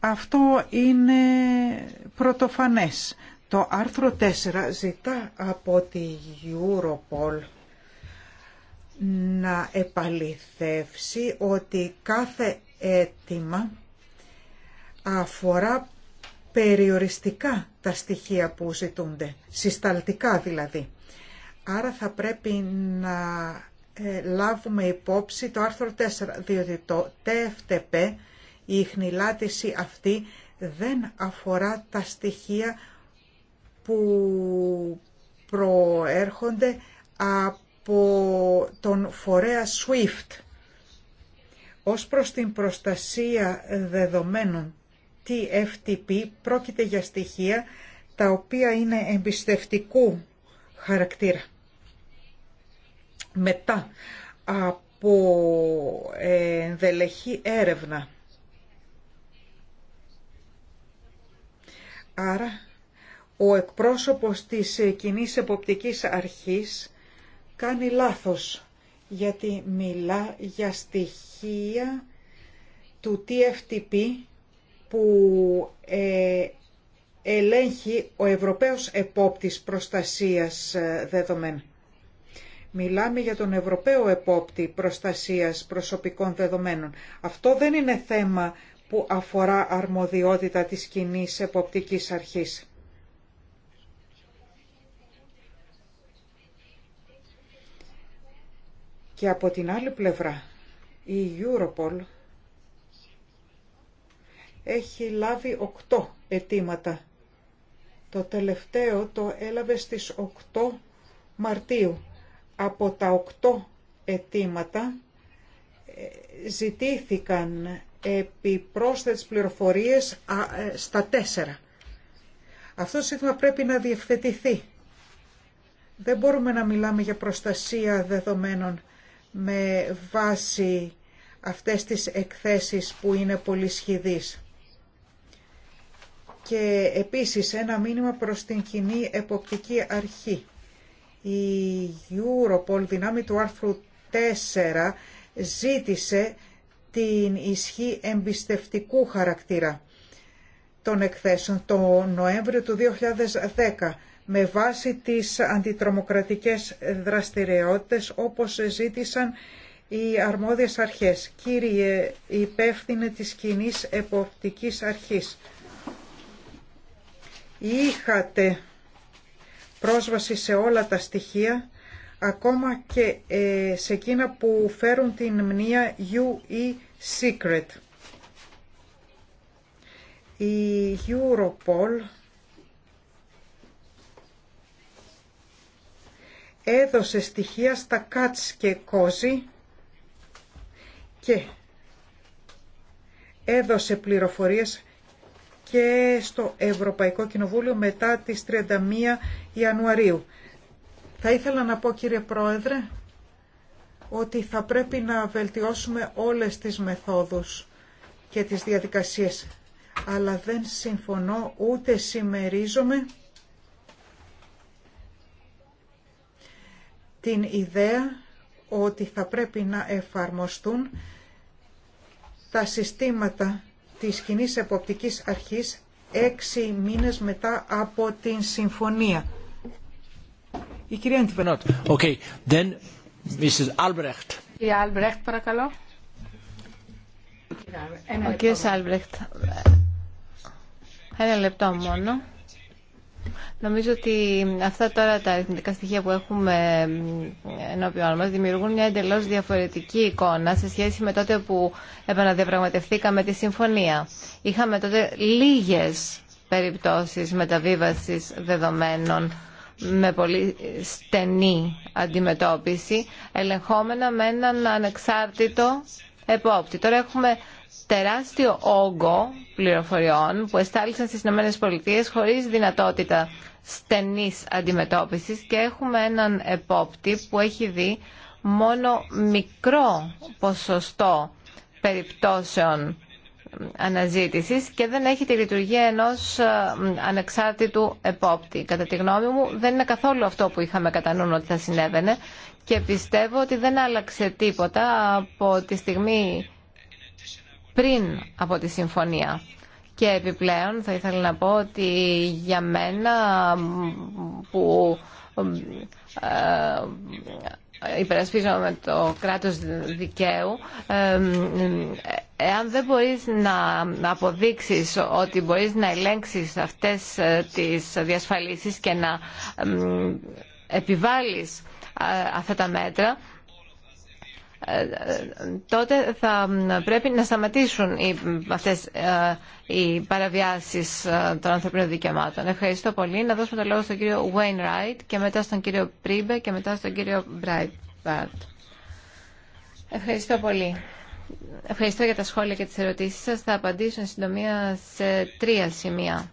Αυτό είναι πρωτοφανές το άρθρο 4 ζητά από τη Europol να επαληθεύσει ότι κάθε αίτημα αφορά περιοριστικά τα στοιχεία που ζητούνται, συσταλτικά δηλαδή. Άρα θα πρέπει να ε, λάβουμε υπόψη το άρθρο 4, διότι το TFTP, η χνηλάτιση αυτή, δεν αφορά τα στοιχεία που προέρχονται από τον φορέα SWIFT ως προς την προστασία δεδομένων TFTP πρόκειται για στοιχεία τα οποία είναι εμπιστευτικού χαρακτήρα. Μετά από ενδελεχή έρευνα. Άρα ο εκπρόσωπος της κοινή εποπτικής αρχής κάνει λάθος γιατί μιλά για στοιχεία του TFTP που ε, ελέγχει ο Ευρωπαίος Επόπτης Προστασίας ε, Δεδομένων. Μιλάμε για τον Ευρωπαίο Επόπτη Προστασίας Προσωπικών Δεδομένων. Αυτό δεν είναι θέμα που αφορά αρμοδιότητα της κοινή εποπτικής αρχής. Και από την άλλη πλευρά, η Europol έχει λάβει 8 αιτήματα. Το τελευταίο το έλαβε στις 8 Μαρτίου. Από τα 8 αιτήματα ε, ζητήθηκαν επιπρόσθετες πληροφορίες ε, στα τέσσερα. Αυτό το σύστημα πρέπει να διευθετηθεί. Δεν μπορούμε να μιλάμε για προστασία δεδομένων με βάση αυτές τις εκθέσεις που είναι πολύ Και επίσης ένα μήνυμα προς την κοινή εποπτική αρχή. Η Europol, δυνάμει του άρθρου 4, ζήτησε την ισχύ εμπιστευτικού χαρακτήρα των εκθέσεων το Νοέμβριο του 2010 με βάση τις αντιτρομοκρατικές δραστηριότητες όπως ζήτησαν οι αρμόδιες αρχές. Κύριε υπεύθυνε της κοινή εποπτικής αρχής, είχατε πρόσβαση σε όλα τα στοιχεία, ακόμα και ε, σε εκείνα που φέρουν την μνήμα UE Secret. Η Europol έδωσε στοιχεία στα Κάτς και Κόζη και έδωσε πληροφορίες και στο Ευρωπαϊκό Κοινοβούλιο μετά τις 31 Ιανουαρίου. Θα ήθελα να πω κύριε Πρόεδρε ότι θα πρέπει να βελτιώσουμε όλες τις μεθόδους και τις διαδικασίες. Αλλά δεν συμφωνώ ούτε συμμερίζομαι την ιδέα ότι θα πρέπει να εφαρμοστούν τα συστήματα της κοινή εποπτικής αρχής έξι μήνες μετά από την συμφωνία. Η κυρία Αντιβενότ. Okay. Then, Mrs. Albrecht. Κύριε Albrecht, παρακαλώ. Ο κύριος Albrecht. Ένα λεπτό μόνο. Νομίζω ότι αυτά τώρα τα αριθμητικά στοιχεία που έχουμε ενώπιόν μας δημιουργούν μια εντελώς διαφορετική εικόνα σε σχέση με τότε που επαναδιαπραγματευτήκαμε τη συμφωνία. Είχαμε τότε λίγες περιπτώσεις μεταβίβασης δεδομένων με πολύ στενή αντιμετώπιση, ελεγχόμενα με έναν ανεξάρτητο επόπτη. Τώρα έχουμε τεράστιο όγκο πληροφοριών που εστάλησαν στις ΗΠΑ χωρίς δυνατότητα στενής αντιμετώπισης και έχουμε έναν επόπτη που έχει δει μόνο μικρό ποσοστό περιπτώσεων αναζήτησης και δεν έχει τη λειτουργία ενός ε, ανεξάρτητου επόπτη. Κατά τη γνώμη μου δεν είναι καθόλου αυτό που είχαμε κατά νου ότι θα συνέβαινε και πιστεύω ότι δεν άλλαξε τίποτα από τη στιγμή πριν από τη συμφωνία. Και επιπλέον θα ήθελα να πω ότι για μένα που ε, υπερασπίζομαι το κράτος δικαίου ε, ε, εάν δεν μπορείς να αποδείξεις ότι μπορείς να ελέγξεις αυτές τις διασφαλίσεις και να επιβάλλεις αυτά τα μέτρα τότε θα πρέπει να σταματήσουν οι, αυτές ε, οι παραβιάσεις ε, των ανθρωπίνων δικαιωμάτων. Ευχαριστώ πολύ. Να δώσουμε το λόγο στον κύριο Wainwright και μετά στον κύριο Πρίμπε και μετά στον κύριο Breitbart. Ευχαριστώ πολύ. Ευχαριστώ για τα σχόλια και τις ερωτήσεις σας. Θα απαντήσω συντομία σε τρία σημεία.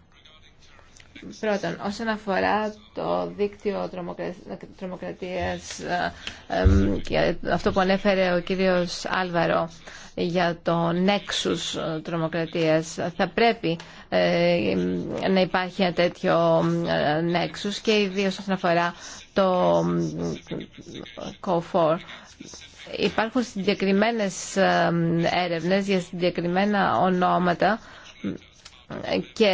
Πρώτον, όσον αφορά το δίκτυο τρομοκρατίας ε, και αυτό που ανέφερε ο κύριος Άλβαρο για το νέξους ε, τρομοκρατίας, θα πρέπει ε, να υπάρχει ένα τέτοιο νέξους και ιδίως όσον αφορά το COFOR. Υπάρχουν συγκεκριμένες έρευνες για συγκεκριμένα ονόματα και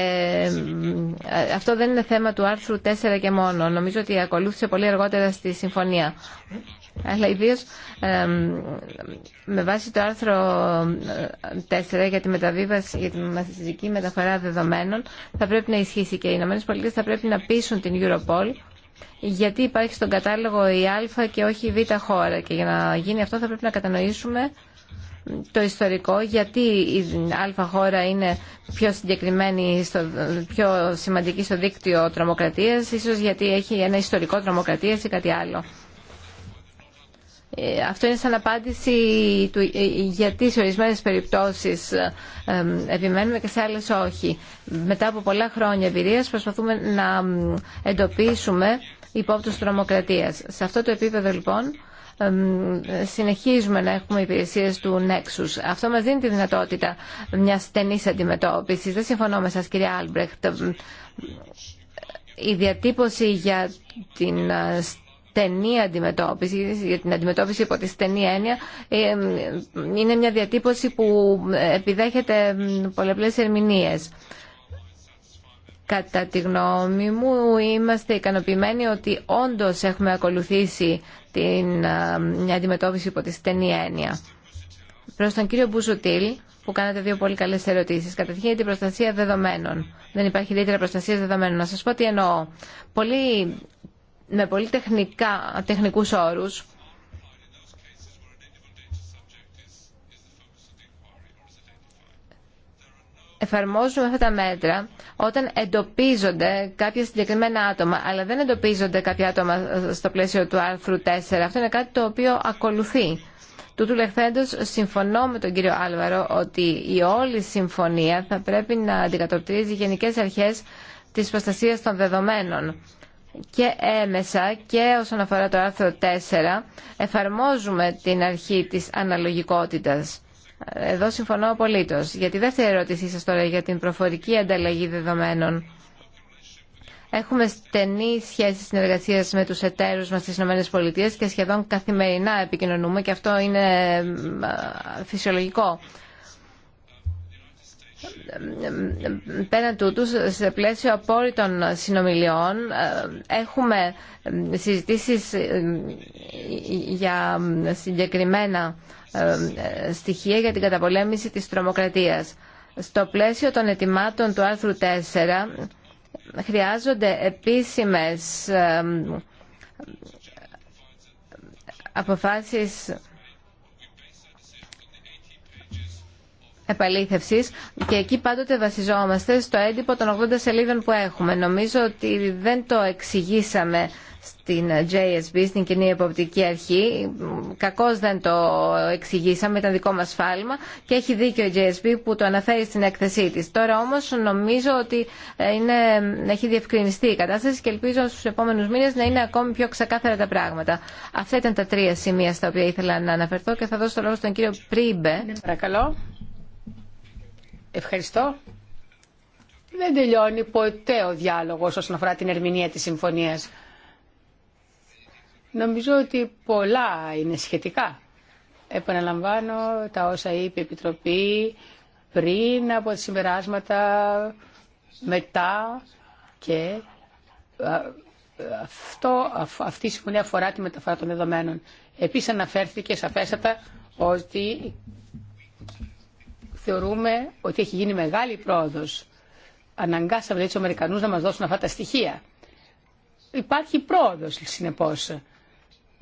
ε, αυτό δεν είναι θέμα του άρθρου 4 και μόνο. Νομίζω ότι ακολούθησε πολύ αργότερα στη συμφωνία. Αλλά ιδίω με βάση το άρθρο 4 ε, για τη μεταβίβαση, για τη μαθητική μεταφορά δεδομένων, θα πρέπει να ισχύσει και οι ΗΠΑ θα πρέπει να πείσουν την Europol γιατί υπάρχει στον κατάλογο η Α και όχι η Β χώρα. Και για να γίνει αυτό θα πρέπει να κατανοήσουμε το ιστορικό, γιατί η Α χώρα είναι πιο συγκεκριμένη, στο, πιο σημαντική στο δίκτυο τρομοκρατίας, ίσως γιατί έχει ένα ιστορικό τρομοκρατίας ή κάτι άλλο. Ε, αυτό είναι σαν απάντηση του, ε, γιατί σε ορισμένε περιπτώσεις επιμένουμε και σε άλλε όχι. Μετά από πολλά χρόνια εμπειρία προσπαθούμε να εντοπίσουμε υπόπτους τρομοκρατίας. Σε αυτό το επίπεδο λοιπόν συνεχίζουμε να έχουμε υπηρεσίε του Nexus. Αυτό μας δίνει τη δυνατότητα μια στενή αντιμετώπιση. Δεν συμφωνώ με σας κύριε Άλμπρεχτ. Η διατύπωση για την ε, στενή αντιμετώπιση, για την αντιμετώπιση υπό τη στενή έννοια, είναι μια διατύπωση που επιδέχεται πολλαπλές ερμηνείες. Κατά τη γνώμη μου είμαστε ικανοποιημένοι ότι όντως έχουμε ακολουθήσει την αντιμετώπιση υπό τη στενή έννοια. Προς τον κύριο Μπουζουτήλ, που κάνατε δύο πολύ καλές ερωτήσει. Καταρχήν για την προστασία δεδομένων. Δεν υπάρχει ιδιαίτερα προστασία δεδομένων. Να σας πω τι εννοώ. Πολύ, με πολύ τεχνικά, τεχνικούς όρους εφαρμόζουμε αυτά τα μέτρα όταν εντοπίζονται κάποια συγκεκριμένα άτομα, αλλά δεν εντοπίζονται κάποια άτομα στο πλαίσιο του άρθρου 4. Αυτό είναι κάτι το οποίο ακολουθεί. Τούτου λεχθέντος συμφωνώ με τον κύριο Άλβαρο ότι η όλη συμφωνία θα πρέπει να αντικατοπτρίζει γενικές αρχές της προστασίας των δεδομένων. Και έμεσα και όσον αφορά το άρθρο 4 εφαρμόζουμε την αρχή της αναλογικότητας. Εδώ συμφωνώ απολύτω. Για τη δεύτερη ερώτησή σα τώρα για την προφορική ανταλλαγή δεδομένων. Έχουμε στενή σχέση συνεργασία με τους εταίρους μας στι ΗΠΑ και σχεδόν καθημερινά επικοινωνούμε και αυτό είναι ε, φυσιολογικό πέραν τούτου, σε πλαίσιο απόρριτων συνομιλιών, ε, έχουμε ε, συζητήσεις ε, για συγκεκριμένα στοιχεία για την καταπολέμηση της τρομοκρατίας. Στο πλαίσιο των ετοιμάτων του άρθρου 4, χρειάζονται επίσημες αποφάσεις επαλήθευση. και εκεί πάντοτε βασιζόμαστε στο έντυπο των 80 σελίδων που έχουμε. Νομίζω ότι δεν το εξηγήσαμε στην JSB, στην Κοινή Εποπτική Αρχή. Κακώ δεν το εξηγήσαμε, ήταν δικό μα φάλμα και έχει δίκιο η JSB που το αναφέρει στην έκθεσή τη. Τώρα όμω νομίζω ότι ε, είναι, έχει διευκρινιστεί η κατάσταση και ελπίζω στου επόμενου μήνε να είναι ακόμη πιο ξεκάθαρα τα πράγματα. Αυτά ήταν τα τρία σημεία στα οποία ήθελα να αναφερθώ και θα δώσω το λόγο στον κύριο Πρίμπε. Ναι, παρακαλώ. Ευχαριστώ. Δεν τελειώνει ποτέ ο διάλογος όσον αφορά την ερμηνεία της συμφωνίας. Νομίζω ότι πολλά είναι σχετικά. Επαναλαμβάνω τα όσα είπε η Επιτροπή πριν από τα συμπεράσματα, μετά και αυτό, αυτή η συμφωνία αφορά τη μεταφορά των δεδομένων. Επίσης αναφέρθηκε σαφέστατα ότι θεωρούμε ότι έχει γίνει μεγάλη πρόοδος. Αναγκάσαμε δηλαδή, τους Αμερικανούς να μας δώσουν αυτά τα στοιχεία. Υπάρχει πρόοδος, συνεπώ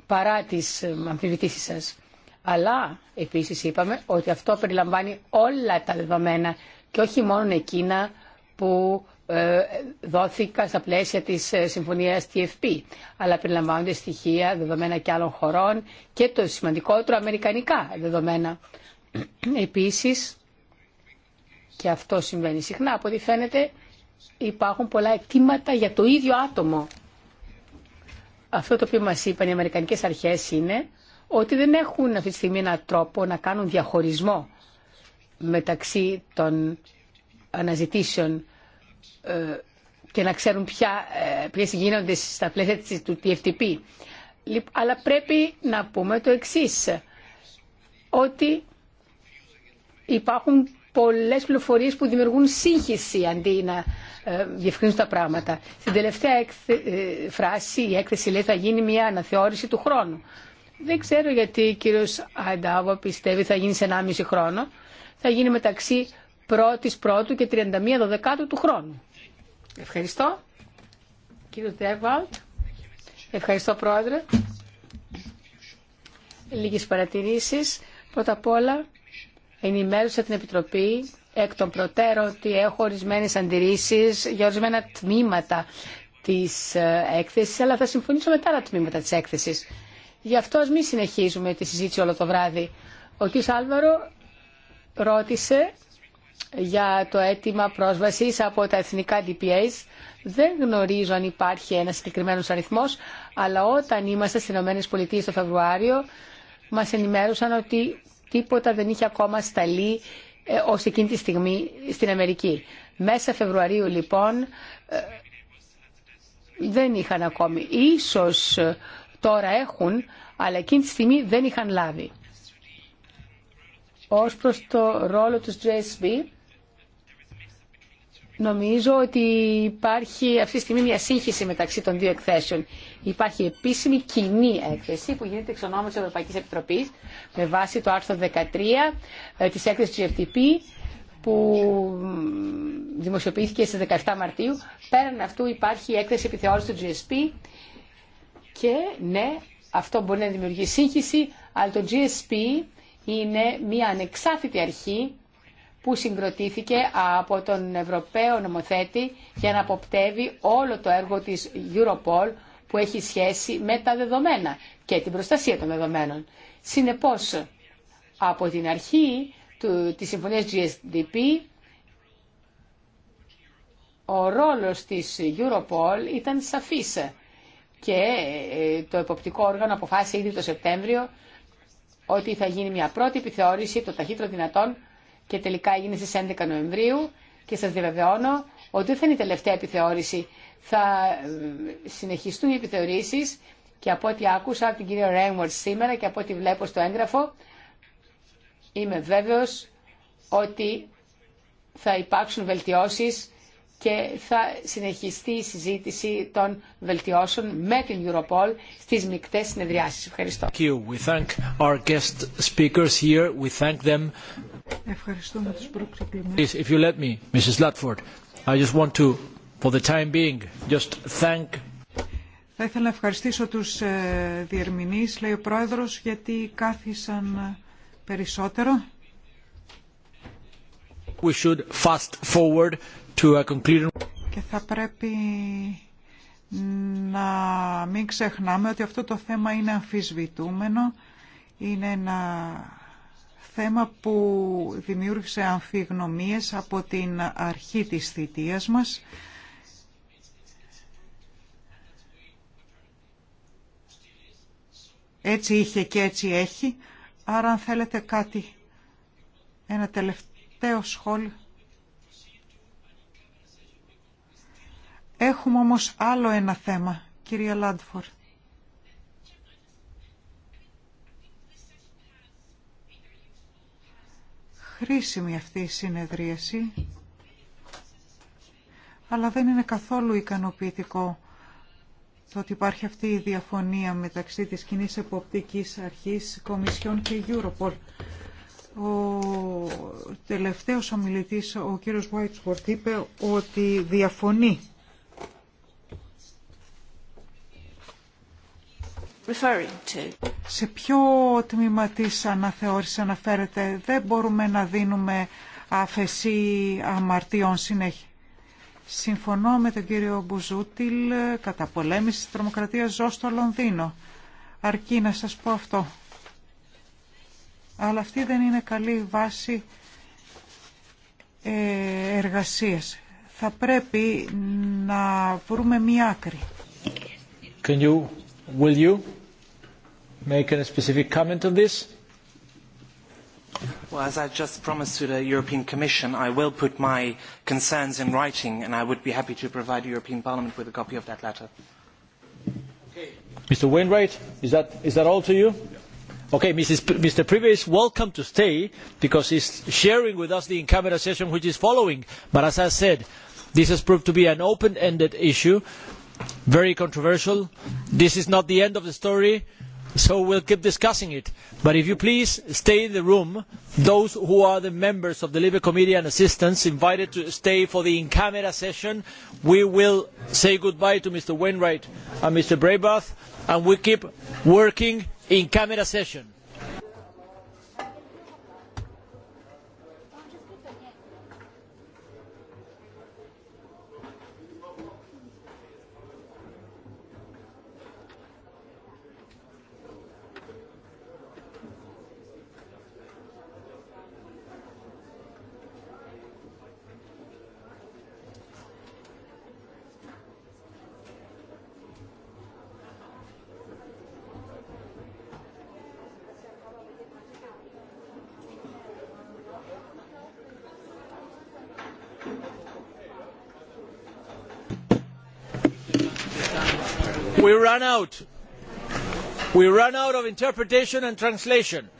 παρά τι ε, αμφιβητήσει σα. Αλλά, επίση είπαμε, ότι αυτό περιλαμβάνει όλα τα δεδομένα και όχι μόνο εκείνα που ε, δόθηκαν στα πλαίσια της ε, συμφωνίας TFP, αλλά περιλαμβάνονται στοιχεία, δεδομένα και άλλων χωρών και το σημαντικότερο αμερικανικά δεδομένα. Επίσης, και αυτό συμβαίνει συχνά, από ό,τι φαίνεται υπάρχουν πολλά εκτίματα για το ίδιο άτομο. Αυτό το οποίο μας είπαν οι Αμερικανικές αρχές είναι ότι δεν έχουν αυτή τη στιγμή έναν τρόπο να κάνουν διαχωρισμό μεταξύ των αναζητήσεων ε, και να ξέρουν ποια, ε, ποιες γίνονται στα πλαίσια του TFTP. Αλλά πρέπει να πούμε το εξής, ότι υπάρχουν πολλές πληροφορίες που δημιουργούν σύγχυση αντί να ε, διευκρινίζουν τα πράγματα. Στην τελευταία ε, φράση η έκθεση λέει θα γίνει μια αναθεώρηση του χρόνου. Δεν ξέρω γιατί ο κύριος Αντάβο πιστεύει θα γίνει σε 1,5 χρόνο. Θα γίνει μεταξύ 1ης Πρώτου και 31 Δωδεκάτου του χρόνου. Ευχαριστώ. Κύριο Τέβαλτ. Ευχαριστώ Πρόεδρε. Λίγες παρατηρήσεις. Πρώτα απ' όλα ενημέρωσα την Επιτροπή εκ των προτέρων ότι έχω ορισμένε αντιρρήσει για ορισμένα τμήματα τη ε, έκθεση, αλλά θα συμφωνήσω με τα άλλα τμήματα τη έκθεση. Γι' αυτό α μην συνεχίζουμε τη συζήτηση όλο το βράδυ. Ο κ. Άλβαρο ρώτησε για το αίτημα πρόσβαση από τα εθνικά DPAs. Δεν γνωρίζω αν υπάρχει ένα συγκεκριμένο αριθμό, αλλά όταν ήμασταν στι ΗΠΑ το Φεβρουάριο, μα ενημέρωσαν ότι τίποτα δεν είχε ακόμα σταλεί ε, ως εκείνη τη στιγμή στην Αμερική. Μέσα Φεβρουαρίου λοιπόν ε, δεν είχαν ακόμη. Ίσως ε, τώρα έχουν, αλλά εκείνη τη στιγμή δεν είχαν λάβει. Ως προς το ρόλο του JSB, Νομίζω ότι υπάρχει αυτή τη στιγμή μια σύγχυση μεταξύ των δύο εκθέσεων. Υπάρχει επίσημη κοινή έκθεση που γίνεται εξ ονόματο Ευρωπαϊκή Επιτροπή με βάση το άρθρο 13 ε, τη έκθεση του FTP που δημοσιοποιήθηκε στις 17 Μαρτίου. Πέραν αυτού υπάρχει η έκθεση επιθεώρησης του GSP και ναι, αυτό μπορεί να δημιουργεί σύγχυση, αλλά το GSP είναι μια ανεξάρτητη αρχή που συγκροτήθηκε από τον Ευρωπαίο νομοθέτη για να αποπτεύει όλο το έργο της Europol που έχει σχέση με τα δεδομένα και την προστασία των δεδομένων. Συνεπώς, από την αρχή του, της συμφωνίας GSDP, ο ρόλος της Europol ήταν σαφής και ε, το εποπτικό όργανο αποφάσισε ήδη το Σεπτέμβριο ότι θα γίνει μια πρώτη επιθεώρηση το ταχύτερο δυνατόν και τελικά έγινε στις 11 Νοεμβρίου και σας διαβεβαιώνω ότι δεν θα είναι η τελευταία επιθεώρηση. Θα ε, συνεχιστούν οι επιθεωρήσεις και από ό,τι άκουσα από την κυρία Ρέγμορτ σήμερα και από ό,τι βλέπω στο έγγραφο είμαι βέβαιος ότι θα υπάρξουν βελτιώσεις και θα συνεχιστεί η συζήτηση των βελτιώσεων με την Europol στις μικτές συνεδριάσεις. Ευχαριστώ. Thank thank We We our guest speakers here. them. Ευχαριστούμε τους προκλημένους. If you let me, Mrs. Ludford, I just want to, for the time being, just thank θα ήθελα να ευχαριστήσω τους ε, διερμηνείς, λέει ο Πρόεδρος, γιατί κάθισαν ε, περισσότερο. We should fast forward και θα πρέπει να μην ξεχνάμε ότι αυτό το θέμα είναι αμφισβητούμενο, είναι ένα θέμα που δημιούργησε αμφιγνωμίες από την αρχή της θητείας μας. Έτσι είχε και έτσι έχει. Άρα αν θέλετε κάτι, ένα τελευταίο σχόλιο. Έχουμε όμως άλλο ένα θέμα, κυρία Λάντφορ. Χρήσιμη αυτή η συνεδρίαση, αλλά δεν είναι καθόλου ικανοποιητικό το ότι υπάρχει αυτή η διαφωνία μεταξύ της κοινή εποπτικής αρχής Κομισιόν και Europol. Ο τελευταίος ομιλητής, ο κύριος Βάιτσπορτ, είπε ότι διαφωνεί Σε ποιο τμήμα της αναθεώρησης αναφέρεται δεν μπορούμε να δίνουμε άφεση αμαρτιών συνέχεια. Συμφωνώ με τον κύριο Μπουζούτιλ κατά πολέμηση της τρομοκρατίας ζω στο Λονδίνο. Αρκεί να σας πω αυτό. Αλλά αυτή δεν είναι καλή βάση ε, εργασίας. Θα πρέπει να βρούμε μία άκρη. Can you, make a specific comment on this? Well, as I just promised to the European Commission, I will put my concerns in writing, and I would be happy to provide the European Parliament with a copy of that letter. Mr. Wainwright, is that all to you? Okay, Mr. Prive is welcome to stay because he's sharing with us the in-camera session which is following. But as I said, this has proved to be an open-ended issue, very controversial. This is not the end of the story so we'll keep discussing it. But if you please stay in the room, those who are the members of the LIBE Committee and assistants invited to stay for the in-camera session, we will say goodbye to Mr. Wainwright and Mr. Braybath, and we keep working in-camera session. we run out we run out of interpretation and translation.